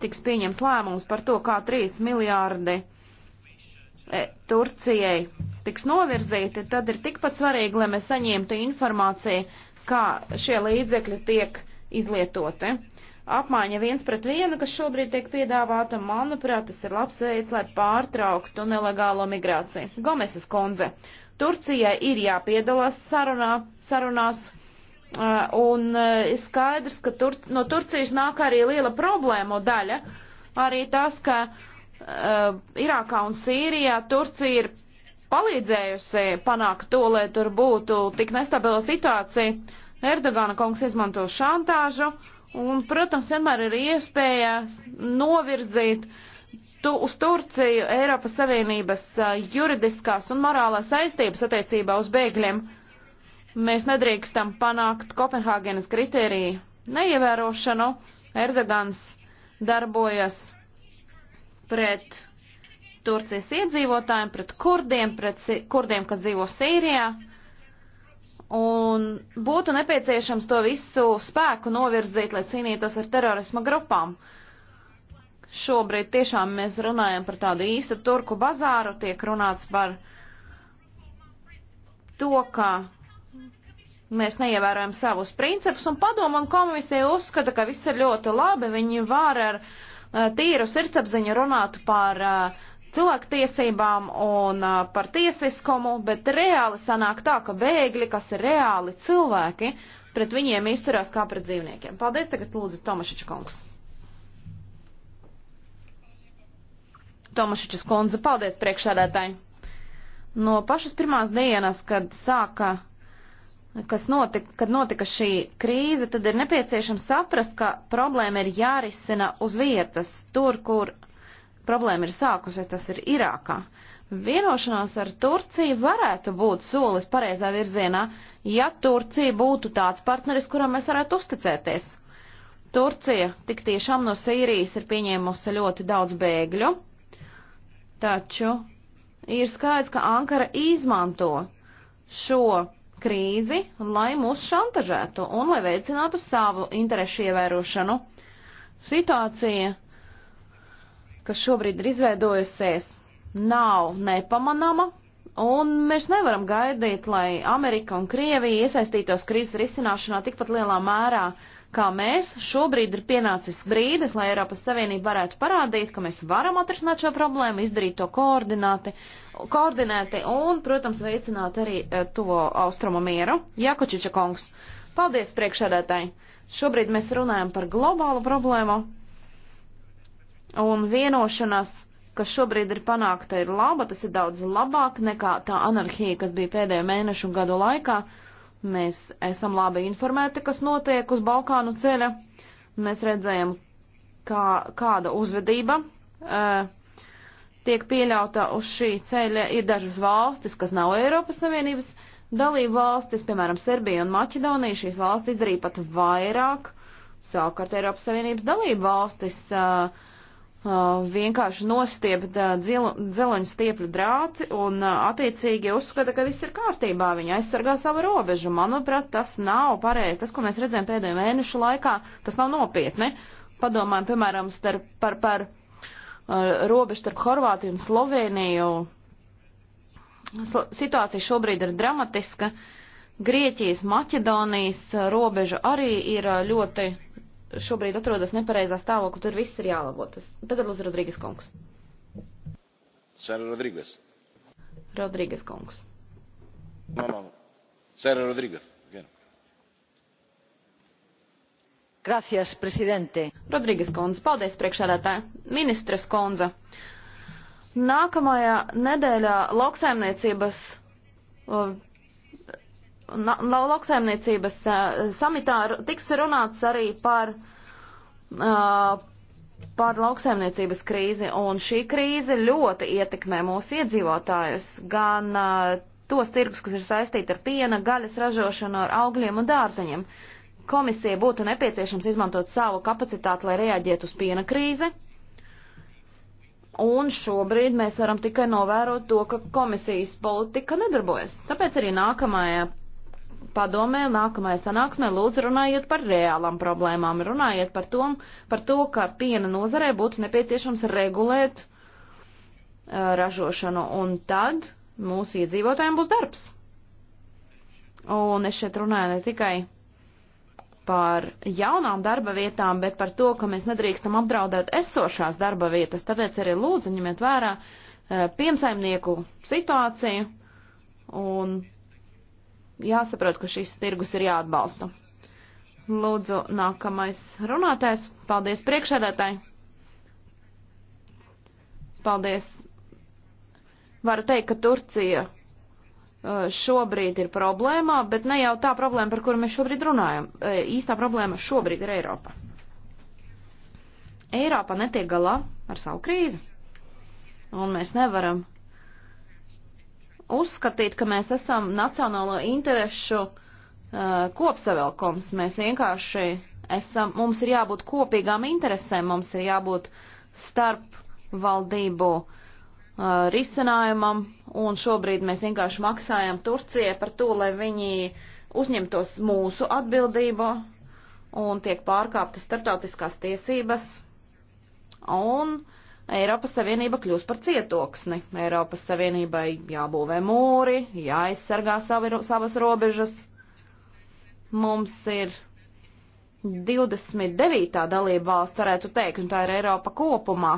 tiks pieņems lēmums par to, kā 3 miljārdi eh, Turcijai tiks novirzīti, tad ir tikpat svarīgi, lai mēs saņemtu informāciju, kā šie līdzekļi tiek izlietoti apmaiņa viens pret vienu, kas šobrīd tiek piedāvāta, manuprāt, tas ir labs veids, lai pārtrauktu nelegālo migrāciju. Gomeses kundze, Turcijai ir jāpiedalās sarunā, sarunās, uh, un uh, ir skaidrs, ka tur, no Turcijas nāk arī liela problēmu daļa, arī tas, ka uh, Irākā un Sīrijā Turcija ir palīdzējusi panākt to, lai tur būtu tik nestabila situācija. Erdogana kungs izmanto šantāžu, uh, Un, protams, vienmēr ir iespēja novirzīt tu, uz Turciju Eiropas Savienības uh, juridiskās un morālās saistības attiecībā uz bēgļiem. Mēs nedrīkstam panākt Kopenhāgenes kritēriju neievērošanu. Erdogans darbojas pret Turcijas iedzīvotājiem, pret kurdiem, pret si kurdiem, kas dzīvo Sīrijā un būtu nepieciešams to visu spēku novirzīt, lai cīnītos ar terorisma grupām. Šobrīd tiešām mēs runājam par tādu īstu turku bazāru, tiek runāts par to, ka mēs neievērojam savus principus, un padomu un komisija uzskata, ka viss ir ļoti labi, viņi var ar tīru sirdsapziņu runāt par uh, cilvēktiesībām un uh, par tiesiskumu, bet reāli sanāk tā, ka bēgļi, kas ir reāli cilvēki, pret viņiem izturās kā pret dzīvniekiem. Paldies tagad lūdzu Tomašiča kungs. Tomašičas kundze, paldies priekšsēdētāji. No pašas pirmās dienas, kad sāka, kas notika, kad notika šī krīze, tad ir nepieciešams saprast, ka problēma ir jārisina uz vietas, tur, kur problēma ir sākusies, tas ir Irākā. Vienošanās ar Turciju varētu būt solis pareizā virzienā, ja Turcija būtu tāds partneris, kuram mēs varētu uzticēties. Turcija tik tiešām no Sīrijas ir pieņēmusi ļoti daudz bēgļu, taču ir skaidrs, ka Ankara izmanto šo krīzi, lai mūs šantažētu un lai veicinātu savu interesu ievērošanu. Situācija kas šobrīd ir izveidojusies, nav nepamanama, un mēs nevaram gaidīt, lai Amerika un Krievija iesaistītos krīzes risināšanā tikpat lielā mērā, kā mēs. Šobrīd ir pienācis brīdis, lai Eiropas Savienība varētu parādīt, ka mēs varam atrisināt šo problēmu, izdarīt to koordināti, koordinēti un, protams, veicināt arī eh, tuvo austrumu mieru. Jakočiča kungs, paldies priekšsēdētāji! Šobrīd mēs runājam par globālu problēmu, Un vienošanās, kas šobrīd ir panākta, ir laba, tas ir daudz labāk nekā tā anarhija, kas bija pēdējo mēnešu un gadu laikā. Mēs esam labi informēti, kas notiek uz Balkānu ceļa. Mēs redzējam, kā, kāda uzvedība uh, tiek pieļauta uz šī ceļa. Ir dažas valstis, kas nav Eiropas Savienības dalību valstis, piemēram, Serbija un Maķedonija. Šīs valstis darīja pat vairāk. Savukārt Eiropas Savienības dalību valstis uh, vienkārši nostiept dzeloņu stiepļu drāti un attiecīgi uzskata, ka viss ir kārtībā, viņi aizsargā savu robežu. Manuprāt, tas nav pareizi. Tas, ko mēs redzējām pēdējo mēnešu laikā, tas nav nopietni. Padomājam, piemēram, starp, par, par uh, robežu starp Horvātiju un Sloveniju. Sl situācija šobrīd ir dramatiska. Grieķijas, Maķedonijas robeža arī ir ļoti šobrīd atrodas nepareizā stāvoklī, tur viss ir jālabo. Tas tagad lūdzu Rodrīgas kungs. Sēra Rodrīgas. Rodrīgas kungs. No, no, no. Sēra Rodrīgas. Gracias, presidente. Rodrīgas kundze, paldies priekšādātāji. Ministres kundze, nākamajā nedēļā lauksaimniecības lauksaimniecības samitā tiks runāts arī par, par lauksaimniecības krīzi, un šī krīze ļoti ietekmē mūsu iedzīvotājus, gan tos tirgus, kas ir saistīti ar piena, gaļas ražošanu, ar augļiem un dārzeņiem. Komisija būtu nepieciešams izmantot savu kapacitāti, lai reaģētu uz piena krīzi, Un šobrīd mēs varam tikai novērot to, ka komisijas politika nedarbojas. Tāpēc arī nākamajā padomē nākamajā sanāksmē lūdzu runājiet par reālām problēmām, runājiet par, tom, par to, ka piena nozarē būtu nepieciešams regulēt uh, ražošanu, un tad mūsu iedzīvotājiem būs darbs. Un es šeit runāju ne tikai par jaunām darba vietām, bet par to, ka mēs nedrīkstam apdraudēt esošās darba vietas, tāpēc arī lūdzu ņemiet vērā uh, piensaimnieku situāciju un jāsaprot, ka šis tirgus ir jāatbalsta. Lūdzu, nākamais runātājs. Paldies priekšsēdētāji. Paldies. Varu teikt, ka Turcija uh, šobrīd ir problēmā, bet ne jau tā problēma, par kuru mēs šobrīd runājam. Uh, īstā problēma šobrīd ir Eiropa. Eiropa netiek galā ar savu krīzi. Un mēs nevaram uzskatīt, ka mēs esam nacionālo interešu uh, kopsavilkums. Mēs vienkārši esam, mums ir jābūt kopīgām interesēm, mums ir jābūt starp valdību uh, risinājumam, un šobrīd mēs vienkārši maksājam Turcijai par to, lai viņi uzņemtos mūsu atbildību un tiek pārkāptas starptautiskās tiesības. Un uh, Eiropas Savienība kļūs par cietoksni. Eiropas Savienībai jābūvē mūri, jāaizsargā savi, savas robežas. Mums ir 29. dalība valsts, varētu teikt, un tā ir Eiropa kopumā.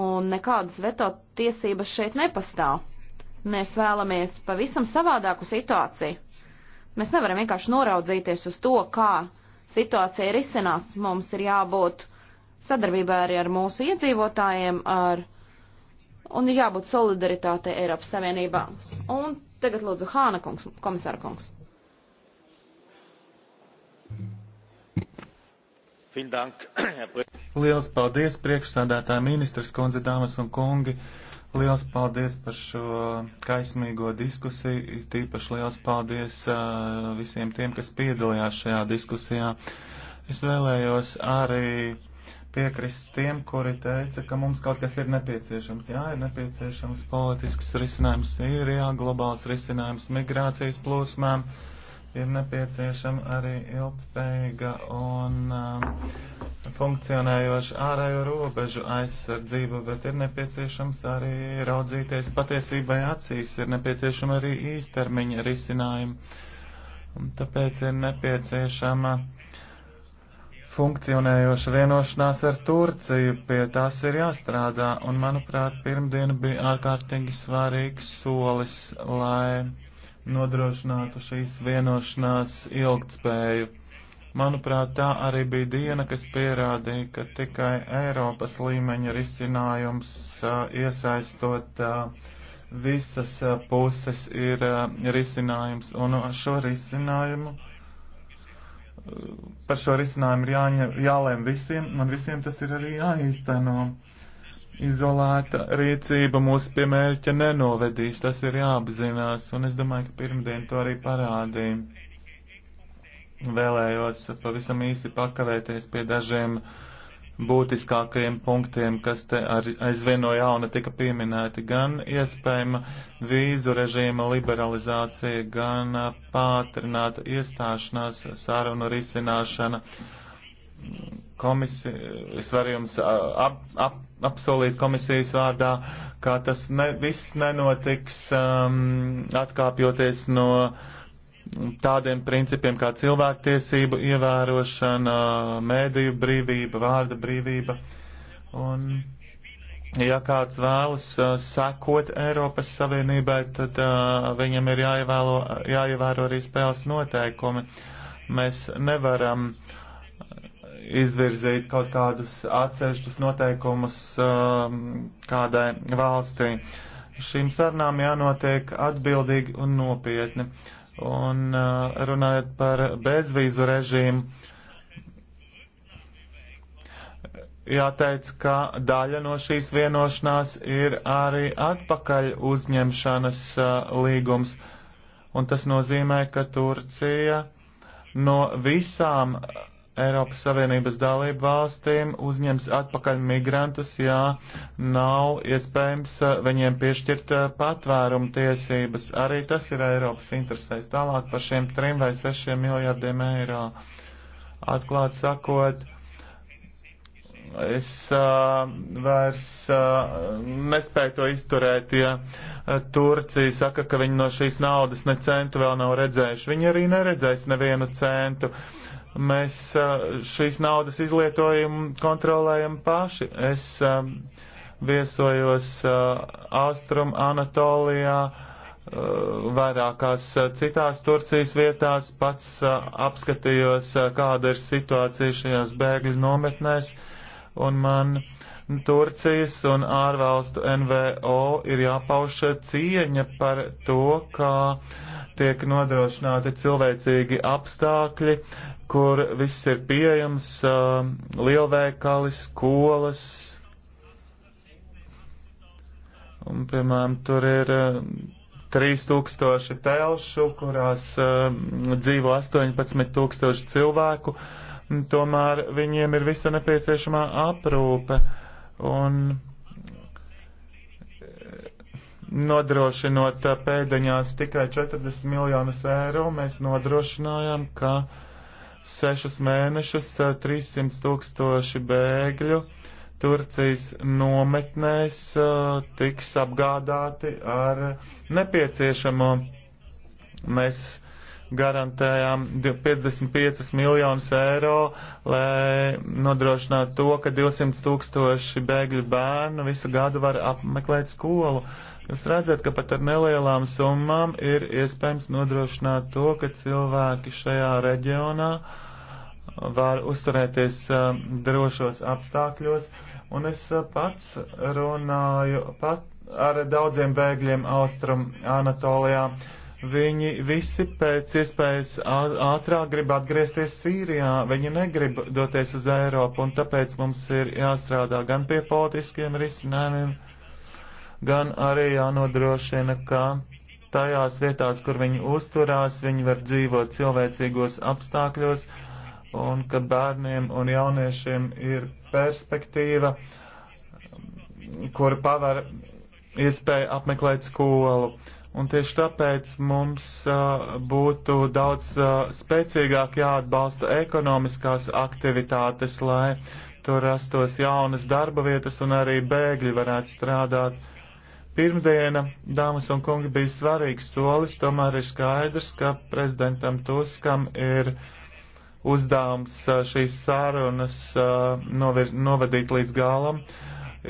Un nekādas veto tiesības šeit nepastāv. Mēs vēlamies pavisam savādāku situāciju. Mēs nevaram vienkārši noraudzīties uz to, kā situācija risinās. Mums ir jābūt sadarbībā arī ar mūsu iedzīvotājiem, ar, un ir jābūt solidaritātei Eiropas Savienībā. Un tagad lūdzu Hāna kungs, komisāra kungs. Liels paldies priekšsādātā ministras kundze, dāmas un kungi. Liels paldies par šo kaismīgo diskusiju. Tīpaši liels paldies uh, visiem tiem, kas piedalījās šajā diskusijā. Es vēlējos arī uh, piekrist tiem, kuri teica, ka mums kaut kas ir nepieciešams. Jā, ir nepieciešams politisks risinājums Sīrijā, globāls risinājums migrācijas plūsmām, ir nepieciešama arī ilgspējīga un um, funkcionējoša ārējo robežu aizsardzība, bet ir nepieciešams arī raudzīties patiesībai acīs, ir nepieciešama arī īstermiņa risinājuma. Un tāpēc ir nepieciešama funkcionējoša vienošanās ar Turciju, pie tās ir jāstrādā, un manuprāt, pirmdiena bija ārkārtīgi svarīgs solis, lai nodrošinātu šīs vienošanās ilgtspēju. Manuprāt, tā arī bija diena, kas pierādīja, ka tikai Eiropas līmeņa risinājums iesaistot visas puses ir risinājums, un šo risinājumu par šo risinājumu ir jāņem, jālēm visiem, un visiem tas ir arī jāīsteno. Izolēta rīcība mūs pie mērķa nenovedīs, tas ir jāapzinās, un es domāju, ka pirmdien to arī parādīja. Vēlējos pavisam īsi pakavēties pie dažiem uh, būtiskākajiem punktiem, kas te ar, aizvien no jauna tika pieminēti, gan iespējama vīzu režīma liberalizācija, gan pātrināta iestāšanās sarunu risināšana. Komisi, es varu jums ap, ap, apsolīt komisijas vārdā, ka tas ne, viss nenotiks um, atkāpjoties no uh, tādiem principiem kā cilvēktiesība, ievērošana, mēdīju brīvība, vārda brīvība. Un, ja kāds vēlas uh, sekot Eiropas Savienībai, tad uh, viņam ir jāievēlo, jāievēro arī spēles noteikumi. Mēs nevaram izvirzīt kaut kādus atsevišķus noteikumus uh, kādai valstī. Šīm sarunām jānotiek atbildīgi un nopietni. Uh, Un uh, runājot par bezvīzu režīmu, jāteic, ka daļa no šīs vienošanās ir arī atpakaļ uzņemšanas uh, līgums. Un tas nozīmē, ka Turcija no visām Eiropas Savienības dalību valstīm uzņems atpakaļ migrantus, ja nav iespējams eh, viņiem piešķirt eh, patvērumu tiesības. Arī tas ir Eiropas interesēs. Tālāk par šiem trim vai sešiem miljardiem eiro. Atklāt sakot, es uh, vairs uh, nespēju to izturēt, ja Turcija saka, ka viņi no šīs naudas ne centu vēl nav redzējuši. Viņi arī neredzēs nevienu centu. Uh, mēs šīs naudas izlietojumu kontrolējam paši. Es viesojos Austrum Anatolijā, vairākās citās Turcijas vietās, pats apskatījos, kāda ir situācija šajās bēgļu nometnēs, un man Turcijas un ārvalstu NVO ir jāpauša cieņa par to, kā tiek nodrošināti cilvēcīgi apstākļi, kur viss ir pieejams, um, lielveikali, skolas. Un, piemēram, tur ir 3000 um, telšu, kurās um, dzīvo 18000 cilvēku. Tomēr viņiem ir visa nepieciešamā aprūpe. Un nodrošinot uh, pēdiņās tikai 40 miljonus eiro, mēs nodrošinājām, ka sešus mēnešus 300 uh, tūkstoši bēgļu Turcijas nometnēs uh, tiks apgādāti ar nepieciešamo. Mēs garantējām 55 miljonus eiro, lai nodrošinātu to, ka 200 tūkstoši bēgļu bērnu visu gadu var apmeklēt skolu. Uh, Jūs redzat, ka pat ar nelielām summām ir iespējams nodrošināt to, ka cilvēki šajā reģionā var uzturēties um, drošos apstākļos. Un es uh, pats runāju pat ar daudziem bēgļiem Austrum Anatolijā. Viņi visi pēc iespējas ātrāk grib atgriezties Sīrijā, viņi negrib doties uz Eiropu, un tāpēc mums ir jāstrādā gan pie politiskiem risinājumiem, gan arī jānodrošina, ka tajās vietās, kur viņi uzturās, viņi var dzīvot cilvēcīgos apstākļos un ka bērniem un jauniešiem ir perspektīva, kur paver iespēja apmeklēt skolu. Un tieši tāpēc mums uh, būtu daudz uh, spēcīgāk jāatbalsta ekonomiskās aktivitātes, lai tur rastos jaunas darba vietas un arī bēgļi varētu strādāt. Pirmdiena, dāmas un kungi, bija svarīgs solis, tomēr ir skaidrs, ka prezidentam Tuskam ir uzdevums šīs sārunas novadīt līdz galam.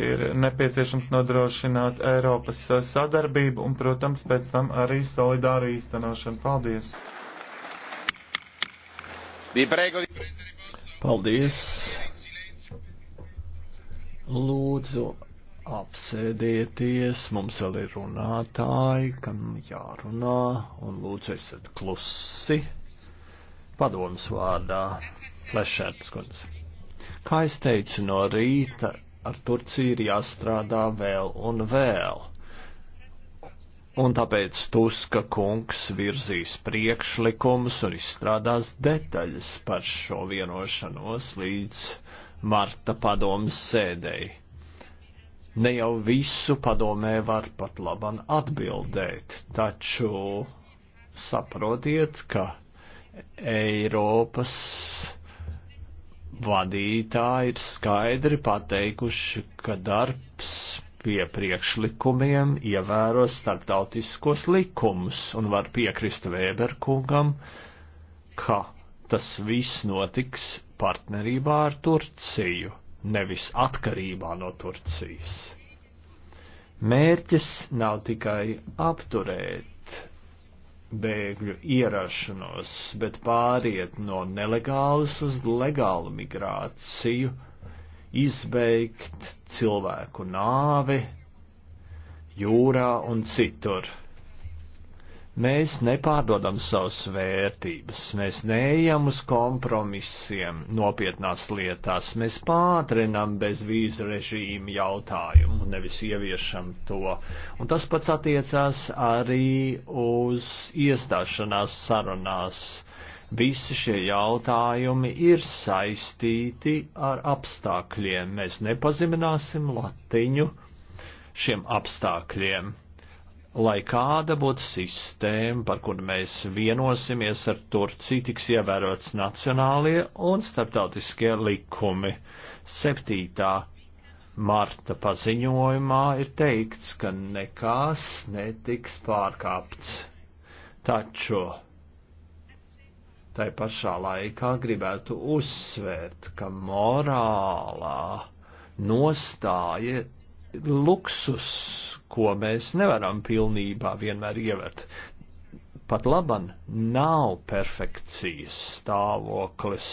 Ir nepieciešams nodrošināt Eiropas sadarbību un, protams, pēc tam arī solidāru īstenošanu. Paldies! Paldies! Lūdzu, apsēdieties, mums vēl ir runātāji, kam jārunā, un lūdzu esat klusi. Padoms vārdā, Lešētas kundze. Kā es teicu, no rīta ar Turciju ir jāstrādā vēl un vēl. Un tāpēc Tuska kungs virzīs priekšlikumus un izstrādās detaļas par šo vienošanos līdz marta padomas sēdēji Ne jau visu padomē var pat laban atbildēt, taču saprotiet, ka Eiropas vadītāji ir skaidri pateikuši, ka darbs pie priekšlikumiem ievēro starptautiskos likumus un var piekrist Vēberkungam, ka tas viss notiks partnerībā ar Turciju nevis atkarībā no Turcijas. Mērķis nav tikai apturēt bēgļu ierašanos, bet pāriet no nelegālas uz legālu migrāciju, izbeigt cilvēku nāvi jūrā un citur. Mēs nepārdodam savas vērtības, mēs neejam uz kompromisiem nopietnās lietās, mēs pātrinam bezvīzu režīmu jautājumu, nevis ieviešam to. Un tas pats attiecās arī uz iestāšanās sarunās. Visi šie jautājumi ir saistīti ar apstākļiem. Mēs nepazemināsim latiņu šiem apstākļiem lai kāda būtu sistēma, par kuru mēs vienosimies ar Turciju, tiks ievērots nacionālie un starptautiskie likumi. 7. marta paziņojumā ir teikts, ka nekas netiks pārkāpts. Taču tai pašā laikā gribētu uzsvērt, ka morālā nostāja luksus, ko mēs nevaram pilnībā vienmēr ievert. Pat laban nav perfekcijas stāvoklis.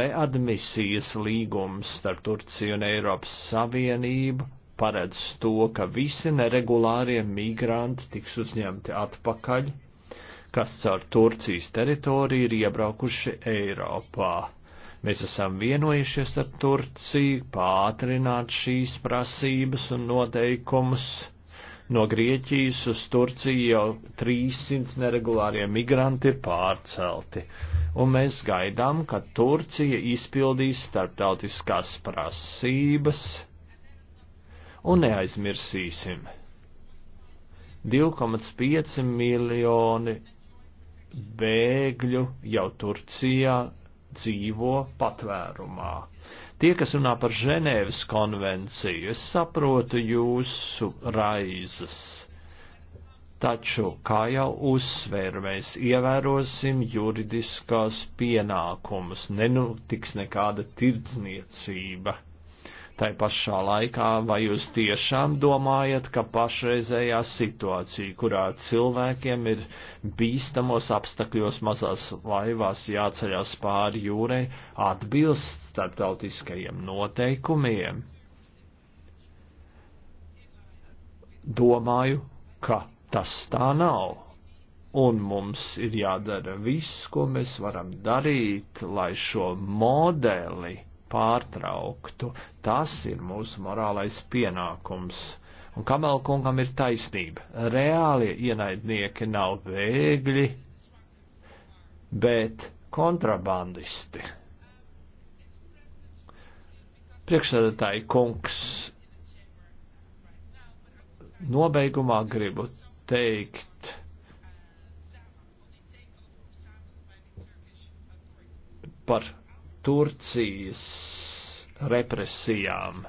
Readmisijas līgums starp Turciju un Eiropas Savienību paredz to, ka visi neregulārie migranti tiks uzņemti atpakaļ, kas caur Turcijas teritoriju ir iebraukuši Eiropā Mēs esam vienojušies ar Turciju pātrināt šīs prasības un noteikumus. No Grieķijas uz Turciju jau 300 neregulārie migranti ir pārcelti, un mēs gaidām, ka Turcija izpildīs starptautiskās prasības, un neaizmirsīsim. 2,5 miljoni bēgļu jau Turcijā dzīvo patvērumā. Tie, kas runā par Ženēvas konvenciju, es saprotu jūsu raizes. Taču, kā jau uzsver, mēs ievērosim juridiskās pienākumus, nenutiks nekāda tirdzniecība Tai pašā laikā, vai jūs tiešām domājat, ka pašreizējā situācija, kurā cilvēkiem ir bīstamos apstākļos mazās laivās jāceļās pāri jūrai, atbilst starptautiskajiem noteikumiem? Domāju, ka tas tā nav un mums ir jādara viss, ko mēs varam darīt, lai šo modeli pārtrauktu. Tas ir mūsu morālais pienākums. Un Kamala kungam ir taisnība. Reāli ienaidnieki nav bēgļi, bet kontrabandisti. Priekšsēdētāji kungs, nobeigumā gribu teikt, par Turcijas represijām.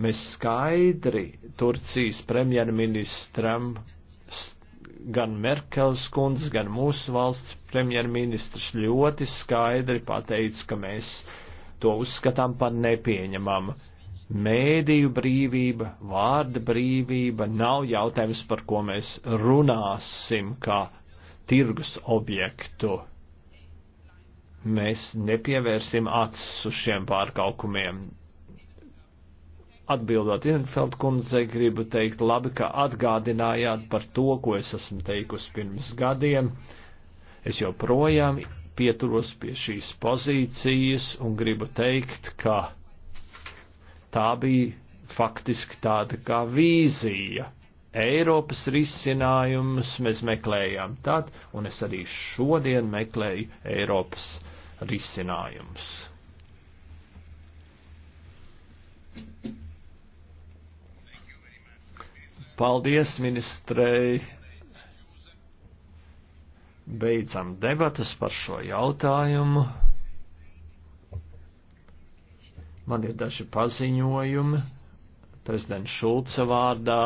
Mēs skaidri Turcijas premjerministram gan Merkels kundze, gan mūsu valsts premjerministrs ļoti skaidri pateica, ka mēs to uzskatām par nepieņemamu. Mēdīju brīvība, vārda brīvība nav jautājums, par ko mēs runāsim kā tirgus objektu mēs nepievērsim acis uz šiem pārkaukumiem. Atbildot Infeld kundzei, gribu teikt labi, ka atgādinājāt par to, ko es esmu teikusi pirms gadiem. Es joprojām pieturos pie šīs pozīcijas un gribu teikt, ka tā bija faktiski tāda kā vīzija. Eiropas risinājumus mēs meklējām tad, un es arī šodien meklēju Eiropas risinājumus risinājums. Paldies ministrei. Beidzam debatas par šo jautājumu. Man ir daži paziņojumi prezidenta Šulca vārdā.